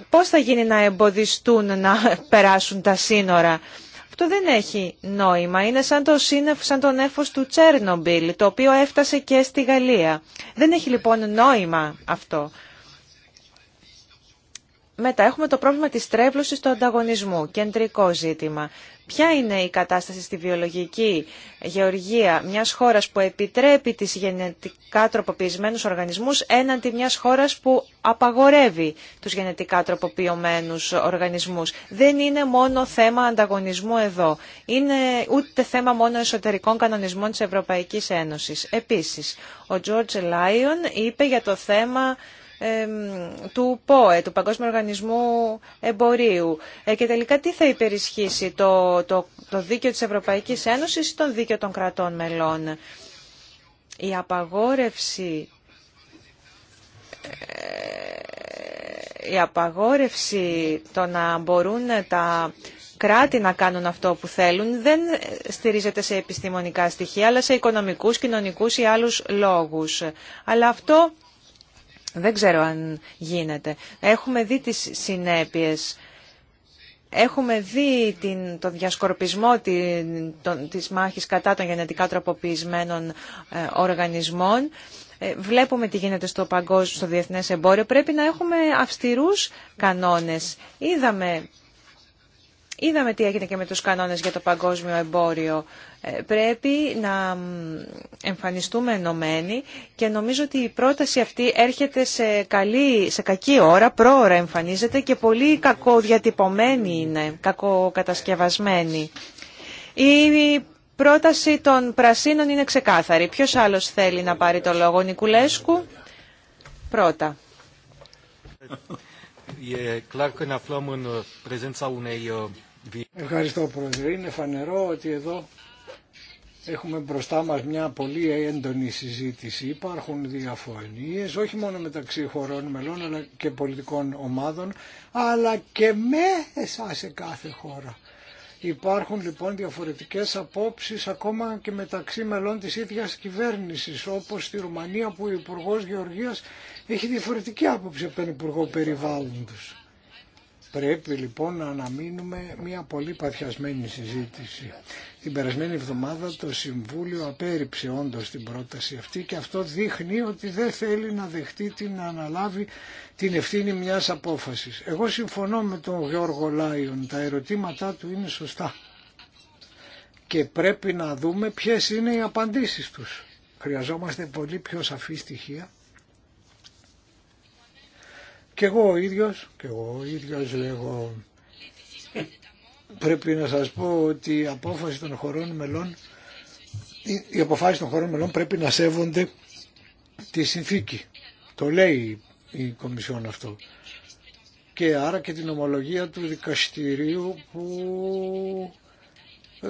πώς θα γίνει να εμποδιστούν να [laughs] περάσουν τα σύνορα. Αυτό δεν έχει νόημα. Είναι σαν, το σύννεφ, σαν τον νεφός του Τσέρνομπιλ, το οποίο έφτασε και στη Γαλλία. Δεν έχει λοιπόν νόημα αυτό. Μετά έχουμε το πρόβλημα της τρέβλωσης του ανταγωνισμού, κεντρικό ζήτημα. Ποια είναι η κατάσταση στη βιολογική γεωργία μιας χώρας που επιτρέπει τις γενετικά τροποποιημένους οργανισμούς έναντι μιας χώρας που απαγορεύει τους γενετικά τροποποιημένους οργανισμούς. Δεν είναι μόνο θέμα ανταγωνισμού εδώ. Είναι ούτε θέμα μόνο εσωτερικών κανονισμών της Ευρωπαϊκής Ένωσης. Επίσης, ο George Lyon είπε για το θέμα του ΠΟΕ, του Παγκόσμιου Οργανισμού Εμπορίου. Ε, και τελικά τι θα υπερισχύσει, το, το, το δίκαιο της Ευρωπαϊκής Ένωσης ή το δίκαιο των κρατών μελών. Η απαγόρευση ε, η απαγόρευση το να μπορούν τα κράτη να κάνουν αυτό που θέλουν δεν στηρίζεται σε επιστημονικά στοιχεία αλλά σε οικονομικούς, κοινωνικούς ή άλλους λόγους. Αλλά αυτό δεν ξέρω αν γίνεται. Έχουμε δει τις συνέπειες. Έχουμε δει την, τον διασκορπισμό την, της μάχης κατά των γενετικά τροποποιημένων ε, οργανισμών. Ε, βλέπουμε τι γίνεται στο παγκόσμιο, στο διεθνές εμπόριο. Πρέπει να έχουμε αυστηρούς κανόνες. Είδαμε Είδαμε τι έγινε και με τους κανόνες για το παγκόσμιο εμπόριο. Πρέπει να εμφανιστούμε ενωμένοι και νομίζω ότι η πρόταση αυτή έρχεται σε, καλή, σε κακή ώρα, πρόωρα εμφανίζεται και πολύ κακοδιατυπωμένη είναι, κακοκατασκευασμένη. Η πρόταση των πρασίνων είναι ξεκάθαρη. Ποιος άλλος θέλει να πάρει το λόγο, Νικουλέσκου, πρώτα. Ευχαριστώ Πρόεδρε. Είναι φανερό ότι εδώ έχουμε μπροστά μας μια πολύ έντονη συζήτηση. Υπάρχουν διαφωνίες όχι μόνο μεταξύ χωρών μελών αλλά και πολιτικών ομάδων αλλά και μέσα σε κάθε χώρα. Υπάρχουν λοιπόν διαφορετικές απόψεις ακόμα και μεταξύ μελών της ίδιας κυβέρνησης όπως στη Ρουμανία που ο Υπουργό Γεωργίας έχει διαφορετική άποψη από τον Υπουργό Περιβάλλοντος. Πρέπει λοιπόν να αναμείνουμε μια πολύ παθιασμένη συζήτηση. Την περασμένη εβδομάδα το Συμβούλιο απέρριψε όντω την πρόταση αυτή και αυτό δείχνει ότι δεν θέλει να δεχτεί την να αναλάβει την ευθύνη μιας απόφασης. Εγώ συμφωνώ με τον Γιώργο Λάιον, τα ερωτήματά του είναι σωστά και πρέπει να δούμε ποιες είναι οι απαντήσεις τους. Χρειαζόμαστε πολύ πιο σαφή στοιχεία και εγώ ο ίδιος, και εγώ ο ίδιος λέγω, πρέπει να σας πω ότι η απόφαση των χωρών μελών, οι αποφάσεις των χωρών μελών πρέπει να σέβονται τη συνθήκη. Το λέει η Κομισιόν αυτό. Και άρα και την ομολογία του δικαστηρίου που ε,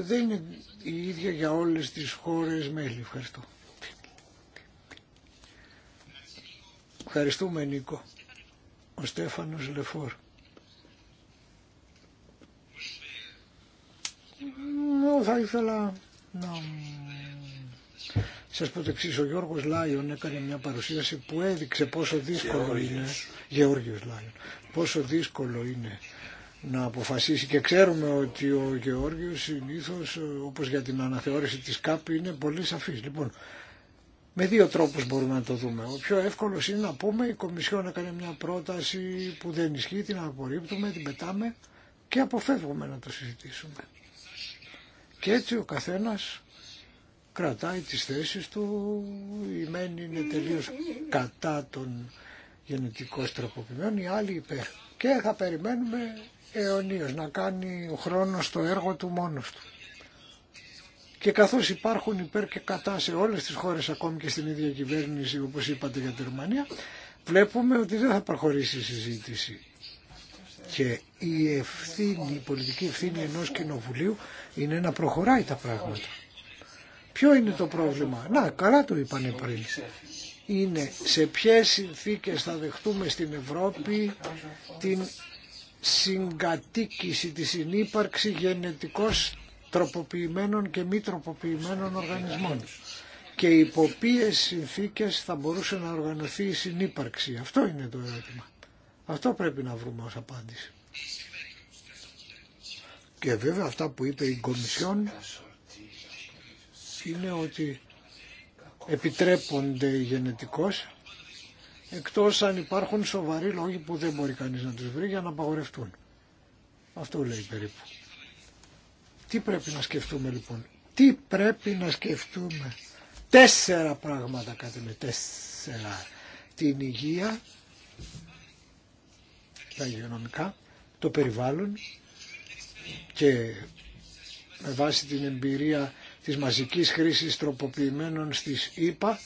δεν είναι η ίδια για όλες τις χώρες μέλη. Ευχαριστώ. Ευχαριστούμε Νίκο ο Στέφανος Λεφόρ. θα ήθελα να σας πω το εξή, ο Γιώργος Λάιον έκανε μια παρουσίαση που έδειξε πόσο δύσκολο είναι, Γεώργιος Λάιον, πόσο δύσκολο είναι να αποφασίσει και ξέρουμε ότι ο Γεώργιος συνήθως όπως για την αναθεώρηση της ΚΑΠ είναι πολύ σαφής. Λοιπόν, με δύο τρόπους μπορούμε να το δούμε. Ο πιο εύκολος είναι να πούμε η Κομισιόν κάνει μια πρόταση που δεν ισχύει, την απορρίπτουμε, την πετάμε και αποφεύγουμε να το συζητήσουμε. Και έτσι ο καθένας κρατάει τις θέσεις του, η μένη είναι τελείως κατά των γενετικών τροποποιημένων, η άλλη υπέρ. Και θα περιμένουμε αιωνίως να κάνει ο χρόνος το έργο του μόνος του. Και καθώς υπάρχουν υπέρ και κατά σε όλες τις χώρες, ακόμη και στην ίδια κυβέρνηση, όπως είπατε για τη Ρουμανία, βλέπουμε ότι δεν θα προχωρήσει η συζήτηση. Και η ευθύνη, η πολιτική ευθύνη ενός κοινοβουλίου είναι να προχωράει τα πράγματα. Ποιο είναι το πρόβλημα. Να, καλά το είπανε πριν. Είναι σε ποιες συνθήκες θα δεχτούμε στην Ευρώπη την συγκατοίκηση, τη συνύπαρξη γενετικός τροποποιημένων και μη τροποποιημένων οργανισμών και υπό ποιε συνθήκες θα μπορούσε να οργανωθεί η συνύπαρξη. Αυτό είναι το ερώτημα. Αυτό πρέπει να βρούμε ως απάντηση. Και βέβαια αυτά που είπε η Κομισιόν είναι ότι επιτρέπονται γενετικώς εκτός αν υπάρχουν σοβαροί λόγοι που δεν μπορεί κανείς να τους βρει για να απαγορευτούν. Αυτό λέει περίπου. Τι πρέπει να σκεφτούμε λοιπόν. Τι πρέπει να σκεφτούμε. Τέσσερα πράγματα κάτι με τέσσερα. Την υγεία, τα υγειονομικά, το περιβάλλον και με βάση την εμπειρία της μαζικής χρήσης τροποποιημένων στις ΗΠΑ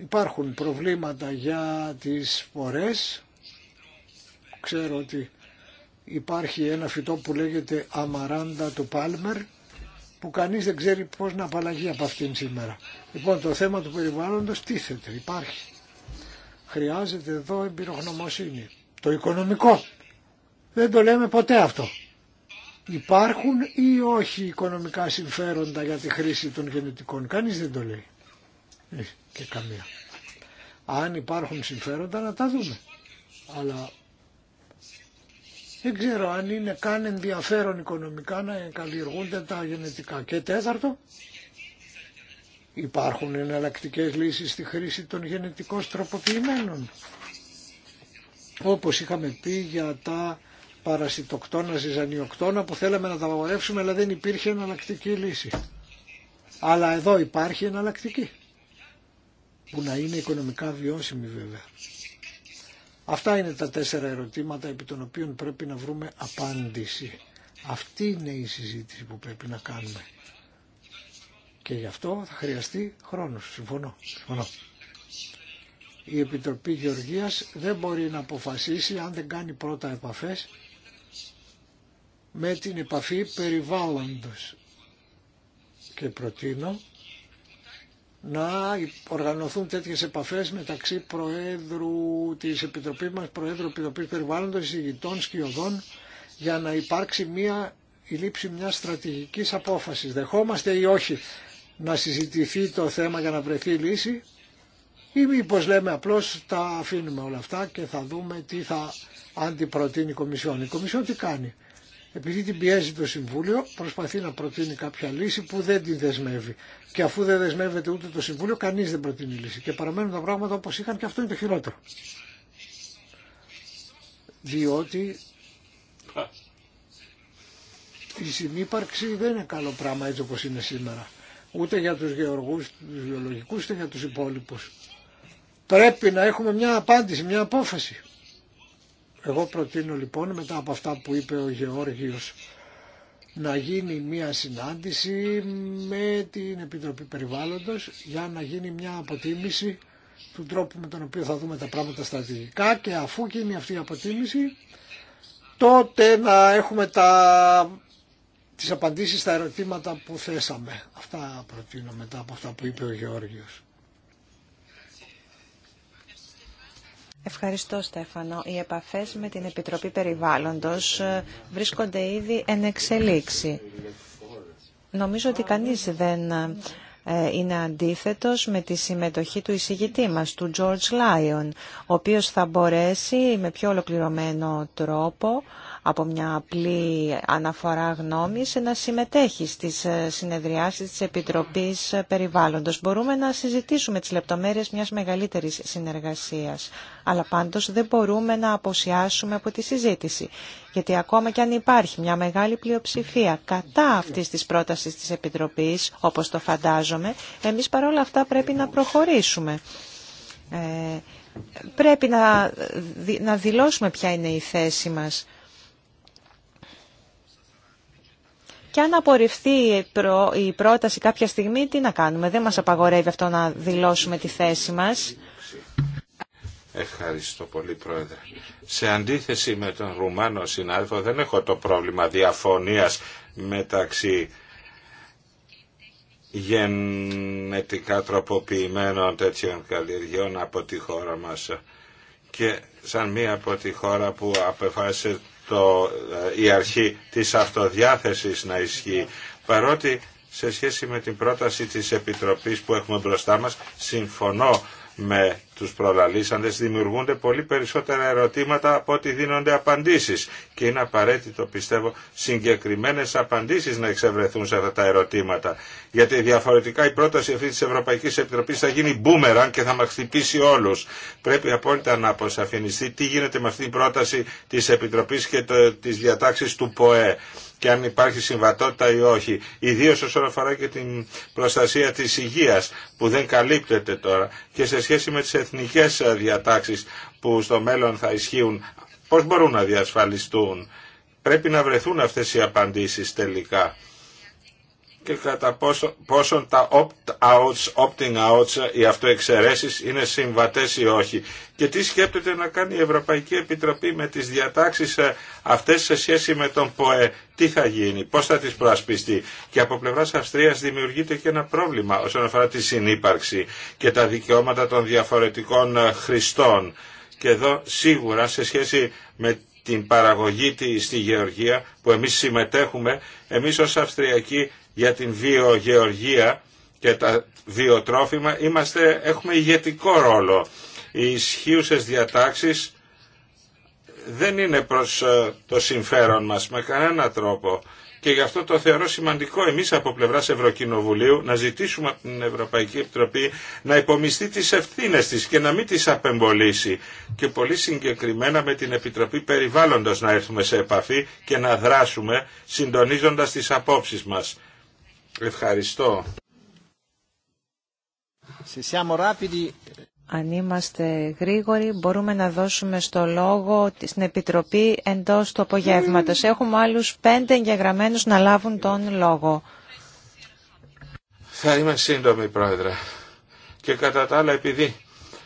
υπάρχουν προβλήματα για τις φορές. Ξέρω ότι υπάρχει ένα φυτό που λέγεται αμαράντα του Πάλμερ που κανείς δεν ξέρει πώς να απαλλαγεί από αυτήν σήμερα. Λοιπόν το θέμα του περιβάλλοντος τίθεται, υπάρχει. Χρειάζεται εδώ εμπειρογνωμοσύνη. Το οικονομικό. Δεν το λέμε ποτέ αυτό. Υπάρχουν ή όχι οικονομικά συμφέροντα για τη χρήση των γενετικών. Κανείς δεν το λέει. Ε, και καμία. Αν υπάρχουν συμφέροντα να τα δούμε. Αλλά δεν ξέρω αν είναι καν ενδιαφέρον οικονομικά να καλλιεργούνται τα γενετικά. Και τέταρτο, υπάρχουν εναλλακτικέ λύσεις στη χρήση των γενετικών τροποποιημένων. Όπως είχαμε πει για τα παρασιτοκτόνα, ζυζανιοκτόνα που θέλαμε να τα βοηθήσουμε αλλά δεν υπήρχε εναλλακτική λύση. Αλλά εδώ υπάρχει εναλλακτική που να είναι οικονομικά βιώσιμη βέβαια. Αυτά είναι τα τέσσερα ερωτήματα επί των οποίων πρέπει να βρούμε απάντηση. Αυτή είναι η συζήτηση που πρέπει να κάνουμε. Και γι' αυτό θα χρειαστεί χρόνος. Συμφωνώ. Συμφωνώ. Η Επιτροπή Γεωργίας δεν μπορεί να αποφασίσει αν δεν κάνει πρώτα επαφές με την επαφή περιβάλλοντος. Και προτείνω να οργανωθούν τέτοιες επαφές μεταξύ Προέδρου της Επιτροπής μας, Προέδρου Επιτροπής Περιβάλλοντος, σκιωδών, για να υπάρξει μια, η λήψη μιας στρατηγικής απόφασης. Δεχόμαστε ή όχι να συζητηθεί το θέμα για να βρεθεί λύση ή μήπω λέμε απλώς τα αφήνουμε όλα αυτά και θα δούμε τι θα αντιπροτείνει η Κομισιόν. Η Κομισιόν τι κάνει επειδή την πιέζει το Συμβούλιο, προσπαθεί να προτείνει κάποια λύση που δεν την δεσμεύει. Και αφού δεν δεσμεύεται ούτε το Συμβούλιο, κανεί δεν προτείνει λύση. Και παραμένουν τα πράγματα όπω είχαν και αυτό είναι το χειρότερο. Διότι η συνύπαρξη δεν είναι καλό πράγμα έτσι όπως είναι σήμερα. Ούτε για τους γεωργούς, του βιολογικού ούτε για του υπόλοιπου. Πρέπει να έχουμε μια απάντηση, μια απόφαση. Εγώ προτείνω λοιπόν μετά από αυτά που είπε ο Γεώργιος να γίνει μια συνάντηση με την Επιτροπή Περιβάλλοντος για να γίνει μια αποτίμηση του τρόπου με τον οποίο θα δούμε τα πράγματα στρατηγικά και αφού γίνει αυτή η αποτίμηση τότε να έχουμε τα... τις απαντήσεις στα ερωτήματα που θέσαμε. Αυτά προτείνω μετά από αυτά που είπε ο Γεώργιος. Ευχαριστώ Στέφανο. Οι επαφές με την Επιτροπή Περιβάλλοντος ε, βρίσκονται ήδη εν εξελίξη. Νομίζω ότι κανείς δεν ε, είναι αντίθετος με τη συμμετοχή του εισηγητή μας, του George Lyon, ο οποίος θα μπορέσει με πιο ολοκληρωμένο τρόπο από μια απλή αναφορά γνώμης να συμμετέχει στις ε, συνεδριάσεις της Επιτροπής Περιβάλλοντος. Μπορούμε να συζητήσουμε τις λεπτομέρειες μιας μεγαλύτερης συνεργασίας, αλλά πάντως δεν μπορούμε να αποσιάσουμε από τη συζήτηση, γιατί ακόμα και αν υπάρχει μια μεγάλη πλειοψηφία κατά αυτής της πρότασης της Επιτροπής, όπω το φαντάζομαι, εμεί παρόλα αυτά πρέπει να προχωρήσουμε. Ε, πρέπει να, να δηλώσουμε ποια είναι η θέση μας. Και αν απορριφθεί η πρόταση κάποια στιγμή, τι να κάνουμε. Δεν μας απαγορεύει αυτό να δηλώσουμε τη θέση μας. Ευχαριστώ πολύ Πρόεδρε. Σε αντίθεση με τον Ρουμάνο συνάδελφο δεν έχω το πρόβλημα διαφωνίας μεταξύ γενετικά τροποποιημένων τέτοιων καλλιεργιών από τη χώρα μας και σαν μία από τη χώρα που απεφάσισε το, ε, η αρχή της αυτοδιάθεσης να ισχύει. Παρότι σε σχέση με την πρόταση της Επιτροπής που έχουμε μπροστά μας, συμφωνώ με τους προλαλήσαντες δημιουργούνται πολύ περισσότερα ερωτήματα από ό,τι δίνονται απαντήσεις και είναι απαραίτητο πιστεύω συγκεκριμένες απαντήσεις να εξευρεθούν σε αυτά τα ερωτήματα γιατί διαφορετικά η πρόταση αυτή της Ευρωπαϊκής Επιτροπής θα γίνει μπούμεραν και θα μας χτυπήσει όλους πρέπει απόλυτα να αποσαφινιστεί τι γίνεται με αυτή την πρόταση της Επιτροπής και το, της διατάξης του ΠΟΕ και αν υπάρχει συμβατότητα ή όχι. Ιδίω όσον αφορά και την προστασία της υγεία που δεν καλύπτεται τώρα και σε σχέση με τις εθνικές διατάξεις που στο μέλλον θα ισχύουν, πώς μπορούν να διασφαλιστούν. Πρέπει να βρεθούν αυτές οι απαντήσεις τελικά και κατά πόσο, τα opt-outs, opting-outs, οι αυτοεξαιρέσεις είναι συμβατές ή όχι. Και τι σκέπτεται να κάνει η Ευρωπαϊκή Επιτροπή με τις διατάξεις ε, αυτές σε σχέση με τον ΠΟΕ. Τι θα γίνει, πώς θα τις προασπιστεί. Και από πλευράς Αυστρίας δημιουργείται και ένα πρόβλημα όσον αφορά τη συνύπαρξη και τα δικαιώματα των διαφορετικών ε, χρηστών. Και εδώ σίγουρα σε σχέση με την παραγωγή στη Γεωργία που εμείς συμμετέχουμε, εμείς ως Αυστριακοί για την βιογεωργία και τα βιοτρόφιμα είμαστε, έχουμε ηγετικό ρόλο. Οι ισχύουσες διατάξεις δεν είναι προς ε, το συμφέρον μας με κανένα τρόπο. Και γι' αυτό το θεωρώ σημαντικό εμείς από πλευράς Ευρωκοινοβουλίου να ζητήσουμε από την Ευρωπαϊκή Επιτροπή να υπομειστεί τις ευθύνες της και να μην τις απεμπολίσει. Και πολύ συγκεκριμένα με την Επιτροπή Περιβάλλοντος να έρθουμε σε επαφή και να δράσουμε συντονίζοντας τις απόψεις μας. Ευχαριστώ. Αν είμαστε γρήγοροι μπορούμε να δώσουμε στο λόγο στην Επιτροπή εντός του απογεύματος. Έχουμε άλλους πέντε εγγεγραμμένους να λάβουν τον λόγο. Θα είμαι σύντομη πρόεδρε. Και κατά τα άλλα επειδή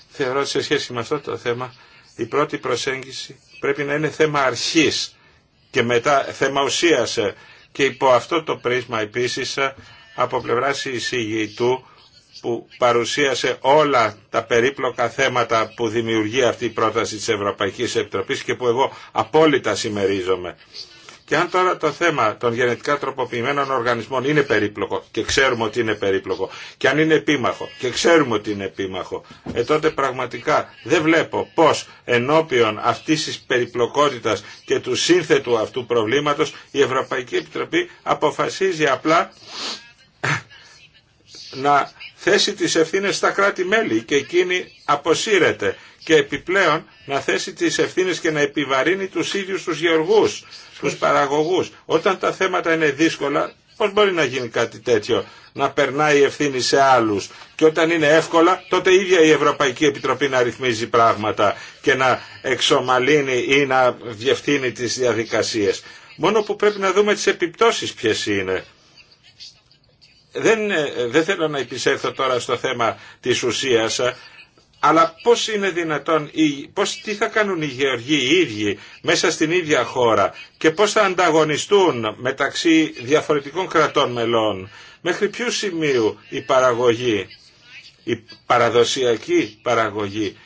θεωρώ σε σχέση με αυτό το θέμα η πρώτη προσέγγιση πρέπει να είναι θέμα αρχής και μετά θέμα ουσίας ε, και υπό αυτό το πρίσμα επίσης ε, από πλευρά του που παρουσίασε όλα τα περίπλοκα θέματα που δημιουργεί αυτή η πρόταση της Ευρωπαϊκής Επιτροπής και που εγώ απόλυτα συμμερίζομαι. Και αν τώρα το θέμα των γενετικά τροποποιημένων οργανισμών είναι περίπλοκο και ξέρουμε ότι είναι περίπλοκο και αν είναι επίμαχο και ξέρουμε ότι είναι επίμαχο, ε τότε πραγματικά δεν βλέπω πώς ενώπιον αυτής της περιπλοκότητας και του σύνθετου αυτού προβλήματος η Ευρωπαϊκή Επιτροπή αποφασίζει απλά να θέσει τις ευθύνες στα κράτη-μέλη και εκείνη αποσύρεται και επιπλέον να θέσει τις ευθύνες και να επιβαρύνει τους ίδιους τους γεωργούς τους παραγωγούς. Όταν τα θέματα είναι δύσκολα, πώς μπορεί να γίνει κάτι τέτοιο, να περνάει η ευθύνη σε άλλους. Και όταν είναι εύκολα, τότε ίδια η Ευρωπαϊκή Επιτροπή να ρυθμίζει πράγματα και να εξομαλύνει ή να διευθύνει τις διαδικασίες. Μόνο που πρέπει να δούμε τις επιπτώσεις ποιες είναι. Δεν, ε, δεν θέλω να επισέλθω τώρα στο θέμα της ουσίας, αλλά πώς είναι δυνατόν, πώς, τι θα κάνουν οι γεωργοί οι ίδιοι μέσα στην ίδια χώρα και πώς θα ανταγωνιστούν μεταξύ διαφορετικών κρατών μελών. Μέχρι ποιου σημείου η παραγωγή, η παραδοσιακή παραγωγή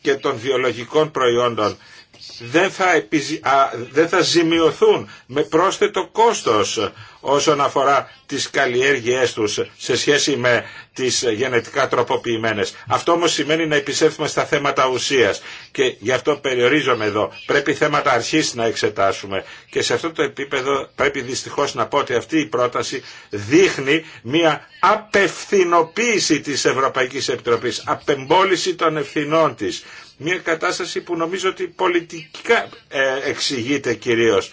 και των βιολογικών προϊόντων δεν θα, επιζη... δεν θα ζημιωθούν με πρόσθετο κόστος όσον αφορά τις καλλιέργειές τους σε σχέση με τις γενετικά τροποποιημένες. Αυτό όμως σημαίνει να επισέλθουμε στα θέματα ουσίας και γι' αυτό περιορίζομαι εδώ. Πρέπει θέματα αρχής να εξετάσουμε και σε αυτό το επίπεδο πρέπει δυστυχώς να πω ότι αυτή η πρόταση δείχνει μια απευθυνοποίηση της Ευρωπαϊκής Επιτροπής, απεμπόληση των ευθυνών της. Μια κατάσταση που νομίζω ότι πολιτικά ε, εξηγείται κυρίως.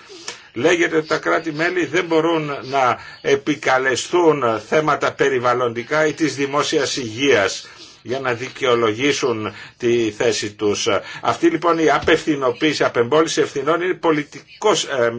Λέγεται ότι τα κράτη-μέλη δεν μπορούν να επικαλεστούν θέματα περιβαλλοντικά ή της δημόσιας υγείας για να δικαιολογήσουν τη θέση τους. Αυτή λοιπόν η απευθυνοποίηση, απεμπόληση ευθυνών είναι πολιτικό ε,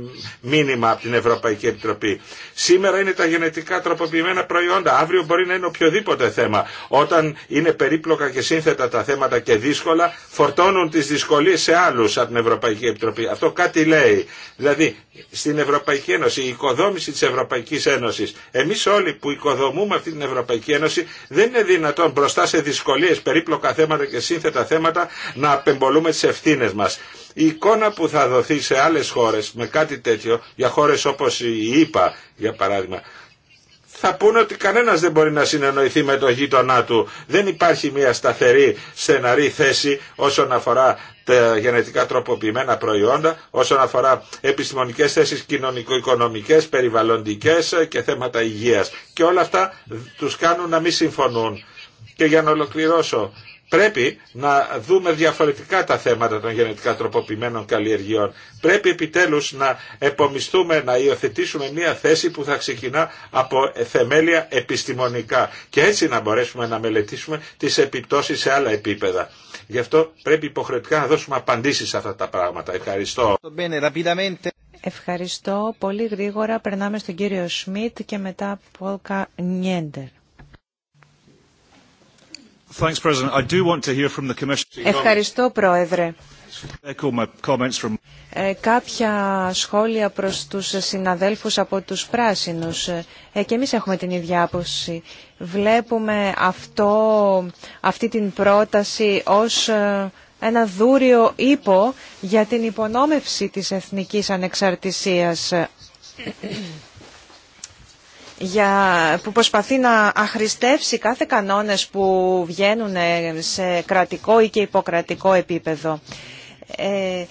μήνυμα από την Ευρωπαϊκή Επιτροπή. Σήμερα είναι τα γενετικά τροποποιημένα προϊόντα, αύριο μπορεί να είναι οποιοδήποτε θέμα. Όταν είναι περίπλοκα και σύνθετα τα θέματα και δύσκολα, φορτώνουν τις δυσκολίες σε άλλους από την Ευρωπαϊκή Επιτροπή. Αυτό κάτι λέει. Δηλαδή, στην Ευρωπαϊκή Ένωση, η οικοδόμηση της Ευρωπαϊκής Ένωσης, εμείς όλοι που οικοδομούμε αυτή την Ευρωπαϊκή Ένωση, δεν είναι δυνατόν μπροστά σε δυσκολίες, περίπλοκα θέματα και σύνθετα θέματα να απεμπολούμε τις ευθύνες μας. Η εικόνα που θα δοθεί σε άλλες χώρες με κάτι τέτοιο, για χώρες όπως η ΙΠΑ για παράδειγμα, θα πούνε ότι κανένας δεν μπορεί να συνεννοηθεί με το γείτονά του. Δεν υπάρχει μια σταθερή, στεναρή θέση όσον αφορά τα γενετικά τροποποιημένα προϊόντα, όσον αφορά επιστημονικές θέσεις κοινωνικο-οικονομικές, περιβαλλοντικές και θέματα υγείας. Και όλα αυτά τους κάνουν να μην συμφωνούν και για να ολοκληρώσω, Πρέπει να δούμε διαφορετικά τα θέματα των γενετικά τροποποιημένων καλλιεργειών. Πρέπει επιτέλους να επομιστούμε, να υιοθετήσουμε μια θέση που θα ξεκινά από θεμέλια επιστημονικά και έτσι να μπορέσουμε να μελετήσουμε τις επιπτώσεις σε άλλα επίπεδα. Γι' αυτό πρέπει υποχρεωτικά να δώσουμε απαντήσεις σε αυτά τα πράγματα. Ευχαριστώ. Ευχαριστώ. Πολύ γρήγορα περνάμε στον κύριο Σμιτ και μετά Πόλκα Νιέντερ. Ευχαριστώ, Πρόεδρε. Ε, κάποια σχόλια προς τους συναδέλφους από τους πράσινους. Ε, ε, και εμείς έχουμε την ίδια άποψη. Βλέπουμε αυτό, αυτή την πρόταση ως ε, ένα δούριο ύπο για την υπονόμευση της εθνικής ανεξαρτησίας για, που προσπαθεί να αχρηστεύσει κάθε κανόνες που βγαίνουν σε κρατικό ή και υποκρατικό επίπεδο. Ε,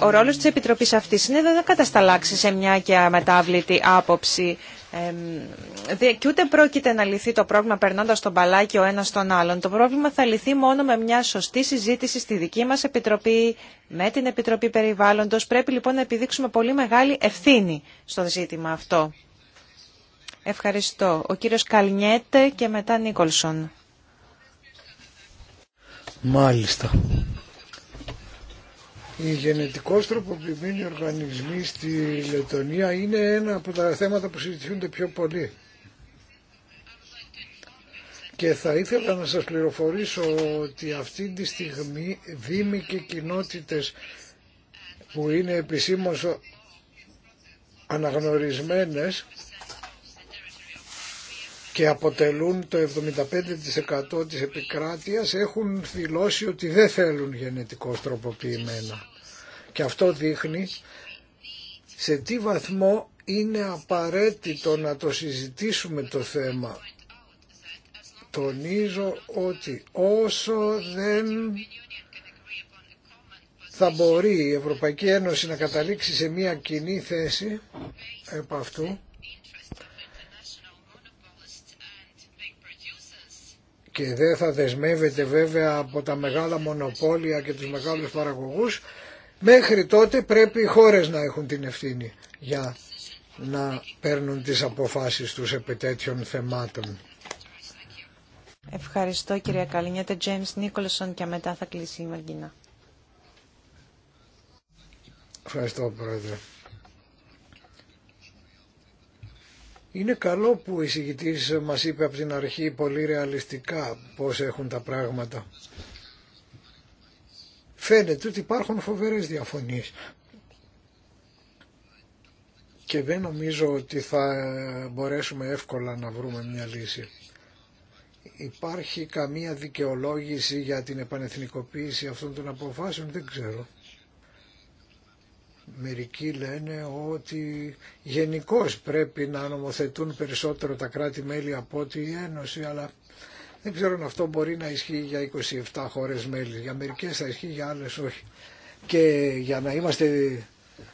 ο ρόλος της Επιτροπής αυτής είναι να κατασταλάξει σε μια και αμετάβλητη άποψη ε, και ούτε πρόκειται να λυθεί το πρόβλημα περνώντα τον μπαλάκι ο ένας τον άλλον. Το πρόβλημα θα λυθεί μόνο με μια σωστή συζήτηση στη δική μας Επιτροπή, με την Επιτροπή Περιβάλλοντος. Πρέπει λοιπόν να επιδείξουμε πολύ μεγάλη ευθύνη στο ζήτημα αυτό. Ευχαριστώ. Ο κύριος Καλνιέτε και μετά Νίκολσον. Μάλιστα. Οι γενετικώς τροποποιημένοι οργανισμοί στη Λετωνία είναι ένα από τα θέματα που συζητιούνται πιο πολύ. Και θα ήθελα να σας πληροφορήσω ότι αυτή τη στιγμή δήμοι και κοινότητες που είναι επισήμως αναγνωρισμένες και αποτελούν το 75% της επικράτειας έχουν δηλώσει ότι δεν θέλουν γενετικώς τροποποιημένα. Και αυτό δείχνει σε τι βαθμό είναι απαραίτητο να το συζητήσουμε το θέμα. Τονίζω ότι όσο δεν θα μπορεί η Ευρωπαϊκή Ένωση να καταλήξει σε μια κοινή θέση επ' αυτού, και δεν θα δεσμεύεται βέβαια από τα μεγάλα μονοπόλια και τους μεγάλους παραγωγούς μέχρι τότε πρέπει οι χώρες να έχουν την ευθύνη για να παίρνουν τις αποφάσεις τους επί τέτοιων θεμάτων. Ευχαριστώ κυρία Καλινιέτε. James Nicholson και μετά θα κλείσει η Μαγκίνα. Ευχαριστώ πρόεδρε. Είναι καλό που η εισηγητής μας είπε από την αρχή πολύ ρεαλιστικά πώς έχουν τα πράγματα. Φαίνεται ότι υπάρχουν φοβερές διαφωνίες και δεν νομίζω ότι θα μπορέσουμε εύκολα να βρούμε μια λύση. Υπάρχει καμία δικαιολόγηση για την επανεθνικοποίηση αυτών των αποφάσεων, δεν ξέρω. Μερικοί λένε ότι γενικώ πρέπει να νομοθετούν περισσότερο τα κράτη-μέλη από ό,τι η Ένωση, αλλά δεν ξέρω αν αυτό μπορεί να ισχύει για 27 χώρες μέλη. Για μερικές θα ισχύει, για άλλες όχι. Και για να είμαστε,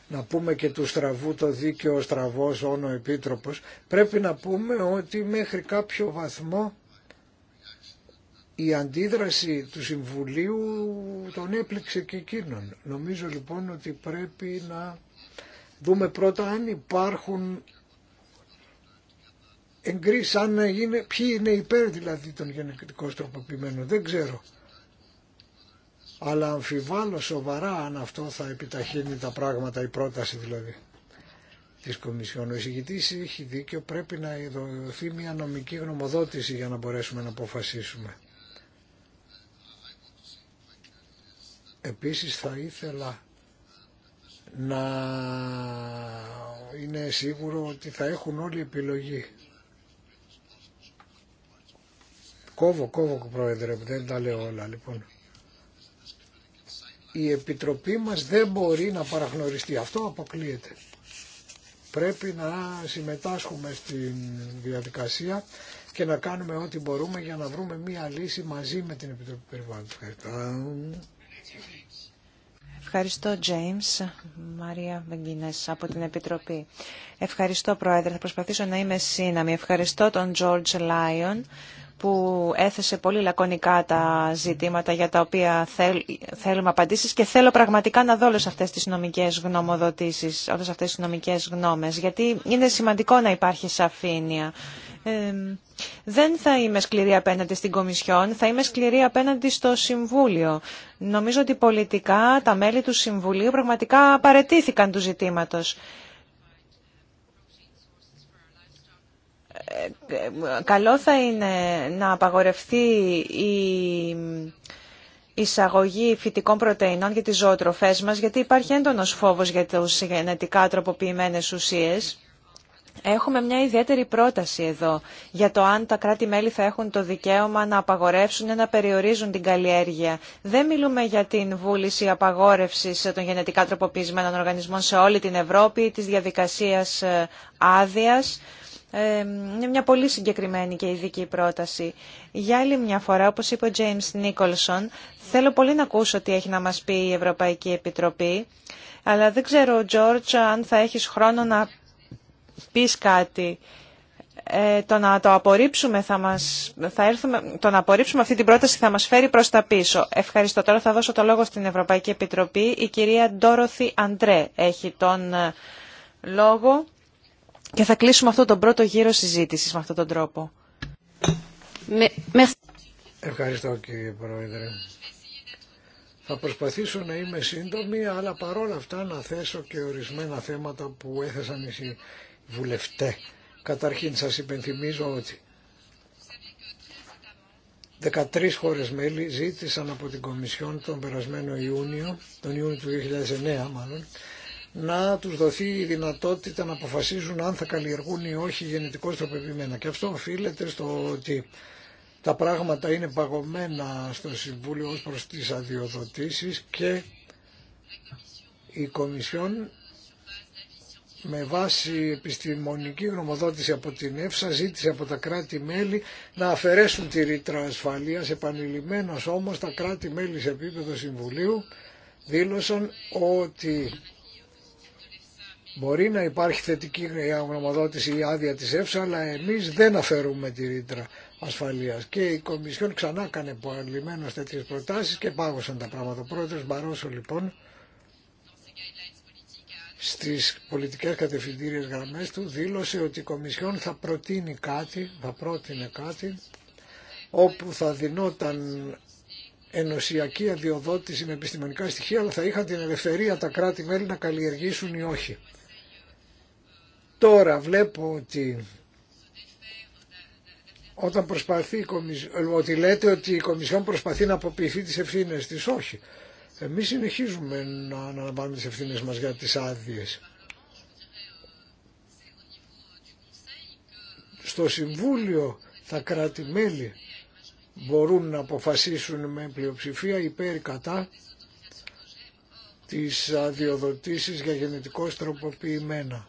να πούμε και του στραβού το δίκαιο στραβός όνο επίτροπος, πρέπει να πούμε ότι μέχρι κάποιο βαθμό η αντίδραση του Συμβουλίου τον έπληξε και εκείνον. Νομίζω λοιπόν ότι πρέπει να δούμε πρώτα αν υπάρχουν εγκρίσεις, αν να ποιοι είναι υπέρ δηλαδή των γενικών τροποποιημένων. Δεν ξέρω. Αλλά αμφιβάλλω σοβαρά αν αυτό θα επιταχύνει τα πράγματα, η πρόταση δηλαδή της Κομισιόν. Ο εισηγητής έχει δίκιο, πρέπει να δοθεί μια νομική γνωμοδότηση για να μπορέσουμε να αποφασίσουμε. Επίσης θα ήθελα να είναι σίγουρο ότι θα έχουν όλη επιλογή. Κόβω, κόβω πρόεδρε, δεν τα λέω όλα λοιπόν. Η Επιτροπή μας δεν μπορεί να παραγνωριστεί. Αυτό αποκλείεται. Πρέπει να συμμετάσχουμε στην διαδικασία και να κάνουμε ό,τι μπορούμε για να βρούμε μία λύση μαζί με την Επιτροπή Περιβάλλοντος. Ευχαριστώ, James. Μαρία Βεγγίνες από την Επιτροπή. Ευχαριστώ, Πρόεδρε. Θα προσπαθήσω να είμαι σύναμη. Ευχαριστώ τον George Lyon που έθεσε πολύ λακωνικά τα ζητήματα για τα οποία θέλουμε απαντήσεις και θέλω πραγματικά να δω όλες αυτές τις νομικές γνωμοδοτήσεις, όλες αυτές τις νομικές γνώμες, γιατί είναι σημαντικό να υπάρχει σαφήνεια δεν θα είμαι σκληρή απέναντι στην Κομισιόν, θα είμαι σκληρή απέναντι στο Συμβούλιο. Νομίζω ότι πολιτικά τα μέλη του Συμβουλίου πραγματικά παρετήθηκαν του ζητήματος. Ε, καλό θα είναι να απαγορευτεί η εισαγωγή φυτικών πρωτεϊνών για τις ζωοτροφές μας, γιατί υπάρχει έντονος φόβος για τις γενετικά τροποποιημένες ουσίες. Έχουμε μια ιδιαίτερη πρόταση εδώ για το αν τα κράτη-μέλη θα έχουν το δικαίωμα να απαγορεύσουν ή να περιορίζουν την καλλιέργεια. Δεν μιλούμε για την βούληση απαγόρευση των γενετικά τροποποιημένων οργανισμών σε όλη την Ευρώπη, τη διαδικασία ε, άδεια. Ε, είναι μια πολύ συγκεκριμένη και ειδική πρόταση. Για άλλη μια φορά, όπως είπε ο James Nicholson, θέλω πολύ να ακούσω τι έχει να μας πει η Ευρωπαϊκή Επιτροπή, αλλά δεν ξέρω, George, αν θα έχεις χρόνο να πεις κάτι, ε, το να το απορρίψουμε θα μας, θα έρθουμε, το να απορρίψουμε αυτή την πρόταση θα μας φέρει προς τα πίσω. Ευχαριστώ. Τώρα θα δώσω το λόγο στην Ευρωπαϊκή Επιτροπή. Η κυρία Ντόροθη Αντρέ έχει τον ε, λόγο και θα κλείσουμε αυτό τον πρώτο γύρο συζήτησης με αυτόν τον τρόπο. Ευχαριστώ κύριε Πρόεδρε. Θα προσπαθήσω να είμαι σύντομη, αλλά παρόλα αυτά να θέσω και ορισμένα θέματα που έθεσαν οι βουλευτέ. Καταρχήν σας υπενθυμίζω ότι 13 χώρες μέλη ζήτησαν από την Κομισιόν τον περασμένο Ιούνιο, τον Ιούνιο του 2009 μάλλον, να τους δοθεί η δυνατότητα να αποφασίζουν αν θα καλλιεργούν ή όχι γενετικώς τροποποιημένα. Και αυτό οφείλεται στο ότι τα πράγματα είναι παγωμένα στο Συμβούλιο ως προς τις αδειοδοτήσεις και η Κομισιόν με βάση επιστημονική γνωμοδότηση από την ΕΦΣΑ ζήτησε από τα κράτη-μέλη να αφαιρέσουν τη ρήτρα ασφαλείας. Επανειλημμένως όμως τα κράτη-μέλη σε επίπεδο Συμβουλίου δήλωσαν ότι μπορεί να υπάρχει θετική γνωμοδότηση ή άδεια της ΕΦΣΑ αλλά εμείς δεν αφαιρούμε τη ρήτρα ασφαλείας. Και η Κομισιόν ξανά έκανε επανειλημμένως τέτοιες προτάσεις και πάγωσαν τα πράγματα. Ο πρόεδρος Μπαρόσο λοιπόν στις πολιτικές κατευθυντήριες γραμμές του δήλωσε ότι η Κομισιόν θα προτείνει κάτι, θα πρότεινε κάτι όπου θα δινόταν ενωσιακή αδειοδότηση με επιστημονικά στοιχεία αλλά θα είχαν την ελευθερία τα κράτη-μέλη να καλλιεργήσουν ή όχι. Τώρα βλέπω ότι όταν προσπαθεί ότι λέτε ότι η Κομισιόν προσπαθεί να αποποιηθεί τις ευθύνες της, όχι. Εμείς συνεχίζουμε να αναλαμβάνουμε τις ευθύνες μας για τις άδειες. Στο Συμβούλιο τα κράτη-μέλη μπορούν να αποφασίσουν με πλειοψηφία υπέρ κατά τις αδειοδοτήσεις για γενετικώς τροποποιημένα.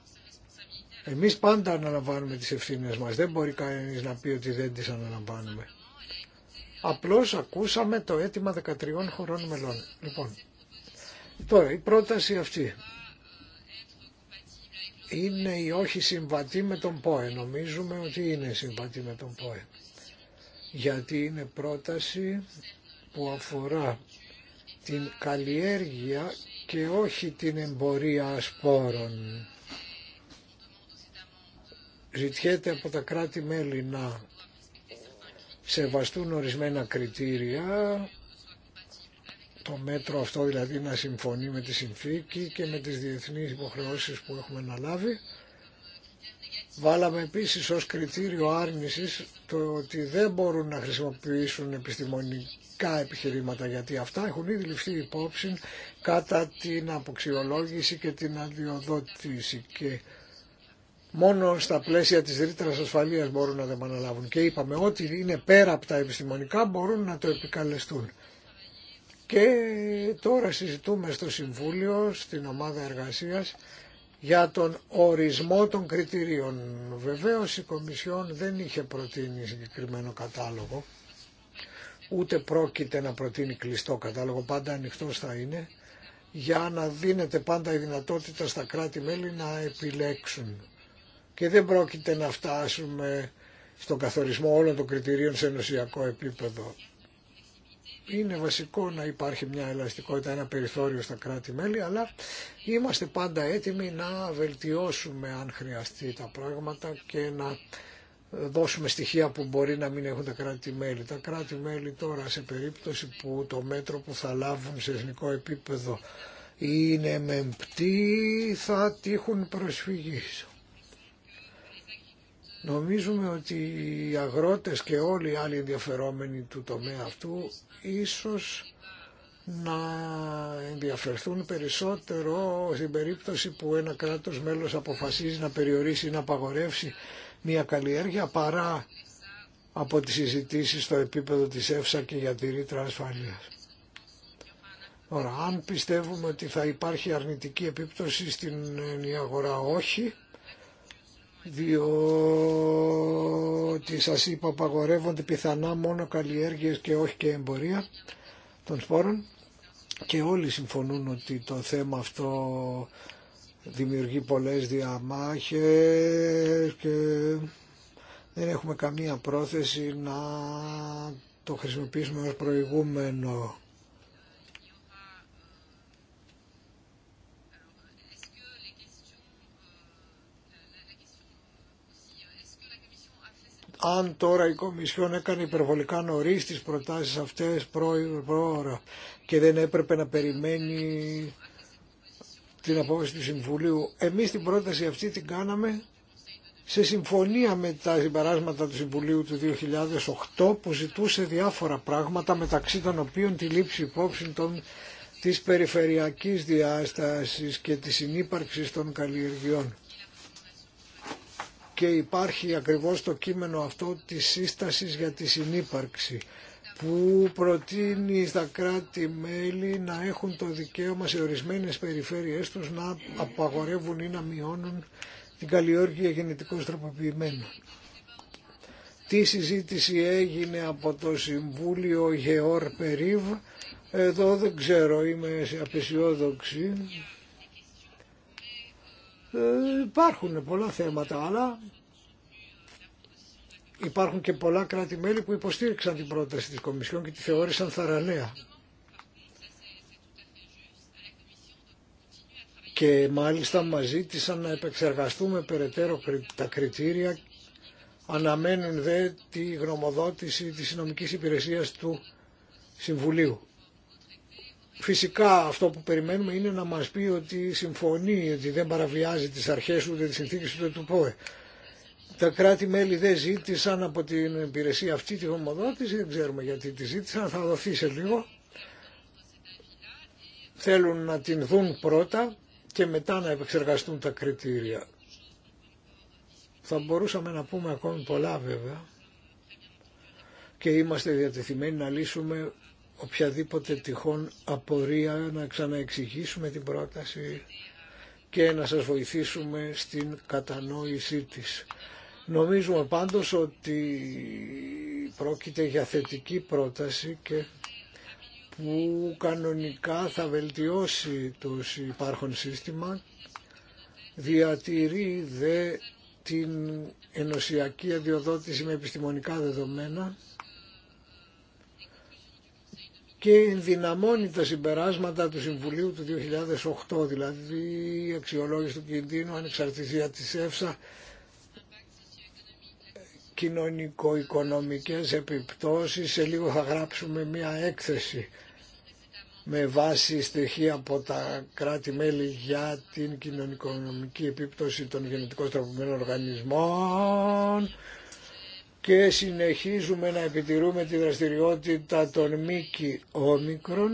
Εμείς πάντα αναλαμβάνουμε τις ευθύνες μας. Δεν μπορεί κανείς να πει ότι δεν τις αναλαμβάνουμε. Απλώς ακούσαμε το αίτημα 13 χωρών μελών. Λοιπόν, τώρα η πρόταση αυτή είναι ή όχι συμβατή με τον ΠΟΕ. Νομίζουμε ότι είναι συμβατή με τον ΠΟΕ. Γιατί είναι πρόταση που αφορά την καλλιέργεια και όχι την εμπορία σπόρων. Ζητιέται από τα κράτη-μέλη να σεβαστούν ορισμένα κριτήρια, το μέτρο αυτό δηλαδή να συμφωνεί με τη συνθήκη και με τις διεθνείς υποχρεώσεις που έχουμε αναλάβει. Βάλαμε επίσης ως κριτήριο άρνησης το ότι δεν μπορούν να χρησιμοποιήσουν επιστημονικά επιχειρήματα γιατί αυτά έχουν ήδη ληφθεί υπόψη κατά την αποξιολόγηση και την αδειοδότηση Μόνο στα πλαίσια της ρήτρα ασφαλείας μπορούν να δεμαναλάβουν. Και είπαμε ότι είναι πέρα από τα επιστημονικά μπορούν να το επικαλεστούν. Και τώρα συζητούμε στο Συμβούλιο, στην ομάδα εργασίας, για τον ορισμό των κριτηρίων. Βεβαίως η Κομισιόν δεν είχε προτείνει συγκεκριμένο κατάλογο, ούτε πρόκειται να προτείνει κλειστό κατάλογο, πάντα ανοιχτό θα είναι, για να δίνεται πάντα η δυνατότητα στα κράτη-μέλη να επιλέξουν και δεν πρόκειται να φτάσουμε στον καθορισμό όλων των κριτηρίων σε ενωσιακό επίπεδο. Είναι βασικό να υπάρχει μια ελαστικότητα, ένα περιθώριο στα κράτη-μέλη, αλλά είμαστε πάντα έτοιμοι να βελτιώσουμε αν χρειαστεί τα πράγματα και να δώσουμε στοιχεία που μπορεί να μην έχουν τα κράτη-μέλη. Τα κράτη-μέλη τώρα σε περίπτωση που το μέτρο που θα λάβουν σε εθνικό επίπεδο είναι μεμπτή θα τύχουν προσφυγής. Νομίζουμε ότι οι αγρότες και όλοι οι άλλοι ενδιαφερόμενοι του τομέα αυτού ίσως να ενδιαφερθούν περισσότερο στην περίπτωση που ένα κράτος μέλος αποφασίζει να περιορίσει ή να απαγορεύσει μια καλλιέργεια παρά από τις συζητήσεις στο επίπεδο της ΕΦΣΑ και για τη ρήτρα ασφαλείας. αν πιστεύουμε ότι θα υπάρχει αρνητική επίπτωση στην αγορά, όχι, διότι σας είπα απαγορεύονται πιθανά μόνο καλλιέργειες και όχι και εμπορία των σπόρων και όλοι συμφωνούν ότι το θέμα αυτό δημιουργεί πολλές διαμάχες και δεν έχουμε καμία πρόθεση να το χρησιμοποιήσουμε ως προηγούμενο αν τώρα η Κομισιόν έκανε υπερβολικά νωρί τι προτάσει αυτέ πρόωρα και δεν έπρεπε να περιμένει την απόφαση του Συμβουλίου. Εμείς την πρόταση αυτή την κάναμε σε συμφωνία με τα συμπεράσματα του Συμβουλίου του 2008 που ζητούσε διάφορα πράγματα μεταξύ των οποίων τη λήψη υπόψη των, της περιφερειακής διάστασης και της συνύπαρξης των καλλιεργειών και υπάρχει ακριβώς το κείμενο αυτό της σύστασης για τη συνύπαρξη που προτείνει στα κράτη-μέλη να έχουν το δικαίωμα σε ορισμένες περιφέρειές τους να απαγορεύουν ή να μειώνουν την καλλιόργεια γενετικώς τροποποιημένων. Τι συζήτηση έγινε από το Συμβούλιο Γεώρ Περίβ, εδώ δεν ξέρω, είμαι απεσιόδοξη ε, υπάρχουν πολλά θέματα, αλλά υπάρχουν και πολλά κράτη-μέλη που υποστήριξαν την πρόταση της Κομισιόν και τη θεώρησαν θαραλέα. Και μάλιστα μας ζήτησαν να επεξεργαστούμε περαιτέρω τα κριτήρια αναμένουν δε τη γνωμοδότηση της νομικής υπηρεσίας του Συμβουλίου. Φυσικά αυτό που περιμένουμε είναι να μας πει ότι συμφωνεί, ότι δεν παραβιάζει τις αρχές ούτε τις συνθήκες ούτε του ΠΟΕ. Τα κράτη-μέλη δεν ζήτησαν από την υπηρεσία αυτή τη γνωμοδότηση, δεν ξέρουμε γιατί τη ζήτησαν, θα δοθεί σε λίγο. Θέλουν να την δουν πρώτα και μετά να επεξεργαστούν τα κριτήρια. Θα μπορούσαμε να πούμε ακόμη πολλά βέβαια και είμαστε διατεθειμένοι να λύσουμε οποιαδήποτε τυχόν απορία να ξαναεξηγήσουμε την πρόταση και να σας βοηθήσουμε στην κατανόησή της. Νομίζουμε πάντως ότι πρόκειται για θετική πρόταση και που κανονικά θα βελτιώσει το υπάρχον σύστημα, διατηρεί δε την ενωσιακή αδειοδότηση με επιστημονικά δεδομένα και ενδυναμώνει τα συμπεράσματα του Συμβουλίου του 2008, δηλαδή η αξιολόγηση του κινδύνου, ανεξαρτησία της ΕΦΣΑ, κοινωνικο-οικονομικές επιπτώσεις. Σε λίγο θα γράψουμε μία έκθεση με βάση στοιχεία από τα κράτη-μέλη για την κοινωνικονομική επίπτωση των γενετικώς τροποποιημένων οργανισμών και συνεχίζουμε να επιτηρούμε τη δραστηριότητα των μήκη όμικρων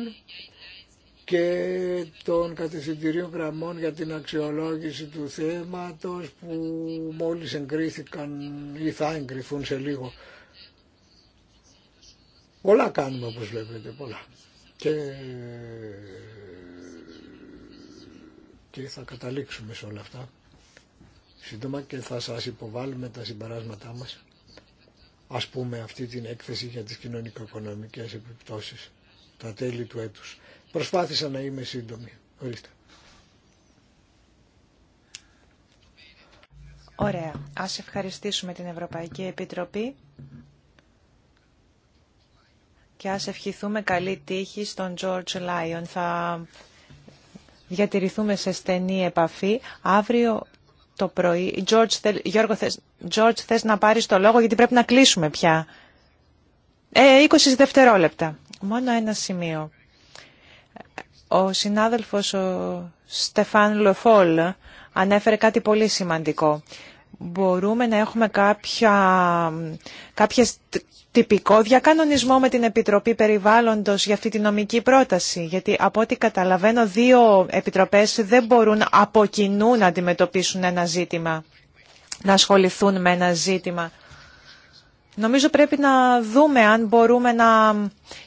και των κατευθυντηρίων γραμμών για την αξιολόγηση του θέματος που μόλις εγκρίθηκαν ή θα εγκριθούν σε λίγο. Πολλά κάνουμε όπως βλέπετε, πολλά. Και, και θα καταλήξουμε σε όλα αυτά. Σύντομα και θα σας υποβάλουμε τα συμπαράσματά μας ας πούμε αυτή την έκθεση για τις κοινωνικο-οικονομικές επιπτώσεις τα τέλη του έτους. Προσπάθησα να είμαι σύντομη. Ορίστε. Ωραία. Ας ευχαριστήσουμε την Ευρωπαϊκή Επιτροπή και ας ευχηθούμε καλή τύχη στον George Lyon. Θα διατηρηθούμε σε στενή επαφή. Αύριο το πρωί. George, θε, Γιώργο, θες, να πάρεις το λόγο γιατί πρέπει να κλείσουμε πια. Ε, 20 δευτερόλεπτα. Μόνο ένα σημείο. Ο συνάδελφος ο Στεφάν Λεφόλ ανέφερε κάτι πολύ σημαντικό μπορούμε να έχουμε κάποια, τυπικό διακανονισμό με την Επιτροπή Περιβάλλοντος για αυτή τη νομική πρόταση. Γιατί από ό,τι καταλαβαίνω δύο επιτροπές δεν μπορούν από κοινού να αντιμετωπίσουν ένα ζήτημα, να ασχοληθούν με ένα ζήτημα. Νομίζω πρέπει να δούμε αν μπορούμε να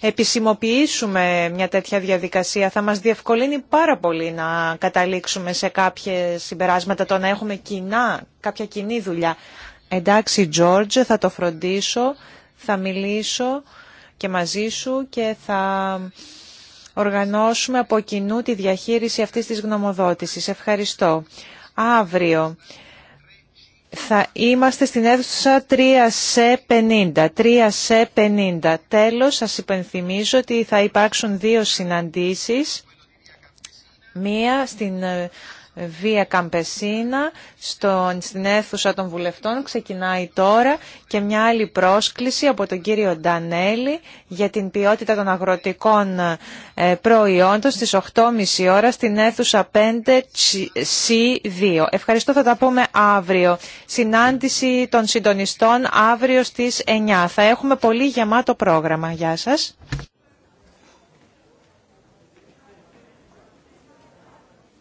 επισημοποιήσουμε μια τέτοια διαδικασία. Θα μας διευκολύνει πάρα πολύ να καταλήξουμε σε κάποιες συμπεράσματα, το να έχουμε κοινά, κάποια κοινή δουλειά. Εντάξει, Τζόρτζε, θα το φροντίσω, θα μιλήσω και μαζί σου και θα οργανώσουμε από κοινού τη διαχείριση αυτής της γνωμοδότησης. Ευχαριστώ. Αύριο θα είμαστε στην αίθουσα 3C50. 3C50. Τέλος, σας υπενθυμίζω ότι θα υπάρξουν δύο συναντήσεις. Μία στην ε, Βία Καμπεσίνα στον, στην αίθουσα των βουλευτών. Ξεκινάει τώρα και μια άλλη πρόσκληση από τον κύριο Ντανέλη για την ποιότητα των αγροτικών ε, προϊόντων στις 8.30 ώρα στην αίθουσα 5C2. Ευχαριστώ, θα τα πούμε αύριο. Συνάντηση των συντονιστών αύριο στις 9. Θα έχουμε πολύ γεμάτο πρόγραμμα. Γεια σας.